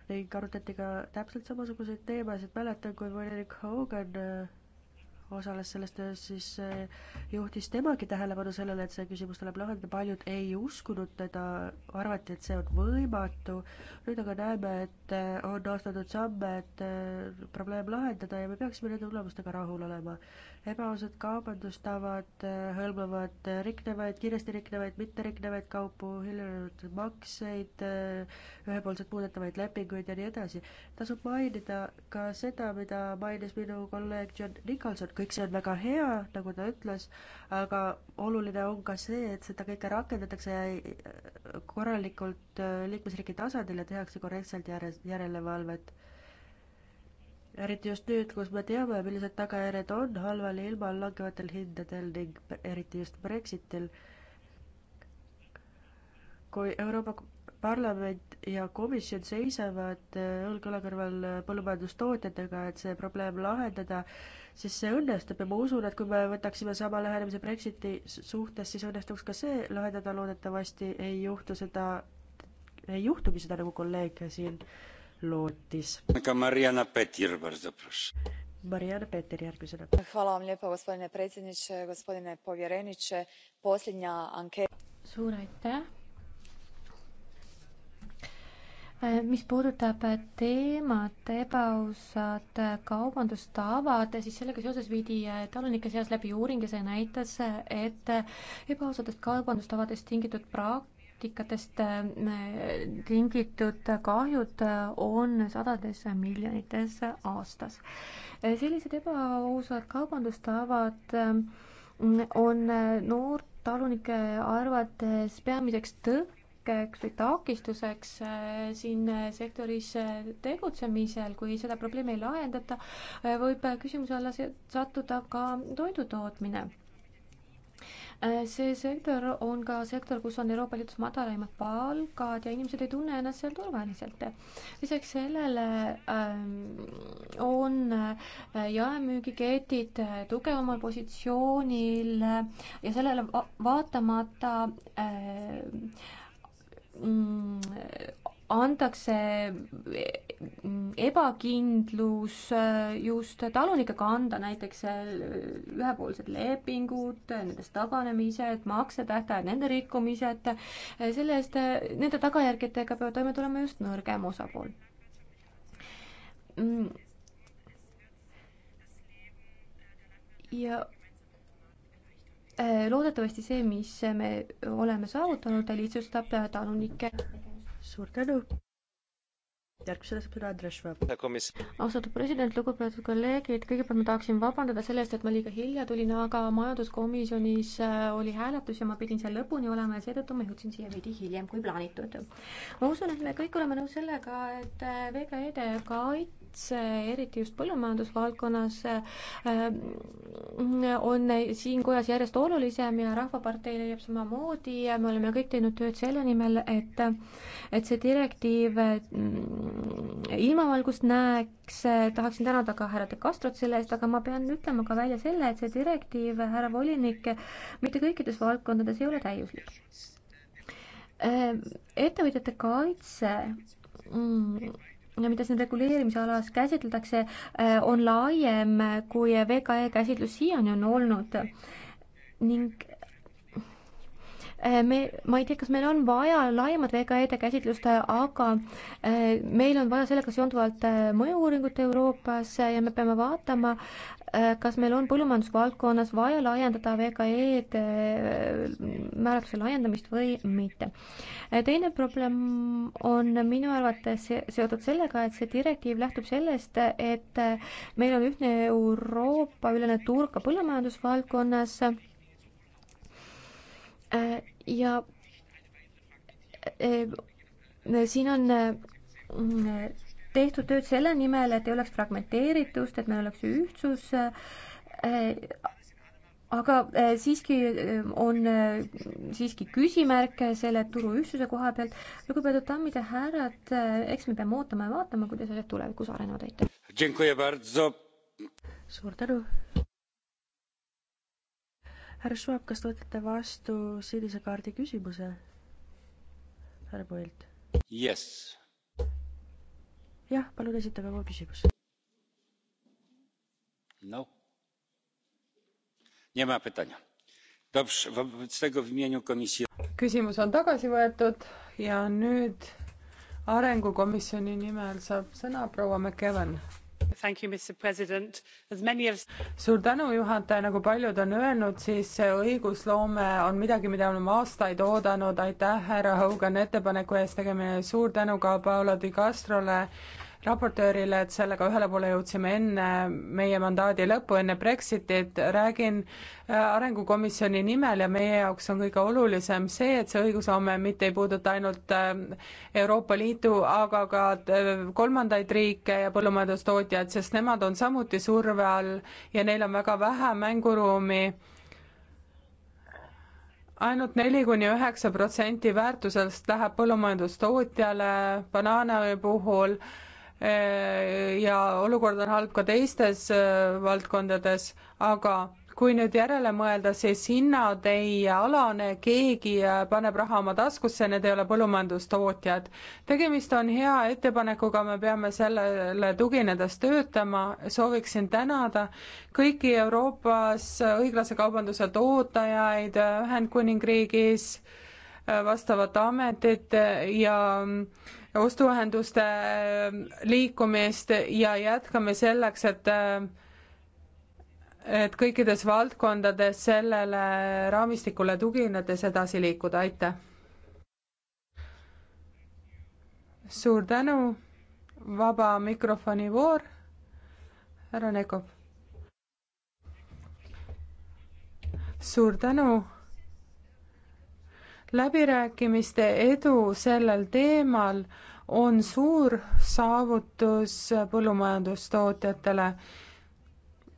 ning arutati ka täpselt samasuguseid teemasid. mäletan, kui volinik Hogan eh, osales selles töös, siis eh, juhtis temagi tähelepanu sellele, et see küsimus tuleb lahendada, paljud ei uskunud teda, arvati, et see on võimatu. nüüd aga näeme, et eh, on astutud samme, et eh, probleem lahendada ja me peaksime nende tulemustega rahul olema ebaausad kaubandustavad äh, hõlmavad äh, riknevaid, kiiresti riknevaid, mitte riknevaid kaupu, hiljunenud makseid, äh, ühepoolselt muudetavaid lepinguid ja nii edasi. tasub mainida ka seda, mida mainis minu kolleeg John Nicholson, kõik see on väga hea, nagu ta ütles, aga oluline on ka see, et seda kõike rakendatakse korralikult liikmesriigi tasandil ja tehakse korrektselt järje, järelevalvet eriti just nüüd, kus me teame, millised tagajärjed on halval ja ilmal langevatel hindadel ning eriti just Brexitil. kui Euroopa Parlament ja komisjon seisavad äh, õlg õla kõrval äh, põllumajandustootjatega, et see probleem lahendada, siis see õnnestub ja ma usun, et kui me võtaksime sama lähenemise Brexiti suhtes, siis õnnestuks ka see lahendada, loodetavasti ei juhtu seda, ei juhtugi seda, nagu kolleeg siin äh, lootis. Mariana Petir, Marijana Petir järgmisena. Hvala vam lijepa gospodine predsjedniče, gospodine povjereniče. Posljednja anketa. suur aitäh mis puudutab teemat ebaausad kaubandustavad, siis sellega seoses viidi talunike seas läbi uuring ja see näitas, et ebaausatest kaubandustavadest tingitud praak praktikatest äh, tingitud kahjud äh, on sadades miljonites aastas. Äh, sellised ebaausad kaubandustavad on noortalunike arvates peamiseks tõkkeks, tõkkeks või takistuseks siin sektoris tegutsemisel, kui seda probleemi ei lahendata, võib küsimuse alla sattuda ka toidutootmine. Äh, see sektor on ka sektor, kus on Euroopa Liidus madalamad palgad ja inimesed ei tunne ennast seal turvaliselt. lisaks sellele ähm, on äh, jaemüügiketid äh, tugevamal positsioonil ja sellele vaatamata mm, antakse ebakindlus äh, just talunikega anda näiteks äh, ühepoolsed lepingud, nendest taganemised, maksetähtajad, nende rikkumised, äh, selle eest, nende tagajärgedega peab toime tulema just nõrgem osapool mm. ja loodetavasti see, mis me oleme saavutanud, lihtsustab talunike suur tänu. järgmisele saab sõna Andres Švab. austatud president, lugupeetud kolleegid, kõigepealt ma tahaksin vabandada selle eest, et ma liiga hilja tulin, aga majanduskomisjonis äh, oli hääletus ja ma pidin seal lõpuni olema ja seetõttu ma jõudsin siia veidi hiljem kui plaanitud. ma usun, et me kõik oleme nõus sellega, et äh, VKE-de kait-, kaitse, eriti just põllumajandusvaldkonnas, äh, on siin kojas järjest olulisem ja Rahvapartei leiab samamoodi ja me oleme kõik teinud tööd selle nimel, et et see direktiiv mm, ilmavalgust näeks, tahaksin tänada ka härra De Castrot selle eest, aga ma pean ütlema ka välja selle, et see direktiiv, härra volinik, mitte kõikides valdkondades ei ole täiuslik. Äh, ettevõtjate kaitse mm, mida siin reguleerimise alas käsitletakse, äh, on laiem, äh, kui VKE käsitlus siiani on olnud ning Äh, me, ma ei tea, kas meil on vaja laiemat VKE-de käsitlust, aga äh, meil on vaja sellega seonduvalt äh, mõju-uuringut Euroopas ja me peame vaatama, kas meil on põllumajandusvaldkonnas vaja laiendada VKE-de määratluse laiendamist või mitte. teine probleem on minu arvates seotud sellega, et see direktiiv lähtub sellest, et meil on ühtne Euroopa ülene turg ka põllumajandusvaldkonnas Äh, ja äh, äh, siin on tehtud tööd selle nimel, et ei oleks fragmenteeritust, et meil oleks ühtsus. aga siiski on siiski küsimärke selle turu ühtsuse koha pealt. lugupeetud daamid ja härrad, eks me peame ootama ja vaatama, kuidas asjad tulevikus arenevad, aitäh. suur tänu härra Schwab, kas te võtate vastu sinise kaardi küsimuse? härra Poelt. Yes. jah, palun esitage oma küsimus. no. Nie ma pytania. Dobrze, wobec tego w imieniu komisji. Küsimus on tagasi võetud ja nüüd arengukomisjoni nimel saab sõna proua McEwen suur tänu, juhataja, nagu paljud on öelnud, siis see õigusloome on midagi, mida oleme aastaid oodanud, aitäh, härra Hogan, ettepaneku eest, tegemine suur tänu ka Paolo Di Castrole raportöörile, et sellega ühele poole jõudsime enne meie mandaadi lõppu, enne Brexitit, räägin äh, Arengukomisjoni nimel ja meie jaoks on kõige olulisem see, et see õigusloome mitte ei puuduta ainult äh, Euroopa Liitu, aga ka äh, kolmandaid riike ja põllumajandustootjaid, sest nemad on samuti surve all ja neil on väga vähe mänguruumi ainult neli kuni üheksa protsenti väärtusest läheb põllumajandustootjale banaani puhul äh, Äh, ja olukord on halb ka teistes äh, valdkondades, aga kui nüüd järele mõelda, siis hinnad ei alane, keegi äh, paneb raha oma taskusse, need ei ole põllumajandustootjad. tegemist on hea ettepanekuga, me peame sellele tuginedes töötama, sooviksin tänada kõiki Euroopas õiglase kaubanduse tootajaid Ühendkuningriigis äh,, Äh, vastavate ametite äh, ja mm, ostuühenduste äh, liikumist ja jätkame selleks, et et kõikides valdkondades sellele raamistikule tuginedes edasi liikuda, aitäh! suur tänu, vaba mikrofoni voor, härra Nekov. suur tänu läbirääkimiste edu sellel teemal on suur saavutus põllumajandustootjatele.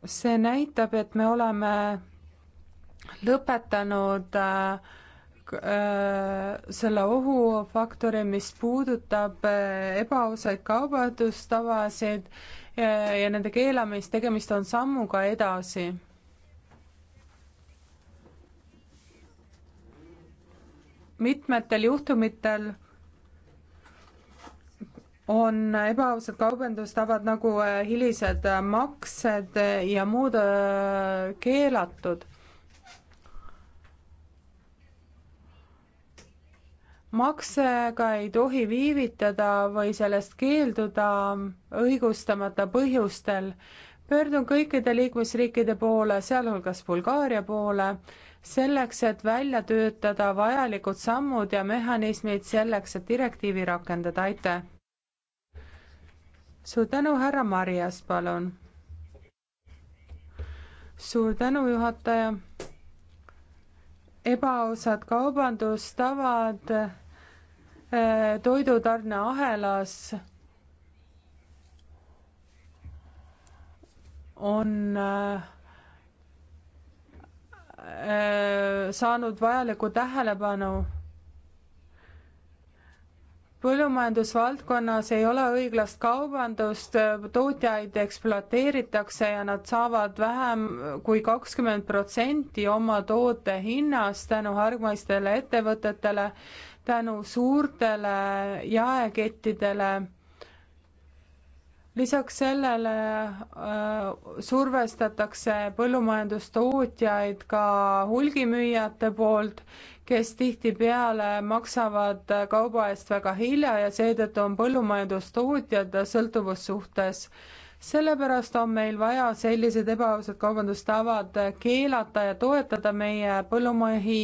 see näitab, et me oleme lõpetanud äh, selle ohufaktori, mis puudutab äh, ebaausaid kaubandustavasid ja, äh, ja nende keelamist, tegemist on sammuga edasi. mitmetel juhtumitel on ebaausad kaubandustavad nagu äh, hilised äh, maksed äh, ja muud keelatud. maksega ei tohi viivitada või sellest keelduda õigustamata põhjustel. pöördun kõikide liikmesriikide poole, sealhulgas Bulgaaria poole selleks, et välja töötada vajalikud sammud ja mehhanismid selleks, et direktiivi rakendada, aitäh. suur tänu, härra Marjas, palun. suur tänu, juhataja. ebaausad kaubandustavad äh, toidutarneahelas on äh, Äh, saanud vajalikku tähelepanu. põllumajandusvaldkonnas ei ole õiglast kaubandust, tootjaid ekspluateeritakse ja nad saavad vähem kui kakskümmend protsenti oma toote hinnast tänu hargmaistele ettevõtetele, tänu suurtele jaekettidele lisaks sellele äh, survestatakse põllumajandustootjaid ka hulgimüüjate poolt, kes tihtipeale maksavad kauba eest väga hilja ja seetõttu on põllumajandustootjad sõltuvussuhtes. sellepärast on meil vaja sellised ebaausad kaubandustavad keelata ja toetada meie põllumehi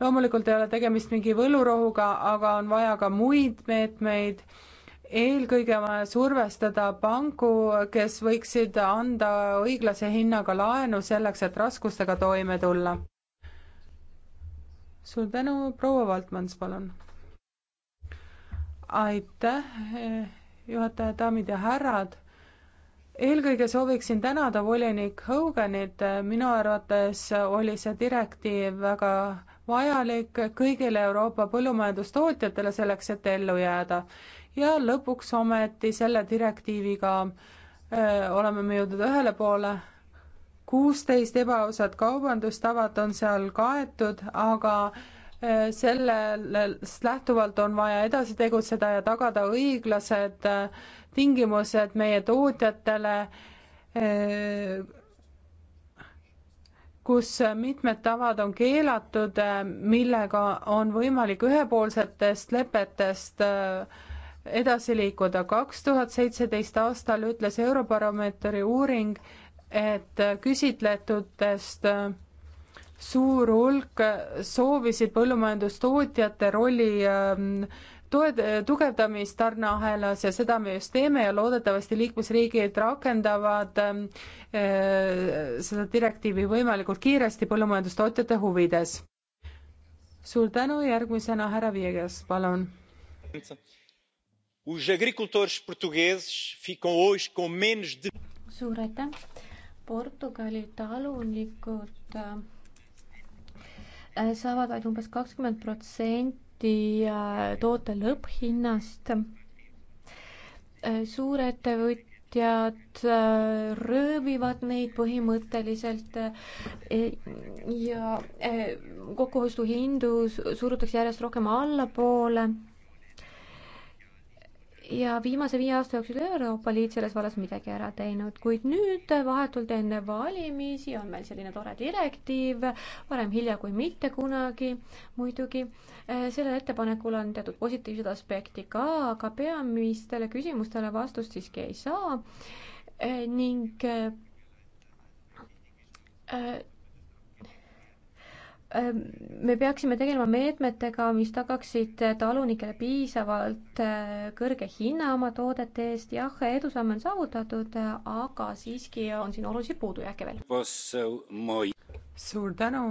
loomulikult ei ole tegemist mingi võlurohuga, aga on vaja ka muid meetmeid meet eelkõige on vaja survestada panku, kes võiksid anda õiglase hinnaga laenu selleks, et raskustega toime tulla. suur tänu, proua Valtmans, palun. aitäh, juhataja, daamid ja härrad. eelkõige sooviksin tänada volinik Hoganit, minu arvates oli see direktiiv väga vajalik kõigile Euroopa põllumajandustootjatele selleks, et ellu jääda ja lõpuks ometi selle direktiiviga öö, oleme me jõudnud ühele poole. kuusteist ebaausat kaubandustavat on seal kaetud, aga sellest lähtuvalt on vaja edasi tegutseda ja tagada õiglased tingimused meie tootjatele, kus mitmed tavad on keelatud, millega on võimalik ühepoolsetest lepetest äh, edasi liikuda. kaks tuhat seitseteist aastal ütles Eurobaromeetri uuring, et küsitletutest suur hulk soovisid põllumajandustootjate rolli ähm, toed-, tugevdamist tarneahelas ja seda me just teeme ja loodetavasti liikmesriigid rakendavad ähm, äh, seda direktiivi võimalikult kiiresti põllumajandustootjate huvides. suur tänu, järgmisena härra Viegas, palun os agricultores portugueses ficam hoje com menos de. suur aitäh, Portugali talunikud äh, saavad vaid umbes kakskümmend protsenti äh, toote lõpphinnast. Äh, suurettevõtjad röövivad neid põhimõtteliselt ja kokkuostuhindu surutakse järjest rohkem allapoole ja viimase viie aasta jooksul ei ole Euroopa Liit selles vallas midagi ära teinud, kuid nüüd vahetult enne valimisi on meil selline tore direktiiv, varem hilja kui mitte kunagi muidugi. Eh, sellel ettepanekul on teatud positiivsed aspekti ka, aga peamistele küsimustele vastust siiski ei saa eh, ning eh, me peaksime tegelema meetmetega, mis tagaksid talunikele piisavalt kõrge hinna oma toodete eest, jah, edusamme on saavutatud, aga siiski on siin olulisi puudujääke veel. suur tänu.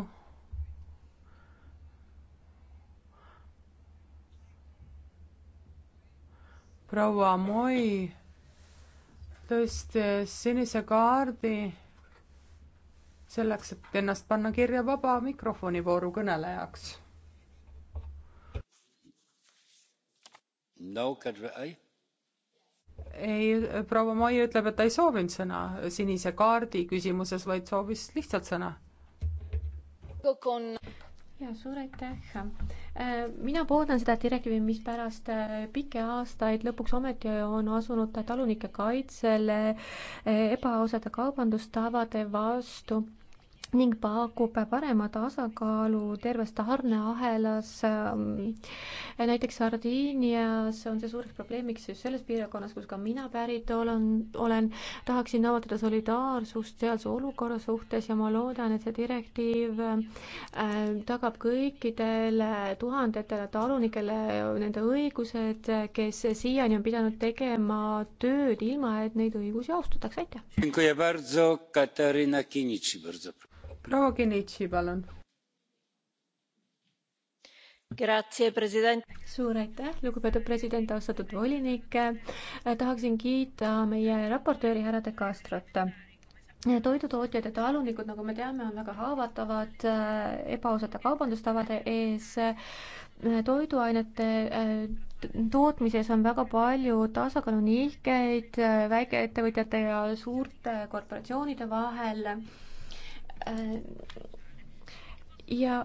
proua Moi tõstis sinise kaardi selleks, et ennast panna kirja vaba mikrofoni vooru kõnelejaks. no kadri ei, proua Mai ütleb, et ta ei soovinud sõna sinise kaardi küsimuses, vaid soovis lihtsalt sõna. ja suur aitäh. Äh, mina pooldan seda direktiivi, mis pärast äh, pikki aastaid lõpuks ometi on asunud talunike kaitsele äh, ebaausate kaubandustavade vastu ning pakub parema tasakaalu terves tarneahelas. Ähm, näiteks Sardiinias on see suureks probleemiks just selles piirkonnas, kus ka mina pärit olen, olen. tahaksin avaldada solidaarsust sealse olukorra suhtes ja ma loodan, et see direktiiv ähm, tagab kõikidele tuhandetele talunikele nende õigused, kes siiani on pidanud tegema tööd ilma, et neid õigusi austataks. aitäh! proua Genitši, palun. suur aitäh, lugupeetud president, austatud volinik. tahaksin kiita meie raportööri härra De Castrot toidutootjad ja talunikud, nagu me teame, on väga haavatavad ebaausate kaubandustavade ees. toiduainete äh, tootmises on väga palju tasakaalunihkeid väikeettevõtjate ja suurte korporatsioonide vahel Äh, ja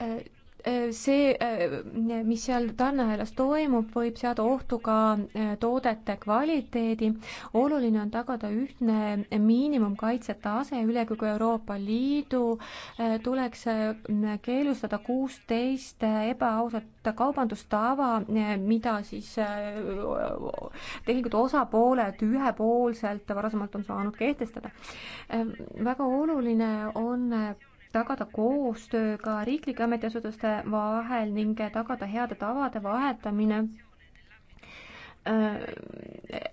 äh, Äh, see, äh, mis seal tarneahelas toimub, võib seada ohtu ka äh, toodete kvaliteedi. oluline on tagada ühtne miinimumkaitsetase üle kogu Euroopa Liidu. tuleks keelustada kuusteist ebaausat kaubandustava, mida siis tehingute osapooled ühepoolselt varasemalt on saanud kehtestada. väga oluline on tagada koostöö ka riiklike ametiasutuste vahel ning tagada heade tavade vahetamine äh,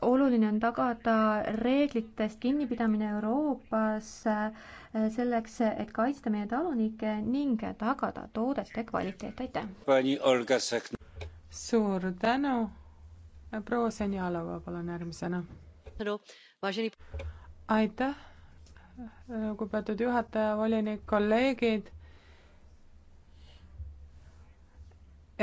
oluline on tagada reeglitest kinnipidamine Euroopas äh, selleks, et kaitsta meie talunikke ning tagada toodete kvaliteet, aitäh! suur tänu, proua Senjalova, palun järgmisena. aitäh! lugupeetud juhataja, volinik, kolleegid.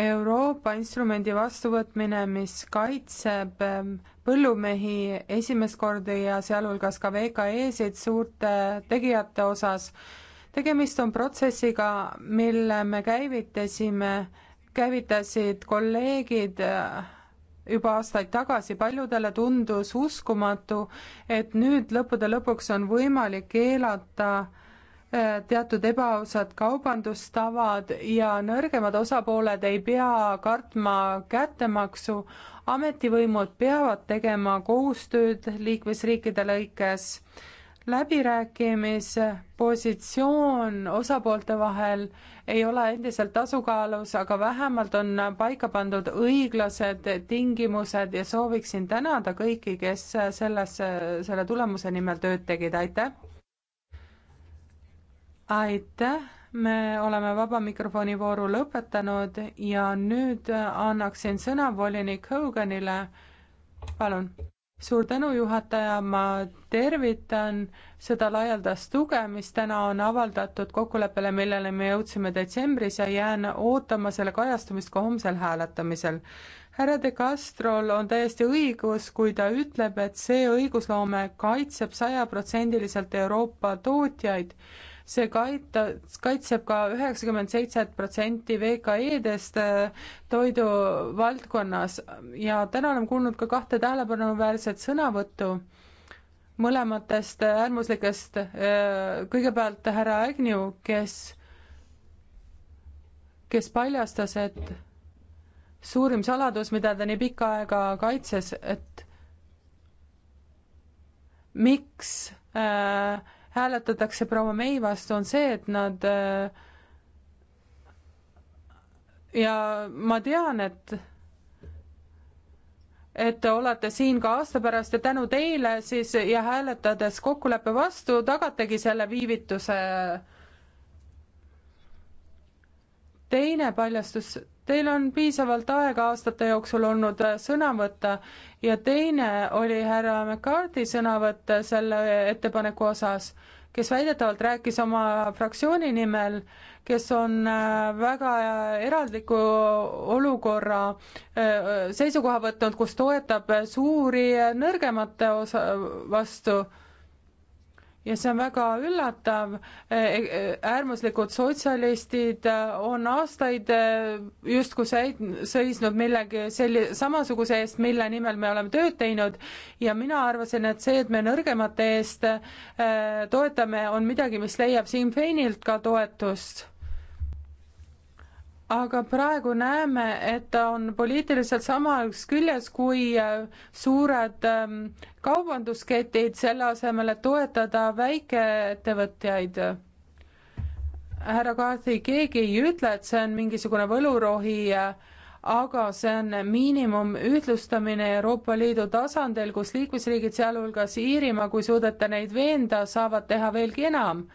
Euroopa instrumendi vastuvõtmine, mis kaitseb ähm, põllumehi esimest korda ja sealhulgas ka VKE-sid suurte tegijate osas. tegemist on protsessiga, mille me käivitasime, käivitasid kolleegid äh, juba aastaid tagasi, paljudele tundus uskumatu, et nüüd lõppude lõpuks on võimalik keelata äh, teatud ebaausad kaubandustavad ja nõrgemad osapooled ei pea kartma kättemaksu. ametivõimud peavad tegema koostööd liikmesriikide lõikes läbirääkimispositsioon osapoolte vahel ei ole endiselt tasukaalus, aga vähemalt on paika pandud õiglased tingimused ja sooviksin tänada kõiki, kes sellesse, selle tulemuse nimel tööd tegid, aitäh! aitäh, me oleme vaba mikrofoni vooru lõpetanud ja nüüd annaksin sõna volinik Hoganile, palun! suur tänu, juhataja, ma tervitan seda laialdast tuge, mis täna on avaldatud kokkuleppele, millele me jõudsime detsembris ja jään ootama selle kajastumist ka homsel hääletamisel. härra De Castrol on täiesti õigus, kui ta ütleb, et see õigusloome kaitseb sajaprotsendiliselt Euroopa tootjaid see kaita, kaitseb ka üheksakümmend seitse protsenti VKE-dest äh, toiduvaldkonnas ja täna oleme kuulnud ka kahte tähelepanuväärset sõnavõttu mõlematest äärmuslikest, äh, kõigepealt härra Agnew, kes, kes paljastas, et suurim saladus, mida ta nii pikka aega kaitses, et miks äh, hääletatakse proua May vastu, on see, et nad äh, ja ma tean, et et te olete siin ka aasta pärast ja tänu teile siis ja hääletades kokkuleppe vastu tagategi selle viivituse. teine paljastus Teil on piisavalt aega aastate jooksul olnud sõna võtta ja teine oli härra McCarthy sõnavõtt selle ettepaneku osas, kes väidetavalt rääkis oma fraktsiooni nimel, kes on äh, väga eraldliku olukorra äh, seisukoha võtnud, kus toetab suuri äh, nõrgemate osa vastu ja see on väga üllatav, e, e, äärmuslikud sotsialistid e, on aastaid justkui seisnud millegi selli-, samasuguse eest, mille nimel me oleme tööd teinud ja mina arvasin, et see, et me nõrgemate eest toetame, on midagi, mis leiab Sinn Feinilt ka toetust aga praegu näeme, et ta on poliitiliselt samas küljes kui äh, suured ähm, kaubandusketid, selle asemel, et toetada väikeettevõtjaid. härra Kaarti, keegi ei ütle, et see on mingisugune võlurohi, äh, aga see on miinimum ühtlustamine Euroopa Liidu tasandil, kus liikmesriigid, sealhulgas Iirimaa, kui suudate neid veenda, saavad teha veelgi enam.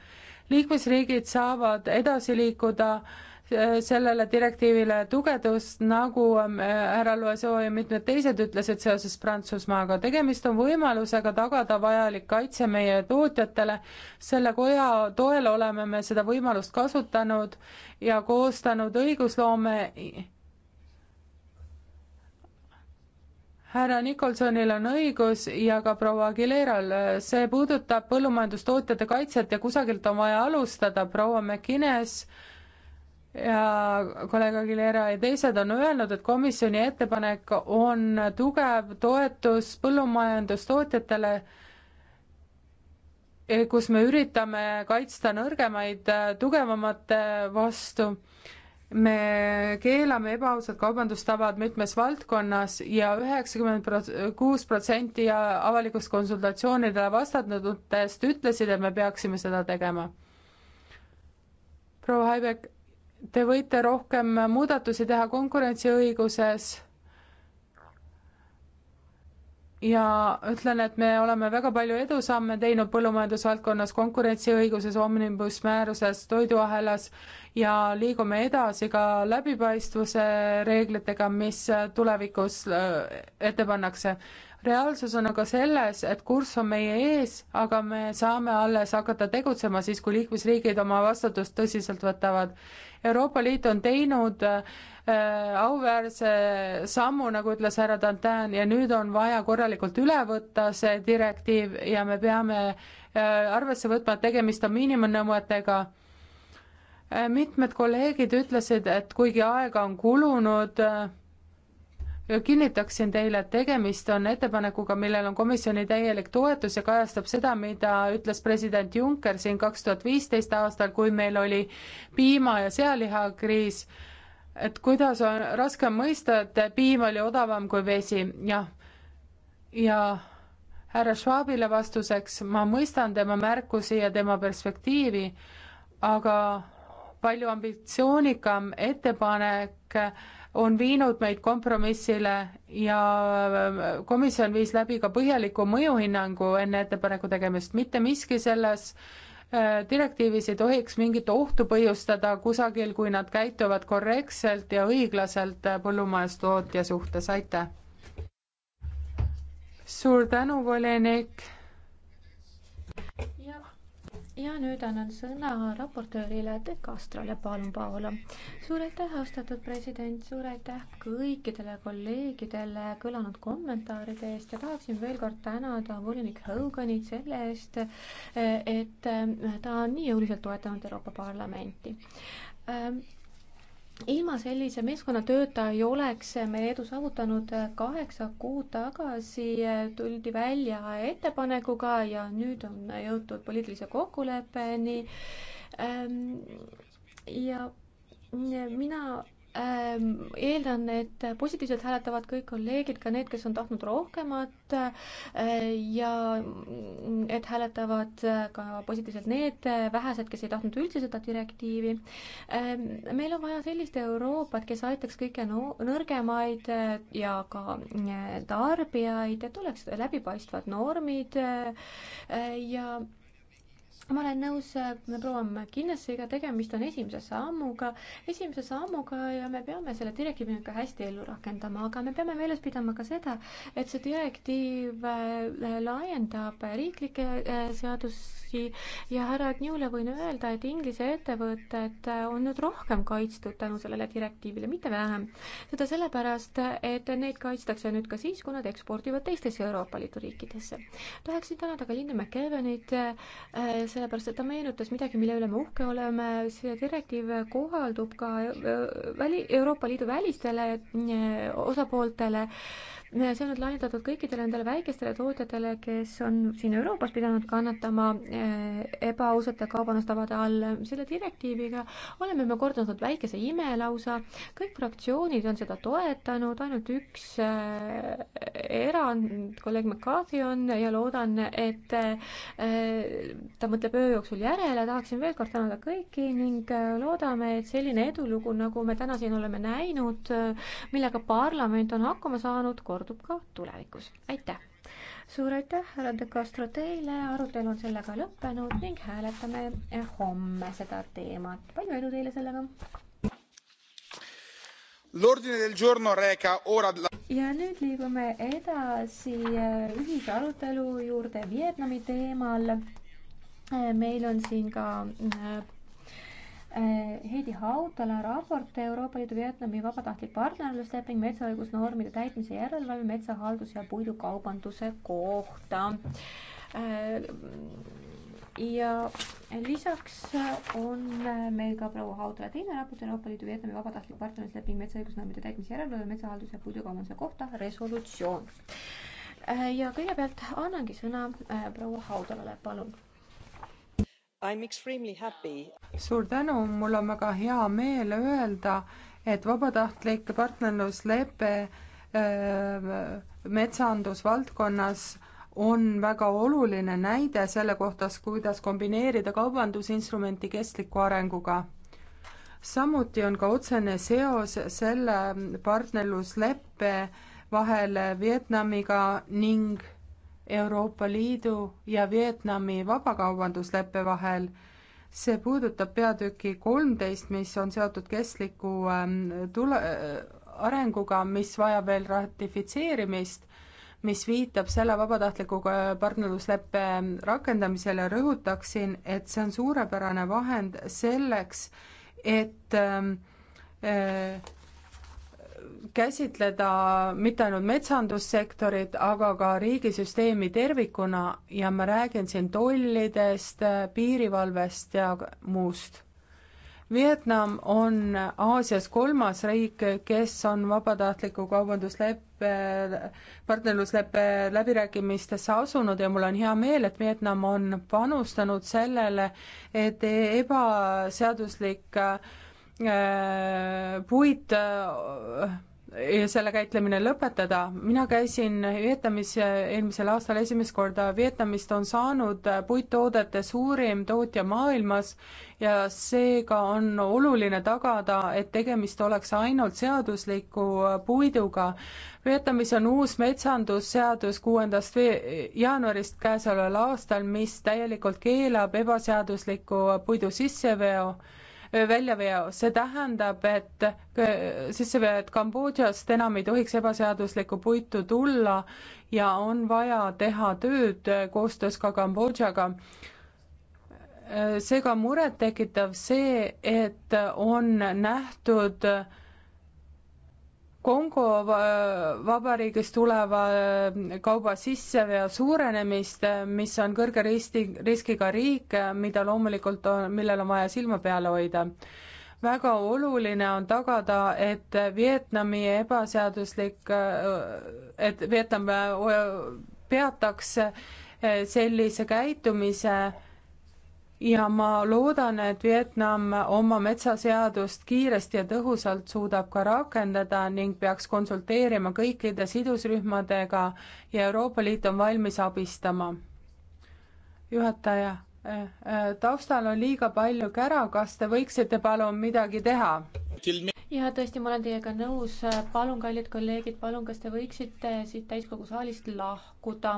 liikmesriigid saavad edasi liikuda äh, Äh, sellele direktiivile tugevdust, nagu ähm, härra Loisoo ja mitmed teised ütlesid seoses Prantsusmaaga. tegemist on võimalusega tagada vajalik kaitse meie tootjatele. selle koja toel oleme me seda võimalust kasutanud ja koostanud õigusloome härra Nikolsonil on õigus ja ka proua Aguileral, see puudutab põllumajandustootjate kaitset ja kusagilt on vaja alustada, proua McInnes äh, ja kolleeg Aguilera ja teised on öelnud, et komisjoni ettepanek on tugev toetus põllumajandustootjatele, kus me üritame kaitsta nõrgemaid tugevamate vastu. me keelame ebaausad kaubandustavad mitmes valdkonnas ja üheksakümmend kuus protsenti avalikust konsultatsioonidele vastandatutest ütlesid, et me peaksime seda tegema. proua Haibek Te võite rohkem muudatusi teha konkurentsiõiguses ja ütlen, et me oleme väga palju edusamme teinud põllumajandusvaldkonnas, konkurentsiõiguses, omnibus määruses, toiduahelas ja liigume edasi ka läbipaistvuse reeglitega, mis tulevikus äh, ette pannakse. reaalsus on aga selles, et kurss on meie ees, aga me saame alles hakata tegutsema siis, kui liikmesriigid oma vastutust tõsiselt võtavad Euroopa Liit on teinud äh, auväärse sammu, nagu ütles härra Dantin, ja nüüd on vaja korralikult üle võtta see direktiiv ja me peame äh, arvesse võtma, et tegemist on miinimumnõuetega äh, mitmed kolleegid ütlesid, et kuigi aega on kulunud, kinnitaksin teile, et tegemist on ettepanekuga, millel on komisjoni täielik toetus ja kajastab seda, mida ütles president Juncker siin kaks tuhat viisteist aastal, kui meil oli piima- ja sealihakriis, et kuidas on raske mõista, et piim oli odavam kui vesi, jah. ja härra Schwabile vastuseks, ma mõistan tema märkusi ja tema perspektiivi, aga palju ambitsioonikam ettepanek äh, on viinud meid kompromissile ja komisjon viis läbi ka põhjaliku mõjuhinnangu enne ettepaneku tegemist, mitte miski selles äh, direktiivis ei tohiks mingit ohtu põhjustada kusagil, kui nad käituvad korrektselt ja õiglaselt äh, põllumajandustootja suhtes, aitäh! suur tänu, volinik! ja nüüd annan sõna raportöörile De Castrole, palun, Paolo. suur aitäh, austatud president, suur aitäh kõikidele kolleegidele kõlanud kommentaaride eest ja tahaksin veel kord tänada volinik Hoganit selle eest, et ta on nii jõuliselt toetanud Euroopa Parlamenti ilma sellise meeskonnatööta ei oleks me edu saavutanud. kaheksa kuud tagasi tuldi välja ettepanekuga ja nüüd on jõutud poliitilise kokkuleppeni. Ehm, ja mina Ehm, eeldan, et positiivselt hääletavad kõik kolleegid, ka need, kes on tahtnud rohkemat eh, ja mm, et hääletavad eh, ka positiivselt need eh, vähesed, kes ei tahtnud üldse seda direktiivi. Ehm, meil on vaja sellist Euroopat, kes aitaks kõige no nõrgemaid ja ka tarbijaid, et oleks läbipaistvad normid ja ma olen nõus proua McKinnesiga, tegemist on esimese sammuga, esimese sammuga ja me peame selle direktiivi nüüd ka hästi ellu rakendama, aga me peame meeles pidama ka seda, et see direktiiv äh, laiendab riiklikke äh, seadusi ja härra Gnule võin öelda, et Inglise ettevõtted äh, on nüüd rohkem kaitstud tänu sellele direktiivile, mitte vähem. seda sellepärast, et neid kaitstakse nüüd ka siis, kui nad ekspordivad teistesse Euroopa Liidu riikidesse. tahaksin tänada ka Linda McEvenit selle sellepärast et ta meenutas midagi, mille üle me uhke oleme, see direktiiv kohaldub ka äh, väli, Euroopa Liidu välistele äh, osapooltele see on nüüd laiendatud kõikidele nendele väikestele tootjatele, kes on siin Euroopas pidanud kannatama eh, ebaausate kaubandustavade all. selle direktiiviga oleme me kordunud väikese ime lausa, kõik fraktsioonid on seda toetanud, ainult üks eh, erand, kolleeg McCarthy on ja loodan, et eh, ta mõtleb öö jooksul järele, tahaksin veel kord tänada kõiki ning loodame, et selline edulugu, nagu me täna siin oleme näinud, millega parlament on hakkama saanud, kord kordub ka tulevikus. aitäh! suur aitäh, härra De Castro teile, arutelu on sellega lõppenud ning hääletame eh, homme seda teemat. palju edu teile sellega! ja nüüd liigume edasi eh, ühise arutelu juurde Vietnami teemal. Eh, meil on siin ka Äh, Heidi Hautala raport Euroopa Liidu Vietnami vabatahtlik partnerlusleping metsaõigusnormide täitmise järelevalve metsahalduse ja puidukaubanduse kohta. Äh, ja lisaks on meil ka proua Hautala teine raport Euroopa Liidu Vietnami vabatahtlik partnerlusleping metsaõigusnormide täitmise järelevalve metsahalduse ja puidukaubanduse kohta, resolutsioon. Äh, ja kõigepealt annangi sõna proua Hautalale, palun suur tänu, mul on väga hea meel öelda, et vabatahtlik partnerluslepe äh, metsandusvaldkonnas on väga oluline näide selle kohta, kuidas kombineerida kaubandusinstrumenti kestliku arenguga. samuti on ka otsene seos selle partnerlusleppe vahel Vietnamiga ning Euroopa Liidu ja Vietnami vabakaubandusleppe vahel. see puudutab peatüki kolmteist, mis on seotud kestliku ähm, tule-, äh, arenguga, mis vajab veel ratifitseerimist, mis viitab selle vabatahtliku äh, partnerlusleppe ähm, rakendamisele, rõhutaksin, et see on suurepärane vahend selleks, et ähm, äh, käsitleda mitte ainult metsandussektorit, aga ka riigisüsteemi tervikuna ja ma räägin siin tollidest, piirivalvest ja muust. Vietnam on Aasias kolmas riik, kes on vabatahtliku kaubandusleppe, partnerlusleppe läbirääkimistesse asunud ja mul on hea meel, et Vietnam on panustanud sellele, et ebaseaduslik äh, puit selle käitlemine lõpetada. mina käisin Vietnamis eelmisel aastal esimest korda. Vietnamist on saanud puittoodete suurim tootja maailmas ja seega on oluline tagada, et tegemist oleks ainult seadusliku puiduga. Vietnamis on uus metsandusseadus kuuendast jaanuarist käesoleval aastal, mis täielikult keelab ebaseadusliku puidu sisseveo väljaveo. see tähendab, et sisseveojad Kambodžast enam ei tohiks ebaseaduslikku puitu tulla ja on vaja teha tööd koostöös ka Kambodžaga seega murettekitav see, et on nähtud Kongo vabariigist tuleva kauba sisseveo suurenemist, mis on kõrge risti, riskiga riik, mida loomulikult on, millel on vaja silma peal hoida. väga oluline on tagada, et Vietnami ebaseaduslik, et Vietnam peataks sellise käitumise ja ma loodan, et Vietnam oma metsaseadust kiiresti ja tõhusalt suudab ka rakendada ning peaks konsulteerima kõikide sidusrühmadega ja Euroopa Liit on valmis abistama. juhataja, eh, eh, taustal on liiga palju kära, kas te võiksite palun midagi teha? ja tõesti, ma olen teiega nõus, palun, kallid kolleegid, palun, kas te võiksite siit täiskogu saalist lahkuda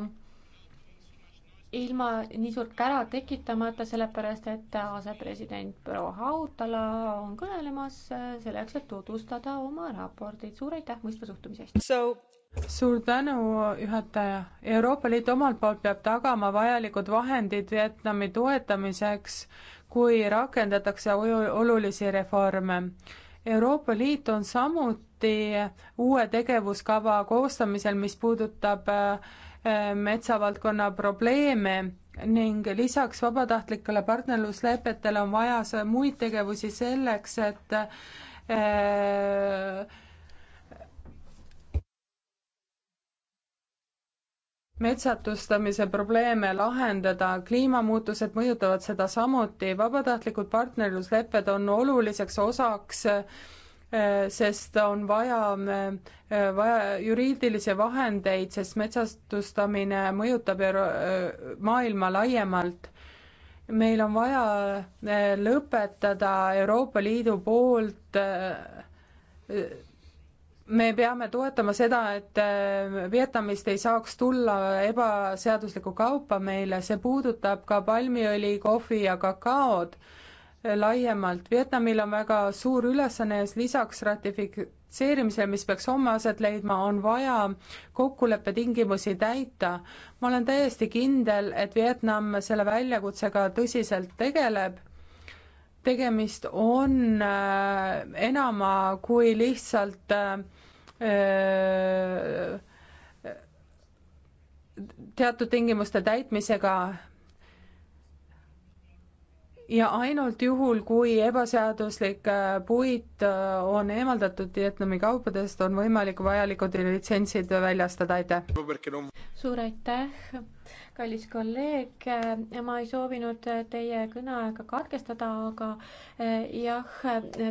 ilma nii suurt kära tekitamata, sellepärast et asepresident proua Hautala on kõnelemas selleks, et tutvustada oma raportit. suur aitäh mõistva suhtumise eest so...! suur tänu, juhataja. Euroopa Liit omalt poolt peab tagama vajalikud vahendid Vietnami toetamiseks, kui rakendatakse olulisi reforme. Euroopa Liit on samuti uue tegevuskava koostamisel, mis puudutab äh, metsavaldkonna probleeme ning lisaks vabatahtlikele partnerluslepetele on vaja muid tegevusi selleks, et äh, metsatustamise probleeme lahendada, kliimamuutused mõjutavad seda samuti, vabatahtlikud partnerluslepped on oluliseks osaks äh, sest on vaja, vaja juriidilisi vahendeid, sest metsastustamine mõjutab maailma laiemalt. meil on vaja eh, lõpetada Euroopa Liidu poolt eh, me peame toetama seda, et eh, Vietnamist ei saaks tulla ebaseaduslikku kaupa meile, see puudutab ka palmiõli, kohvi ja kakaod laiemalt. Vietnamil on väga suur ülesanne ja lisaks ratifitseerimisele, mis peaks homme aset leidma, on vaja kokkuleppe tingimusi täita. ma olen täiesti kindel, et Vietnam selle väljakutsega tõsiselt tegeleb tegemist on äh, enama kui lihtsalt äh, äh teatud tingimuste täitmisega, ja ainult juhul, kui ebaseaduslik äh, puit äh, on eemaldatud Vietnami kaupadest, on võimalik vajalikud litsentsid väljastada, aitäh! suur aitäh! kallis kolleeg, äh, ma ei soovinud äh, teie kõneaega katkestada, aga äh, jah,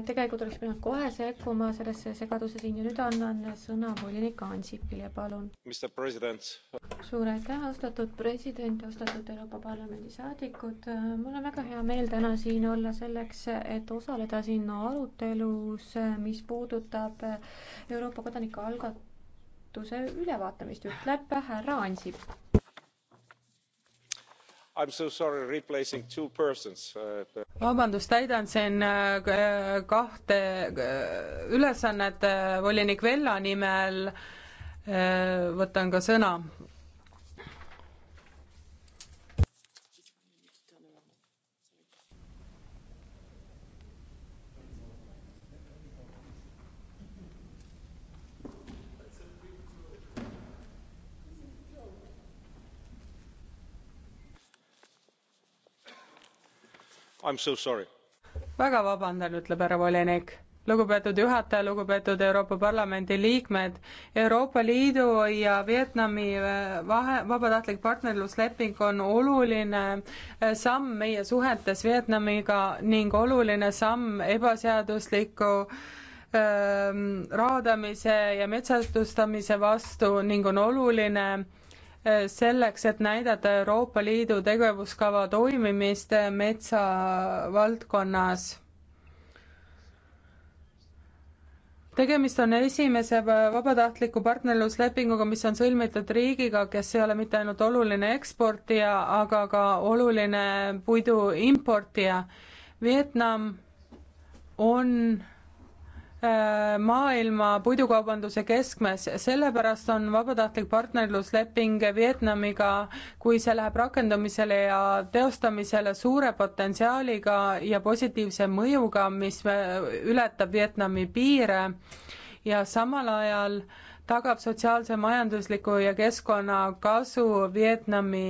tegelikult oleks pidanud kohe sekkuma sellesse segaduse siin ja nüüd annan sõna volinik Ansipile, palun. suur aitäh, austatud president, austatud Euroopa Parlamendi saadikud. mul on väga hea meel täna siin olla selleks, et osaleda siin arutelus, mis puudutab Euroopa kodanike algatuse ülevaatamist, ütleb härra Ansip Uh, vabandust täidan siin äh, äh, kahte äh, ülesannet volinik vella nimel võtan ka sõna. väga vabandan, ütleb härra volinik lugupeetud juhataja, lugupeetud Euroopa Parlamendi liikmed, Euroopa Liidu ja Vietnami äh, vahe, vabatahtlik partnerlusleping on oluline äh, samm meie suhetes Vietnamiga ning oluline samm ebaseadusliku öö, ähm, raadamise ja metsastustamise vastu ning on oluline selleks, et näidata Euroopa Liidu tegevuskava toimimist metsavaldkonnas. tegemist on esimese vabatahtliku partnerluslepinguga, mis on sõlmitud riigiga, kes ei ole mitte ainult oluline eksportija, aga ka oluline puidu importija. Vietnam on Äh, maailma puidukaubanduse keskmes, sellepärast on vabatahtlik partnerlusleping Vietnamiga, kui see läheb rakendamisele ja teostamisele, suure potentsiaaliga ja positiivse mõjuga, mis äh, ületab Vietnami piire ja samal ajal tagab sotsiaalse, majandusliku ja keskkonna kasu Vietnami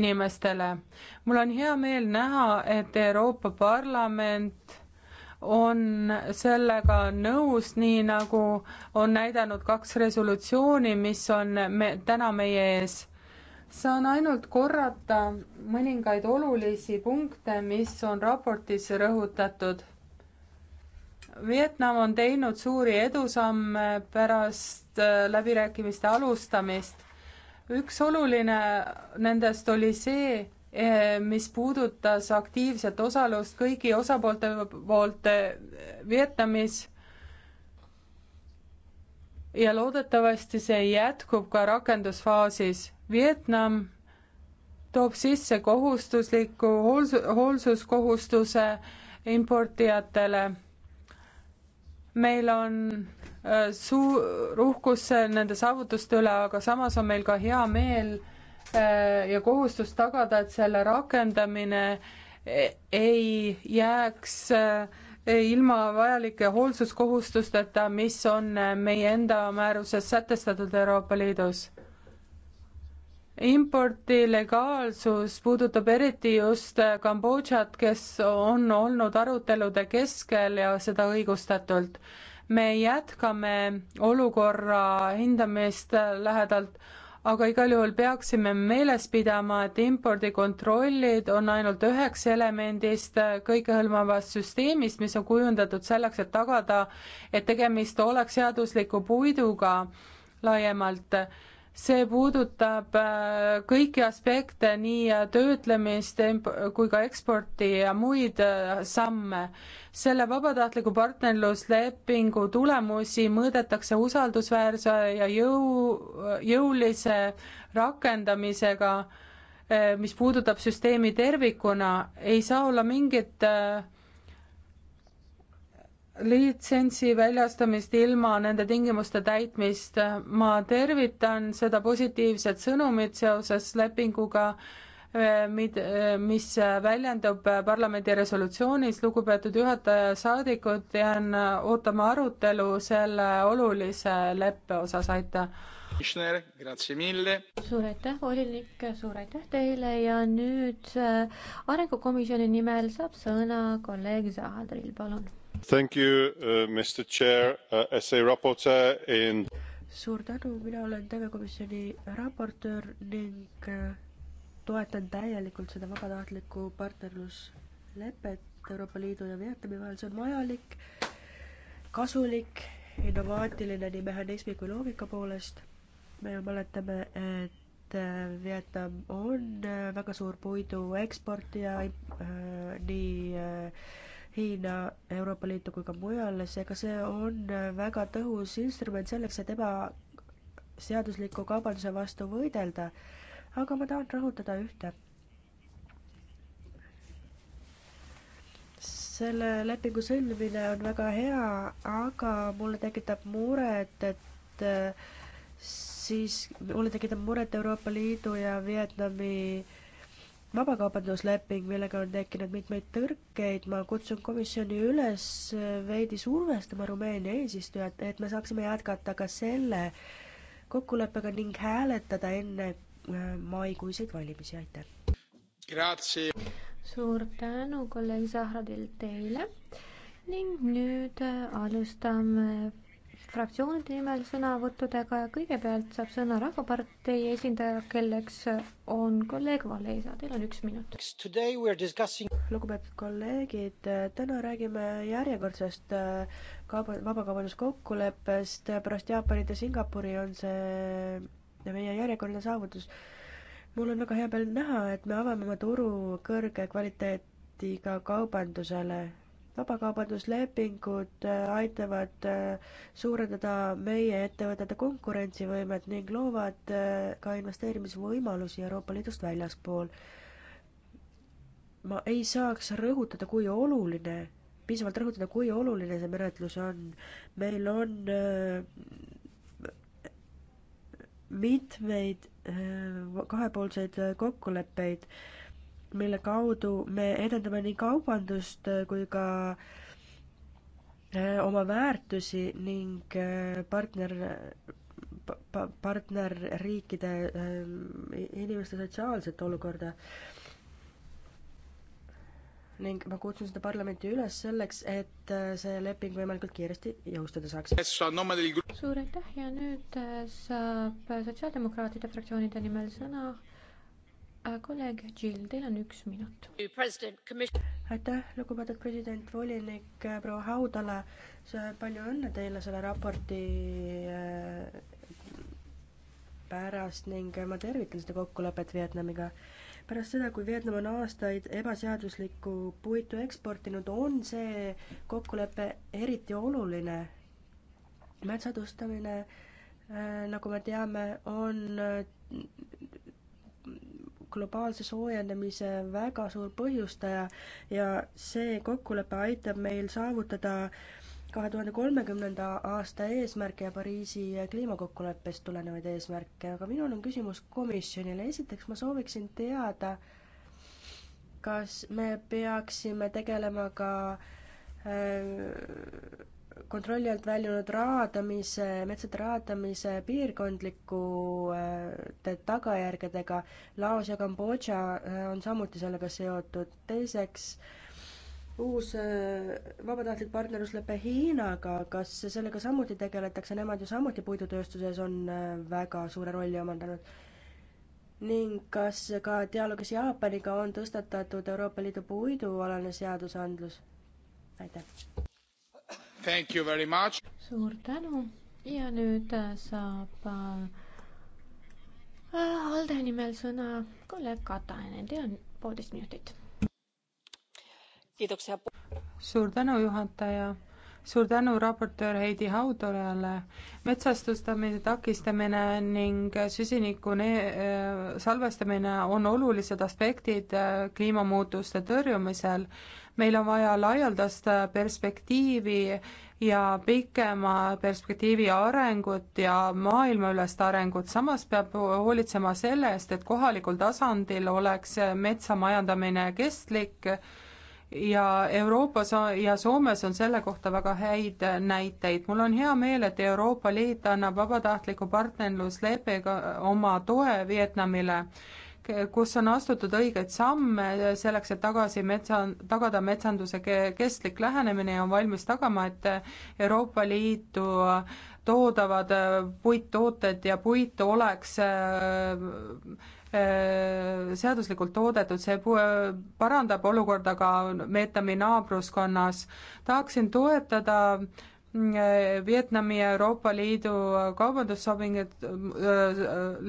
inimestele. mul on hea meel näha, et Euroopa Parlament on sellega nõus, nii nagu on näidanud kaks resolutsiooni, mis on me, täna meie ees. saan ainult korrata mõningaid olulisi punkte, mis on raportis rõhutatud Vietnam on teinud suuri edusamme pärast äh, läbirääkimiste alustamist. üks oluline nendest oli see, Eh, mis puudutas aktiivset osalust kõigi osapoolte poolt eh, Vietnamis ja loodetavasti see jätkub ka rakendusfaasis. Vietnam toob sisse kohustusliku hoolsu-, hoolsuskohustuse importijatele. meil on eh, suu-, uhkus nende saavutuste üle, aga samas on meil ka hea meel äh, Äh, ja kohustus tagada, et selle rakendamine ei jääks äh, ilma vajalike hoolsuskohustusteta, mis on äh, meie enda määruses sätestatud Euroopa Liidus. importi legaalsus puudutab eriti just Kambodžat, kes on olnud arutelude keskel ja seda õigustatult. me jätkame olukorra hindamist lähedalt aga igal juhul peaksime meeles pidama, et impordikontrollid on ainult üheks elemendist kõikehõlmavast süsteemist, mis on kujundatud selleks, et tagada, et tegemist oleks seadusliku puiduga laiemalt see puudutab äh, kõiki aspekte, nii äh, töötlemist kui ka eksporti ja muid äh, samme. selle vabatahtliku partnerluslepingu tulemusi mõõdetakse usaldusväärse ja jõu, jõulise rakendamisega, mis puudutab süsteemi tervikuna, ei saa olla mingit litsentsi väljastamist ilma nende tingimuste täitmist. ma tervitan seda positiivset sõnumit seoses lepinguga, eh, mid-, eh, mis väljendub parlamendi resolutsioonis, lugupeetud juhataja, saadikud, jään ootama arutelu selle olulise leppe osas, aitäh. suur aitäh, volinik, suur aitäh teile ja nüüd eh, arengukomisjoni nimel saab sõna kolleeg Zahadril, palun Uh, uh, in... suur tänu, mina olen telekomisjoni raportöör ning uh, toetan täielikult seda vabatahtlikku partnerluslepet Euroopa Liidu ja Vietnami vahel, see on vajalik, kasulik, innovaatiline nii mehhanismi kui loogika poolest. me ju mäletame, et et Vietnam on väga suur puidu eksportija äh, nii äh, Hiina, Euroopa Liitu kui ka mujale, seega see on väga tõhus instrument selleks, et ebaseadusliku kaubanduse vastu võidelda. aga ma tahan rõhutada ühte selle lepingu sõlmimine on väga hea, aga mulle tekitab muret, et äh, siis, mulle tekitab muret Euroopa Liidu ja Vietnami vabakaubandusleping, millega on tekkinud mitmeid tõrkeid, ma kutsun komisjoni üles veidi survestama Rumeenia eesistujat, et me saaksime jätkata ka selle kokkuleppega ning hääletada enne äh, maikuiseid valimisi, aitäh! suur tänu, kolleeg Zahradil teile ning nüüd äh, alustame fraktsioonide nimel sõnavõttudega ja kõigepealt saab sõna Rahvapartei esindaja, kelleks on kolleeg Valesa, teil on üks minut. lugupeetud kolleegid, täna räägime järjekordsest äh, kaub-, vabakaubanduskokkuleppest, pärast Jaapanit ja Singapuri on see meie järjekordne saavutus. mul on väga hea meel näha, et me avame oma turu kõrge kvaliteet kvaliteediga kaubandusele vabakaubanduslepingud äh, aitavad äh, suurendada meie ettevõtete konkurentsivõimet ning loovad äh, ka investeerimisvõimalusi Euroopa Liidust väljaspool. ma ei saaks rõhutada, kui oluline, piisavalt rõhutada, kui oluline see menetlus on. meil on mitmeid kahepoolseid kokkuleppeid mille kaudu me edendame nii kaubandust äh, kui ka äh, oma väärtusi ning äh, partner, partnerriikide inimeste sotsiaalset olukorda. ning ma kutsun seda parlamenti üles selleks, et see leping võimalikult kiiresti jõustuda saaks. suur aitäh ja nüüd saab sotsiaaldemokraatide fraktsioonide nimel sõna Äh, kolleeg Jill, teil on üks minut. aitäh, lugupeetud president, volinik äh, proua Haudala. palju õnne teile selle raporti äh, pärast ning ma tervitan seda kokkulepet Vietnamiga pärast seda, kui Vietnam on aastaid ebaseaduslikku puitu eksportinud, on see kokkulepe eriti oluline. metsatustamine, nagu me teame, on globaalse soojenemise väga suur põhjustaja ja see kokkulepe aitab meil saavutada kahe tuhande kolmekümnenda aasta eesmärke ja Pariisi kliimakokkuleppest tulenevaid eesmärke, aga minul on küsimus komisjonile. esiteks ma sooviksin teada, kas me peaksime tegelema ka äh, kontrolli alt väljunud raadamise, metsade raadamise piirkondlikude tagajärgedega. Laos ja Kambodža äh, on samuti sellega seotud. teiseks, uus äh, vabatahtlik partnerluslepe Hiinaga, kas sellega samuti tegeletakse, nemad ju samuti puidutööstuses on äh, väga suure rolli omandanud ning kas ka dialoogis Jaapaniga on tõstatatud Euroopa Liidu puidualane seadusandlus? aitäh! suur tänu ja nüüd äh, saab äh, äh, Alde nimel sõna kolleeg Katainen, teil on poolteist minutit. suur tänu, juhataja suur tänu raportöör Heidi Haudolale. metsastustamise takistamine ning süsiniku salvestamine on olulised aspektid kliimamuutuste tõrjumisel meil on vaja laialdast äh, perspektiivi ja pikema perspektiivi arengut ja maailmaülest arengut, samas peab hoolitsema selle eest, et kohalikul tasandil oleks äh, metsa majandamine kestlik ja Euroopas ja Soomes on selle kohta väga häid äh, näiteid. mul on hea meel, et Euroopa Liit annab vabatahtliku partnerlusleppega oma toe Vietnamile kus on astutud õigeid samme selleks, et tagasi metsa, tagada metsanduse kestlik lähenemine ja on valmis tagama, et Euroopa Liitu toodavad puittooted ja puit oleks äh, äh, seaduslikult toodetud, see parandab olukorda ka Meetami naabruskonnas. tahaksin toetada äh, Vietnami ja Euroopa Liidu kaubandussobingud,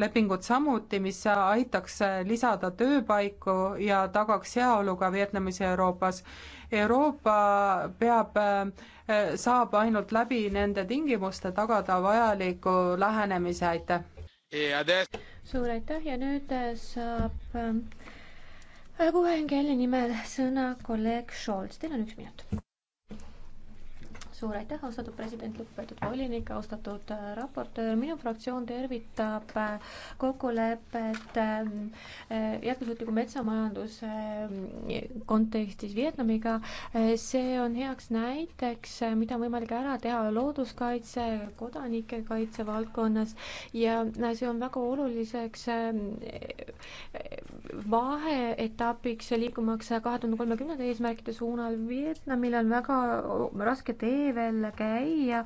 lepingud samuti, mis aitaks lisada tööpaiku ja tagaks heaolu ka Vietnamis ja Euroopas. Euroopa peab, saab ainult läbi nende tingimuste tagada vajaliku lähenemise, aitäh! suur aitäh ja nüüd äh, saab äh, Kuhengeli nimel sõna kolleeg Scholz, teil on üks minut suur aitäh, austatud president, lugupeetud volinik, austatud äh, raportöör, minu fraktsioon tervitab äh, kokkulepet ähm, äh, jätkusuutliku metsamajanduse kontekstis Vietnamiga. see on heaks näiteks, mida on võimalik ära teha looduskaitse, kodanike kaitse valdkonnas ja see on väga oluliseks ähm, vaheetapiks liikumaks kahe tuhande kolmekümnenda eesmärkide suunal. Vietnamil on väga raske tee tee veel käia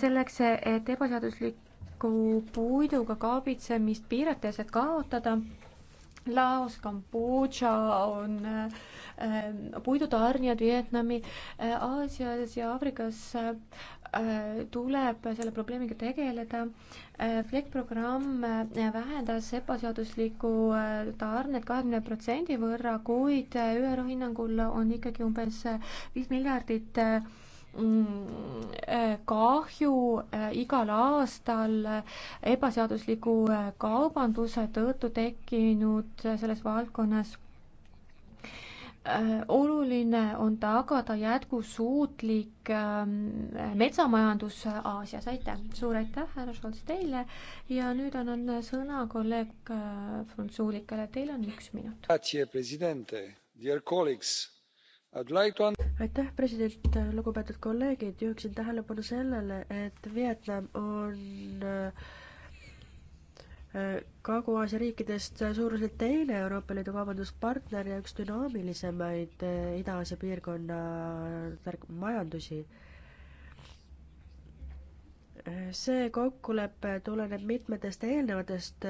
selleks, et ebaseaduslikku puiduga kaabitsemist piirata ja see kaotada Laos, Kambodža on äh, puidutarnijad Vietnami äh,, Aasias ja Aafrikas äh, tuleb selle probleemiga tegeleda äh,. FLEG programm äh, vähendas ebaseaduslikku äh, tarnet kahekümne protsendi võrra, kuid äh, ÜRO hinnangul on ikkagi umbes äh, viis miljardit äh, Mm, äh, kahju äh, igal aastal äh, ebaseadusliku kaubanduse tõttu tekkinud selles valdkonnas. oluline on tagada jätkusuutlik ähm, metsamajandus Aasias, aitäh. suur aitäh, härra Šolts teile ja nüüd annan sõna kolleeg Frunzulikale, teil on üks minut. Dear colleagues aitäh, president, lugupeetud kolleegid, juhiksin tähelepanu sellele, et Vietnam on äh, Kagu-Aasia riikidest suuruselt teine Euroopa Liidu kaubanduspartner ja üks dünaamilisemaid äh, Ida-Aasia piirkonna äh, majandusi see kokkulepe tuleneb mitmetest eelnevatest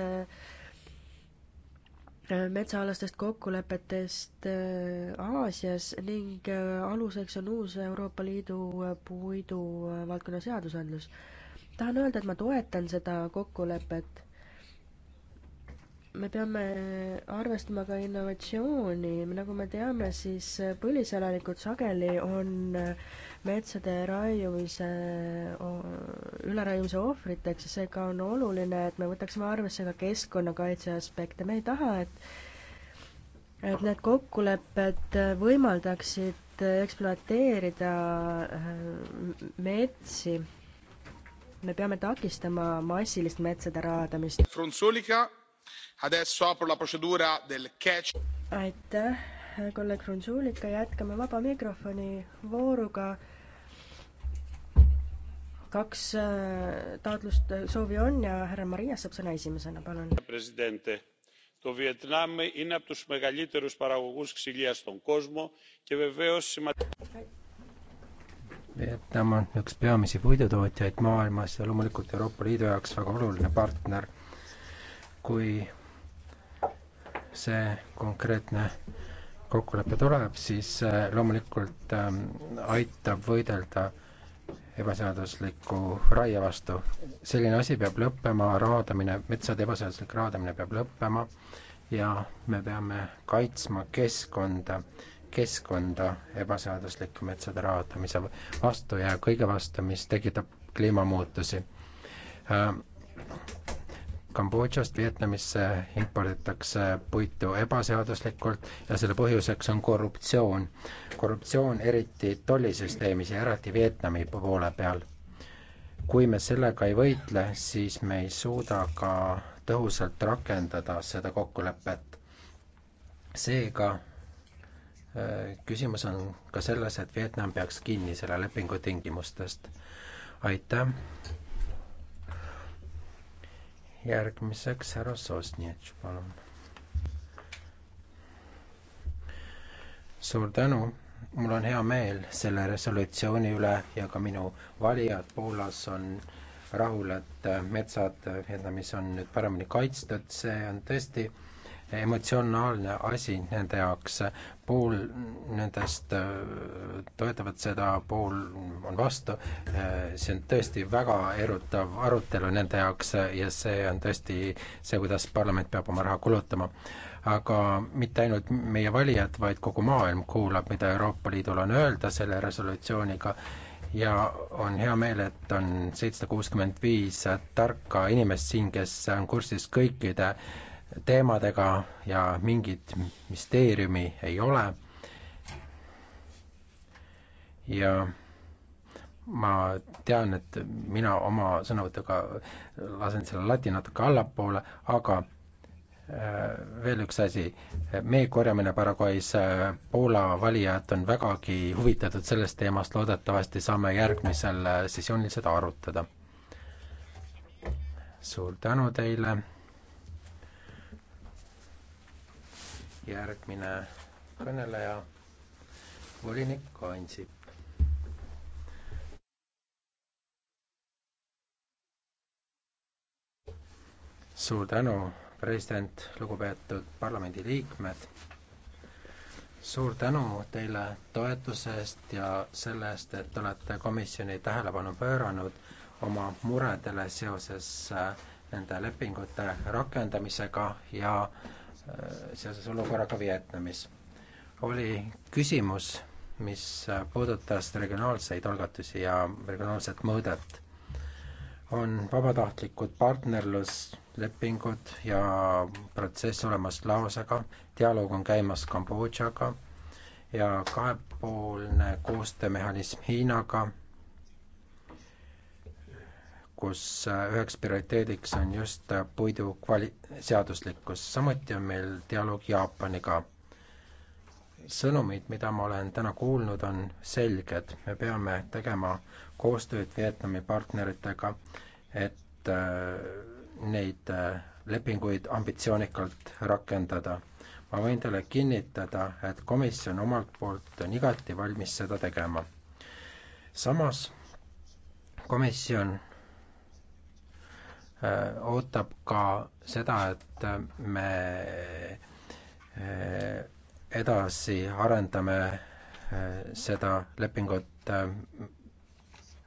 Äh, metsaalastest kokkulepetest äh, Aasias ning äh, aluseks on uus Euroopa Liidu puiduvaldkonna seadusandlus. tahan öelda, et ma toetan seda kokkulepet. me peame arvestama ka innovatsiooni, nagu me teame, siis põliselanikud sageli on metsade raiumise, üleraiumise ohvriteks ja seega on oluline, et me võtaksime arvesse ka keskkonnakaitse aspekte, me ei taha, et et need kokkulepped võimaldaksid ekspluateerida äh, metsi. me peame takistama massilist metsade raadamist. aitäh, kolleeg Frunzulika, jätkame vaba mikrofoni vooruga kaks äh, taotlust, äh, soovi on ja härra Marias saab sõna esimesena, palun. Το Βιετνάμ είναι από τους μεγαλύτερους παραγωγούς ξυλίας στον κόσμο και βεβαίως σημαντικό. Vietnam on üks peamisi puidutootjaid maailmas ja loomulikult Euroopa Liidu jaoks väga oluline partner. kui see konkreetne kokkulepe tuleb, siis äh, loomulikult ähm, aitab võidelda äh, ebaseadusliku raie vastu. selline asi peab lõppema, raadamine, metsade ebaseaduslik raadamine peab lõppema ja me peame kaitsma keskkonda, keskkonda ebaseadusliku metsade raadamise vastu ja kõige vastu, mis tekitab kliimamuutusi Kambodžast Vietnamisse imporditakse puitu ebaseaduslikult ja selle põhjuseks on korruptsioon. korruptsioon eriti tollisüsteemis ja eriti Vietnami poole peal. kui me sellega ei võitle, siis me ei suuda ka tõhusalt rakendada seda kokkulepet. seega äh, küsimus on ka selles, et Vietnam peaks kinni selle lepingu tingimustest. aitäh! järgmiseks härra Sosnitš, palun. suur tänu, mul on hea meel selle resolutsiooni üle ja ka minu valijad Poolas on rahul, et metsad Vietnamis on nüüd paremini kaitstud, see on tõesti äh, emotsionaalne asi nende jaoks, pool nendest äh, toetavad seda, pool on vastu, äh, see on tõesti väga erutav arutelu nende jaoks ja see on tõesti see, kuidas parlament peab oma raha kulutama. aga mitte ainult meie valijad, vaid kogu maailm kuulab, mida Euroopa Liidul on öelda selle resolutsiooniga ja on hea meel, et on seitsesada kuuskümmend viis tarka inimest siin, kes on kursis kõikide äh, teemadega ja mingit müsteeriumi ei ole. ja ma tean, et mina oma sõnavõtuga lasen selle lati natuke allapoole, aga äh, veel üks asi, mee korjamine Paraguay's, äh, Poola valijad on vägagi huvitatud sellest teemast, loodetavasti saame järgmisel äh, sessioonil seda arutada. suur tänu teile järgmine kõneleja, volinik Ansip. suur tänu, president, lugupeetud parlamendiliikmed. suur tänu teile toetuse eest ja selle eest, et olete komisjoni tähelepanu pööranud oma muredele seoses äh, nende lepingute rakendamisega ja äh, Äh, seoses olukorraga Vietnamis. oli küsimus, mis puudutas regionaalseid algatusi ja regionaalset mõõdet. on vabatahtlikud partnerluslepingud ja protsess olemas Laosega, dialoog on käimas Kambodžaga ja kahepoolne koostöömehhanism Hiinaga kus äh, üheks prioriteediks on just äh, puidu kvali-, seaduslikkus, samuti on meil dialoog Jaapaniga. sõnumid, mida ma olen täna kuulnud, on selged, me peame tegema koostööd Vietnami partneritega, et äh, neid lepinguid ambitsioonikalt rakendada. ma võin teile kinnitada, et komisjon omalt poolt on igati valmis seda tegema. samas komisjon Äh, ootab ka seda, et äh, me äh, edasi arendame seda lepingut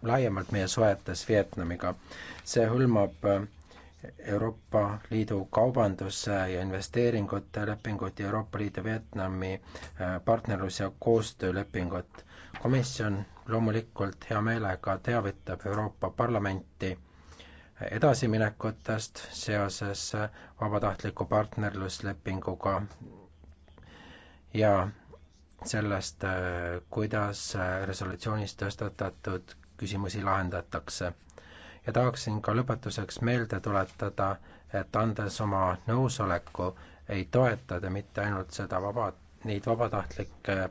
laiemalt meie suhetes Vietnamiga. see hõlmab Euroopa Liidu kaubanduse ja investeeringute lepingut ja Euroopa Liidu Vietnami partnerlus- ja koostöölepingut. komisjon loomulikult hea meelega teavitab Euroopa Parlamenti edasiminekutest seoses vabatahtliku partnerluslepinguga ja sellest, kuidas resolutsioonis tõstatatud küsimusi lahendatakse. ja tahaksin ka lõpetuseks meelde tuletada, et andes oma nõusoleku, ei toeta te mitte ainult seda vaba, neid vabatahtlikke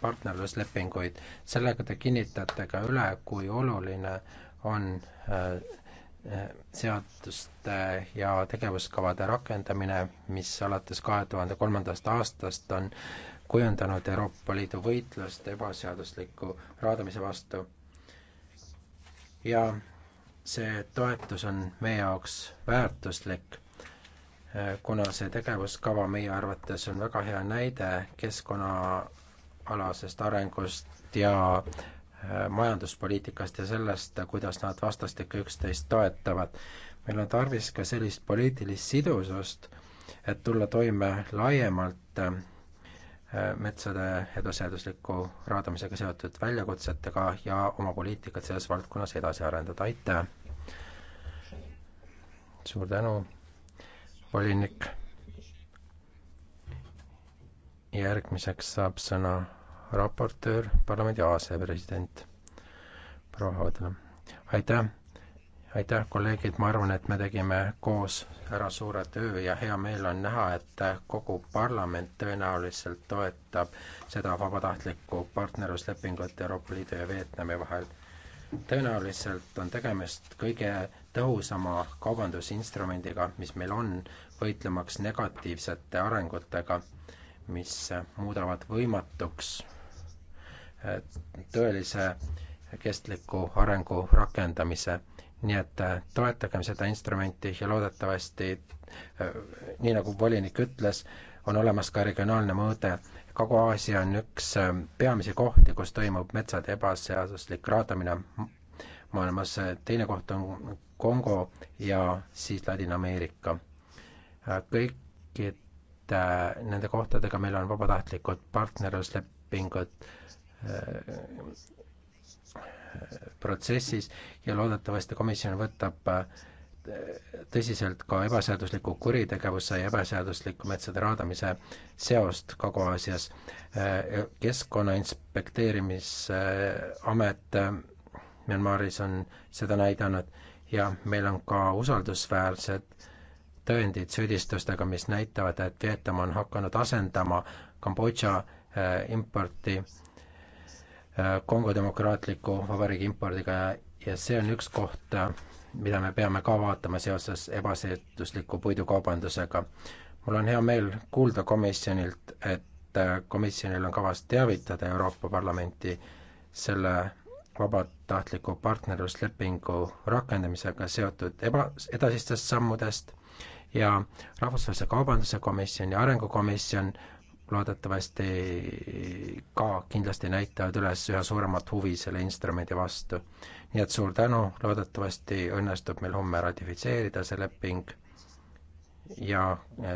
partnerluslepinguid, sellega te kinnitate ka üle, kui oluline on äh, seaduste ja tegevuskavade rakendamine, mis alates kahe tuhande kolmandast aastast on kujundanud Euroopa Liidu võitlust ebaseadusliku raadamise vastu. ja see toetus on meie jaoks väärtuslik, kuna see tegevuskava meie arvates on väga hea näide keskkonnaalasest arengust ja Äh, majanduspoliitikast ja sellest, kuidas nad vastastikku üksteist toetavad. meil on tarvis ka sellist poliitilist sidusust, et tulla toime laiemalt äh, metsade ebaseadusliku raadamisega seotud väljakutsetega ja oma poliitikat selles valdkonnas edasi arendada, aitäh! suur tänu, volinik! järgmiseks saab sõna raportöör, parlamendi asepresident proua Haudla. aitäh, aitäh, kolleegid, ma arvan, et me tegime koos ära suure töö ja hea meel on näha, et kogu parlament tõenäoliselt toetab seda vabatahtlikku partnerluslepingut Euroopa Liidu ja Vietnami vahel. tõenäoliselt on tegemist kõige tõhusama kaubandusinstrumendiga, mis meil on, võitlemaks negatiivsete arengutega, mis muudavad võimatuks tõelise kestliku arengu rakendamise. nii et äh, toetagem seda instrumenti ja loodetavasti, äh, nii nagu volinik ütles, on olemas ka regionaalne mõõde. Kagu-Aasia on üks äh, peamisi kohti, kus toimub metsade ebaseaduslik raadamine maailmas, teine koht on Kongo ja siis Ladina-Ameerika. kõikide nende kohtadega meil on vabatahtlikud partnerluslepingud protsessis ja loodetavasti komisjon võtab äh, tõsiselt ka ebaseadusliku kuritegevuse ja ebaseadusliku metsade raadamise seost Kagu-Aasias. Äh, keskkonna inspekteerimisamet äh, Myanmaris on seda näidanud ja meil on ka usaldusväärsed tõendid süüdistustega, mis näitavad, et Vietnam on hakanud asendama Kambodža importi äh, Kongo Demokraatliku Vabariigi impordiga ja, ja see on üks koht, mida me peame ka vaatama seoses ebaseadusliku puidukaubandusega. mul on hea meel kuulda komisjonilt, et komisjonil on kavas teavitada Euroopa Parlamenti selle vabatahtliku partnerluslepingu rakendamisega seotud eba, edasistest sammudest ja Rahvusvahelise Kaubanduse Komisjon ja Arengukomisjon loodetavasti ka kindlasti näitavad üles üha suuremat huvi selle instrumendi vastu. nii et suur tänu, loodetavasti õnnestub meil homme ratifitseerida see leping ja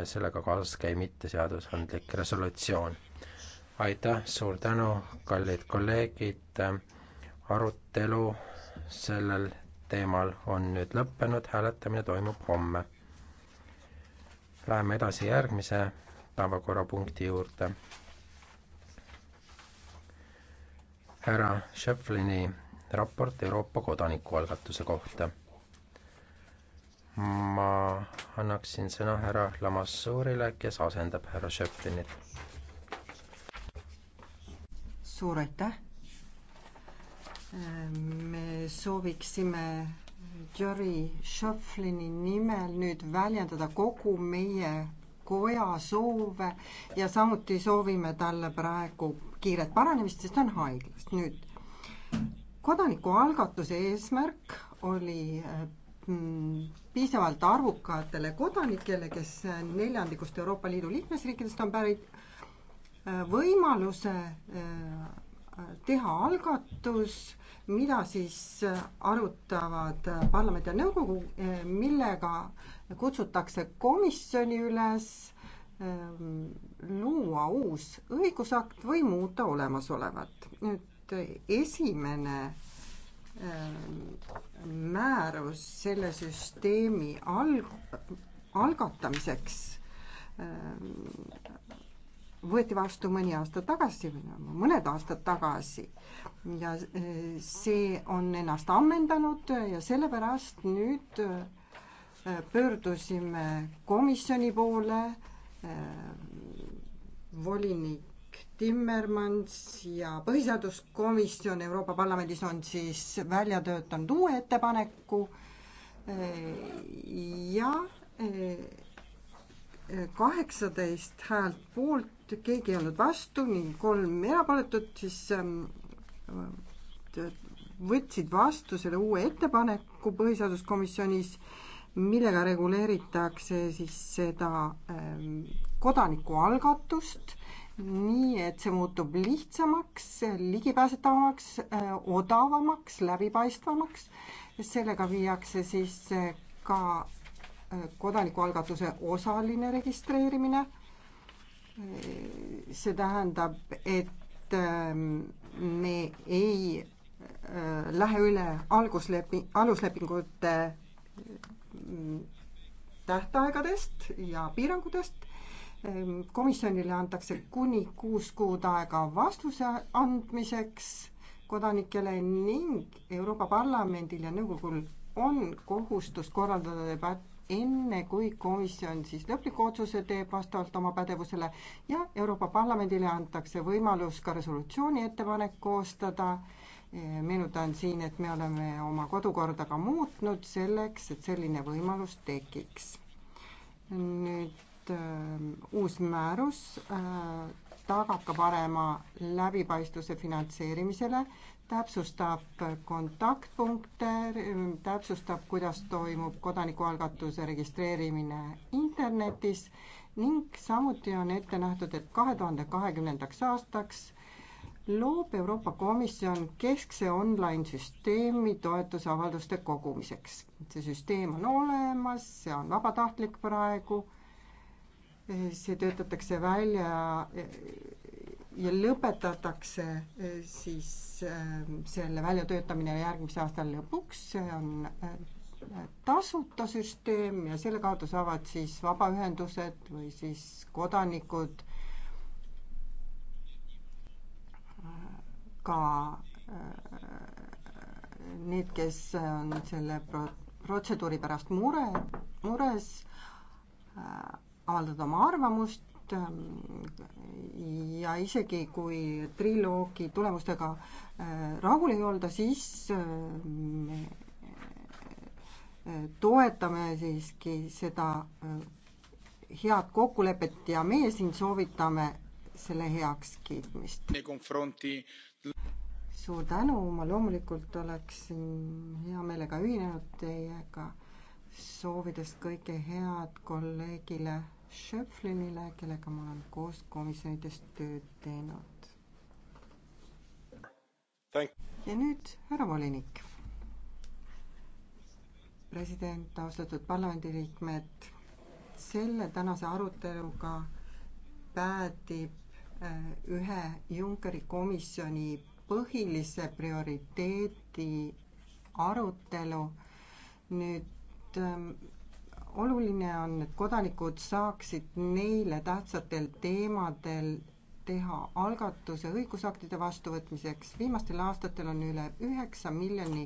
sellega kaasas käib mitteseadusandlik resolutsioon. aitäh, suur tänu, kallid kolleegid, arutelu sellel teemal on nüüd lõppenud, hääletamine toimub homme. Läheme edasi järgmise päevakorrapunkti juurde. härra Schäfflini raport Euroopa kodanikualgatuse kohta. ma annaksin sõna härra Lamassoorile, kes asendab härra Schäfflinit. suur aitäh. me sooviksime Jüri Schöpflini nimel nüüd väljendada kogu meie koja soove ja samuti soovime talle praegu kiiret paranemist, sest ta on haiglas. nüüd kodanikualgatuse eesmärk oli äh, mm, piisavalt arvukatele kodanikele, kes neljandikust Euroopa Liidu liikmesriikidest on pärit, äh, võimaluse äh, teha algatus, mida siis arutavad parlament ja nõukogu, millega kutsutakse komisjoni üles ähm, luua uus õigusakt või muuta olemasolevat. nüüd esimene ähm, määrus selle süsteemi alg-, algatamiseks ähm, võeti vastu mõni aasta tagasi või mõned aastad tagasi ja äh, see on ennast ammendanud ja sellepärast nüüd äh, pöördusime komisjoni poole, äh, volinik Timmermans ja Põhiseaduskomisjon Euroopa Parlamendis on siis välja töötanud uue ettepaneku äh, ja äh, kaheksateist häält poolt, keegi ei olnud vastu ning kolm erapooletut siis ähm, võtsid vastu selle uue ettepaneku põhiseaduskomisjonis millega reguleeritakse siis seda ähm, kodanikualgatust, nii et see muutub lihtsamaks, ligipääsetavamaks, äh, odavamaks, läbipaistvamaks. sellega viiakse siis äh, ka äh, kodanikualgatuse osaline registreerimine. see tähendab, et ähm, me ei lähe üle alguslepi-, aluslepingute tähtaegadest ja piirangutest. komisjonile antakse kuni kuus kuud aega vastuse andmiseks kodanikele ning Euroopa Parlamendil ja nõukogul on kohustus korraldada debatt enne, kui komisjon siis lõpliku otsuse teeb vastavalt oma pädevusele ja Euroopa Parlamendile antakse võimalus ka resolutsiooni ettepanek koostada Eh, meenutan siin, et me oleme oma kodukorda ka muutnud selleks, et selline võimalus tekiks. nüüd eh, uus määrus eh, tagab ka parema läbipaistvuse finantseerimisele, täpsustab kontaktpunkte, täpsustab, kuidas toimub kodanikualgatuse registreerimine internetis ning samuti on ette nähtud, et kahe tuhande kahekümnendaks aastaks loob Euroopa Komisjon keskse online-süsteemi toetusavalduste kogumiseks. see süsteem on olemas, see on vabatahtlik praegu, see töötatakse välja ja lõpetatakse siis ähm, selle väljatöötamine järgmise aasta lõpuks, see on äh, tasuta süsteem ja selle kaudu saavad siis vabaühendused või siis kodanikud ka äh, need, kes on selle pro-, protseduuri pärast mure, mures, äh, avaldada oma arvamust ähm, ja isegi kui triloogi tulemustega äh, rahul ei olda, siis me toetame siiski seda head kokkulepet ja meie siin soovitame selle heakskiitmist suur tänu, ma loomulikult oleksin hea meelega ühinenud teiega, soovides kõike head kolleegile Schöpflinile, kellega ma olen koos komisjonides tööd teinud. ja nüüd härra volinik. president, austatud parlamendiliikmed, selle tänase aruteluga päädib äh, ühe Junckeri komisjoni põhilise prioriteedi arutelu. nüüd ähm, oluline on, et kodanikud saaksid neile tähtsatel teemadel teha algatuse õigusaktide vastuvõtmiseks. viimastel aastatel on üle üheksa miljoni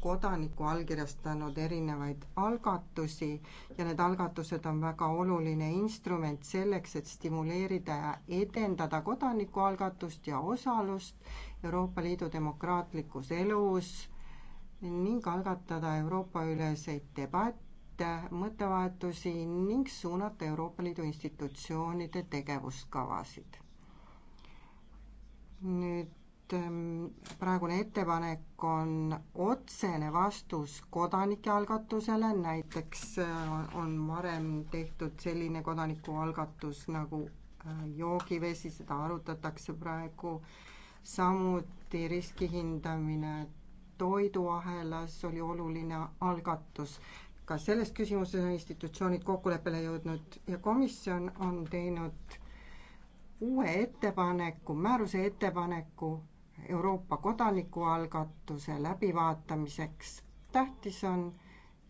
kodaniku allkirjastanud erinevaid algatusi ja need algatused on väga oluline instrument selleks, et stimuleerida ja edendada kodanikualgatust ja osalust Euroopa Liidu demokraatlikus elus ning algatada Euroopa-üleseid debatte, mõttevahetusi ning suunata Euroopa Liidu institutsioonide tegevuskavasid. nüüd ähm, praegune ettepanek on otsene vastus kodanike algatusele, näiteks äh, on varem tehtud selline kodanikualgatus nagu äh, joogivesi, seda arutatakse praegu äh, samuti riski hindamine toiduahelas oli oluline algatus. ka selles küsimuses on institutsioonid kokkuleppele jõudnud ja komisjon on teinud uue ettepaneku, määruse ettepaneku Euroopa kodanikualgatuse läbivaatamiseks. tähtis on,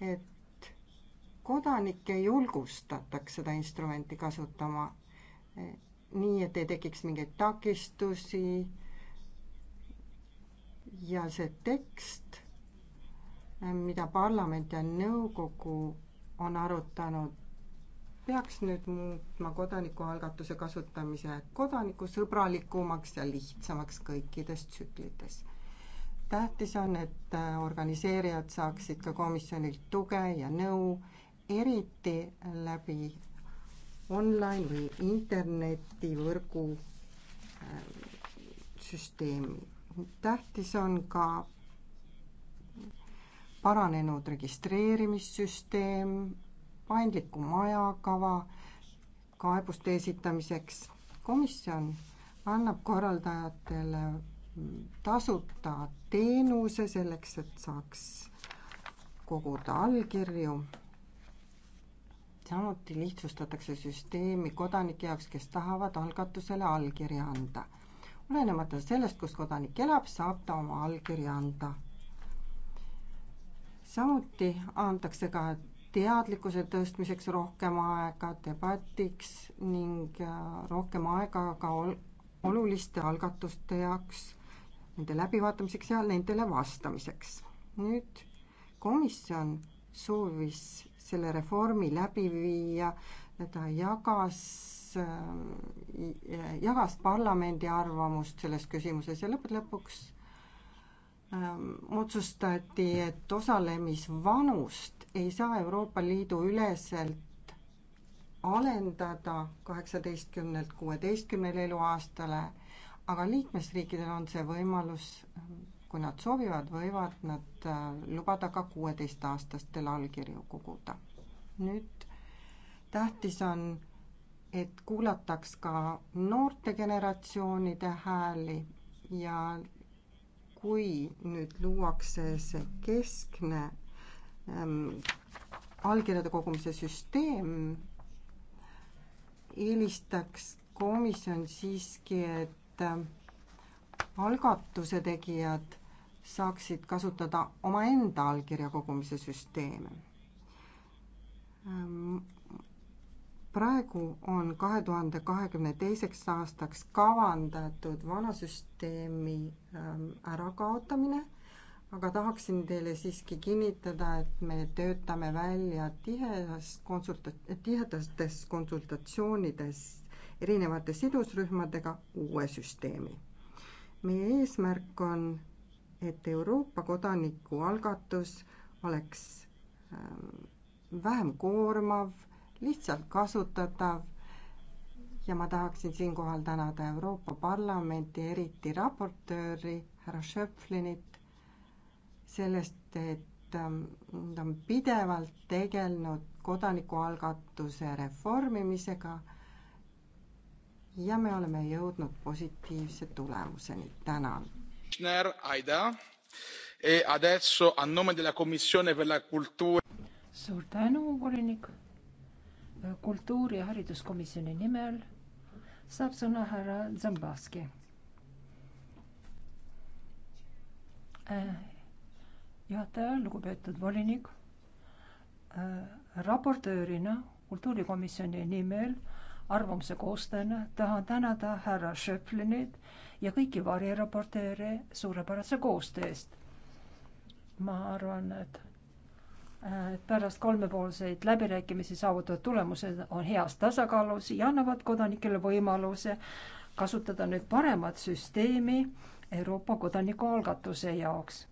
et kodanikke julgustataks seda instrumenti kasutama nii, et ei tekiks mingeid takistusi ja see tekst, mida parlament ja nõukogu on arutanud, peaks nüüd muutma kodanikualgatuse kasutamise kodanikusõbralikumaks ja lihtsamaks kõikides tsüklites. tähtis on, et organiseerijad saaksid ka komisjonilt tuge ja nõu, eriti läbi online või internetivõrgu äh, süsteemi tähtis on ka paranenud registreerimissüsteem, paindlikum ajakava kaebuste esitamiseks. komisjon annab korraldajatele tasuta teenuse selleks, et saaks koguda allkirju. samuti lihtsustatakse süsteemi kodanike jaoks, kes tahavad algatusele allkirja anda olenemata sellest, kus kodanik elab, saab ta oma allkirja anda. samuti antakse ka teadlikkuse tõstmiseks rohkem aega, debatiks ning äh, rohkem aega ka ol-, oluliste algatuste jaoks, nende läbivaatamiseks ja nendele vastamiseks. nüüd komisjon soovis selle reformi läbi viia, ta jagas Ähm, äh, jagas parlamendi arvamust selles küsimuses ja lõppude lõpuks ähm, otsustati, et osalemisvanust ei saa Euroopa Liidu üleselt alendada kaheksateistkümnelt kuueteistkümnele eluaastale, aga liikmesriikidel on see võimalus, kui nad soovivad, võivad nad äh, lubada ka kuueteistaastastel allkirju koguda. nüüd tähtis on et kuulataks ka noorte generatsioonide hääli ja kui nüüd luuakse see keskne ähm, allkirjade kogumise süsteem, eelistaks komisjon siiski, et äh, algatuse tegijad saaksid kasutada omaenda allkirja kogumise süsteeme ähm, praegu on kahe tuhande kahekümne teiseks aastaks kavandatud vana süsteemi ähm, ärakaotamine, aga tahaksin teile siiski kinnitada, et me töötame välja tihedas konsulta-, tihedates konsultatsioonides erinevate sidusrühmadega uue süsteemi. meie eesmärk on, et Euroopa kodanikualgatus oleks ähm, vähem koormav lihtsalt kasutatav ja ma tahaksin siinkohal tänada Euroopa Parlamenti, eriti raportööri härra Schöpflinit sellest, et ta ähm, on pidevalt tegelenud kodanikualgatuse reformimisega ja me oleme jõudnud positiivse tulemuseni, tänan. E suur tänu, volinik kultuuri- ja hariduskomisjoni nimel saab sõna härra Zambovski. Äh, juhataja, lugupeetud volinik, äh, raportöörina kultuurikomisjoni nimel arvamuse koostajana tahan tänada härra Schöpflinit ja kõiki variraportööre suurepärase koostöö eest. ma arvan, et Äh, pärast kolmepoolseid läbirääkimisi saavutatud tulemused on heas tasakaalus ja annavad kodanikele võimaluse kasutada nüüd paremat süsteemi Euroopa kodanikualgatuse jaoks.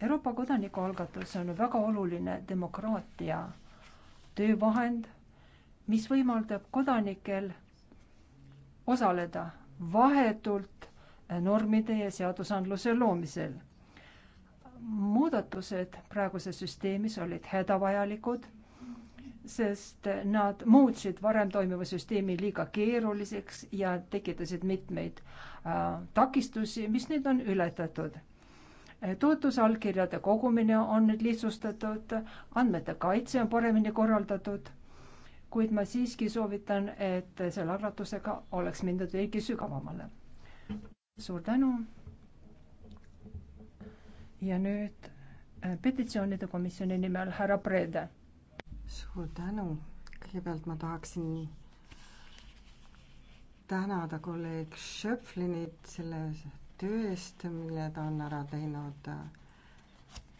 Euroopa kodanikualgatus on väga oluline demokraatia töövahend, mis võimaldab kodanikel osaleda vahetult normide ja seadusandluse loomisel muudatused praeguses süsteemis olid hädavajalikud, sest nad muutsid varem toimiva süsteemi liiga keeruliseks ja tekitasid mitmeid äh, takistusi, mis nüüd on ületatud. toetusallkirjade kogumine on nüüd lihtsustatud, andmete kaitse on paremini korraldatud, kuid ma siiski soovitan, et selle algatusega oleks mindud veelgi sügavamale. suur tänu ja nüüd äh, petitsioonide komisjoni nimel härra Prede. suur tänu, kõigepealt ma tahaksin tänada kolleeg Schöpflinit selle töö eest, mille ta on ära teinud äh,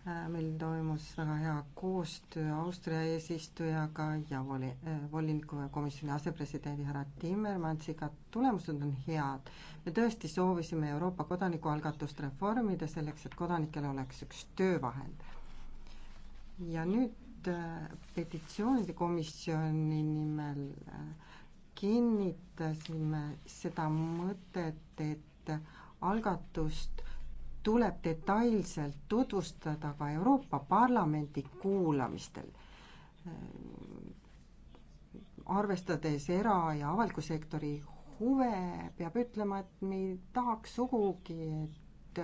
Äh, meil toimus väga hea koostöö Austria eesistujaga ja voli-, äh, voliniku ja komisjoni asepresidendi härra Timmermansiga, tulemused on head. me tõesti soovisime Euroopa kodanikualgatust reformida selleks, et kodanikel oleks üks töövahend. ja nüüd äh, petitsioonide komisjoni nimel kinnitasime seda mõtet, et algatust tuleb detailselt tutvustada ka Euroopa Parlamendi kuulamistel. arvestades era- ja avaliku sektori huve, peab ütlema, et me ei tahaks sugugi, et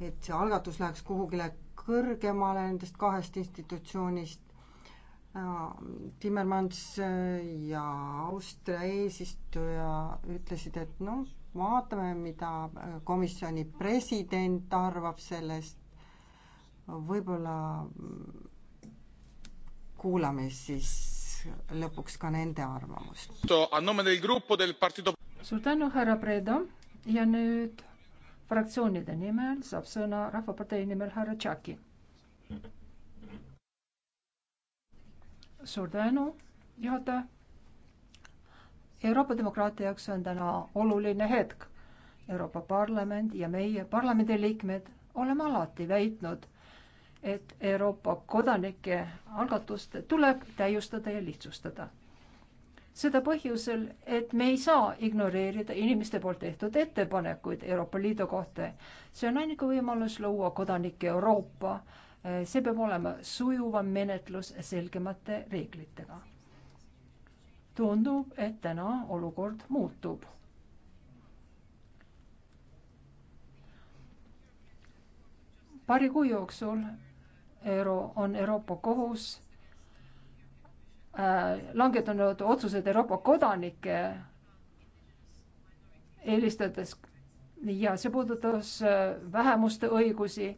et see algatus läheks kuhugile kõrgemale nendest kahest institutsioonist. Timmermans ja Austria eesistuja ütlesid, et noh, vaatame, mida äh, komisjoni president arvab sellest, võib-olla mm, kuulame siis lõpuks ka nende arvamust. suur tänu, härra Breda ja nüüd fraktsioonide nimel saab sõna Rahvapartei nimel härra Tšaki. suur tänu, juhataja Euroopa demokraatia jaoks on täna oluline hetk. Euroopa Parlament ja meie parlamendiliikmed oleme alati väitnud, et Euroopa kodanike algatust tuleb täiustada ja lihtsustada. seda põhjusel, et me ei saa ignoreerida inimeste poolt tehtud ettepanekuid Euroopa Liidu kohta. see on ainuke võimalus luua kodanike Euroopa. see peab olema sujuvam menetlus selgemate reeglitega tundub, et täna olukord muutub. paari kuu jooksul euro, on Euroopa Kohus äh, langetanud otsused Euroopa kodanike eelistades ja see puudutas äh, vähemuste õigusi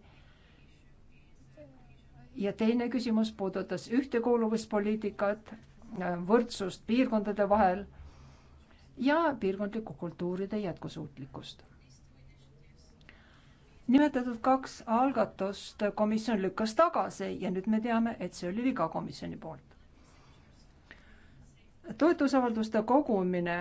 ja teine küsimus puudutas ühtekuuluvuspoliitikat Äh, võrdsust piirkondade vahel ja piirkondliku kultuuride jätkusuutlikkust. nimetatud kaks algatust komisjon lükkas tagasi ja nüüd me teame, et see oli viga komisjoni poolt. toetusavalduste kogumine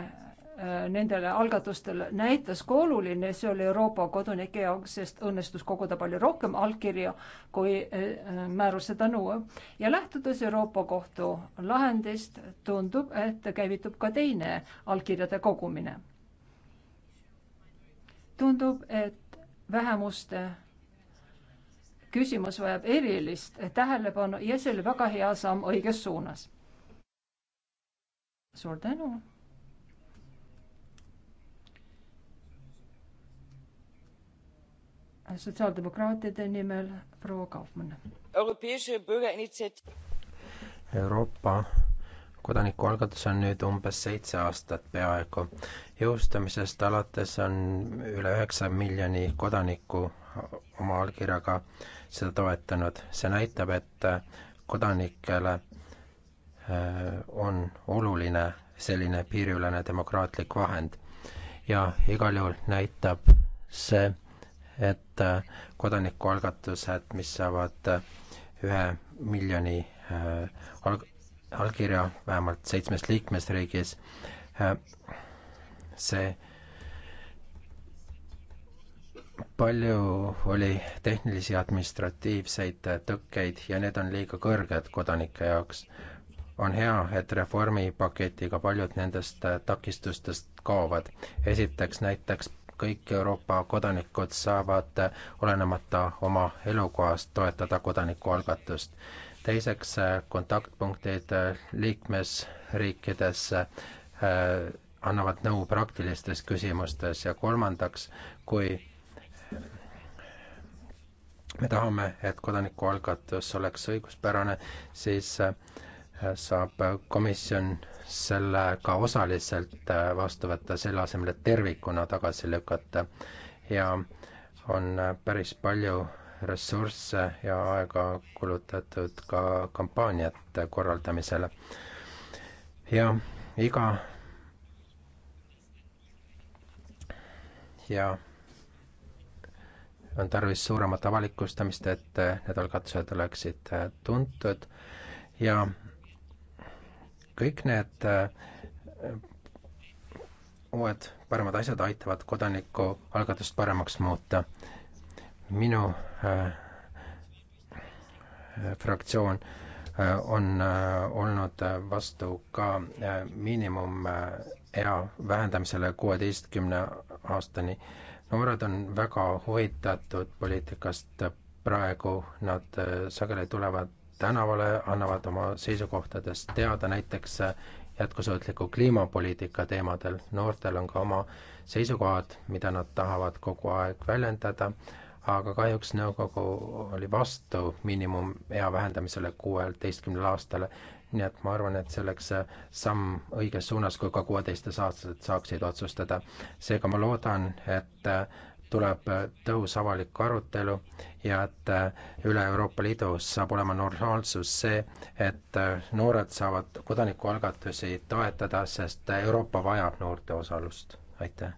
Äh, nendele algatustele näitas, kui oluline see oli Euroopa kodanike jaoks, sest õnnestus koguda palju rohkem allkirju, kui äh, määrus seda nõuab. ja lähtudes Euroopa Kohtu lahendist, tundub, et käivitub ka teine allkirjade kogumine. tundub, et vähemuste küsimus vajab erilist tähelepanu ja see oli väga hea samm õiges suunas. suur tänu sotsiaaldemokraatide nimel proua Kaufmann. Euroopa kodanikualgatus on nüüd umbes seitse aastat peaaegu. jõustamisest alates on üle üheksa miljoni kodaniku oma allkirjaga seda toetanud. see näitab, et kodanikele äh, on oluline selline piiriülene demokraatlik vahend ja igal juhul näitab see et äh, kodanikualgatused, mis saavad äh, ühe miljoni äh, alg-, allkirja vähemalt seitsmes liikmesriigis, see palju oli tehnilisi administratiivseid tõkkeid ja need on liiga kõrged kodanike jaoks. on hea, et reformipaketiga paljud nendest takistustest kaovad. esiteks näiteks kõik Euroopa kodanikud saavad olenemata oma elukohast toetada kodanikualgatust. teiseks, äh, kontaktpunktid äh, liikmesriikides äh, annavad nõu praktilistes küsimustes ja kolmandaks, kui me tahame, et kodanikualgatus oleks õiguspärane, siis saab komisjon selle ka osaliselt äh, vastu võtta, selle asemel, et tervikuna tagasi lükata. ja on äh, päris palju ressursse ja aega kulutatud ka kampaaniate korraldamisele. ja iga ja on tarvis suuremat avalikustamist, et äh, need algatused oleksid tuntud ja kõik need äh, uued paremad asjad aitavad kodanikualgatust paremaks muuta. minu äh, fraktsioon äh, on äh, olnud vastu ka äh, miinimumea äh, vähendamisele kuueteistkümne aastani. noored on väga huvitatud poliitikast praegu, nad äh, sageli tulevad tänavale, annavad oma seisukohtadest teada näiteks jätkusuutliku kliimapoliitika teemadel. noortel on ka oma seisukohad, mida nad tahavad kogu aeg väljendada, aga kahjuks nõukogu oli vastu miinimumea vähendamisele kuueteistkümnele aastale. nii et ma arvan, et see oleks samm õiges suunas, kui ka kuueteistaastased saaksid otsustada. seega ma loodan, et tuleb tõhus avalik arutelu ja et äh, üle Euroopa Liidu saab olema normaalsus see, et äh, noored saavad kodanikualgatusi toetada, sest Euroopa vajab noorte osalust. aitäh!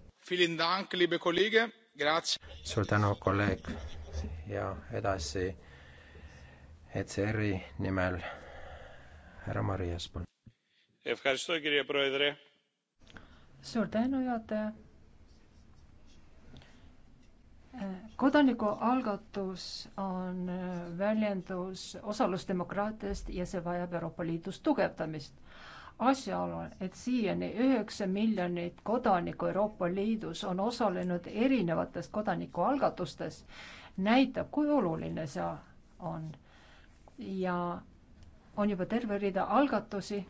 suur tänu, kolleeg ja edasi ECR-i nimel härra Marias, palun. suur tänu, juhataja kodanikualgatus on äh, väljendus osalusdemokraatiast ja see vajab Euroopa Liidus tugevdamist. asjaolu, et siiani üheksa miljonit kodanikku Euroopa Liidus on osalenud erinevates kodanikualgatustes, näitab, kui oluline see on. ja on juba terve rida algatusi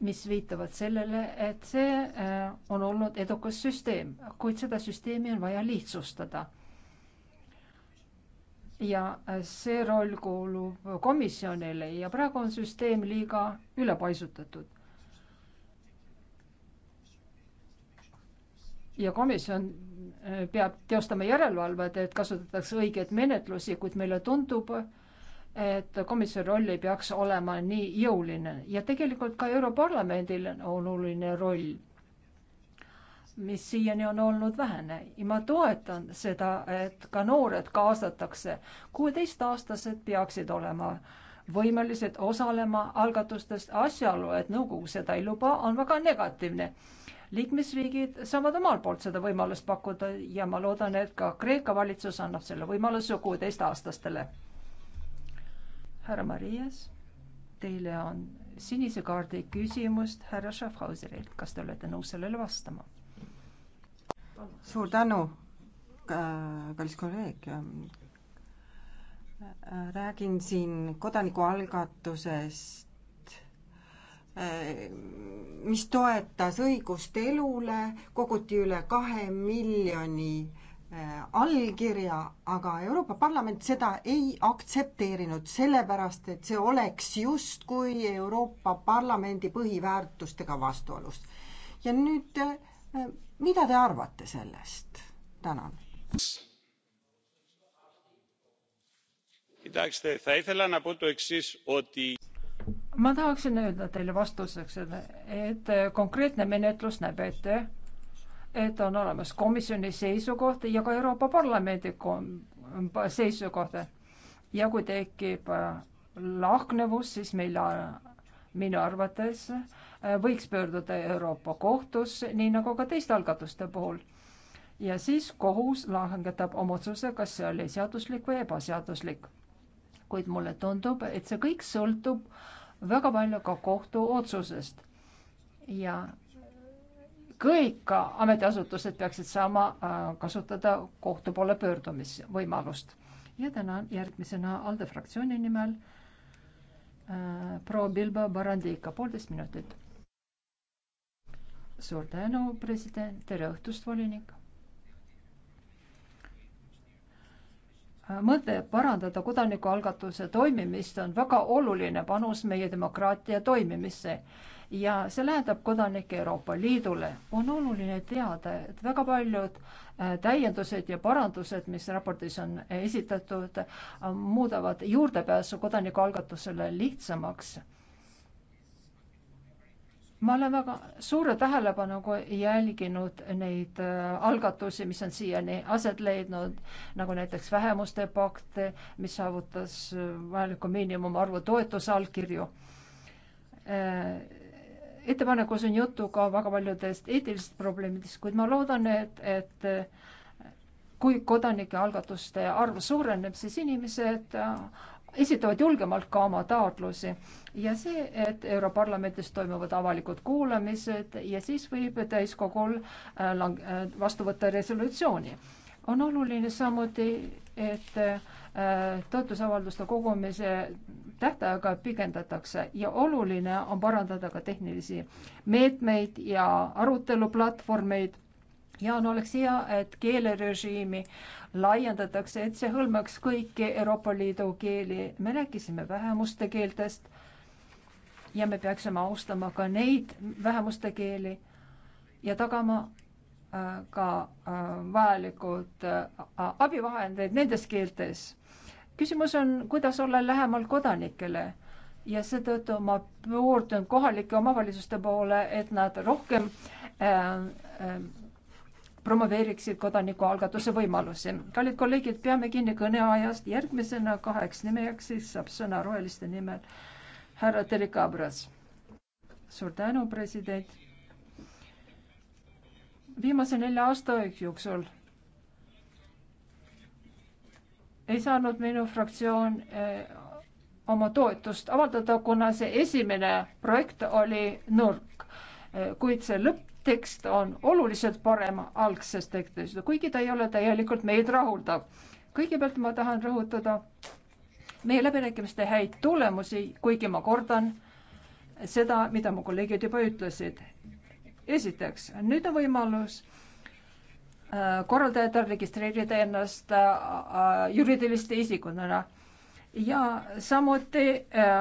mis viitavad sellele, et see äh, on olnud edukas süsteem, kuid seda süsteemi on vaja lihtsustada. ja äh, see roll kuulub komisjonile ja praegu on süsteem liiga ülepaisutatud. ja komisjon äh, peab teostama järelevalvet, et kasutatakse õigeid menetlusi, kuid meile tundub, et komisjoni roll ei peaks olema nii jõuline ja tegelikult ka Europarlamendil on oluline roll, mis siiani on olnud vähene ja ma toetan seda, et ka noored kaasatakse. kuueteistaastased peaksid olema võimelised osalema algatustest, asjaolu, et nõukogu seda ei luba, on väga negatiivne liikmesriigid saavad omalt poolt seda võimalust pakkuda ja ma loodan, et ka Kreeka valitsus annab selle võimaluse kuueteistaastastele härra Marias, teile on sinise kaardi küsimust härra Schaffhauserilt, kas te olete nõus sellele vastama? suur tänu, kallis kolleeg. räägin siin kodanikualgatusest, mis toetas õigust elule, koguti üle kahe miljoni Äh, allkirja, aga Euroopa Parlament seda ei aktsepteerinud, sellepärast et see oleks justkui Euroopa Parlamendi põhiväärtustega vastuolus. ja nüüd, äh, mida te arvate sellest? tänan. ma tahaksin öelda teile vastuseks, et konkreetne menetlus näeb ette et on olemas komisjoni seisukoht ja ka Euroopa Parlamendi seisukoht. ja kui tekib äh, lahknevus, siis meil äh, minu arvates äh, võiks pöörduda Euroopa kohtusse, nii nagu ka teiste algatuste puhul. ja siis kohus langetab oma otsuse, kas see oli seaduslik või ebaseaduslik. kuid mulle tundub, et see kõik sõltub väga palju ka kohtuotsusest ja kõik ametiasutused peaksid saama äh, kasutada kohtu poole pöördumisvõimalust. ja tänan järgmisena ALDE fraktsiooni nimel äh, proua Bilba Barandiga, poolteist minutit. suur tänu, president, tere õhtust, volinik. Äh, mõte parandada kodanikualgatuse toimimist on väga oluline panus meie demokraatia toimimisse ja see lähedab kodanikke Euroopa Liidule. on oluline teada, et väga paljud äh, täiendused ja parandused, mis raportis on esitatud, äh, muudavad juurdepääsu kodanikualgatusele lihtsamaks ma olen väga suure tähelepanuga jälginud neid äh, algatusi, mis on siiani aset leidnud, nagu näiteks vähemuste pakt, mis saavutas vajaliku miinimumarvu toetusallkirju ettepanekus on juttu ka väga paljudest eetilistest probleemidest, kuid ma loodan, et, et kui kodanikealgatuste arv suureneb, siis inimesed äh, esitavad julgemalt ka oma taotlusi ja see, et Europarlamendis toimuvad avalikud kuulamised ja siis võib täiskogul äh, lang-, äh, vastu võtta resolutsiooni. on oluline samuti, et toetusavalduste kogumise tähtaega pikendatakse ja oluline on parandada ka tehnilisi meetmeid ja aruteluplatvormeid. ja on, oleks hea, et keelerežiimi laiendatakse, et see hõlmaks kõiki Euroopa Liidu keeli. me rääkisime vähemuste keeltest ja me peaksime austama ka neid vähemuste keeli ja tagama ka äh, vajalikud äh, abivahendid nendes keeltes. küsimus on, kuidas olla lähemal kodanikele ja seetõttu ma pöördun kohalike omavalitsuste poole, et nad rohkem äh, äh, promoveeriksid kodanikualgatuse võimalusi. kallid kolleegid, peame kinni kõneajast, järgmisena kaheks nimeks siis saab sõna roheliste nimel härra Terri Kabras. suur tänu, president viimase nelja aasta jooksul ei saanud minu fraktsioon eh, oma toetust avaldada, kuna see esimene projekt oli nõrk. Eh, kuid see lõpptekst on oluliselt parem algsest tekstist, kuigi ta ei ole täielikult meid rahuldav. kõigepealt ma tahan rõhutada meie läbirääkimiste häid tulemusi, kuigi ma kordan seda, mida mu kolleegid juba ütlesid esiteks, nüüd on võimalus äh, korraldajatel registreerida ennast äh, äh, juriidiliste isikutena ja samuti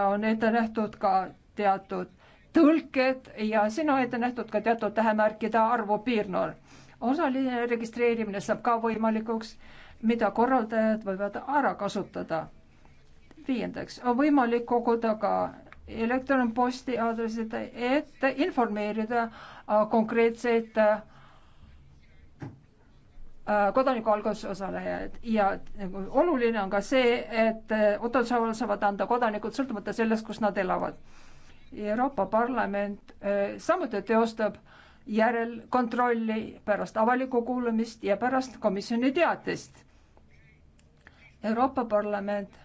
on ette nähtud ka teatud tõlked ja siin on ette nähtud ka teatud tähemärkide arvu piirnorm. osaline registreerimine saab ka võimalikuks, mida korraldajad võivad ära kasutada. viiendaks, on võimalik koguda ka elektronposti aadressid, et informeerida äh, konkreetseid äh, äh, kodanikualgatuse osalejaid ja nagu oluline on ka see, et otsehaaval saavad anda kodanikud sõltumata sellest, kus nad elavad. Euroopa Parlament samuti teostab järelkontrolli pärast avalikku kuulamist ja pärast komisjoni teatist. Euroopa Parlament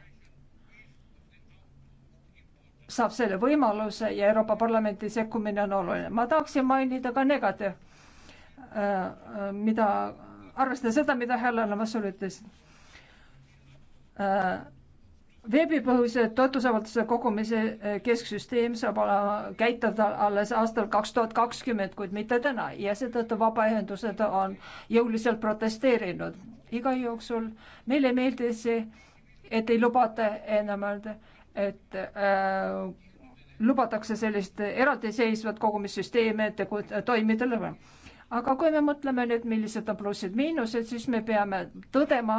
saab selle võimaluse ja Euroopa Parlamenti sekkumine on oluline. ma tahaksin mainida ka negatiiv, äh, äh, mida, arvestades seda, mida Helen Vassul ütles. Äh, veebipõhise toetusavalduse kogumise kesksüsteem saab olema käitada alles aastal kaks tuhat kakskümmend, kuid mitte täna ja seetõttu vabaühendused on jõuliselt protesteerinud. iga jooksul meile ei meeldi see, et ei lubata enam öelda et äh, lubatakse sellist eraldiseisvat kogumissüsteemi, et toimida. aga kui me mõtleme nüüd, millised on plussid-miinused, siis me peame tõdema,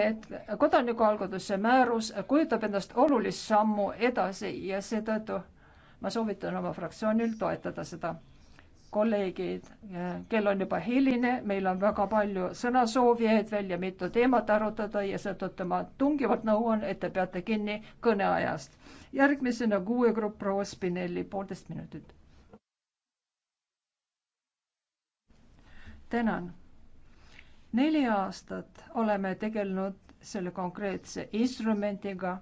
et kodanikualgatuse määrus kujutab endast olulist sammu edasi ja seetõttu ma soovitan oma fraktsioonil toetada seda kolleegid, kell on juba hiline, meil on väga palju sõnasoovijaid veel ja mitu teemat arutada ja seetõttu ma tungivalt nõuan, et te peate kinni kõneajast. järgmisena kuue grupp proua Spinelli, poolteist minutit. tänan. neli aastat oleme tegelenud selle konkreetse instrumendiga,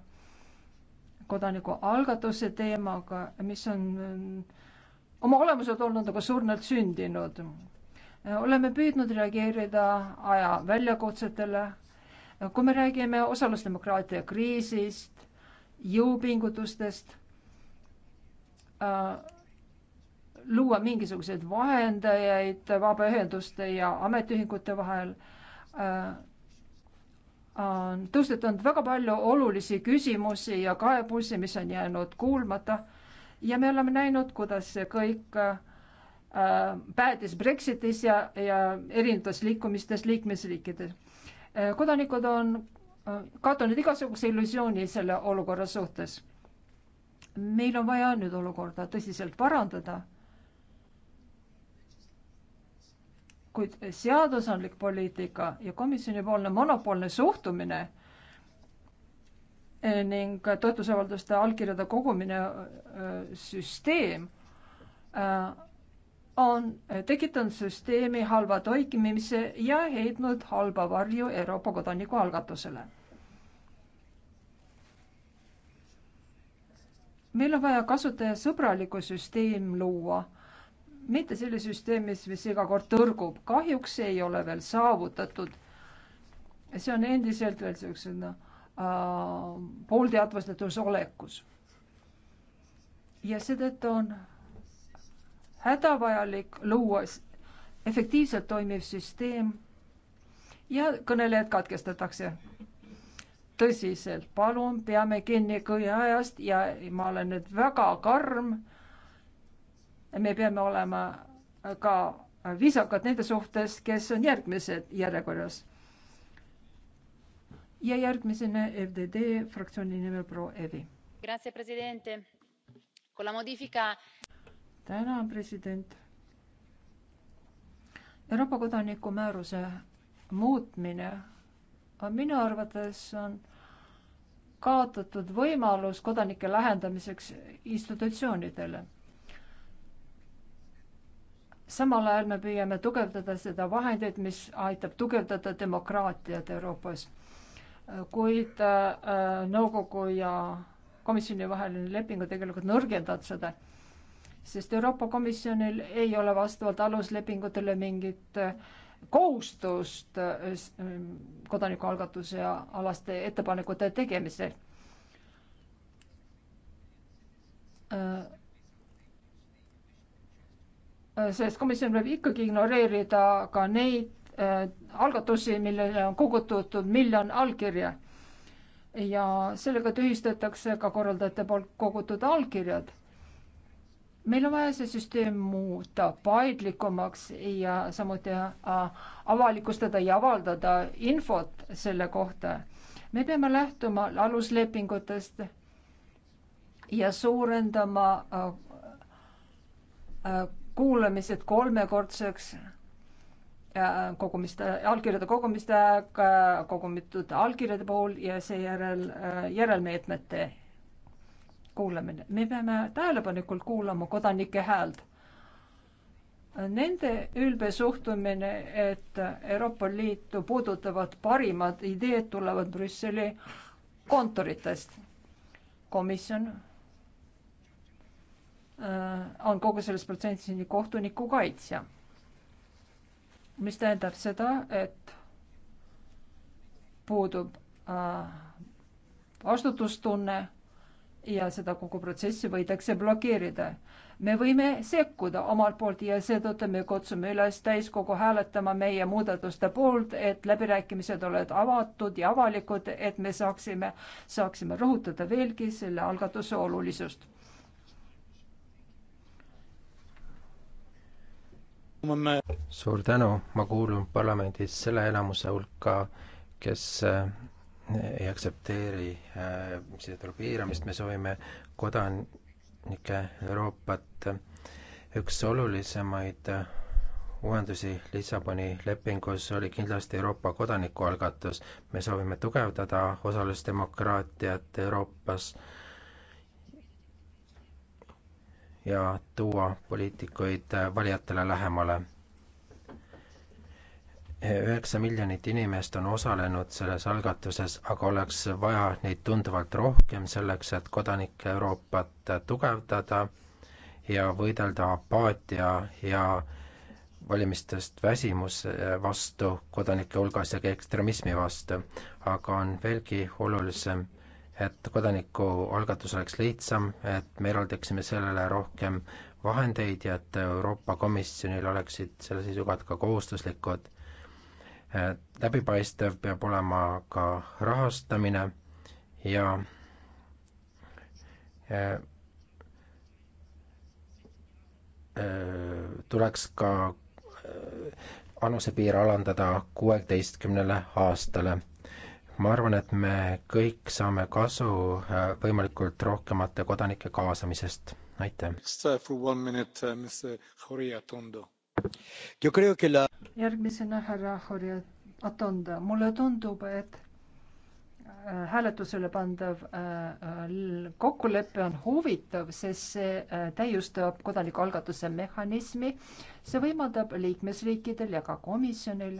kodanikualgatuse teemaga, mis on oma olemuselt olnud aga surnult sündinud. oleme püüdnud reageerida aja väljakutsetele. kui me räägime osalusdemokraatia kriisist, jõupingutustest äh,, luua mingisuguseid vahendajaid vabaühenduste ja ametiühingute vahel äh,, on tõusetunud väga palju olulisi küsimusi ja kaebusi, mis on jäänud kuulmata ja me oleme näinud, kuidas see kõik äh, päädis Brexitis ja, ja erinevates liikumistes liikmesriikides äh,. kodanikud on äh, kaotanud igasuguse illusiooni selle olukorra suhtes. meil on vaja nüüd olukorda tõsiselt parandada. kuid seadusandlik poliitika ja komisjonipoolne monopoolne suhtumine ning toetusavalduste allkirjade kogumine süsteem on tekitanud süsteemi halva toimimise ja heitnud halba varju Euroopa kodanikualgatusele. meil on vaja kasutajasõbralikku süsteem luua, mitte selle süsteemis, mis iga kord tõrgub. kahjuks ei ole veel saavutatud. see on endiselt veel niisugune no, Äh, poolteadvustatus olekus. ja seetõttu on hädavajalik luua efektiivselt toimiv süsteem ja kõnelejad katkestatakse. tõsiselt, palun peame kinni kõneajast ja ma olen nüüd väga karm. me peame olema ka viisakad nende suhtes, kes on järgmised järjekorras ja järgmisena FDD fraktsiooni nimel proua Evi. tänan, president. Euroopa kodaniku määruse muutmine on minu arvates on kaotatud võimalus kodanike lähendamiseks institutsioonidele. samal ajal me püüame tugevdada seda vahendit, mis aitab tugevdada demokraatiat Euroopas kuid äh, nõukogu ja komisjoni vaheline leping tegelikult nõrgendab seda, sest Euroopa Komisjonil ei ole vastavalt aluslepingutele mingit äh, kohustust äh, ähm, kodanikualgatuse alaste ettepanekute tegemisel. sest komisjon võib ikkagi ignoreerida ka neid Äh, algatusi, millele on kogutud miljon allkirja. ja sellega tühistatakse ka korraldajate poolt kogutud allkirjad. meil on vaja see süsteem muuta paindlikumaks ja samuti äh, avalikustada ja avaldada infot selle kohta. me peame lähtuma aluslepingutest ja suurendama äh, kuulamised kolmekordseks Äh, kogumiste, allkirjade kogumiste aeg, kogumitud allkirjade puhul ja seejärel äh, järelmeetmete kuulamine. me peame tähelepanelikult kuulama kodanike häält. Nende ülbe suhtumine, et Euroopa Liitu puudutavad parimad ideed tulevad Brüsseli kontoritest. komisjon äh, on kogu selles protsessis kohtunikukaitsja mis tähendab seda, et puudub äh, vastutustunne ja seda kogu protsessi võidakse blokeerida. me võime sekkuda omalt poolt ja seetõttu me kutsume üles täiskogu hääletama meie muudatuste poolt, et läbirääkimised oled avatud ja avalikud, et me saaksime, saaksime rõhutada veelgi selle algatuse olulisust. suur tänu, ma kuulun parlamendis selle enamuse hulka, kes eh, ei aktsepteeri eh, siseturu piiramist, me soovime kodanike Euroopat. üks olulisemaid eh, uuendusi Lissaboni lepingus oli kindlasti Euroopa kodanikualgatus. me soovime tugevdada osalusdemokraatiat Euroopas ja tuua poliitikuid äh, valijatele lähemale. üheksa miljonit inimest on osalenud selles algatuses, aga oleks vaja neid tunduvalt rohkem selleks, et kodanike Euroopat tugevdada ja võidelda apaatia ja valimistest väsimuse vastu kodanike hulgas ja ka ekstremismi vastu. aga on veelgi olulisem et kodanikualgatus oleks lihtsam, et me eraldaksime sellele rohkem vahendeid ja et Euroopa Komisjonil oleksid selle seisukohad ka kohustuslikud. läbipaistev peab olema ka rahastamine ja e, e, tuleks ka vanusepiir e, alandada kuueteistkümnele aastale ma arvan, et me kõik saame kasu äh, võimalikult rohkemate kodanike kaasamisest, aitäh. Uh, järgmisena härra Horja Atondo, mulle tundub, et äh, hääletusele pandav äh, kokkulepe on huvitav, sest see täiustab kodanikualgatuse mehhanismi. see võimaldab liikmesriikidel ja ka komisjonil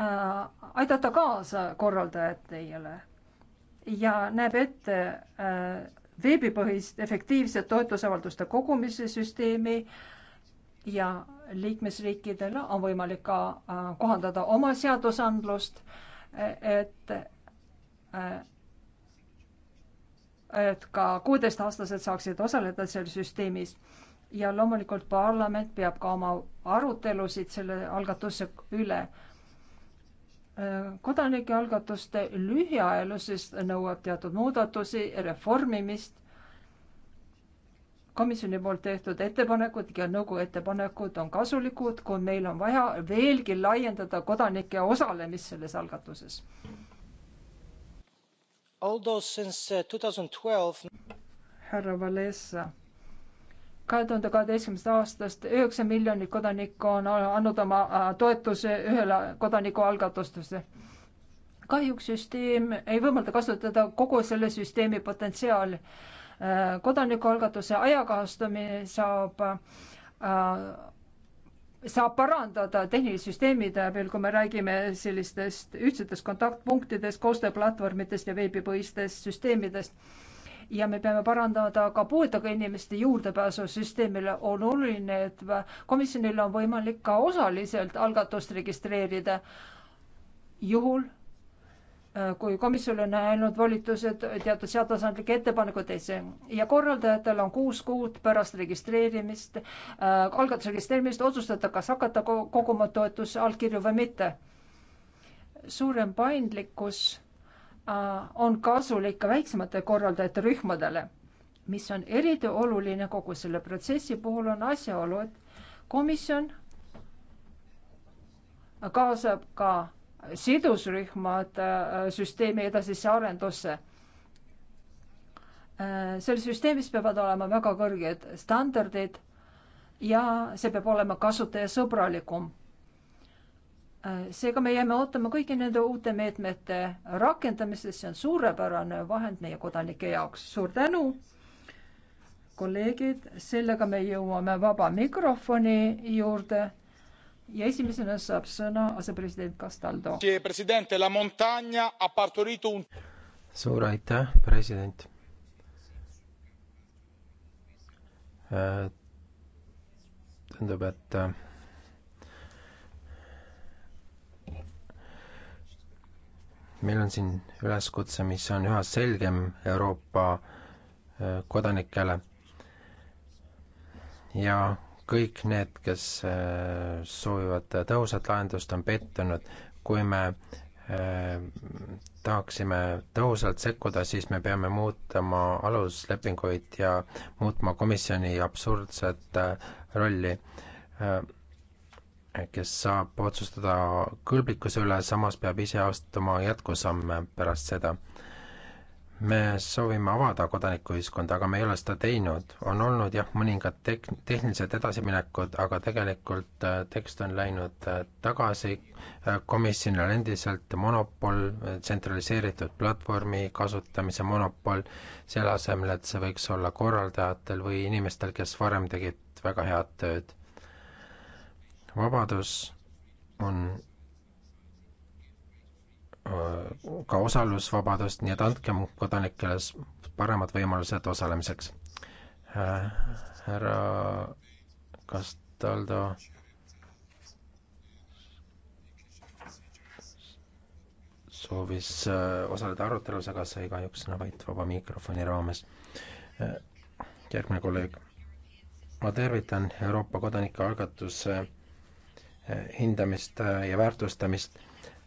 Äh, aidata kaasa korraldajatele ja näeb ette äh, veebipõhist efektiivset toetusavalduste kogumise süsteemi ja liikmesriikidel on võimalik ka äh, kohandada oma seadusandlust, et et ka kuueteistaastased saaksid osaleda seal süsteemis ja loomulikult parlament peab ka oma arutelusid selle algatuse üle kodanike algatuste lühiajalisus nõuab teatud muudatusi, reformimist. komisjoni poolt tehtud ettepanekud ja nõukogu ettepanekud on kasulikud, kui meil on vaja veelgi laiendada kodanike osalemist selles algatuses. Uh, härra Valesa kahe tuhande kaheteistkümnendast aastast üheksa miljonit kodanikku on andnud oma äh, toetuse ühele kodanikualgatustesse. kahjuks süsteem ei võimalda kasutada kogu selle süsteemi potentsiaali. Äh, kodanikualgatuse ajakahastamine saab äh, saab parandada tehnilisi süsteemid, kui me räägime sellistest ühtsetest kontaktpunktidest, koostööplatvormidest ja veebipõhistest süsteemidest ja me peame parandama ka puuetega inimeste juurdepääsu süsteemile. on oluline, et komisjonil on võimalik ka osaliselt algatust registreerida, juhul äh, kui komisjon on näinud volitused teatud seadusandlike ettepanekute ees ja korraldajatel on kuus kuud pärast registreerimist äh,, algatuse registreerimist otsustada, kas hakata koguma toetuse allkirju või mitte. suurem paindlikkus Äh, on kasulik ka väiksemate korraldajate rühmadele. mis on eriti oluline kogu selle protsessi puhul, on asjaolu, et komisjon kaasab ka sidusrühmad äh, süsteemi edasisse arendusse. Äh, selles süsteemis peavad olema väga kõrged standardid ja see peab olema kasutajasõbralikum seega me jääme ootama kõigi nende uute meetmete rakendamist, sest see on suurepärane vahend meie kodanike jaoks. suur tänu, kolleegid, sellega me jõuame vaba mikrofoni juurde ja esimesena saab sõna asepresident Castaldo. suur aitäh, president. Äh, tundub, et äh, meil on siin üleskutse, mis on üha selgem Euroopa äh, kodanikele. ja kõik need, kes äh, soovivad tõhusat lahendust, on pettunud. kui me äh, tahaksime tõhusalt sekkuda, siis me peame muutma aluslepinguid ja muutma komisjoni absurdset rolli kes saab otsustada kõlblikkuse üle, samas peab ise astuma jätkusamme pärast seda. me soovime avada kodanikuühiskonda, aga me ei ole seda teinud. on olnud jah, mõningad tek-, tehnilised edasiminekud, aga tegelikult äh, tekst on läinud äh, tagasi, äh, komisjonil on endiselt monopol, tsentraliseeritud platvormi kasutamise monopol, selle asemel, et see võiks olla korraldajatel või inimestel, kes varem tegid väga head tööd vabadus on ka osalusvabadust, nii et andkem kodanikele paremad võimalused osalemiseks. härra Castaldo. soovis osaleda arutelus, aga sai kahjuks sõna vaid vaba mikrofoni raames. järgmine kolleeg. ma tervitan Euroopa kodanike algatuse Eh, hindamist eh, ja väärtustamist,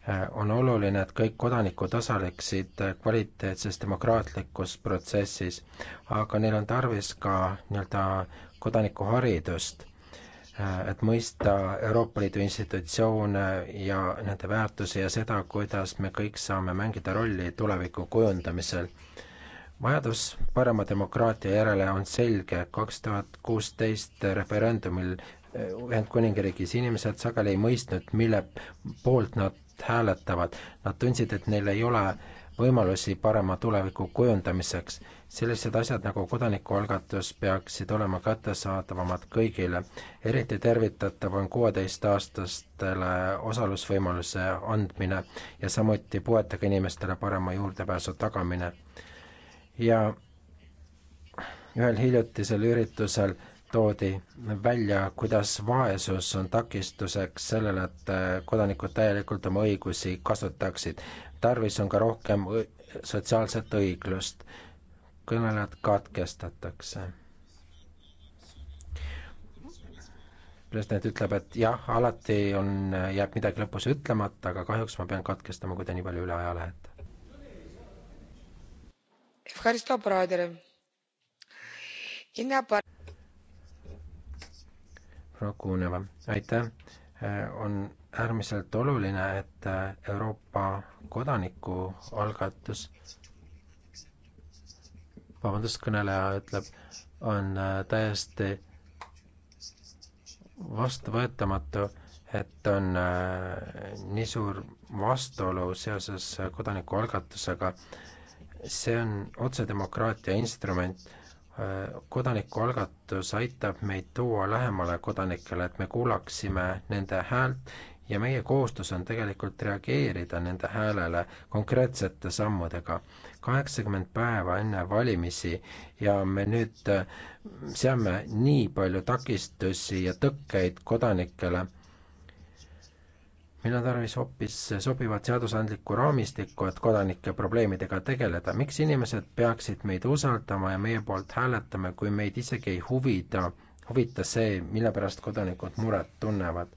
eh, on oluline, et kõik kodanikud osaleksid kvaliteetses demokraatlikus protsessis, aga neil on tarvis ka nii-öelda kodanikuharidust, et mõista Euroopa Liidu institutsioone ja nende väärtusi ja seda, kuidas me kõik saame mängida rolli tuleviku kujundamisel vajadus parema demokraatia järele on selge, kaks tuhat kuusteist referendumil Ühendkuningriigis inimesed sageli ei mõistnud, mille poolt nad hääletavad. Nad tundsid, et neil ei ole võimalusi parema tuleviku kujundamiseks. sellised asjad nagu kodanikualgatus peaksid olema kättesaadavamad kõigile. eriti tervitatav on kuueteistaastastele osalusvõimaluse andmine ja samuti puuetega inimestele parema juurdepääsu tagamine. ja ühel hiljutisel üritusel toodi välja, kuidas vaesus on takistuseks sellele, et äh, kodanikud täielikult oma õigusi kasutaksid. tarvis on ka rohkem sotsiaalset õiglust. kõnelejad katkestatakse. president ütleb, et jah, alati on, äh, jääb midagi lõpus ütlemata, aga kahjuks ma pean katkestama, kui te nii palju üle aja lähete. Ευχαριστώ, Πρόεδρε. Είναι απαραίτητο Roguneva, aitäh! Äh, on äärmiselt oluline, et äh, Euroopa kodanikualgatus, vabandust, kõneleja ütleb, on äh, täiesti vastuvõetamatu, et on nii suur vastuolu seoses kodanikualgatusega. see on otsedemokraatia instrument kodanikualgatus aitab meid tuua lähemale kodanikele, et me kuulaksime nende häält ja meie kohustus on tegelikult reageerida nende häälele konkreetsete sammudega. kaheksakümmend päeva enne valimisi ja me nüüd seame nii palju takistusi ja tõkkeid kodanikele meil on tarvis hoopis sobivat seadusandlikku raamistikku, et kodanike probleemidega tegeleda. miks inimesed peaksid meid usaldama ja meie poolt hääletama, kui meid isegi ei huvida, huvita see, mille pärast kodanikud muret tunnevad?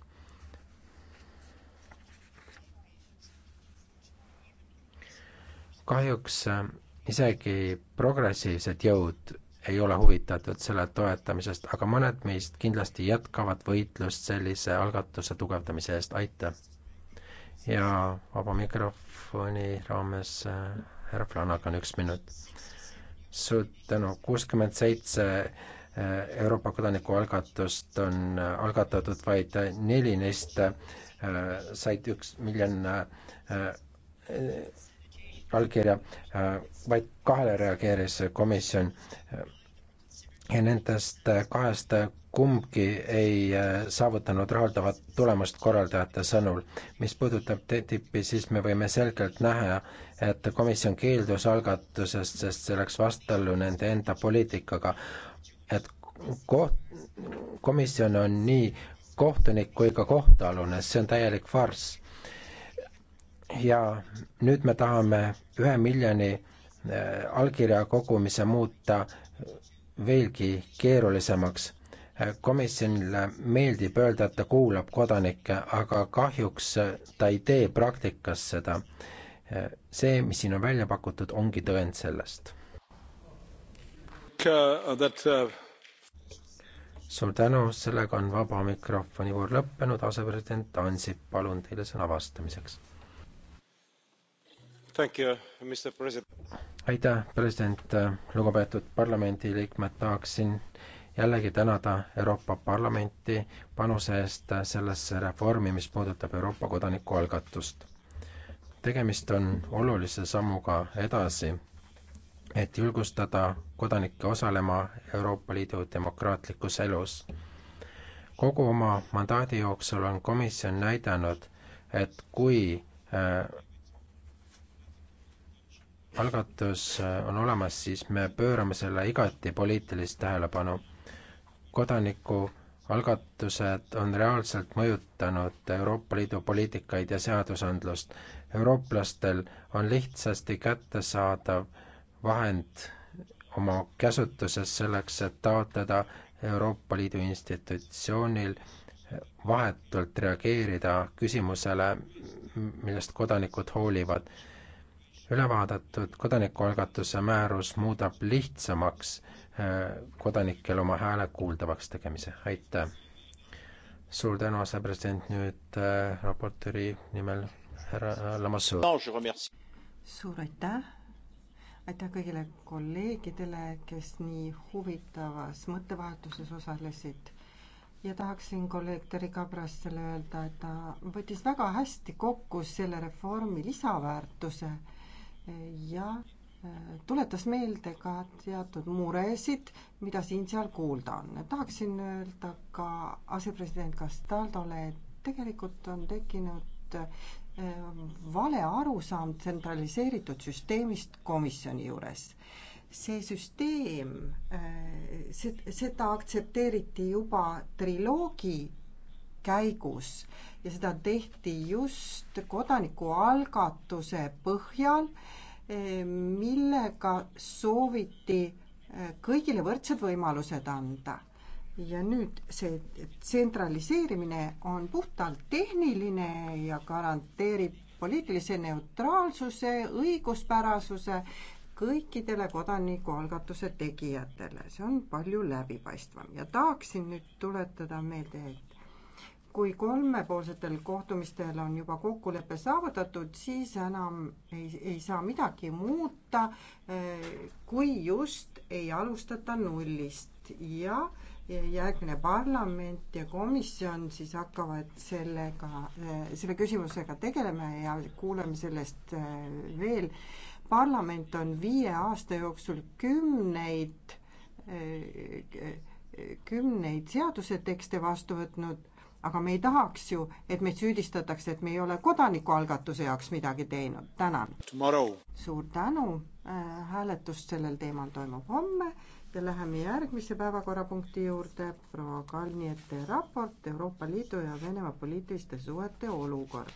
kahjuks äh, isegi progressiivsed jõud ei ole huvitatud selle toetamisest, aga mõned meist kindlasti jätkavad võitlust sellise algatuse tugevdamise eest, aitäh! ja vaba mikrofoni raames äh, härra Flanagan, üks minut. suur tänu, kuuskümmend seitse äh, Euroopa kodanikualgatust on äh, algatatud, vaid neli neist said üks miljon allkirja, vaid kahele reageeris komisjon ja nendest kahest kumbki ei äh, saavutanud rahuldavat tulemust korraldajate sõnul. mis puudutab TTIP-i, siis me võime selgelt näha, et komisjon keeldus algatusest, sest see läks vastuollu nende enda poliitikaga. et koht, komisjon on nii kohtunik kui ka kohtualune, see on täielik farss. ja nüüd me tahame ühe miljoni äh, allkirja kogumise muuta veelgi keerulisemaks. komisjonile meeldib öelda, et ta kuulab kodanikke, aga kahjuks ta ei tee praktikas seda. see, mis siin on välja pakutud, ongi tõend sellest. Uh, uh, suur tänu, sellega on vaba mikrofoni voor lõppenud, asepresident Ansip, palun teile sõna vastamiseks aitäh, president, lugupeetud parlamendiliikmed, tahaksin jällegi tänada Euroopa Parlamenti panuse eest sellesse reformi, mis puudutab Euroopa kodanikualgatust. tegemist on olulise sammuga edasi, et julgustada kodanikke osalema Euroopa Liidu demokraatlikus elus. kogu oma mandaadi jooksul on komisjon näidanud, et kui äh, algatus äh, on olemas, siis me pöörame selle igati poliitilist tähelepanu. kodanikualgatused on reaalselt mõjutanud Euroopa Liidu poliitikaid ja seadusandlust. eurooplastel on lihtsasti kättesaadav vahend oma käsutuses selleks, et taotleda Euroopa Liidu institutsioonil vahetult reageerida küsimusele, millest kodanikud hoolivad üle vaadatud kodanikualgatuse määrus muudab lihtsamaks äh, kodanikel oma hääle kuuldavaks tegemise, aitäh! suur tänu, asepresident, nüüd äh, raportööri nimel härra äh, Lamassu. suur aitäh, aitäh kõigile kolleegidele, kes nii huvitavas mõttevahetuses osalesid ja tahaksin kolleeg Terri Kabrastele öelda, et ta võttis väga hästi kokku selle reformi lisaväärtuse ja äh, tuletas meelde ka teatud muresid, mida siin-seal kuulda on. tahaksin öelda ka asepresident Castaldole, et tegelikult on tekkinud äh, vale arusaam tsentraliseeritud süsteemist komisjoni juures. see süsteem, äh, seda aktsepteeriti juba triloogi käigus ja seda tehti just kodanikualgatuse põhjal, eh, millega sooviti eh, kõigile võrdsed võimalused anda. ja nüüd see tsentraliseerimine on puhtalt tehniline ja garanteerib poliitilise neutraalsuse, õiguspärasuse kõikidele kodanikualgatuse tegijatele, see on palju läbipaistvam ja tahaksin nüüd tuletada meelde, et kui kolmepoolsetel kohtumistel on juba kokkulepe saavutatud, siis enam ei, ei saa midagi muuta, kui just ei alustata nullist ja järgmine parlament ja komisjon siis hakkavad sellega, selle küsimusega tegelema ja kuuleme sellest veel. parlament on viie aasta jooksul kümneid, kümneid seadusetekste vastu võtnud aga me ei tahaks ju, et meid süüdistatakse, et me ei ole kodanikualgatuse jaoks midagi teinud. tänan. suur tänu. Äh, hääletus sellel teemal toimub homme ja läheme järgmise päevakorrapunkti juurde. proua Kalniete raport Euroopa Liidu ja Venemaa poliitiliste suhete olukord.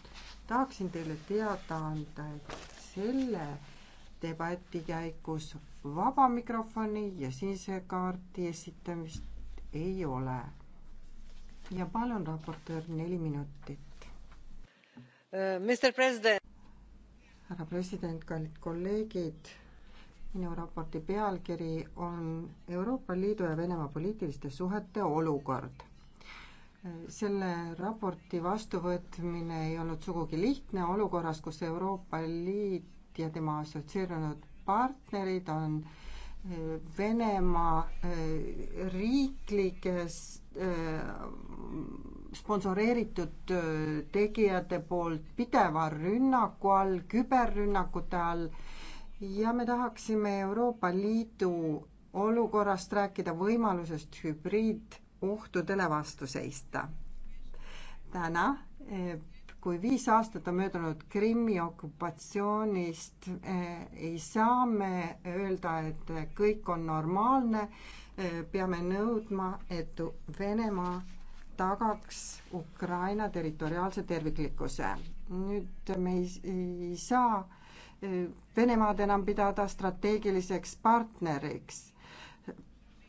tahaksin teile teada anda, et selle debati käigus vaba mikrofoni ja sinise kaardi esitamist ei ole ja palun, raportöör, neli minutit. Äh, härra president, kallid kolleegid, minu raporti pealkiri on Euroopa Liidu ja Venemaa poliitiliste suhete olukord selle raporti vastuvõtmine ei olnud sugugi lihtne olukorras, kus Euroopa Liit ja tema assotsieerunud partnerid on äh, Venemaa eh, riiklikes eh, sponsoreeritud eh, tegijate poolt pideva rünnaku all, küberrünnakute all ja me tahaksime Euroopa Liidu olukorrast rääkida, võimalusest hübriidohtudele vastu seista. täna kui viis aastat on möödunud Krimmi okupatsioonist, eh, ei saa me öelda, et kõik on normaalne. Eh, peame nõudma, et Venemaa tagaks Ukraina territoriaalse terviklikkuse. nüüd me ei, ei saa eh, Venemaad enam pidada strateegiliseks partneriks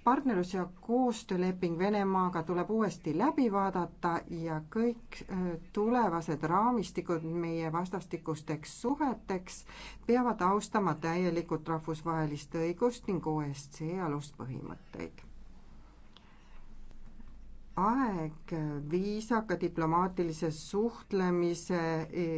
partnerlus- ja koostööleping Venemaaga tuleb uuesti läbi vaadata ja kõik äh, tulevased raamistikud meie vastastikusteks suheteks peavad austama täielikult rahvusvahelist õigust ning OSCE aluspõhimõtteid aeg viisaka diplomaatilise suhtlemise e,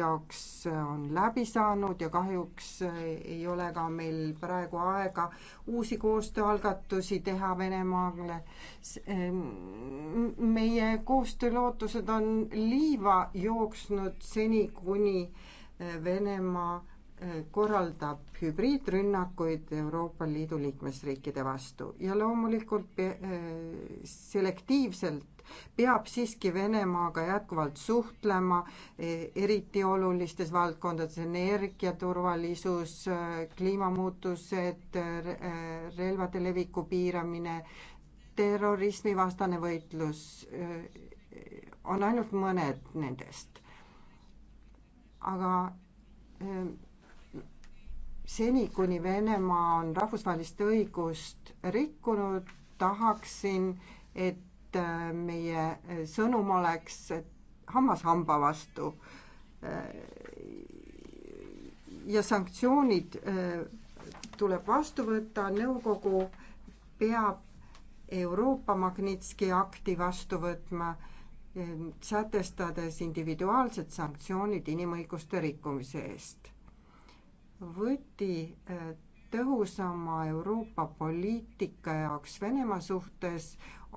jaoks on läbi saanud ja kahjuks ei ole ka meil praegu aega uusi koostööalgatusi teha Venemaale. E, meie koostöölootused on liiva jooksnud seni, kuni Venemaa korraldab hübriidrünnakuid Euroopa Liidu liikmesriikide vastu ja loomulikult pe äh, selektiivselt peab siiski Venemaaga jätkuvalt suhtlema, e, eriti olulistes valdkondades energiaturvalisus, äh, kliimamuutused, äh, relvade leviku piiramine, terrorismivastane võitlus, on ainult mõned nendest. aga seni, kuni Venemaa on rahvusvahelist õigust rikkunud, tahaksin, et äh, meie sõnum oleks hammas hamba vastu. Äh, ja sanktsioonid äh, tuleb vastu võtta, nõukogu peab Euroopa Magnitski akti vastu võtma, sätestades individuaalsed sanktsioonid inimõiguste rikkumise eest võti äh, tõhusama Euroopa poliitika jaoks Venemaa suhtes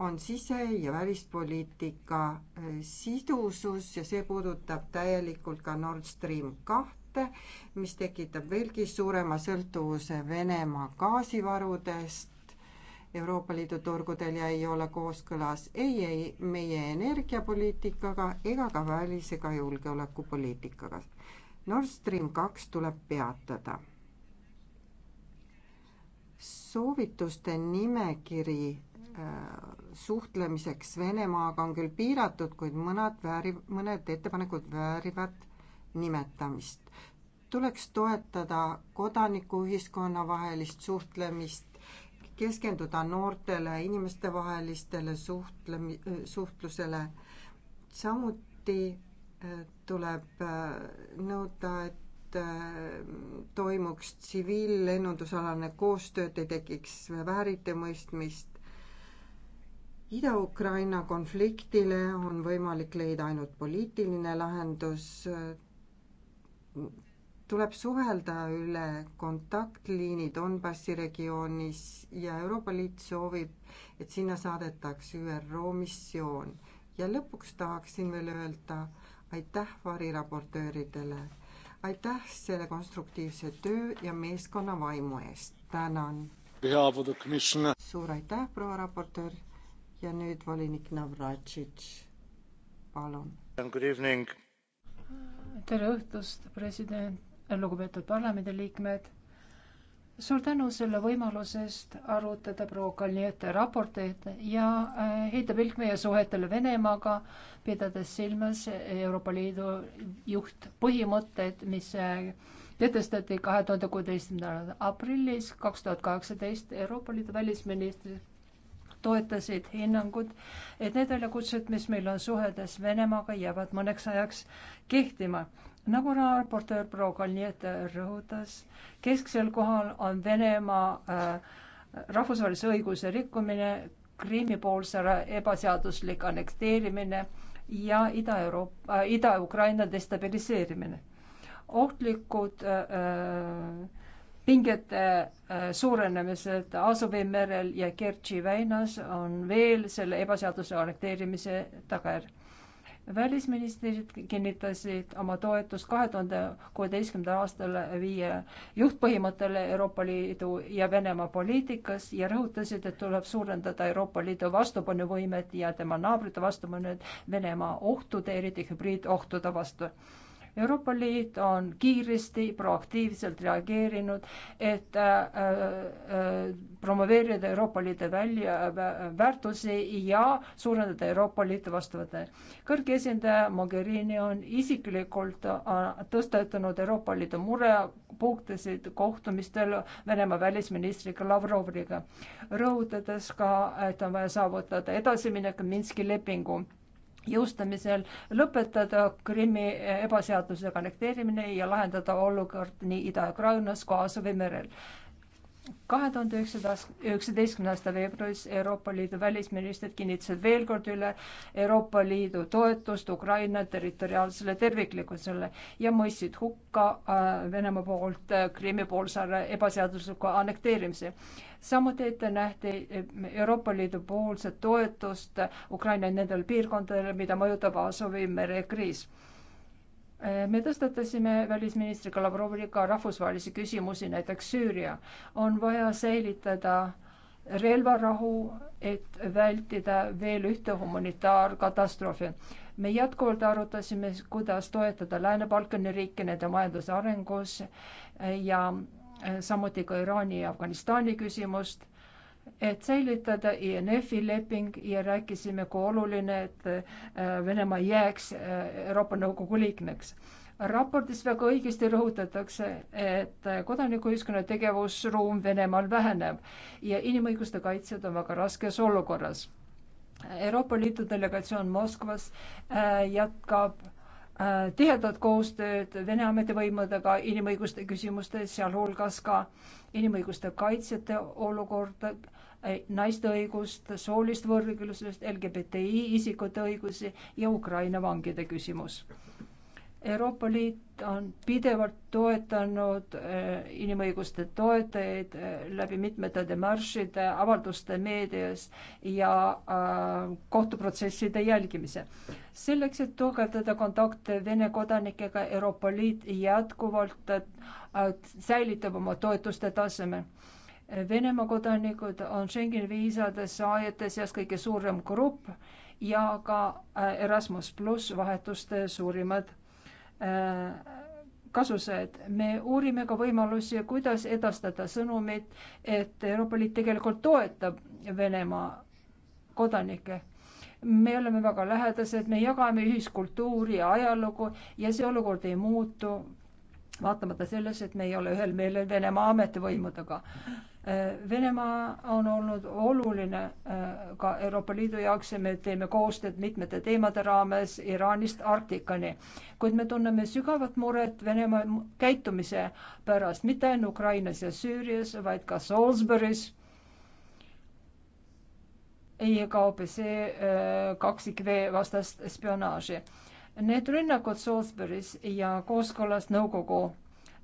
on sise- ja välispoliitika äh, sidusus ja see puudutab täielikult ka Nord Stream kahte, mis tekitab veelgi suurema sõltuvuse Venemaa gaasivarudest Euroopa Liidu turgudel ja ei ole kooskõlas ei, ei meie energiapoliitikaga ega ka välis- ega julgeolekupoliitikaga. Nord Stream kaks tuleb peatada. soovituste nimekiri äh, suhtlemiseks Venemaaga on küll piiratud, kuid mõned väärib, mõned ettepanekud väärivad nimetamist. tuleks toetada kodanikuühiskonna vahelist suhtlemist, keskenduda noortele inimestevahelistele suhtlemi-, suhtlusele, samuti tuleb äh, nõuda, et äh, toimuks tsiviillennundusalane koostöö, et ei tekiks vääritimõistmist. Ida-Ukraina konfliktile on võimalik leida ainult poliitiline lahendus. tuleb suhelda üle kontaktliini Donbassi regioonis ja Euroopa Liit soovib, et sinna saadetaks ÜRO missioon. ja lõpuks tahaksin veel öelda aitäh variraportööridele, aitäh selle konstruktiivse töö ja meeskonna vaimu eest, tänan. suur aitäh, proua raportöör ja nüüd volinik Navratšitš, palun. tere õhtust, president, lugupeetud parlamendiliikmed suur tänu selle võimaluse eest arutada proua Kalniete raporteid ja äh, heita pilk meie suhetele Venemaaga, pidades silmas Euroopa Liidu juhtpõhimõtteid, mis äh, kehtestati kahe tuhande kuueteistkümnendal aprillis kaks tuhat kaheksateist Euroopa Liidu välisministrid toetasid hinnangud, et need väljakutsed, mis meil on suhetes Venemaaga, jäävad mõneks ajaks kehtima nagu raportöör proua Kalniete rõhutas, kesksel kohal on Venemaa äh, rahvusvahelise õiguse rikkumine, Krimmi poolsaare ebaseaduslik annekteerimine ja Ida-Euroopa äh,, Ida-Ukraina destabiliseerimine. ohtlikud äh, äh pingete äh, suurenemised Aasovi merel ja Kertši väinas on veel selle ebaseaduse annekteerimise tagajärg välisministrid kinnitasid oma toetust kahe tuhande kuueteistkümnendal aastal viie juhtpõhimõttele Euroopa Liidu ja Venemaa poliitikas ja rõhutasid, et tuleb suurendada Euroopa Liidu vastupanuvõimet ja tema naabrite vastupanuvõimet Venemaa ohtude, eriti hübriidohtude vastu Euroopa Liit on kiiresti, proaktiivselt reageerinud, et äh, äh, promoveerida Euroopa Liidu välja äh, väärtusi ja suurendada Euroopa Liitu vastuvõtte. kõrge esindaja Mogherini on isiklikult äh, tõstatanud Euroopa Liidu murepunktisid kohtumistel Venemaa välisministriga Lavroviga, rõhutades ka, et on vaja saavutada edasiminek Minski lepingu jõustamisel lõpetada Krimmi ebaseaduslik annekteerimine ja lahendada olukord nii Ida-Ukrainas kui Aasovi merel kahe tuhande üheksateistkümnenda aasta veebruaris Euroopa Liidu välisministrid kinnitasid veel kord üle Euroopa Liidu toetust Ukraina territoriaalsele terviklikkusele ja mõistsid hukka äh, Venemaa poolt äh, Krimmi poolsaare ebaseadusliku annekteerimise. samuti ette nähti äh, Euroopa Liidu poolset toetust Ukraina nendele piirkondadele, mida mõjutab Aasovi merekriis me tõstatasime välisministriga Lavroviga rahvusvahelisi küsimusi, näiteks Süüria. on vaja säilitada relvarahu, et vältida veel ühte humanitaarkatastroofi. me jätkuvalt arutasime, kuidas toetada Lääne-Balkani riike nende majanduse arengus ja samuti ka Iraani ja Afganistani küsimust et säilitada INF-i leping ja rääkisime, kui oluline, et äh, Venemaa jääks äh, Euroopa Nõukogu liikmeks. raportis väga õigesti rõhutatakse, et äh, kodanikuühiskonna tegevusruum Venemaal väheneb ja inimõiguste kaitsjad on väga raskes olukorras. Euroopa Liidu delegatsioon Moskvas jätkab Äh, tihedat koostööd Vene ametivõimudega inimõiguste küsimustes, sealhulgas ka inimõiguste kaitsjate olukorda, äh, naiste õigust, soolist võrdõiguslusest, LGBTI isikute õigusi ja Ukraina vangide küsimus. Euroopa Liit on pidevalt toetanud eh, inimõiguste toetajaid eh, läbi mitmete demarsside, avalduste meedias ja eh, kohtuprotsesside jälgimise. selleks, et tugevdada kontakte Vene kodanikega, Euroopa Liit jätkuvalt säilitab oma toetuste taseme Venemaa kodanikud on Schengeni viisade saajate seas kõige suurem grupp ja ka Erasmus pluss vahetuste suurimad Äh, kasusaajad. me uurime ka võimalusi, kuidas edastada sõnumit, et Euroopa Liit tegelikult toetab Venemaa kodanikke. me oleme väga lähedased, me jagame ühiskultuuri ja ajalugu ja see olukord ei muutu, vaatamata selles, et me ei ole ühel meelel Venemaa ametivõimudega Äh, Venemaa on olnud oluline äh, ka Euroopa Liidu jaoks ja me teeme koostööd mitmete teemade raames Iraanist Arktikani. kuid me tunneme sügavat muret Venemaa käitumise pärast mitte ainult Ukrainas ja Süürias, vaid ka Salisbury's. EKPC äh, kaksik V vastast spionaaži. Need rünnakud Salisbury's ja kooskõlas nõukogu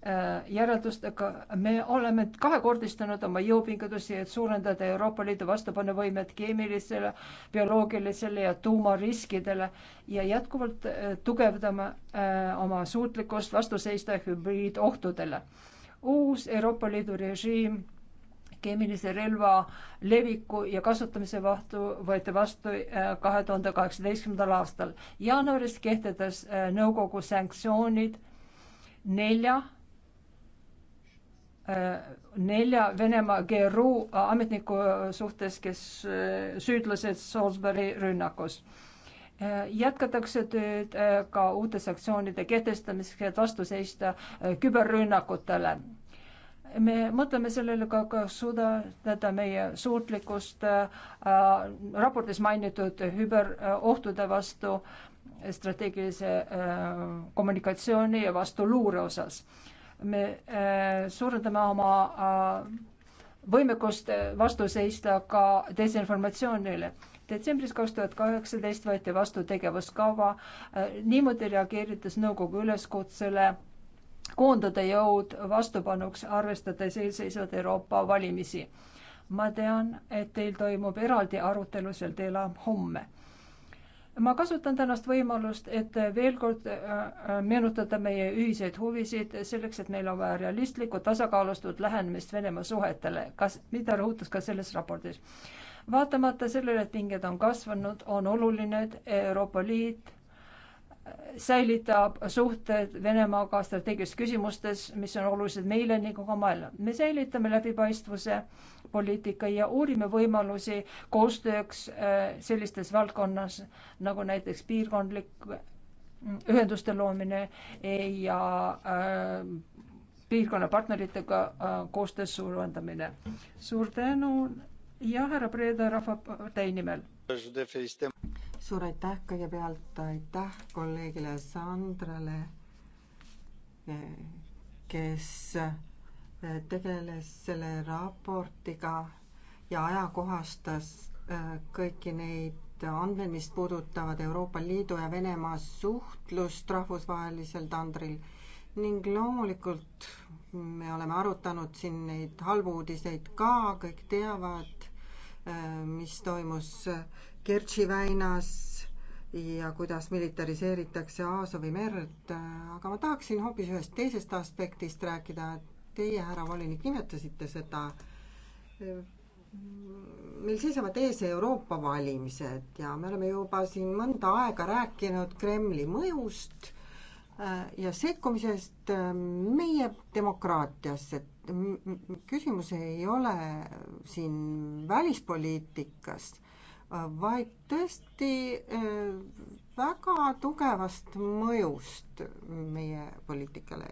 Äh, järeldustega me oleme kahekordistanud oma jõupingutusi, et suurendada Euroopa Liidu vastupanuvõimet keemilisele, bioloogilisele ja tuumariskidele ja jätkuvalt äh, tugevdama äh, oma suutlikkust vastu seista hübriidohtudele. uus Euroopa Liidu režiim keemilise relva leviku ja kasutamise vastu võeti vastu kahe tuhande kaheksateistkümnendal aastal. jaanuaris kehtetas nõukogu sanktsioonid nelja Äh, nelja Venemaa GRU äh, ametniku äh, suhtes, kes süüdlased Salisbury rünnakus. jätkatakse tööd ka uute sanktsioonide kehtestamiseks, et vastu seista küberrünnakutele. me mõtleme sellele ka, kas suudada meie suutlikkust raportis mainitud küberohtude vastu strateegilise kommunikatsiooni ja vastu luure osas me äh, suurendame oma äh, võimekust vastu seista ka desinformatsioonile. detsembris kaks tuhat kaheksateist võeti vastu tegevuskava, äh, niimoodi reageerides nõukogu üleskutsele koondada jõud vastupanuks, arvestades eelseisvaid Euroopa valimisi. ma tean, et teil toimub eraldi arutelu sel teemal homme ma kasutan tänast võimalust, et veel kord äh, äh, meenutada meie ühiseid huvisid selleks, et meil on vaja realistlikku tasakaalustatud lähenemist Venemaa suhetele, kas, mida rõhutas ka selles raportis. vaatamata sellele, et pinged on kasvanud, on oluline, et Euroopa Liit äh, säilitab suhted Venemaaga strateegilistes küsimustes, mis on olulised meile ning kogu maailmale. me säilitame läbipaistvuse poliitika ja uurime võimalusi koostööks äh, sellistes valdkonnas nagu näiteks piirkondlik mm, ühenduste loomine ja äh, piirkonna partneritega äh, koostöös suurendamine. suur tänu ja härra Preede Rahvapartei nimel. suur aitäh kõigepealt, aitäh kolleegile Sandrale, kes tegeles selle raportiga ja ajakohastas äh, kõiki neid andmeid, mis puudutavad Euroopa Liidu ja Venemaa suhtlust rahvusvahelisel tandril ning loomulikult me oleme arutanud siin neid halbu uudiseid ka, kõik teavad, äh, mis toimus äh, Kertši väinas ja kuidas militariseeritakse Aasovi merd, aga ma tahaksin hoopis ühest teisest aspektist rääkida, teie, härra volinik, nimetasite seda. meil seisavad ees Euroopa valimised ja me oleme juba siin mõnda aega rääkinud Kremli mõjust äh, ja sekkumisest äh, meie demokraatiasse. küsimus ei ole siin välispoliitikas, äh, vaid tõesti väga tugevast mõjust meie poliitikale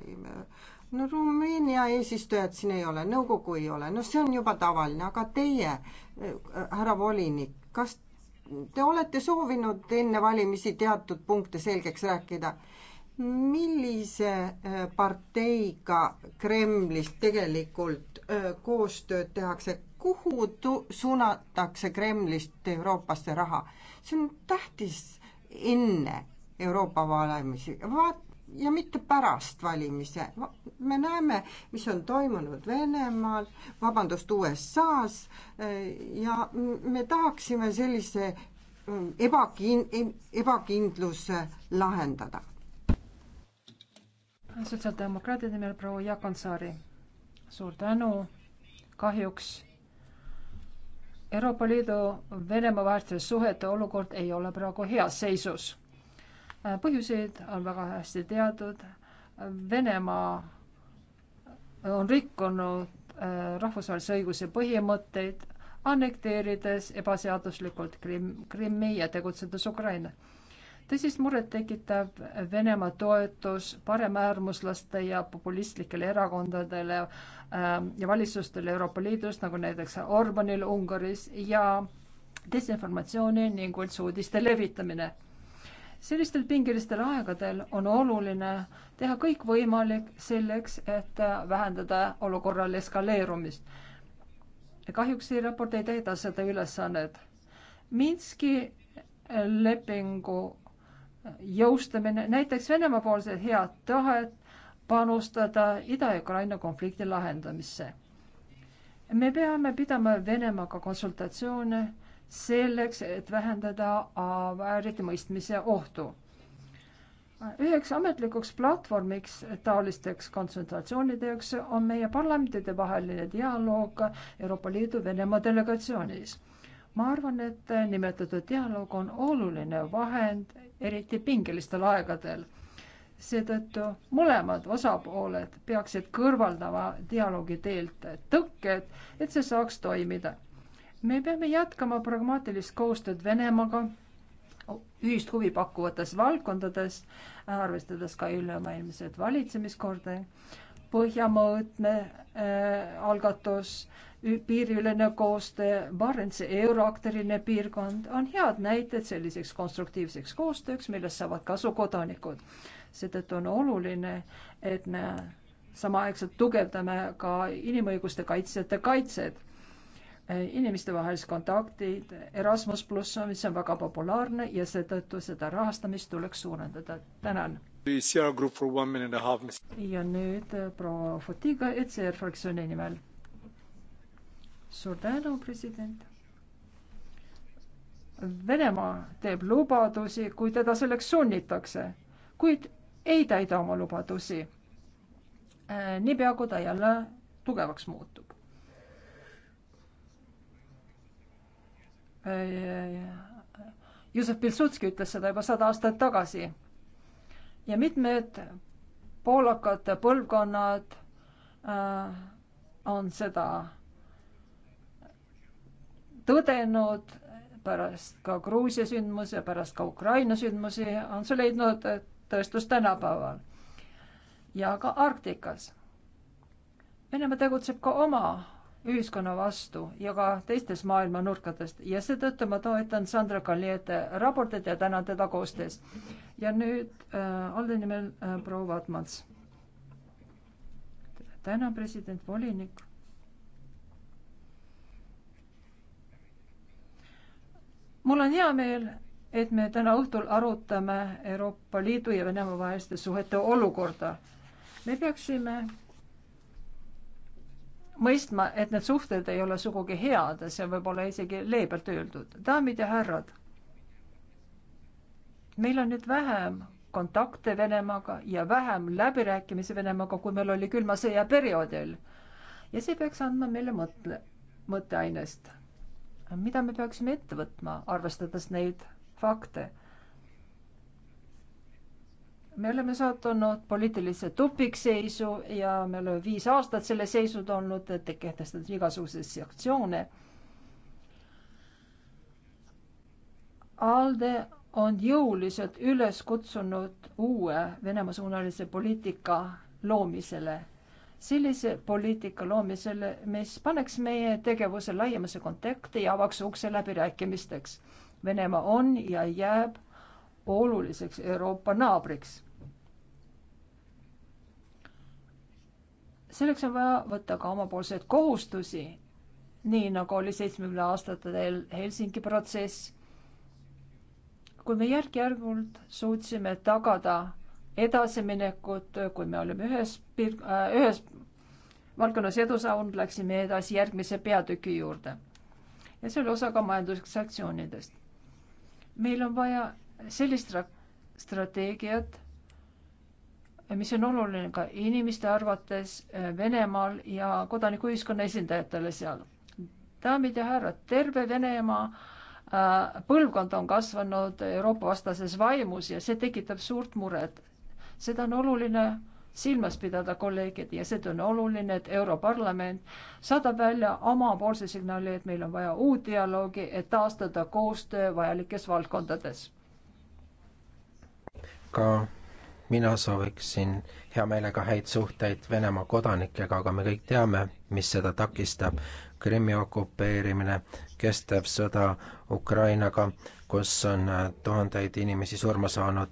no Rumeenia eesistujat siin ei ole, nõukogu ei ole, no see on juba tavaline, aga teie, härra volinik, kas te olete soovinud enne valimisi teatud punkte selgeks rääkida? millise äh, parteiga Kremlis tegelikult äh, koostööd tehakse, kuhu tu-, suunatakse Kremlist Euroopasse raha? see on tähtis enne Euroopa valimisi, vaat-, ja mitte pärast valimisi. me näeme, mis on toimunud Venemaal, vabandust, USA-s ja me tahaksime sellise mm, ebakin-, ebakindluse lahendada. sotsiaaldemokraatide nimel proua Jakonsaari, suur tänu, kahjuks Euroopa Liidu Venemaa vaheliste suhete olukord ei ole praegu heas seisus põhjuseid on väga hästi teadnud. Venemaa on rikkunud äh, rahvusvahelise õiguse põhimõtteid, annekteerides ebaseaduslikult Krimm, Krimmi ja tegutsedes Ukraina. tõsist muret tekitab Venemaa toetus paremäärmuslaste ja populistlikele erakondadele ähm, ja valitsustele Euroopa Liidus, nagu näiteks Orbanil Ungaris ja desinformatsiooni ning üldse uudiste levitamine sellistel pingelistel aegadel on oluline teha kõik võimalik selleks, et äh, vähendada olukorral eskaleerumist. kahjuks see raport ei täida seda ülesannet. Minski äh, lepingu äh, jõustamine, näiteks Venemaa-poolse head tahet panustada Ida-Ukraina konflikti lahendamisse. me peame pidama Venemaaga konsultatsioone selleks, et vähendada vääritimõistmise ohtu. üheks ametlikuks platvormiks taolisteks konsultatsioonideks on meie parlamentide vaheline dialoog Euroopa Liidu Venemaa delegatsioonis. ma arvan, et nimetatud dialoog on oluline vahend, eriti pingelistel aegadel seetõttu mõlemad osapooled peaksid kõrvaldama dialoogi teelt tõkked, et see saaks toimida me peame jätkama pragmaatilist koostööd Venemaaga ühist huvi pakkuvates valdkondades, arvestades ka ülemaailmset valitsemiskorda, Põhjamõõtme äh, algatus, piiriülene koostöö, Barentsi euroaktiline piirkond on head näited selliseks konstruktiivseks koostööks, millest saavad kasu kodanikud. seetõttu on oluline, et me samaaegselt tugevdame ka inimõiguste kaitsjate kaitset Äh, inimestevahelised kontaktid, Erasmus pluss, mis on väga populaarne ja seetõttu seda rahastamist tuleks suurendada. tänan. ja nüüd äh, proua Fotiga ECR fraktsiooni nimel. suur tänu, president. Venemaa teeb lubadusi, kui teda selleks sunnitakse, kuid ei täida oma lubadusi. Äh, niipea, kui ta jälle tugevaks muutub Äh, Jussef Pilsudski ütles seda juba sada aastat tagasi. ja mitmed poolakad põlvkonnad äh, on seda tõdenud pärast ka Gruusia sündmusi ja pärast ka Ukraina sündmusi on see leidnud tõestust tänapäeval ja ka Arktikas. Venemaa tegutseb ka oma ühiskonna vastu ja ka teistes maailma nurkadest ja seetõttu ma toetan Sandra Kaljete raportit ja tänan teda koostöös. ja nüüd äh, Alde nimel äh, proua Vatmans. tänan, president, volinik. mul on hea meel, et me täna õhtul arutame Euroopa Liidu ja Venemaa vaheliste suhete olukorda. me peaksime mõistma, et need suhted ei ole sugugi head, see võib olla isegi leebelt öeldud. daamid ja härrad, meil on nüüd vähem kontakte Venemaaga ja vähem läbirääkimisi Venemaaga, kui meil oli külma sõja perioodil. ja see peaks andma meile mõtle, mõtteainest, mida me peaksime ette võtma, arvestades neid fakte me oleme sattunud poliitilisse tupikseisu ja me oleme viis aastat selles seisus olnud, et kehtestatud igasuguseid sanktsioone. ALDE on jõuliselt üles kutsunud uue Venemaa-suunalise poliitika loomisele, sellise poliitika loomisele, mis paneks meie tegevuse laiemasse konteksti ja avaks ukse läbirääkimisteks. Venemaa on ja jääb oluliseks Euroopa naabriks. selleks on vaja võtta ka omapoolseid kohustusi, nii nagu oli seitsmekümne aastatel Helsingi protsess. kui me järk-järgult suutsime tagada edasiminekut, kui me olime ühes piir- äh,, ühes valdkonnas edusaanud, läksime edasi järgmise peatüki juurde. ja see oli osa ka majandussanktsioonidest. meil on vaja sellist strateegiat mis on oluline ka inimeste arvates äh, Venemaal ja kodanikuühiskonna esindajatele seal. daamid ja härrad, terve Venemaa äh, põlvkond on kasvanud Euroopa vastases vaimus ja see tekitab suurt muret. seda on oluline silmas pidada, kolleegid, ja see on oluline, et Europarlament saadab välja omapoolse signaali, et meil on vaja uut dialoogi, et taastada koostöö vajalikes valdkondades. ka mina sooviksin hea meelega häid suhteid Venemaa kodanikega, aga me kõik teame, mis seda takistab. Krimmi okupeerimine, kestev sõda Ukrainaga, kus on äh, tuhandeid inimesi surma saanud,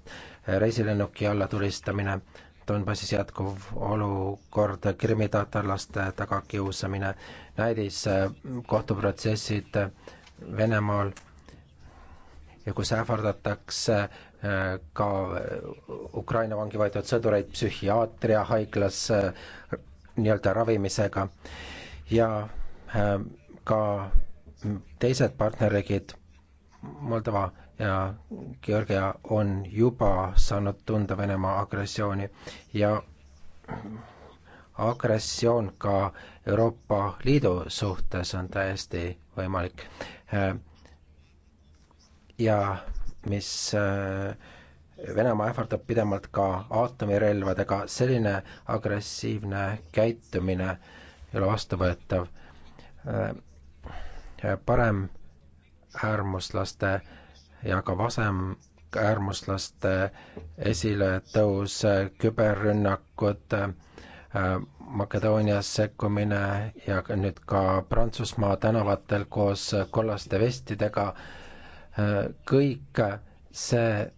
reisilennuki allatulistamine, Donbassis jätkuv olukord, krimmitatarlaste tagakiusamine, näidiskohtuprotsessid äh, äh, Venemaal ja kus ähvardatakse ka Ukraina vangi võetud sõdureid psühhiaatriahaiglas nii-öelda ravimisega ja ähm, ka teised partnerriigid, Moldova ja Georgia on juba saanud tunda Venemaa agressiooni ja agressioon ka Euroopa Liidu suhtes on täiesti võimalik. Ähm, ja mis äh, Venemaa ähvardab pidemalt ka aatomirelvadega, selline agressiivne käitumine ei ole vastuvõetav. Äh, parem äärmuslaste ja ka vasem äärmuslaste esiletõus, küberrünnakud, äh, Makedoonias sekkumine ja ka nüüd ka Prantsusmaa tänavatel koos kollaste vestidega äh, kõik see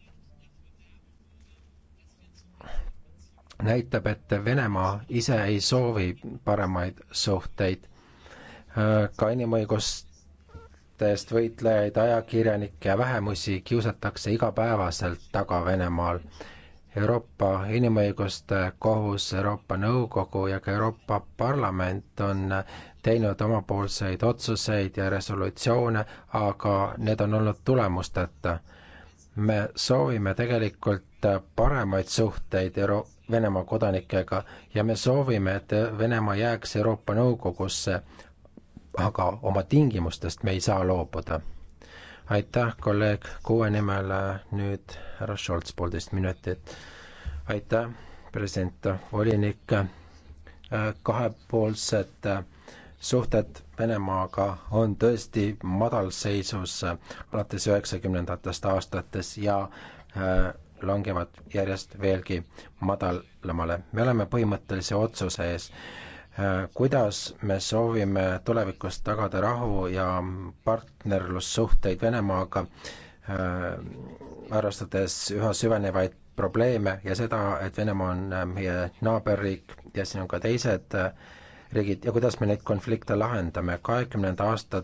näitab, et Venemaa ise ei soovi paremaid suhteid. ka inimõiguste eest võitlejaid, ajakirjanikke ja vähemusi kiusatakse igapäevaselt taga Venemaal Euroopa Inimõiguste Kohus, Euroopa Nõukogu ja ka Euroopa Parlament on teinud omapoolseid otsuseid ja resolutsioone, aga need on olnud tulemusteta. me soovime tegelikult paremaid suhteid Euro-, Venemaa kodanikega ja me soovime, et Venemaa jääks Euroopa Nõukogusse, aga oma tingimustest me ei saa loobuda aitäh, kolleeg Kuue nimel, nüüd härra Scholz, poolteist minutit. aitäh, president, volinik, kahepoolsed suhted Venemaaga on tõesti madalseisus alates üheksakümnendatest aastatest ja äh, langevad järjest veelgi madalamale. me oleme põhimõttelise otsuse ees Äh, kuidas me soovime tulevikus tagada rahu ja partnerlussuhteid Venemaaga, äh, arvestades üha süvenevaid probleeme ja seda, et Venemaa on äh, meie naaberriik ja siin on ka teised riigid ja kuidas me neid konflikte lahendame, kahekümnenda aasta,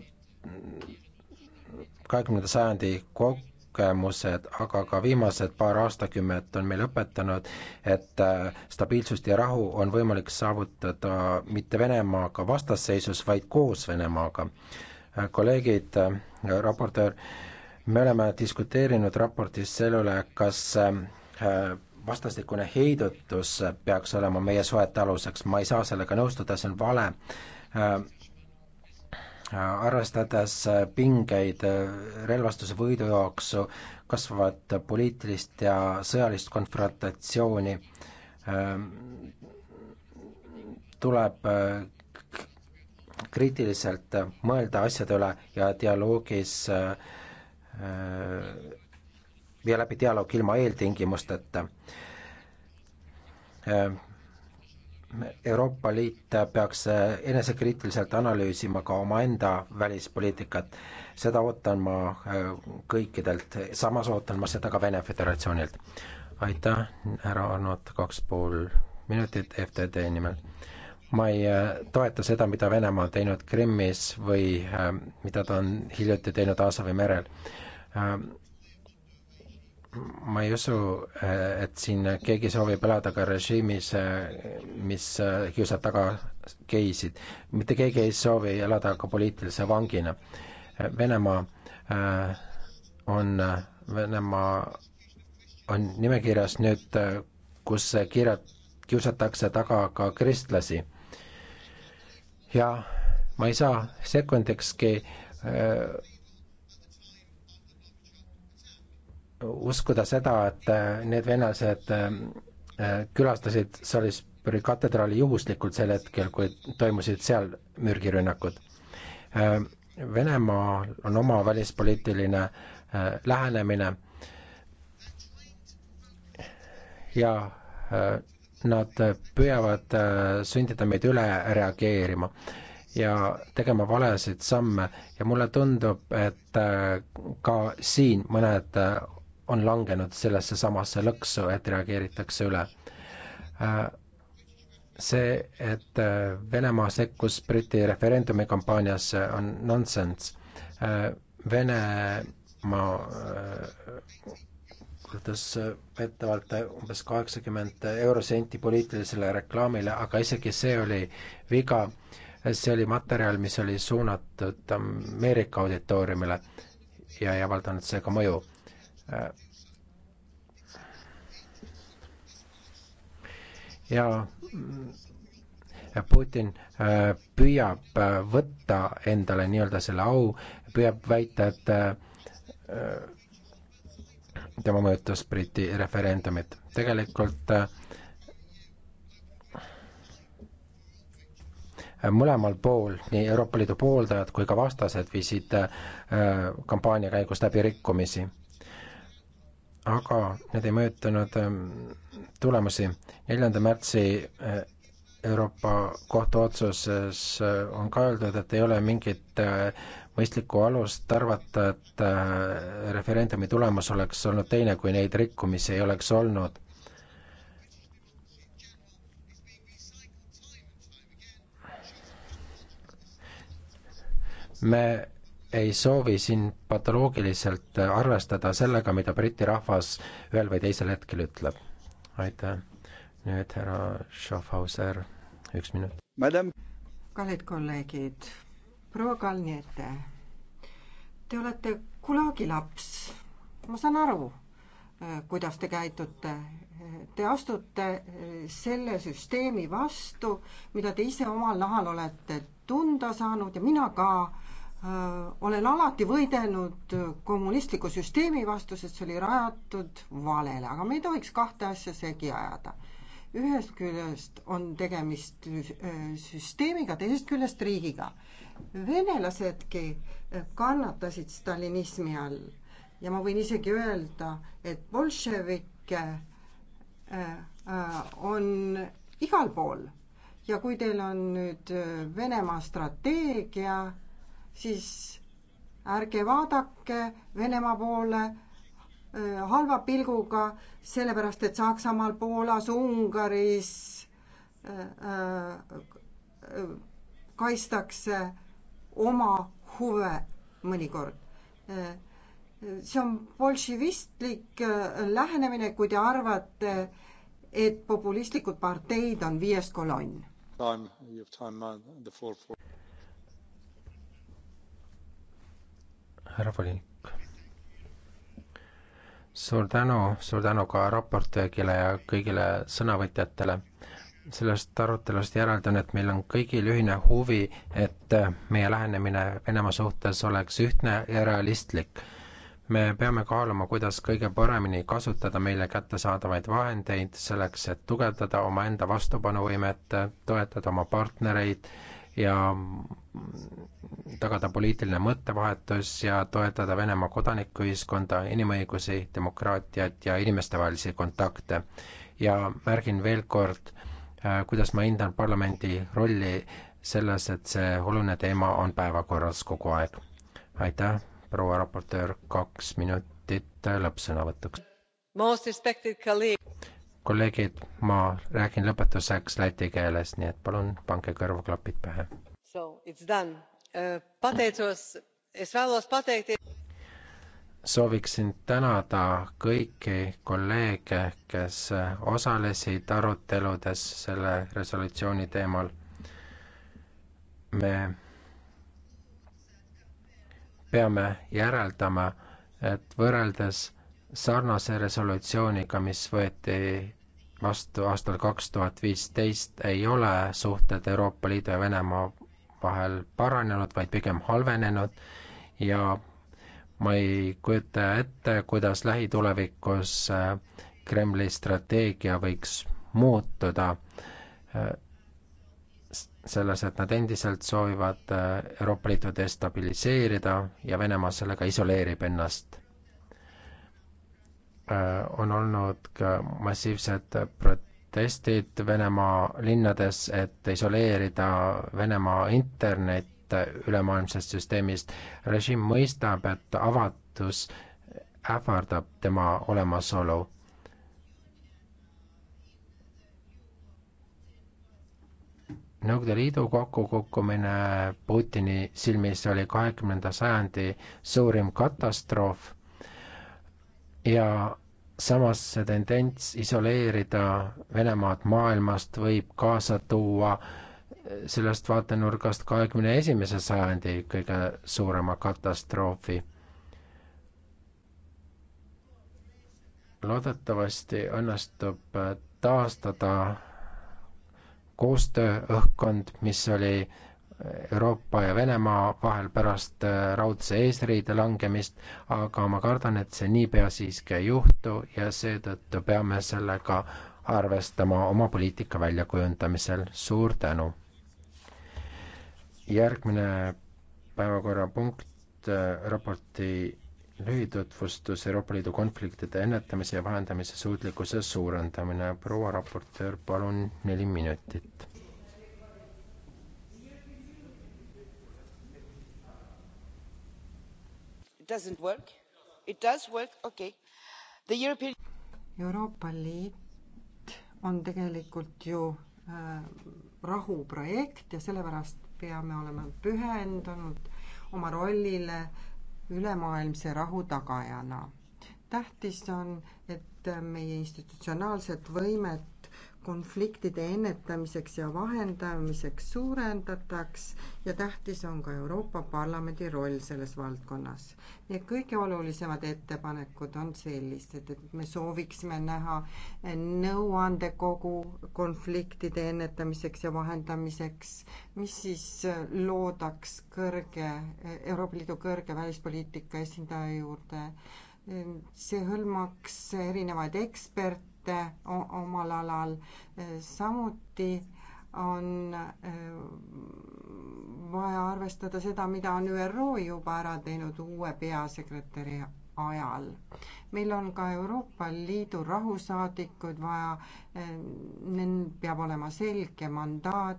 kahekümnenda sajandi kok-, kogemused, aga ka viimased paar aastakümmet on meile õpetanud, et äh, stabiilsust ja rahu on võimalik saavutada mitte Venemaaga vastasseisus, vaid koos Venemaaga. Äh, kolleegid, äh, raportöör, me oleme diskuteerinud raportis selle üle, kas vastastikune heidutus peaks olema meie suhete aluseks, ma ei saa sellega nõustuda, see on vale arvestades pingeid relvastuse võidujooksu, kasvavat poliitilist ja sõjalist konfrontatsiooni, tuleb kriitiliselt mõelda asjade üle ja dialoogis viia läbi dialoog ilma eeltingimusteta Euroopa Liit peaks enesekriitiliselt analüüsima ka omaenda välispoliitikat. seda ootan ma äh, kõikidelt, samas ootan ma seda ka Vene Föderatsioonilt. aitäh, härra Arnold, kaks pool minutit FTD nimel. ma ei äh, toeta seda, mida Venemaa on teinud Krimmis või äh, mida ta on hiljuti teinud Aasavi merel ma ei usu, eh, et siin keegi soovib elada ka režiimis, eh, mis eh, kiusab taga geisid. mitte keegi ei soovi elada ka poliitilise vangina. Venemaa on, Venemaa on nimekirjas nüüd, kus kiirat-, kiusatakse taga ka kristlasi. ja ma ei saa sekundikski äh, uskuda seda, et äh, need venelased äh, äh, külastasid Salisbury katedraali juhuslikult sel hetkel, kui toimusid seal mürgirünnakud. Venemaal on oma välispoliitiline lähenemine ja nad püüavad sundida meid üle reageerima ja tegema valesid samme ja mulle tundub, et ka siin mõned on langenud sellesse samasse lõksu, et reageeritakse üle. see, et Venemaa sekkus Briti referendumi kampaaniasse, on nonsense. Venemaa kulutas väidetavalt umbes kaheksakümmend eurosenti poliitilisele reklaamile, aga isegi see oli viga. see oli materjal, mis oli suunatud Ameerika auditooriumile ja ei avaldanud seega mõju ja Putin äh, püüab äh, võtta endale nii-öelda selle au, püüab väita, et äh, tema mõjutas Briti referendumit. tegelikult mõlemal pool, nii Euroopa Liidu pooldajad kui ka vastased viisid kampaania käigus läbi rikkumisi aga need ei mõjutanud ähm, tulemusi. neljanda märtsi äh, Euroopa Kohtu otsuses äh, on ka öeldud, et ei ole mingit äh, mõistlikku alust arvata, et referendumi tulemus oleks olnud teine, kui neid rikkumisi ei oleks olnud. me ei soovi siin patoloogiliselt arvestada sellega, mida Briti rahvas ühel või teisel hetkel ütleb. aitäh. nüüd härra Schaffhauser, üks minut. kallid kolleegid, proua Kalniete, te olete Gulagi laps, ma saan aru, eh, kuidas te käitute. Te astute eh, selle süsteemi vastu, mida te ise omal nahal olete tunda saanud ja mina ka Äh, olen alati võidelnud äh, kommunistliku süsteemi vastu, sest see oli rajatud valele, aga me ei tohiks kahte asja segi ajada. ühest küljest on tegemist äh, süsteemiga, teisest küljest riigiga. venelasedki kannatasid stalinismi all ja ma võin isegi öelda, et bolševikke on igal pool ja kui teil on nüüd Venemaa strateegia, siis ärge vaadake Venemaa poole halva pilguga, sellepärast et Saksamaal, Poolas, Ungaris kaitstakse oma huve mõnikord. see on bolševistlik lähenemine, kui te arvate, et populistlikud parteid on viies kolonn. härra volinik. suur tänu, suur tänu ka raportöögile ja kõigile sõnavõtjatele. sellest arutelust järeldan, et meil on kõigil ühine huvi, et meie lähenemine Venemaa suhtes oleks ühtne ja realistlik. me peame kaaluma, kuidas kõige paremini kasutada meile kättesaadavaid vahendeid selleks, et tugevdada omaenda vastupanuvõimet, toetada oma partnereid ja tagada poliitiline mõttevahetus ja toetada Venemaa kodanikuühiskonda, inimõigusi, demokraatiat ja inimestevahelisi kontakte. ja märgin veel kord, äh, kuidas ma hindan parlamendi rolli selles, et see oluline teema on päevakorras kogu aeg. aitäh, proua raportöör, kaks minutit lõppsõnavõtuks. kolleegid, ma räägin lõpetuseks läti keeles, nii et palun pange kõrvaklapid pähe Uh, sooviksin tänada kõiki kolleege, kes uh, osalesid aruteludes selle resolutsiooni teemal. me peame järeldama, et võrreldes sarnase resolutsiooniga, mis võeti vastu aastal kaks tuhat viisteist ei ole suhted Euroopa Liidu ja Venemaa vahel paranenud, vaid pigem halvenenud ja ma ei kujuta ette, kuidas lähitulevikus äh, Kremli strateegia võiks muutuda äh, selles, et nad endiselt soovivad äh, Euroopa Liitu destabiliseerida ja Venemaa sellega isoleerib ennast. on olnud ka massiivsed prot-, testid Venemaa linnades, et isoleerida Venemaa internet ülemaailmsest süsteemist. režiim mõistab, et avatus ähvardab tema olemasolu. Nõukogude Liidu kokkukukkumine Putini silmis oli kahekümnenda sajandi suurim katastroof ja samas see tendents isoleerida Venemaad maailmast võib kaasa tuua sellest vaatenurgast kahekümne esimese sajandi kõige suurema katastroofi. loodetavasti õnnestub taastada koostööõhkkond, mis oli Euroopa ja Venemaa vahel pärast äh, raudse eesriide langemist, aga ma kardan, et see niipea siiski ei juhtu ja seetõttu peame sellega arvestama oma poliitika väljakujundamisel. suur tänu! järgmine päevakorrapunkt, äh, raporti lühitutvustus Euroopa Liidu konfliktide ennetamise ja vahendamise suutlikkuse suurendamine. proua raportöör, palun neli minutit Euroopa Liit on tegelikult ju äh, rahuprojekt ja sellepärast peame olema pühendunud oma rollile ülemaailmse rahu tagajana. tähtis on, et meie institutsionaalset võimet konfliktide ennetamiseks ja vahendamiseks suurendataks ja tähtis on ka Euroopa Parlamendi roll selles valdkonnas. Need kõige olulisemad ettepanekud on sellised, et me sooviksime näha nõuandekogu konfliktide ennetamiseks ja vahendamiseks, mis siis loodaks kõrge, Euroopa Liidu kõrge välispoliitika esindaja juurde see hõlmaks erinevaid eksperte, eksperte eh, omal alal, eh, samuti on eh, vaja arvestada seda, mida on ÜRO juba ära teinud uue peasekretäri ajal. meil on ka Euroopa Liidu rahusaadikuid vaja, neil peab olema selge mandaat,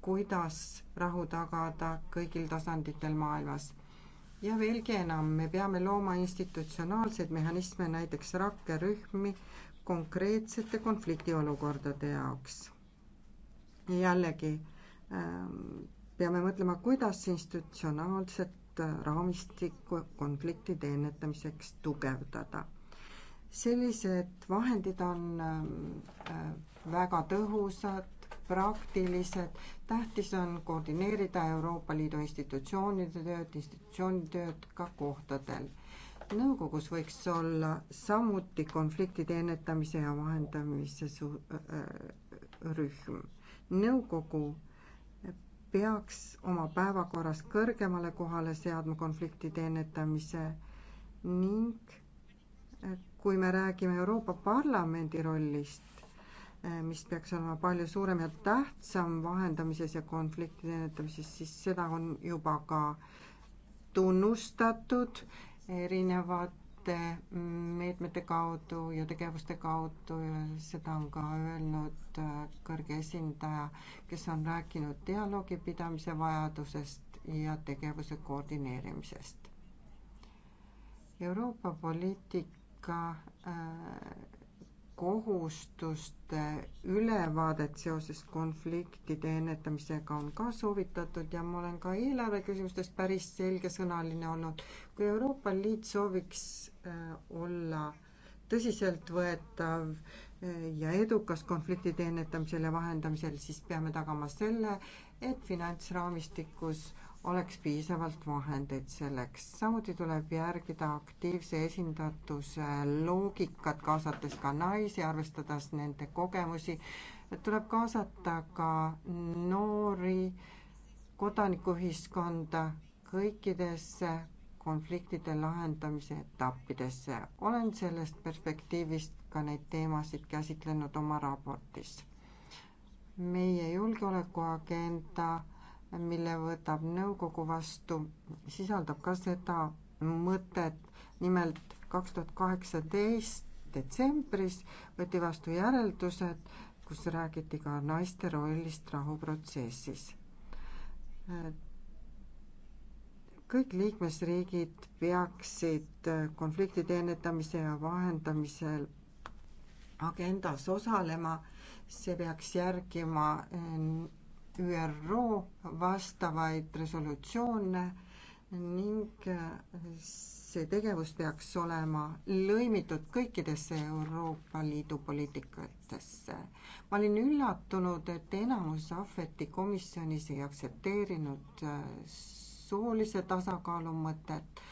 kuidas rahu tagada kõigil tasanditel maailmas ja veelgi enam, me peame looma institutsionaalseid mehhanisme, näiteks rakkerühmi, konkreetsete konfliktiolukordade jaoks. jällegi ähm, peame mõtlema, kuidas institutsionaalset äh, raamistikku konfliktide ennetamiseks tugevdada. sellised vahendid on ähm, äh, väga tõhusad, praktilised, tähtis on koordineerida Euroopa Liidu institutsioonide tööd, institutsioonide tööd ka kohtadel nõukogus võiks olla samuti konfliktide ennetamise ja vahendamise su-, äh, äh, rühm. nõukogu peaks oma päevakorras kõrgemale kohale seadma konfliktide ennetamise ning äh, kui me räägime Euroopa Parlamendi rollist, mis peaks olema palju suurem ja tähtsam vahendamises ja konfliktide ennetamises, siis seda on juba ka tunnustatud erinevate meetmete kaudu ja tegevuste kaudu, seda on ka öelnud äh, kõrge esindaja, kes on rääkinud dialoogi pidamise vajadusest ja tegevuse koordineerimisest. Euroopa poliitika äh, kohustuste ülevaadet seoses konfliktide ennetamisega on ka soovitatud ja ma olen ka eelarve küsimustes päris selgesõnaline olnud. kui Euroopa Liit sooviks äh, olla tõsiseltvõetav äh, ja edukas konfliktide ennetamisel ja vahendamisel, siis peame tagama selle, et finantsraamistikus oleks piisavalt vahendeid selleks. samuti tuleb järgida aktiivse esindatuse loogikat, kaasates ka naisi, arvestades nende kogemusi. tuleb kaasata ka noori kodanikuühiskonda kõikidesse konfliktide lahendamise etappidesse. olen sellest perspektiivist ka neid teemasid käsitlenud oma raportis. meie julgeolekuagenda mille võtab nõukogu vastu, sisaldab ka seda mõtet, nimelt kaks tuhat kaheksateist detsembris võeti vastu järeldused, kus räägiti ka naiste rollist rahuprotsessis. kõik liikmesriigid peaksid konfliktide ennetamise ja vahendamisel agendas osalema, see peaks järgima ÜRO vastavaid resolutsioone ning äh, see tegevus peaks olema lõimitud kõikidesse Euroopa Liidu poliitikatesse. ma olin üllatunud, et enamus Ahveti komisjonis ei aktsepteerinud äh, soolise tasakaalu mõtet,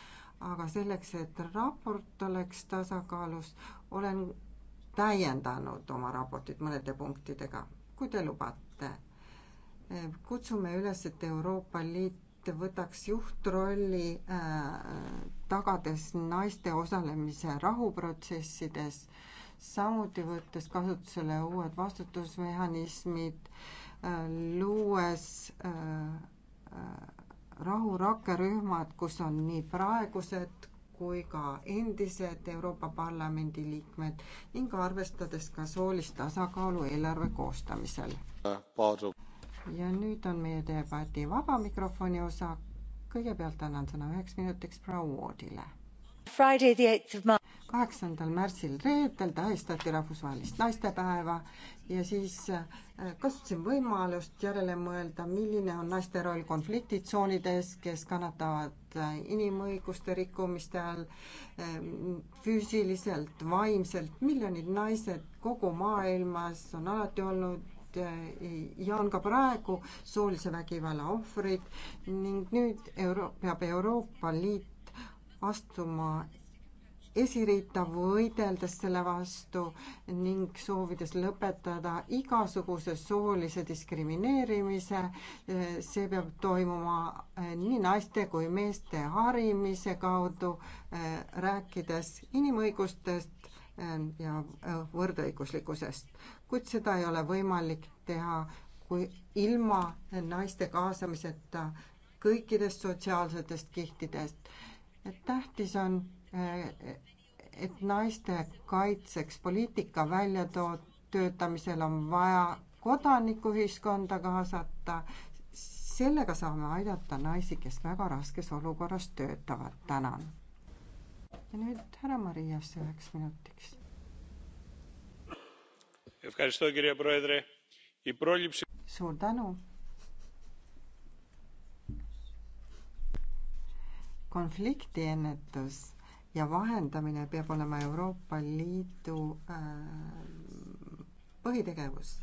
aga selleks, et raport oleks tasakaalus, olen täiendanud oma raportit mõnede punktidega, kui te lubate kutsume üles, et Euroopa Liit võtaks juhtrolli äh, tagades naiste osalemise rahuprotsessides, samuti võttes kasutusele uued vastutusmehhanismid, äh, luues äh, rahurakkerühmad, kus on nii praegused kui ka endised Euroopa Parlamendi liikmed ning arvestades ka soolist tasakaalu eelarve koostamisel ja nüüd on meie debati vaba mikrofoni osa. kõigepealt annan sõna üheks minutiks proua Woodile. kaheksandal märtsil reedel tähistati rahvusvahelist naistepäeva ja siis äh, kasutasin võimalust järele mõelda, milline on naiste roll konfliktitsoonides, kes kannatavad äh, inimõiguste rikkumiste all ähm, füüsiliselt, vaimselt. miljonid naised kogu maailmas on alati olnud Eh, ja on ka praegu soolise vägivalla ohvreid ning nüüd Euro-, peab Euroopa Liit astuma esiritta võideldes selle vastu ning soovides lõpetada igasuguse soolise diskrimineerimise. Eh, see peab toimuma eh, nii naiste kui meeste harimise kaudu, rääkides inimõigustest ja võrdõiguslikkusest kuid seda ei ole võimalik teha, kui ilma naiste kaasamiseta kõikidest sotsiaalsetest kihtidest. et tähtis on, et naiste kaitseks poliitika väljatöötamisel on vaja kodanikuühiskonda kaasata, sellega saame aidata naisi, kes väga raskes olukorras töötavad. tänan. ja nüüd härra Marias üheks minutiks suur tänu. konfliktiennetus ja vahendamine peab olema Euroopa Liidu äh, põhitegevus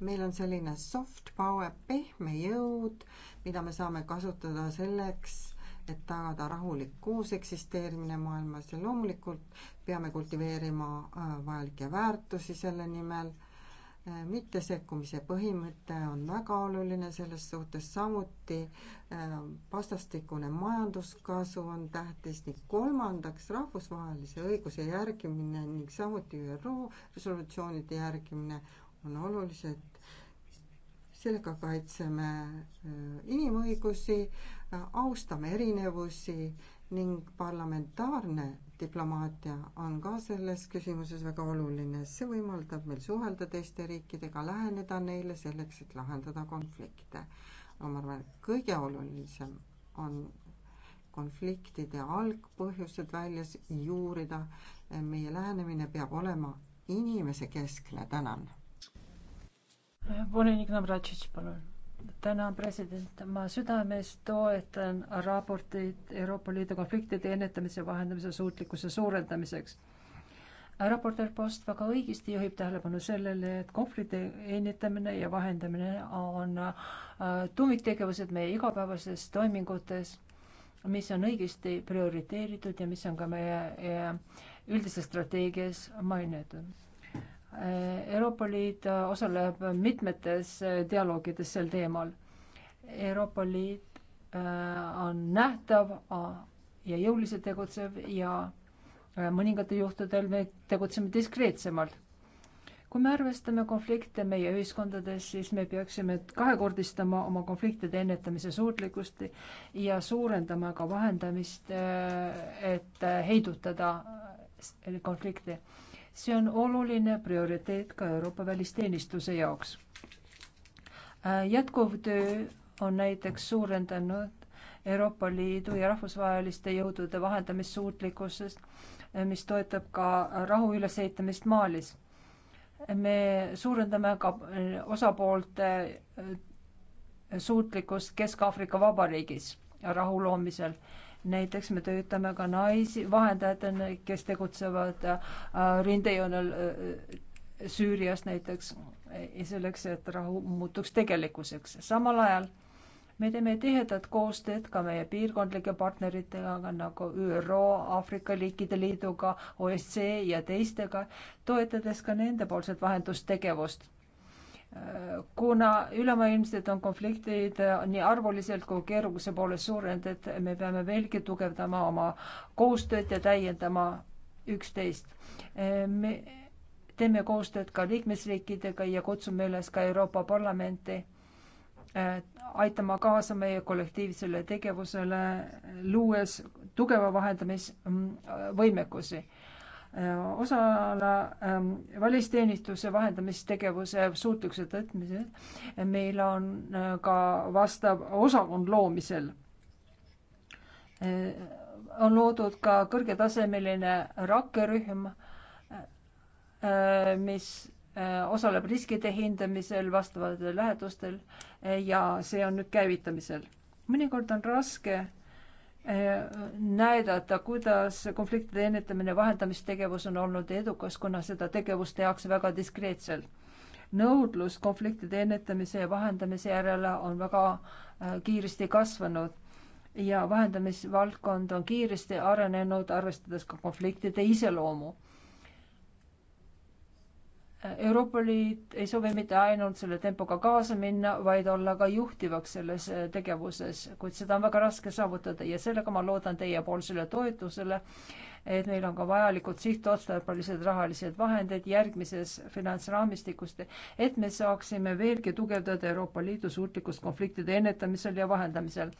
meil on selline soft power, pehme jõud, mida me saame kasutada selleks, et tagada rahulik koos eksisteerimine maailmas ja loomulikult peame kultiveerima äh, vajalikke väärtusi selle nimel Äh, mittesekkumise põhimõte on väga oluline selles suhtes, samuti äh, vastastikune majanduskasu on tähtis ning kolmandaks rahvusvahelise õiguse järgimine ning samuti ÜRO resolutsioonide järgimine on olulised. sellega kaitseme äh, inimõigusi, austame erinevusi ning parlamentaarne diplomaatia on ka selles küsimuses väga oluline, see võimaldab meil suhelda teiste riikidega, läheneda neile selleks, et lahendada konflikte. aga ma arvan, et kõige olulisem on konfliktide algpõhjused väljas juurida. meie lähenemine peab olema inimesekeskne, tänan. volinik Navratšitš, palun tänan, president, ma südames toetan raportit Euroopa Liidu konfliktide ennetamise ja vahendamise suutlikkuse suurendamiseks. raportöör Post väga õigesti juhib tähelepanu sellele, et konflikti ennetamine ja vahendamine on äh, tuumiktegevused meie igapäevases toimingutes, mis on õigesti prioriteeritud ja mis on ka meie äh, üldises strateegias mainitud Euroopa Liit osaleb mitmetes dialoogides sel teemal. Euroopa Liit äh, on nähtav ja jõuliselt tegutsev ja äh, mõningatel juhtudel me tegutseme diskreetsemalt. kui me arvestame konflikte meie ühiskondades, siis me peaksime kahekordistama oma konfliktide ennetamise suutlikkust ja suurendama ka vahendamist, äh, et heidutada konflikte see on oluline prioriteet ka Euroopa välisteenistuse jaoks. Äh, jätkuv töö on näiteks suurendanud Euroopa Liidu ja rahvusvaheliste jõudude vahendamissuutlikkusest, äh, mis toetab ka rahu ülesehitamist Malis. me suurendame ka äh, osapoolte suutlikkust Kesk-Aafrika Vabariigis rahu loomisel näiteks me töötame ka naisi vahendajatena, kes tegutsevad äh, rindejoonel äh, Süürias näiteks äh, selleks, et rahu muutuks tegelikkuseks. samal ajal me teeme tihedat koostööd ka meie piirkondlike partneritega nagu ÜRO, Aafrika Liikide Liiduga, OSCE ja teistega, toetades ka nendepoolset vahendustegevust kuna ülemaailmsed on konfliktid äh, nii arvuliselt kui keerukuse poolest suurenenud, et me peame veelgi tugevdama oma koostööd ja täiendama üksteist. Äh, me teeme koostööd ka liikmesriikidega ja kutsume üles ka Euroopa Parlamenti äh, aitama kaasa meie kollektiivsele tegevusele, luues tugeva vahendamisvõimekusi mm, osana ähm, välisteenistuse vahendamistegevuse suutlikkuse tõtmisel meil on äh, ka vastav osakond loomisel äh,. on loodud ka kõrgetasemeline rakkerühm äh,, mis äh, osaleb riskide hindamisel vastavatel lähedustel äh, ja see on nüüd käivitamisel. mõnikord on raske äh, näidata, kuidas konfliktide ennetamine, vahendamistegevus on olnud edukas, kuna seda tegevust tehakse väga diskreetselt. nõudlus konfliktide ennetamise ja vahendamise järele on väga äh, kiiresti kasvanud ja vahendamisvaldkond on kiiresti arenenud, arvestades ka konfliktide iseloomu. Euroopa Liit ei soovi mitte ainult selle tempoga kaasa minna, vaid olla ka juhtivaks selles tegevuses, kuid seda on väga raske saavutada ja sellega ma loodan teiepoolsele toetusele, et meil on ka vajalikud sihtotstarbelised rahalised vahendid järgmises finantsraamistikus, et me saaksime veelgi tugevdada Euroopa Liidu suutlikkust konfliktide ennetamisel ja vahendamisel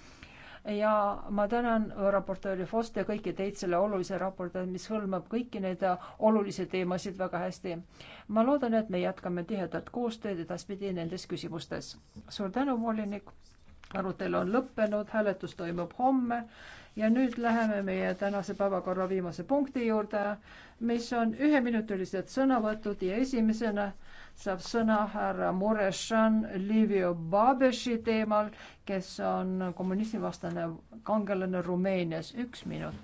ja ma tänan raportööri Fost ja kõiki teid selle olulise raporti, mis hõlmab kõiki neid olulisi teemasid väga hästi. ma loodan, et me jätkame tihedat koostööd edaspidi nendes küsimustes. suur tänu, volinik arutelu on lõppenud, hääletus toimub homme ja nüüd läheme meie tänase päevakorra viimase punkti juurde, mis on üheminutilised sõnavõtud ja esimesena saab sõna härra Murešan Livio Babeši teemal, kes on kommunismivastane kangelane Rumeenias. üks minut.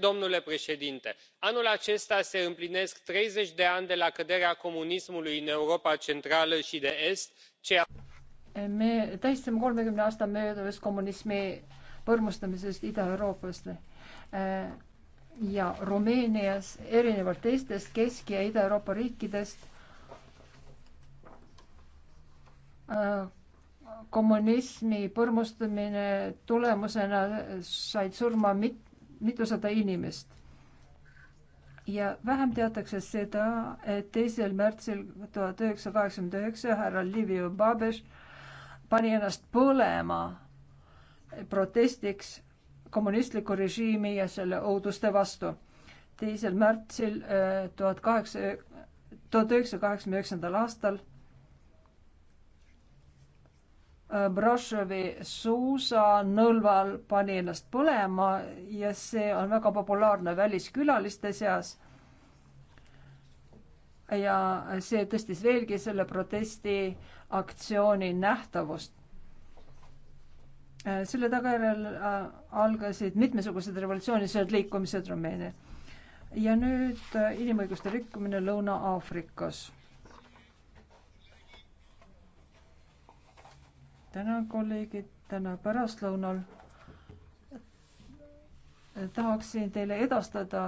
domnule președinte anul acesta se împlinesc treizeci de ani de la căderea comunismului în europa centrală și de est ceea. me tähistame kolmekümne aasta möödumist kommunismi põrmustamisest Ida-Euroopast ja Rumeenias erinevalt teistest Kesk- ja Ida-Euroopa riikidest äh, kommunismi põrmustamine tulemusena said surma mit-, mitusada inimest. ja vähem teatakse seda, et teisel märtsil tuhat üheksasada kaheksakümmend üheksa härra Livio Babes pani ennast põlema protestiks kommunistliku režiimi ja selle õuduste vastu. teisel märtsil äh, tuhat kaheksa, tuhat üheksasaja kaheksakümne üheksandal aastal äh, Brašovi suusanõlval pani ennast põlema ja see on väga populaarne väliskülaliste seas. ja see tõstis veelgi selle protestiaktsiooni nähtavust. Äh, selle tagajärjel äh, algasid mitmesugused revolutsioonilised liikumised Rumeenia ja nüüd äh, inimõiguste rikkumine Lõuna-Aafrikas. täna kolleegid, täna pärastlõunal tahaksin teile edastada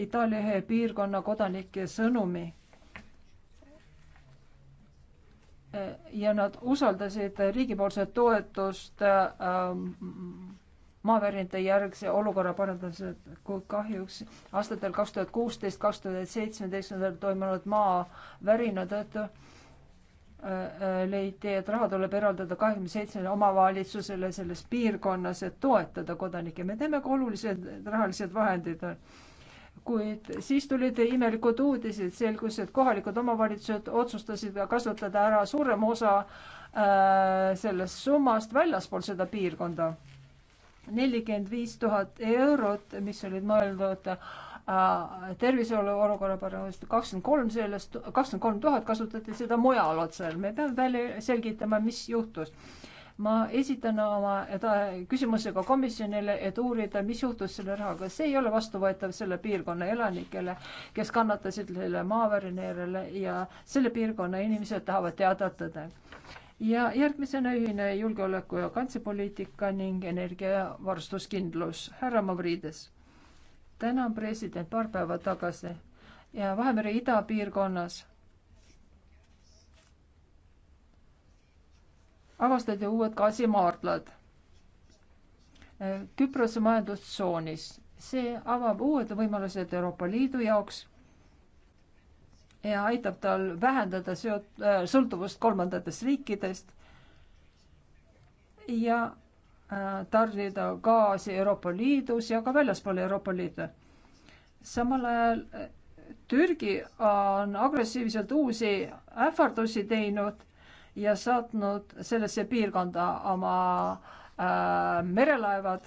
Itaalia ühe piirkonna kodanike sõnumi ja nad usaldasid riigipoolset toetust ähm, maavärinate järgse olukorra parandamisel, kuid kahjuks aastatel kaks tuhat kuusteist, kaks tuhat seitsmeteistkümnendal toimunud maavärina tõttu äh, äh, leiti, et raha tuleb eraldada kahekümne seitsmele omavalitsusele selles piirkonnas, et toetada kodanikke. me teame ka olulised rahalised vahendid kuid siis tulid imelikud uudised, selgus, et kohalikud omavalitsused otsustasid kasutada ära suurem osa äh, sellest summast väljaspool seda piirkonda. nelikümmend viis tuhat eurot, mis olid mõeldud äh, tervishoiu olukorra pärast, kakskümmend kolm sellest, kakskümmend kolm tuhat kasutati seda mujal otse. me peame välja selgitama, mis juhtus ma esitan oma küsimuse ka komisjonile, et uurida, mis juhtus selle rahaga. see ei ole vastuvõetav selle piirkonna elanikele, kes kannatasid selle maavärineerele ja selle piirkonna inimesed tahavad teada tõde. ja järgmisena ühine julgeoleku ja kaitsepoliitika ning energiavarustuskindlus. härra Mavrides, täna on president paar päeva tagasi ja Vahemere idapiirkonnas avastati uued gaasimaardlad Küprose majandustsoonis. see avab uued võimalused Euroopa Liidu jaoks ja aitab tal vähendada seot-, äh, sõltuvust kolmandatest riikidest ja äh, tarnida gaasi Euroopa Liidus ja ka väljaspool Euroopa Liitu. samal ajal äh, Türgi on agressiivselt uusi ähvardusi teinud ja saatnud sellesse piirkonda oma äh, merelaevad.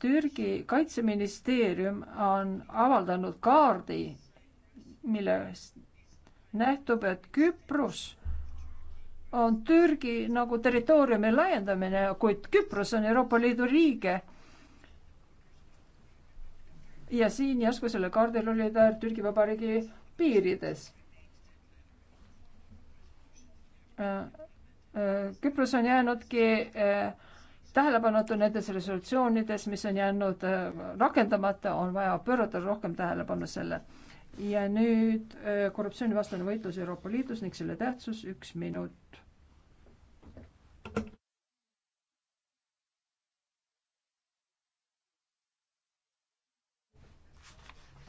Türgi kaitseministeerium on avaldanud kaardi, millest nähtub, et Küpros on Türgi nagu territooriumi laiendamine, kuid Küpros on Euroopa Liidu riige. ja siin järsku sellel kaardil oli ta Türgi Vabariigi piirides Äh, äh, Küpros on jäänudki äh, tähelepanuta nendes resolutsioonides, mis on jäänud rakendamata, on vaja pöörata rohkem tähelepanu selle. ja nüüd korruptsioonivastane võitlus Euroopa Liidus ning selle tähtsus üks minut.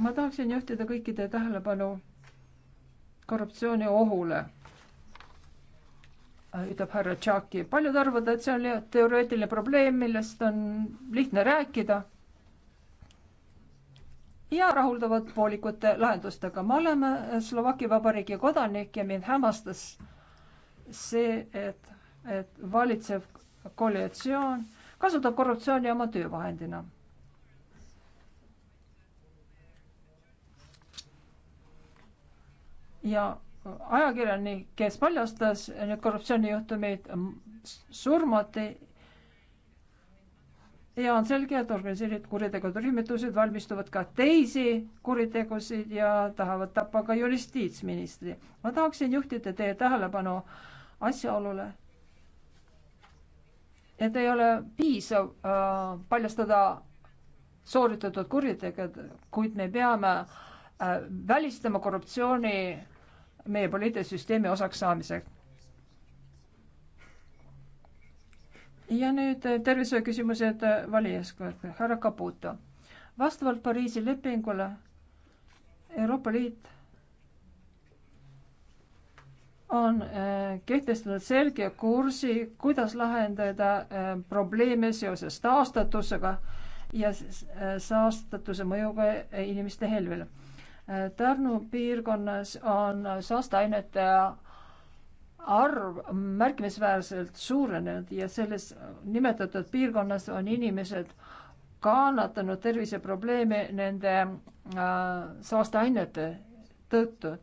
ma tahaksin juhtida kõikide tähelepanu korruptsiooni ohule ütleb härra Tšaki. paljud arvavad, et see on teoreetiline probleem, millest on lihtne rääkida. ja rahulduvad poolikute lahendustega. me oleme Slovakkia Vabariigi kodanik ja mind hämmastas see, et, et valitsev koalitsioon kasutab korruptsiooni oma töövahendina. ja ajakirjanik, kes paljastas need korruptsioonijuhtumeid, surmati. ja on selge, et organiseeritud kuritegude rühmitused valmistuvad ka teisi kuritegusid ja tahavad tappa ka justiitsministri. ma tahaksin juhtida teie tähelepanu asjaolule, et ei ole piisav äh, paljastada sooritatud kuriteod, kuid me peame äh, välistama korruptsiooni meie poliitilise süsteemi osaks saamiseks. ja nüüd eh, tervishoiuküsimused eh, valijaskond, härra Caputo. vastavalt Pariisi lepingule Euroopa Liit on eh, kehtestatud selge kursi, kuidas lahendada probleeme seoses taastatusega ja saastatuse mõjuga inimeste helvele Pärnu piirkonnas on saasteainete arv märkimisväärselt suurenenud ja selles nimetatud piirkonnas on inimesed kannatanud terviseprobleeme nende äh, saasteainete tõttu.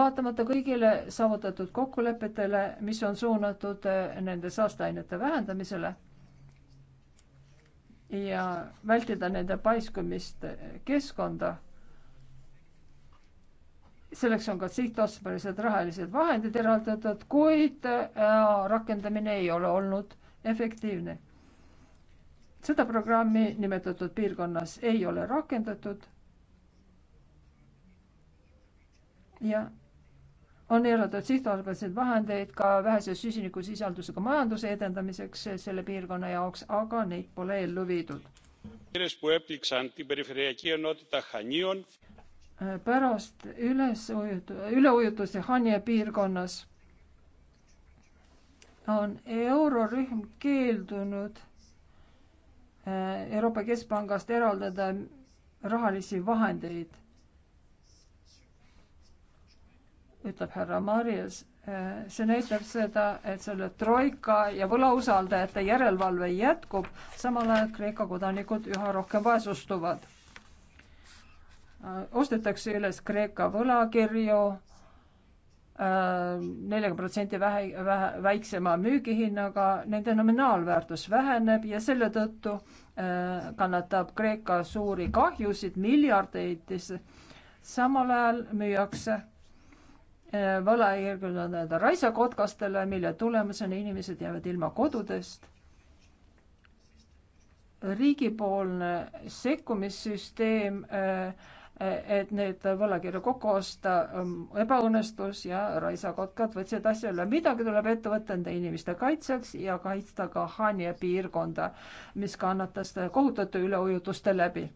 vaatamata kõigile saavutatud kokkulepetele, mis on suunatud äh, nende saasteainete vähendamisele ja vältida nende paiskumist äh, keskkonda selleks on ka sihtotstarbelised rahalised vahendid eraldatud, kuid äh, rakendamine ei ole olnud efektiivne. seda programmi nimetatud piirkonnas ei ole rakendatud. ja on eraldatud sihtotstarbelised vahendeid ka vähese süsinikusisaldusega majanduse edendamiseks selle piirkonna jaoks, aga neid pole ellu viidud Äh, pärast ülesujutu, üleujutuse Hanje piirkonnas on eurorühm keeldunud äh, Euroopa Keskpangast eraldada rahalisi vahendeid, ütleb härra Marjas. Äh, see näitab seda, et selle troika ja võlausaldajate järelevalve jätkub, samal ajal Kreeka kodanikud üha rohkem vaesustuvad Äh, ostetakse üles Kreeka võlakirju äh, neljakümne protsendi vähe, vähe, väiksema müügihinnaga, nende nominaalväärtus väheneb ja selle tõttu äh, kannatab Kreeka suuri kahjusid, miljardeid, samal ajal müüakse äh, võlajärgnenud raisakotkastele, mille tulemusena inimesed jäävad ilma kodudest riigipoolne sekkumissüsteem äh, et need võlakirju kokku osta um, ebaõnnestus ja raisakotkad võtsid asja üle. midagi tuleb ette võtta nende inimeste kaitseks ja kaitsta ka Hania piirkonda, mis kannatas kohutute üleujutuste läbi.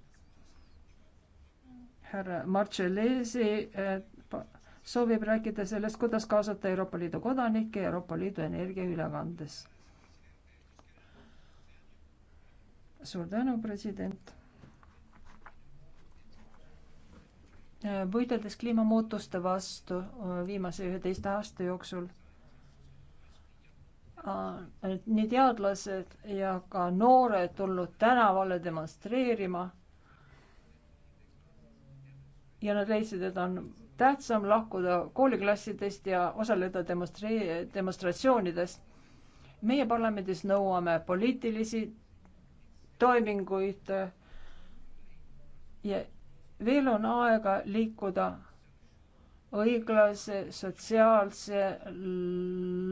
härra Marcellesi eh, soovib rääkida sellest, kuidas kaasata Euroopa Liidu kodanikke Euroopa Liidu energiaülekandes. suur tänu, president võideldes kliimamuutuste vastu äh, viimase üheteist aasta jooksul äh, nii teadlased ja ka noored tulnud tänavale demonstreerima. ja nad leidsid, et on tähtsam lahkuda kooliklassidest ja osaleda demonstree-, demonstratsioonidest. meie parlamendis nõuame poliitilisi toiminguid äh, ja veel on aega liikuda õiglase, sotsiaalse,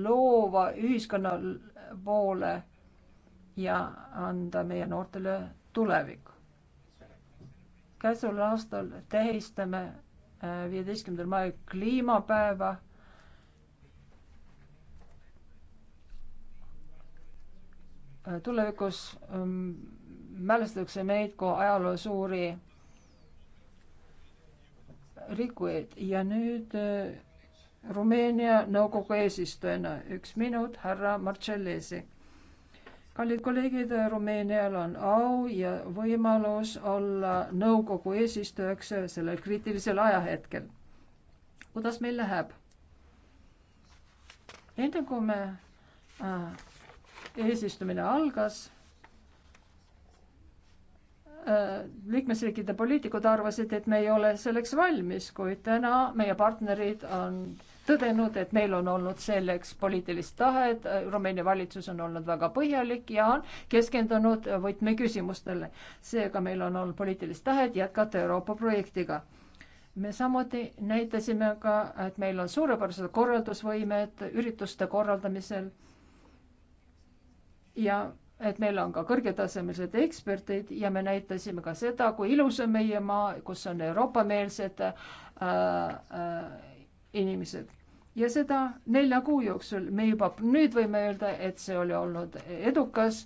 loova ühiskonna poole ja anda meie noortele tulevik. käesoleval aastal tähistame äh, viieteistkümnendal mail kliimapäeva. Äh, tulevikus mm, mälestatakse meid kui ajaloo suuri rikkujaid ja nüüd äh, Rumeenia nõukogu eesistujana üks minut, härra Marcellesi. kallid kolleegid, Rumeenial on au ja võimalus olla nõukogu eesistujaks sellel kriitilisel ajahetkel. kuidas meil läheb? enne kui me äh, eesistumine algas Äh, liikmesriikide poliitikud arvasid, et me ei ole selleks valmis, kuid täna meie partnerid on tõdenud, et meil on olnud selleks poliitilist tahet, Rumeenia valitsus on olnud väga põhjalik ja on keskendunud võtmeküsimustele. seega meil on olnud poliitilist tahet jätkata Euroopa projektiga. me samuti näitasime ka, et meil on suurepärased korraldusvõimed ürituste korraldamisel ja et meil on ka kõrgetasemelised eksperdid ja me näitasime ka seda, kui ilus on meie maa, kus on Euroopa-meelsed äh, äh, inimesed. ja seda nelja kuu jooksul, me juba nüüd võime öelda, et see oli olnud edukas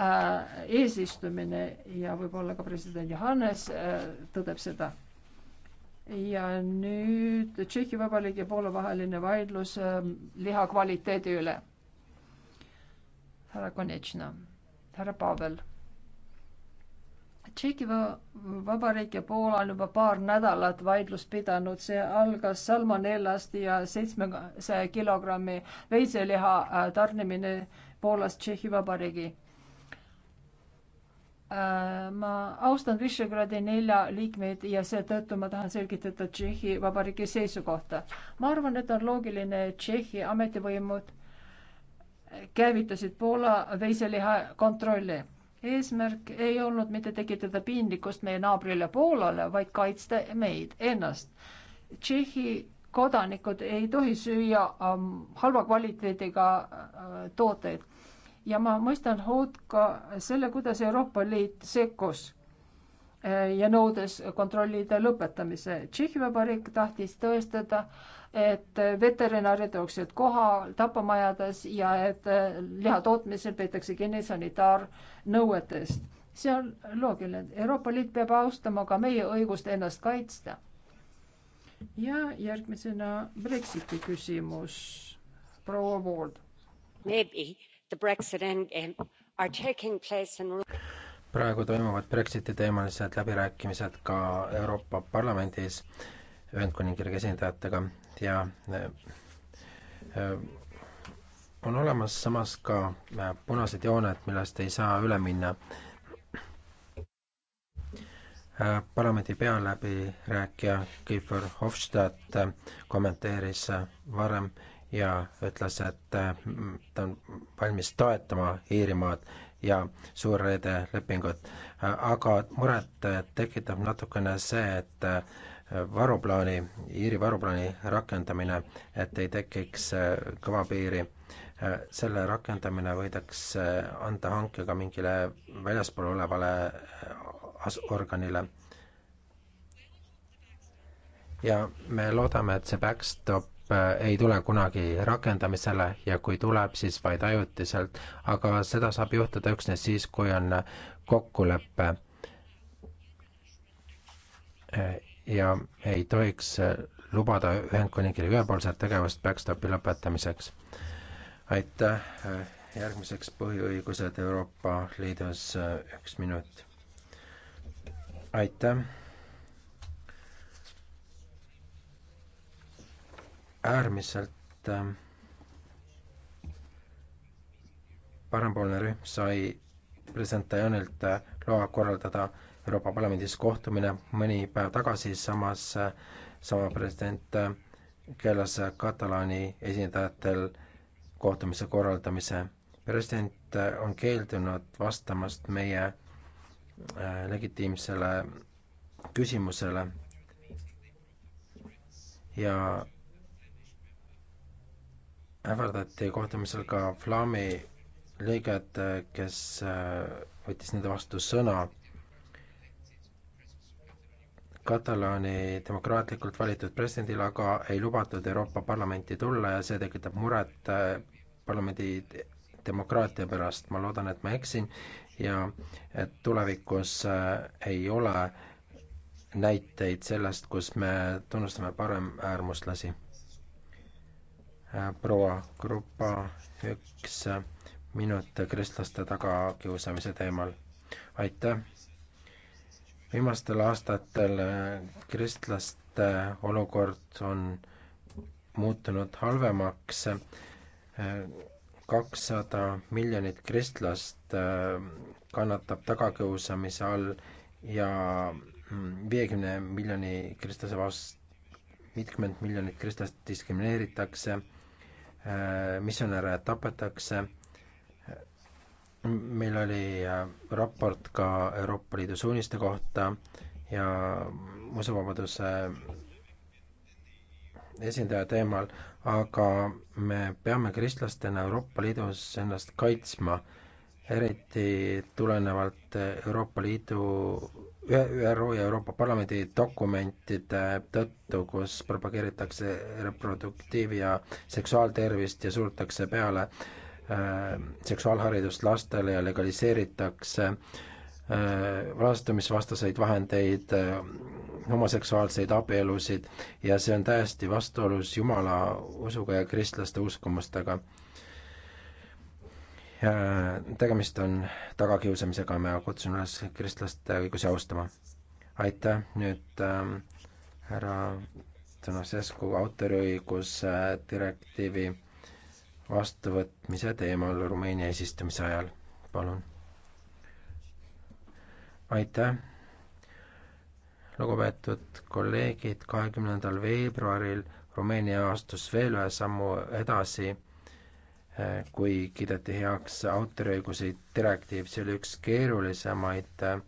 äh, eesistumine ja võib-olla ka president Johannes äh, tõdeb seda ja nüüd Tšehhi Vabariigi ja Poola vaheline vaidlus äh, liha kvaliteedi üle härra Konechna, härra Pavel. Tšehhi Vabariik ja Poola on juba paar nädalat vaidlust pidanud, see algas salmonellast ja seitsmesaja kilogrammi veiseliha äh, tarnimine Poolast Tšehhi Vabariigi äh, ma austan Visegradi nelja liikmeid ja seetõttu ma tahan selgitada Tšehhi Vabariigi seisukohta. ma arvan, et on loogiline, et Tšehhi ametivõimud käivitasid Poola veiseliha kontrolli. eesmärk ei olnud mitte tekitada piinlikkust meie naabrile Poolale, vaid kaitsta meid ennast. Tšehhi kodanikud ei tohi süüa um, halva kvaliteediga uh, tooteid ja ma mõistan hoolt ka selle, kuidas Euroopa Liit sekkus äh, ja nõudes kontrollide lõpetamise. Tšehhi Vabariik tahtis tõestada uh, et veterinaarid oleksid kohal tapamajades ja et eh, liha tootmisel peetakse kinni sanitaarnõuetest. see on loogiline. Euroopa Liit peab austama ka meie õigust ennast kaitsta. ja järgmisena Brexiti küsimus. proua Vool. Maybe the Brexit and, and are taking place in praegu toimuvad Brexiti teemalised läbirääkimised ka Euroopa Parlamendis Ühendkuningriigi esindajatega ja äh, äh, on olemas samas ka äh, punased jooned, millest ei saa üle minna. parlamendi pealäbirääkija Kiefer Hofstadt kommenteeris varem ja ütles, et ta on valmis toetama Iirimaad ja Suurreede lepingut, aga muret tekitab natukene see, et varuplaani, Iiri varuplaani rakendamine, et ei tekiks äh, kõva piiri. Äh, selle rakendamine võidakse äh, anda hankega mingile väljaspool olevale as-, organile. ja me loodame, et see backstop ei tule kunagi rakendamisele ja kui tuleb, siis vaid ajutiselt, aga seda saab juhtuda üksnes siis, kui on kokkulepe ja ei tohiks äh, lubada Ühendkuningriigi ühepoolset tegevust backstopi lõpetamiseks. aitäh, äh, järgmiseks põhiõigused Euroopa Liidus, äh, üks minut. aitäh. äärmiselt parempoolne rühm sai president Tajanilt loa korraldada Euroopa Parlamendis kohtumine mõni päev tagasi, samas sama president keelas Katalaani esindajatel kohtumise korraldamise. president on keeldunud vastamast meie äh, legitiimsele küsimusele ja ähvardati kohtumisel ka Flami liiget, kes äh, võttis nende vastu sõna Katalaani demokraatlikult valitud presidendil aga ei lubatud Euroopa Parlamenti tulla ja see tekitab muret äh, parlamendi demokraatia pärast, ma loodan, et ma eksin ja et tulevikus äh, ei ole näiteid sellest, kus me tunnustame paremäärmuslasi. Äh, proua Grupa, üks minut kristlaste tagakiusamise teemal. aitäh viimastel aastatel äh, kristlaste äh, olukord on muutunud halvemaks. Äh, kakssada miljonit kristlast kannatab tagakiusamise all ja mm, viiekümne miljoni kristlase vastu, viitkümmend miljonit kristlast diskrimineeritakse, missionäre tapetakse meil oli äh, raport ka Euroopa Liidu suuniste kohta ja usuvabaduse esindaja teemal, aga me peame kristlastena Euroopa Liidus ennast kaitsma, eriti tulenevalt Euroopa Liidu ÜRO ja Euroopa Parlamendi dokumentide tõttu, kus propageeritakse reproduktiiv- ja seksuaaltervist ja surutakse peale äh, Äh, seksuaalharidust lastele ja legaliseeritakse äh, rahastumisvastaseid vahendeid, äh, homoseksuaalseid abielusid ja see on täiesti vastuolus jumala usuga ja kristlaste uskumustega. tegemist on tagakiusamisega, ma kutsun üles kristlaste õigusi austama. aitäh, nüüd ähm, härra Tõnasescu autoriõiguse direktiivi vastuvõtmise teemal Rumeenia eesistumise ajal, palun. aitäh, lugupeetud kolleegid, kahekümnendal veebruaril Rumeenia astus veel ühe sammu edasi, eh, kui kiideti heaks autoriõigusi direktiiv, see oli üks keerulisemaid eh,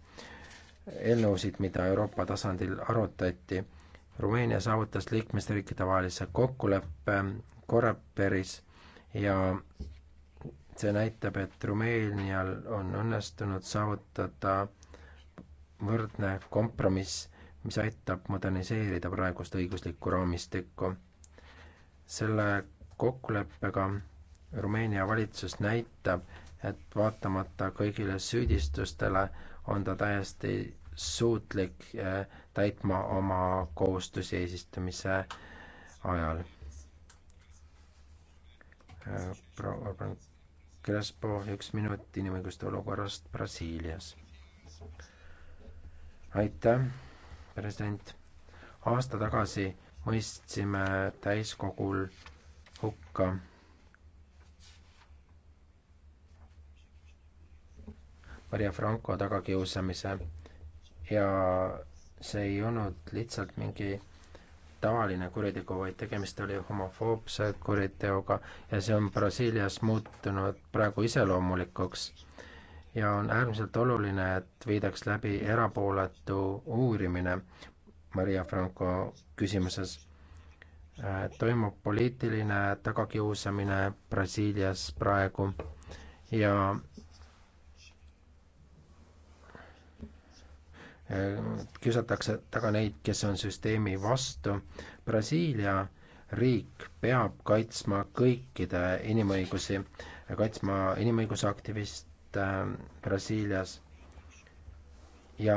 eelnõusid, mida Euroopa tasandil arutati. Rumeenia saavutas liikmesriikide vahelise kokkuleppe Koreperis eh, ja see näitab, et Rumeenial on õnnestunud saavutada võrdne kompromiss, mis aitab moderniseerida praegust õiguslikku raamistikku. selle kokkuleppega Rumeenia valitsus näitab, et vaatamata kõigile süüdistustele on ta täiesti suutlik eh, täitma oma kohustusi eesistumise ajal Äh, proua Crespo, üks minut inimõiguste olukorrast Brasiilias. aitäh, president. aasta tagasi mõistsime täiskogul hukka Maria Franco tagakiusamise ja see ei olnud lihtsalt mingi tavaline kuritegu, vaid tegemist oli homofoobse kuriteoga ja see on Brasiilias muutunud praegu iseloomulikuks. ja on äärmiselt oluline, et viidaks läbi erapooletu uurimine Maria Franco küsimuses. Äh, toimub poliitiline tagakiusamine Brasiilias praegu ja Äh, kiusatakse taga neid, kes on süsteemi vastu. Brasiilia riik peab kaitsma kõikide inimõigusi, kaitsma inimõiguse aktiviste äh, Brasiilias ja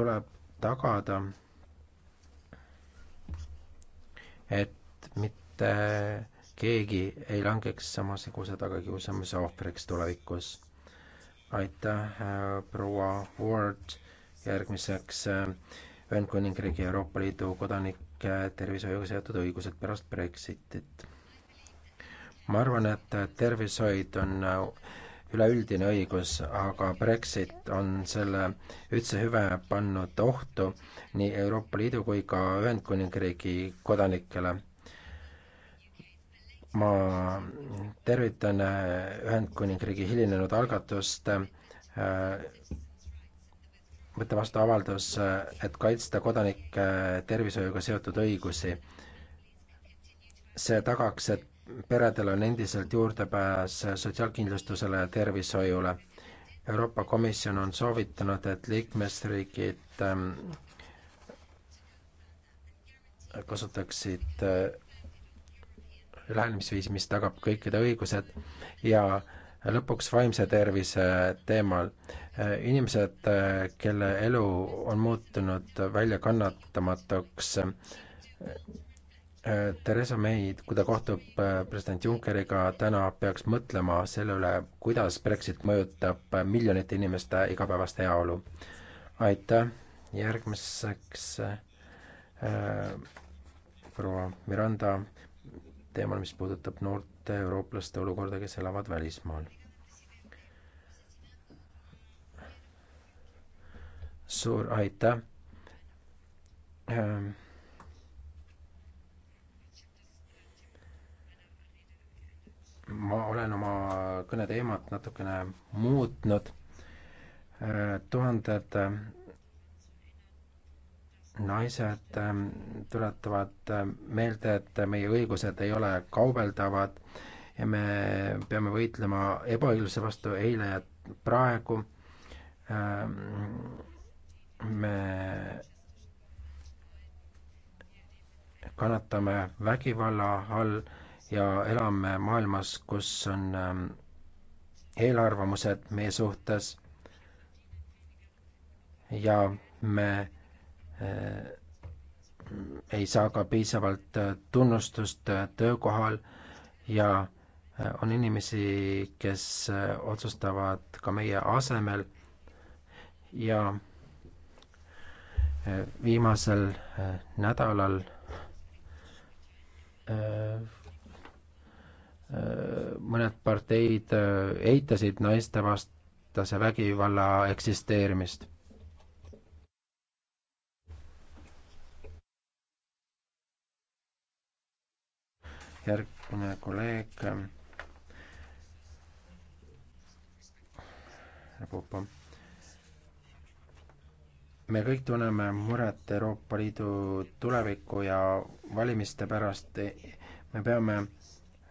tuleb tagada, et mitte keegi ei langeks samasuguse tagakiusamise ohvriks tulevikus. aitäh, äh, proua Ward järgmiseks äh, Ühendkuningriigi Euroopa Liidu kodanike tervishoiuga seotud õigused pärast Brexitit. ma arvan, et tervishoid on äh, üleüldine õigus, aga Brexit on selle üldse hüve pannud ohtu nii Euroopa Liidu kui ka Ühendkuningriigi kodanikele ma tervitan äh, Ühendkuningriigi hilinenud algatust võtta vastu avaldus, et kaitsta kodanike tervishoiuga seotud õigusi. see tagaks, et peredel on endiselt juurdepääs sotsiaalkindlustusele ja tervishoiule. Euroopa Komisjon on soovitanud, et liikmesriigid ähm, kasutaksid äh, lähenemisviisi, mis tagab kõikide õigused ja äh, lõpuks vaimse tervise teemal. inimesed, kelle elu on muutunud väljakannatamatuks, Theresa May, kui ta kohtub äh, president Junckeriga täna, peaks mõtlema selle üle, kuidas Brexit mõjutab äh, miljonite inimeste igapäevast heaolu. aitäh, järgmiseks äh, proua Miranda teemal, mis puudutab noort mõõte eurooplaste olukorda, kes elavad välismaal. suur aitäh ähm.. ma olen oma kõne teemat natukene muutnud. Äh, tuhanded äh, naised ähm, tuletavad ähm, meelde, et meie õigused ei ole kaubeldavad ja me peame võitlema ebaõigluse vastu eile ja praegu. Ähm, me kannatame vägivalla all ja elame maailmas, kus on eelarvamused meie suhtes ja me Äh, ei saa ka piisavalt äh, tunnustust äh, töökohal ja on inimesi, kes otsustavad ka meie asemel ja viimasel nädalal mõned parteid eitasid naistevastase vägivalla eksisteerimist. järgmine kolleeg. Ähm, Pupa. me kõik tunneme muret Euroopa Liidu tuleviku ja valimiste pärast. me peame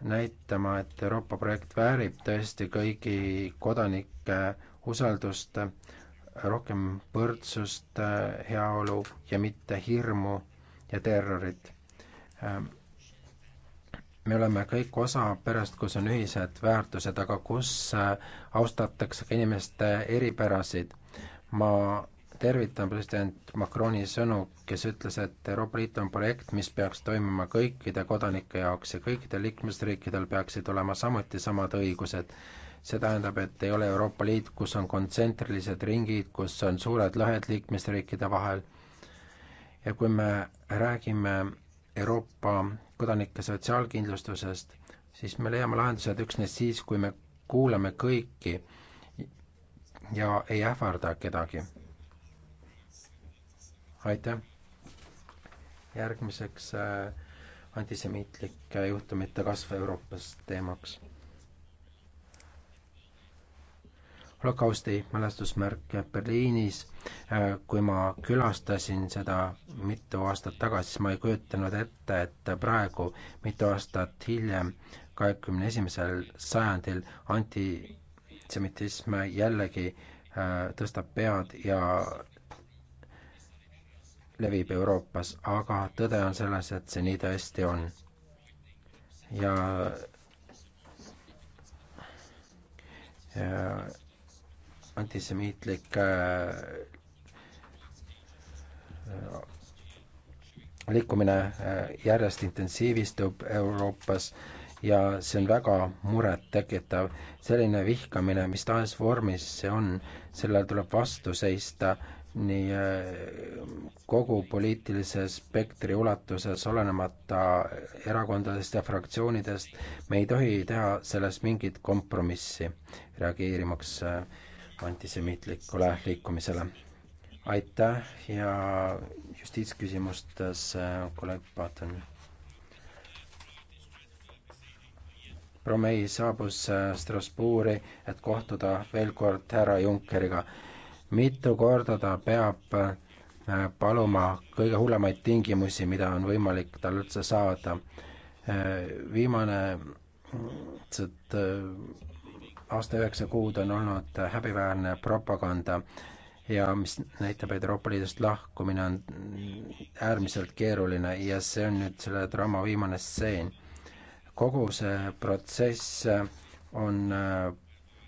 näitama, et Euroopa projekt väärib tõesti kõigi kodanike usaldust, rohkem võrdsust, heaolu ja mitte hirmu ja terrorit ähm, me oleme kõik osa perest, kus on ühised väärtused, aga kus äh, austatakse ka inimeste eripärasid. ma tervitan president Macroni sõnu, kes ütles, et Euroopa Liit on projekt, mis peaks toimuma kõikide kodanike jaoks ja kõikidel liikmesriikidel peaksid olema samuti samad õigused. see tähendab, et ei ole Euroopa Liit, kus on kontsentrilised ringid, kus on suured lõhed liikmesriikide vahel. ja kui me räägime Euroopa kodanike sotsiaalkindlustusest, siis me leiame lahendused üksnes siis, kui me kuulame kõiki ja ei ähvarda kedagi. aitäh. järgmiseks äh, antisemiitlike juhtumite kasv Euroopas teemaks holokausti mälestusmärk Berliinis. Äh, kui ma külastasin seda mitu aastat tagasi, siis ma ei kujutanud ette, et praegu, mitu aastat hiljem, kahekümne esimesel sajandil antisemitism jällegi äh, tõstab pead ja levib Euroopas, aga tõde on selles, et see nii tõesti on. ja ja antisemiitlik liikumine äh, äh, järjest intensiivistub Euroopas ja see on väga murettekitav. selline vihkamine, mis tahes vormis see on, sellele tuleb vastu seista nii äh, kogu poliitilise spektri ulatuses, olenemata erakondadest ja fraktsioonidest. me ei tohi teha selles mingit kompromissi, reageerimaks äh, antisemiitlikule liikumisele. aitäh ja justiitsküsimustes äh, kolleeg Paten. Romei saabus äh, Strasbourgi, et kohtuda veel kord härra Junckeriga. mitu korda ta peab äh, paluma kõige hullemaid tingimusi, mida on võimalik tal üldse saada. viimane lihtsalt aasta üheksa kuud on olnud häbiväärne propaganda ja mis näitab, et Euroopa Liidust lahkumine on äärmiselt keeruline ja see on nüüd selle draama viimane stseen. kogu see protsess on äh,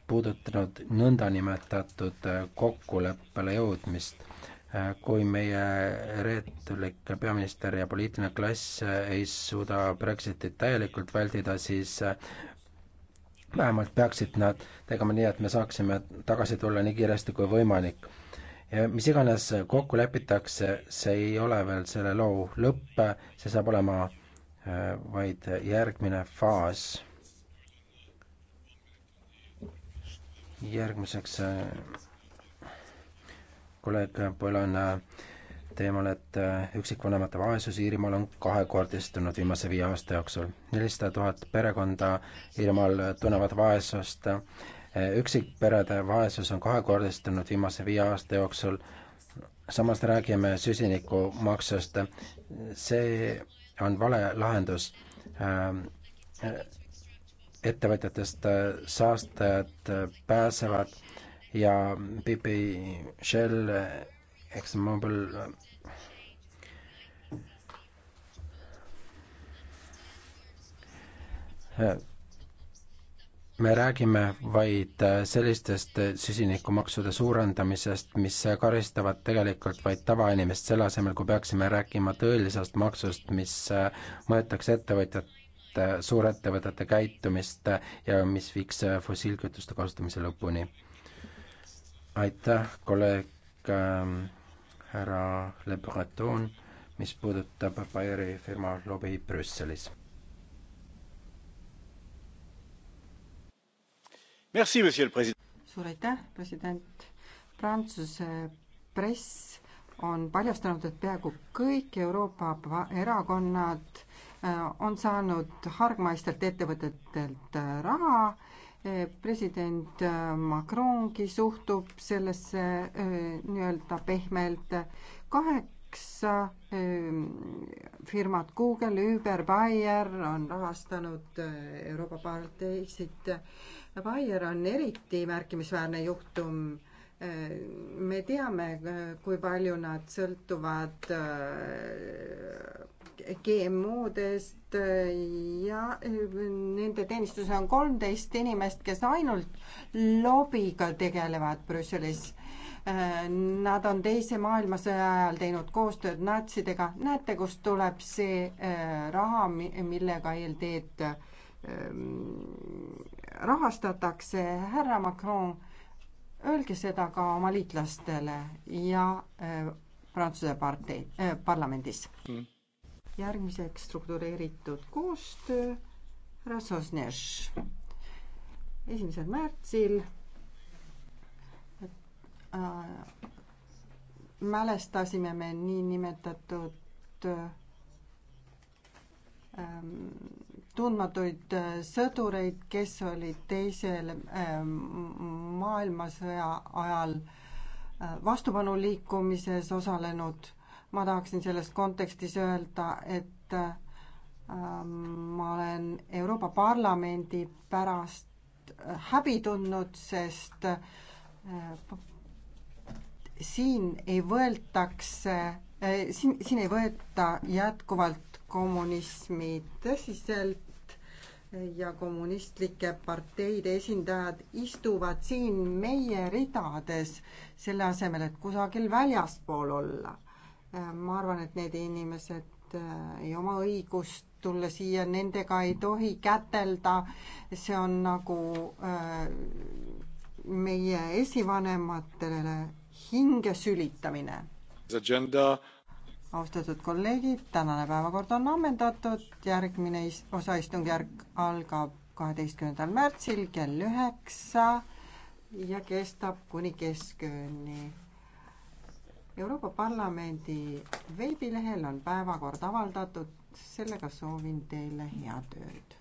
puudutanud nõndanimetatud äh, kokkuleppele jõudmist, äh, kui meie reetulik peaminister ja poliitiline klass ei suuda Brexitit täielikult vältida, siis vähemalt peaksid nad tegema nii, et me saaksime tagasi tulla nii kiiresti kui võimalik. ja mis iganes kokku lepitakse, see ei ole veel selle loo lõpp, see saab olema äh, vaid järgmine faas. järgmiseks äh, kolleeg Polon äh, teemal, et äh, üksikvanemate vaesus Iirimaal on kahekordistunud viimase viie aasta jooksul. nelisada tuhat perekonda Iirimaal tunnevad vaesust, äh, üksikperede vaesus on kahekordistunud viimase viie aasta jooksul, samas räägime süsinikumaksust, see on vale lahendus. Ähm, ettevõtjatest äh, saastajad pääsevad ja Bibi Shell ExxonMobil me räägime vaid sellistest süsinikumaksude suurendamisest, mis karistavad tegelikult vaid tavainimest, selle asemel kui peaksime rääkima tõelisest maksust, mis mõjutaks ettevõtjat, suurettevõtete käitumist ja mis viiks fossiilkütuste kasutamise lõpuni. aitäh, kolleeg ähm, härra Le Breton, mis puudutab Bayeri firma lobi Brüsselis. suur aitäh, president. Prantsuse press on paljastanud, et peaaegu kõik Euroopa erakonnad äh, on saanud hargmaistelt ettevõtetelt äh, raha president äh, Macrongi suhtub sellesse äh, nii-öelda pehmelt. kaheksa äh, firmat Google, Uber, Bayer on rahastanud Euroopa parteisid. Bayer on eriti märkimisväärne juhtum me teame, kui palju nad sõltuvad GMO-dest äh, ja äh, nende teenistuses on kolmteist inimest, kes ainult lobiga tegelevad Brüsselis. Äh, nad on Teise maailmasõja ajal teinud koostööd natsidega, näete, kust tuleb see raha, millega ELD-d rahastatakse, härra Macron, öelge seda ka oma liitlastele ja Prantsuse partei äh,, parlamendis mm järgmiseks struktureeritud koostöö, härra Sosnes. esimesel märtsil äh, mälestasime me niinimetatud ähm, tundmatuid äh, sõdureid, kes olid teisel ähm, maailmasõja ajal äh, vastupanuliikumises osalenud ma tahaksin selles kontekstis öelda, et äh, ma olen Euroopa Parlamendi pärast äh, häbi tundnud, sest äh, siin ei võetakse, siin, siin ei võeta jätkuvalt kommunismi tõsiselt ja kommunistlike parteide esindajad istuvad siin meie ridades, selle asemel, et kusagil väljaspool olla Äh, ma arvan, et need inimesed äh, ei oma õigust tulla siia, nendega ei tohi kätelda, see on nagu äh, meie esivanematele hinge sülitamine. austatud kolleegid, tänane päevakord on ammendatud, järgmine is-, osa istungjärk algab kaheteistkümnendal märtsil kell üheksa ja kestab kuni keskööni Euroopa Parlamendi veebilehel on päevakord avaldatud, sellega soovin teile head ööd.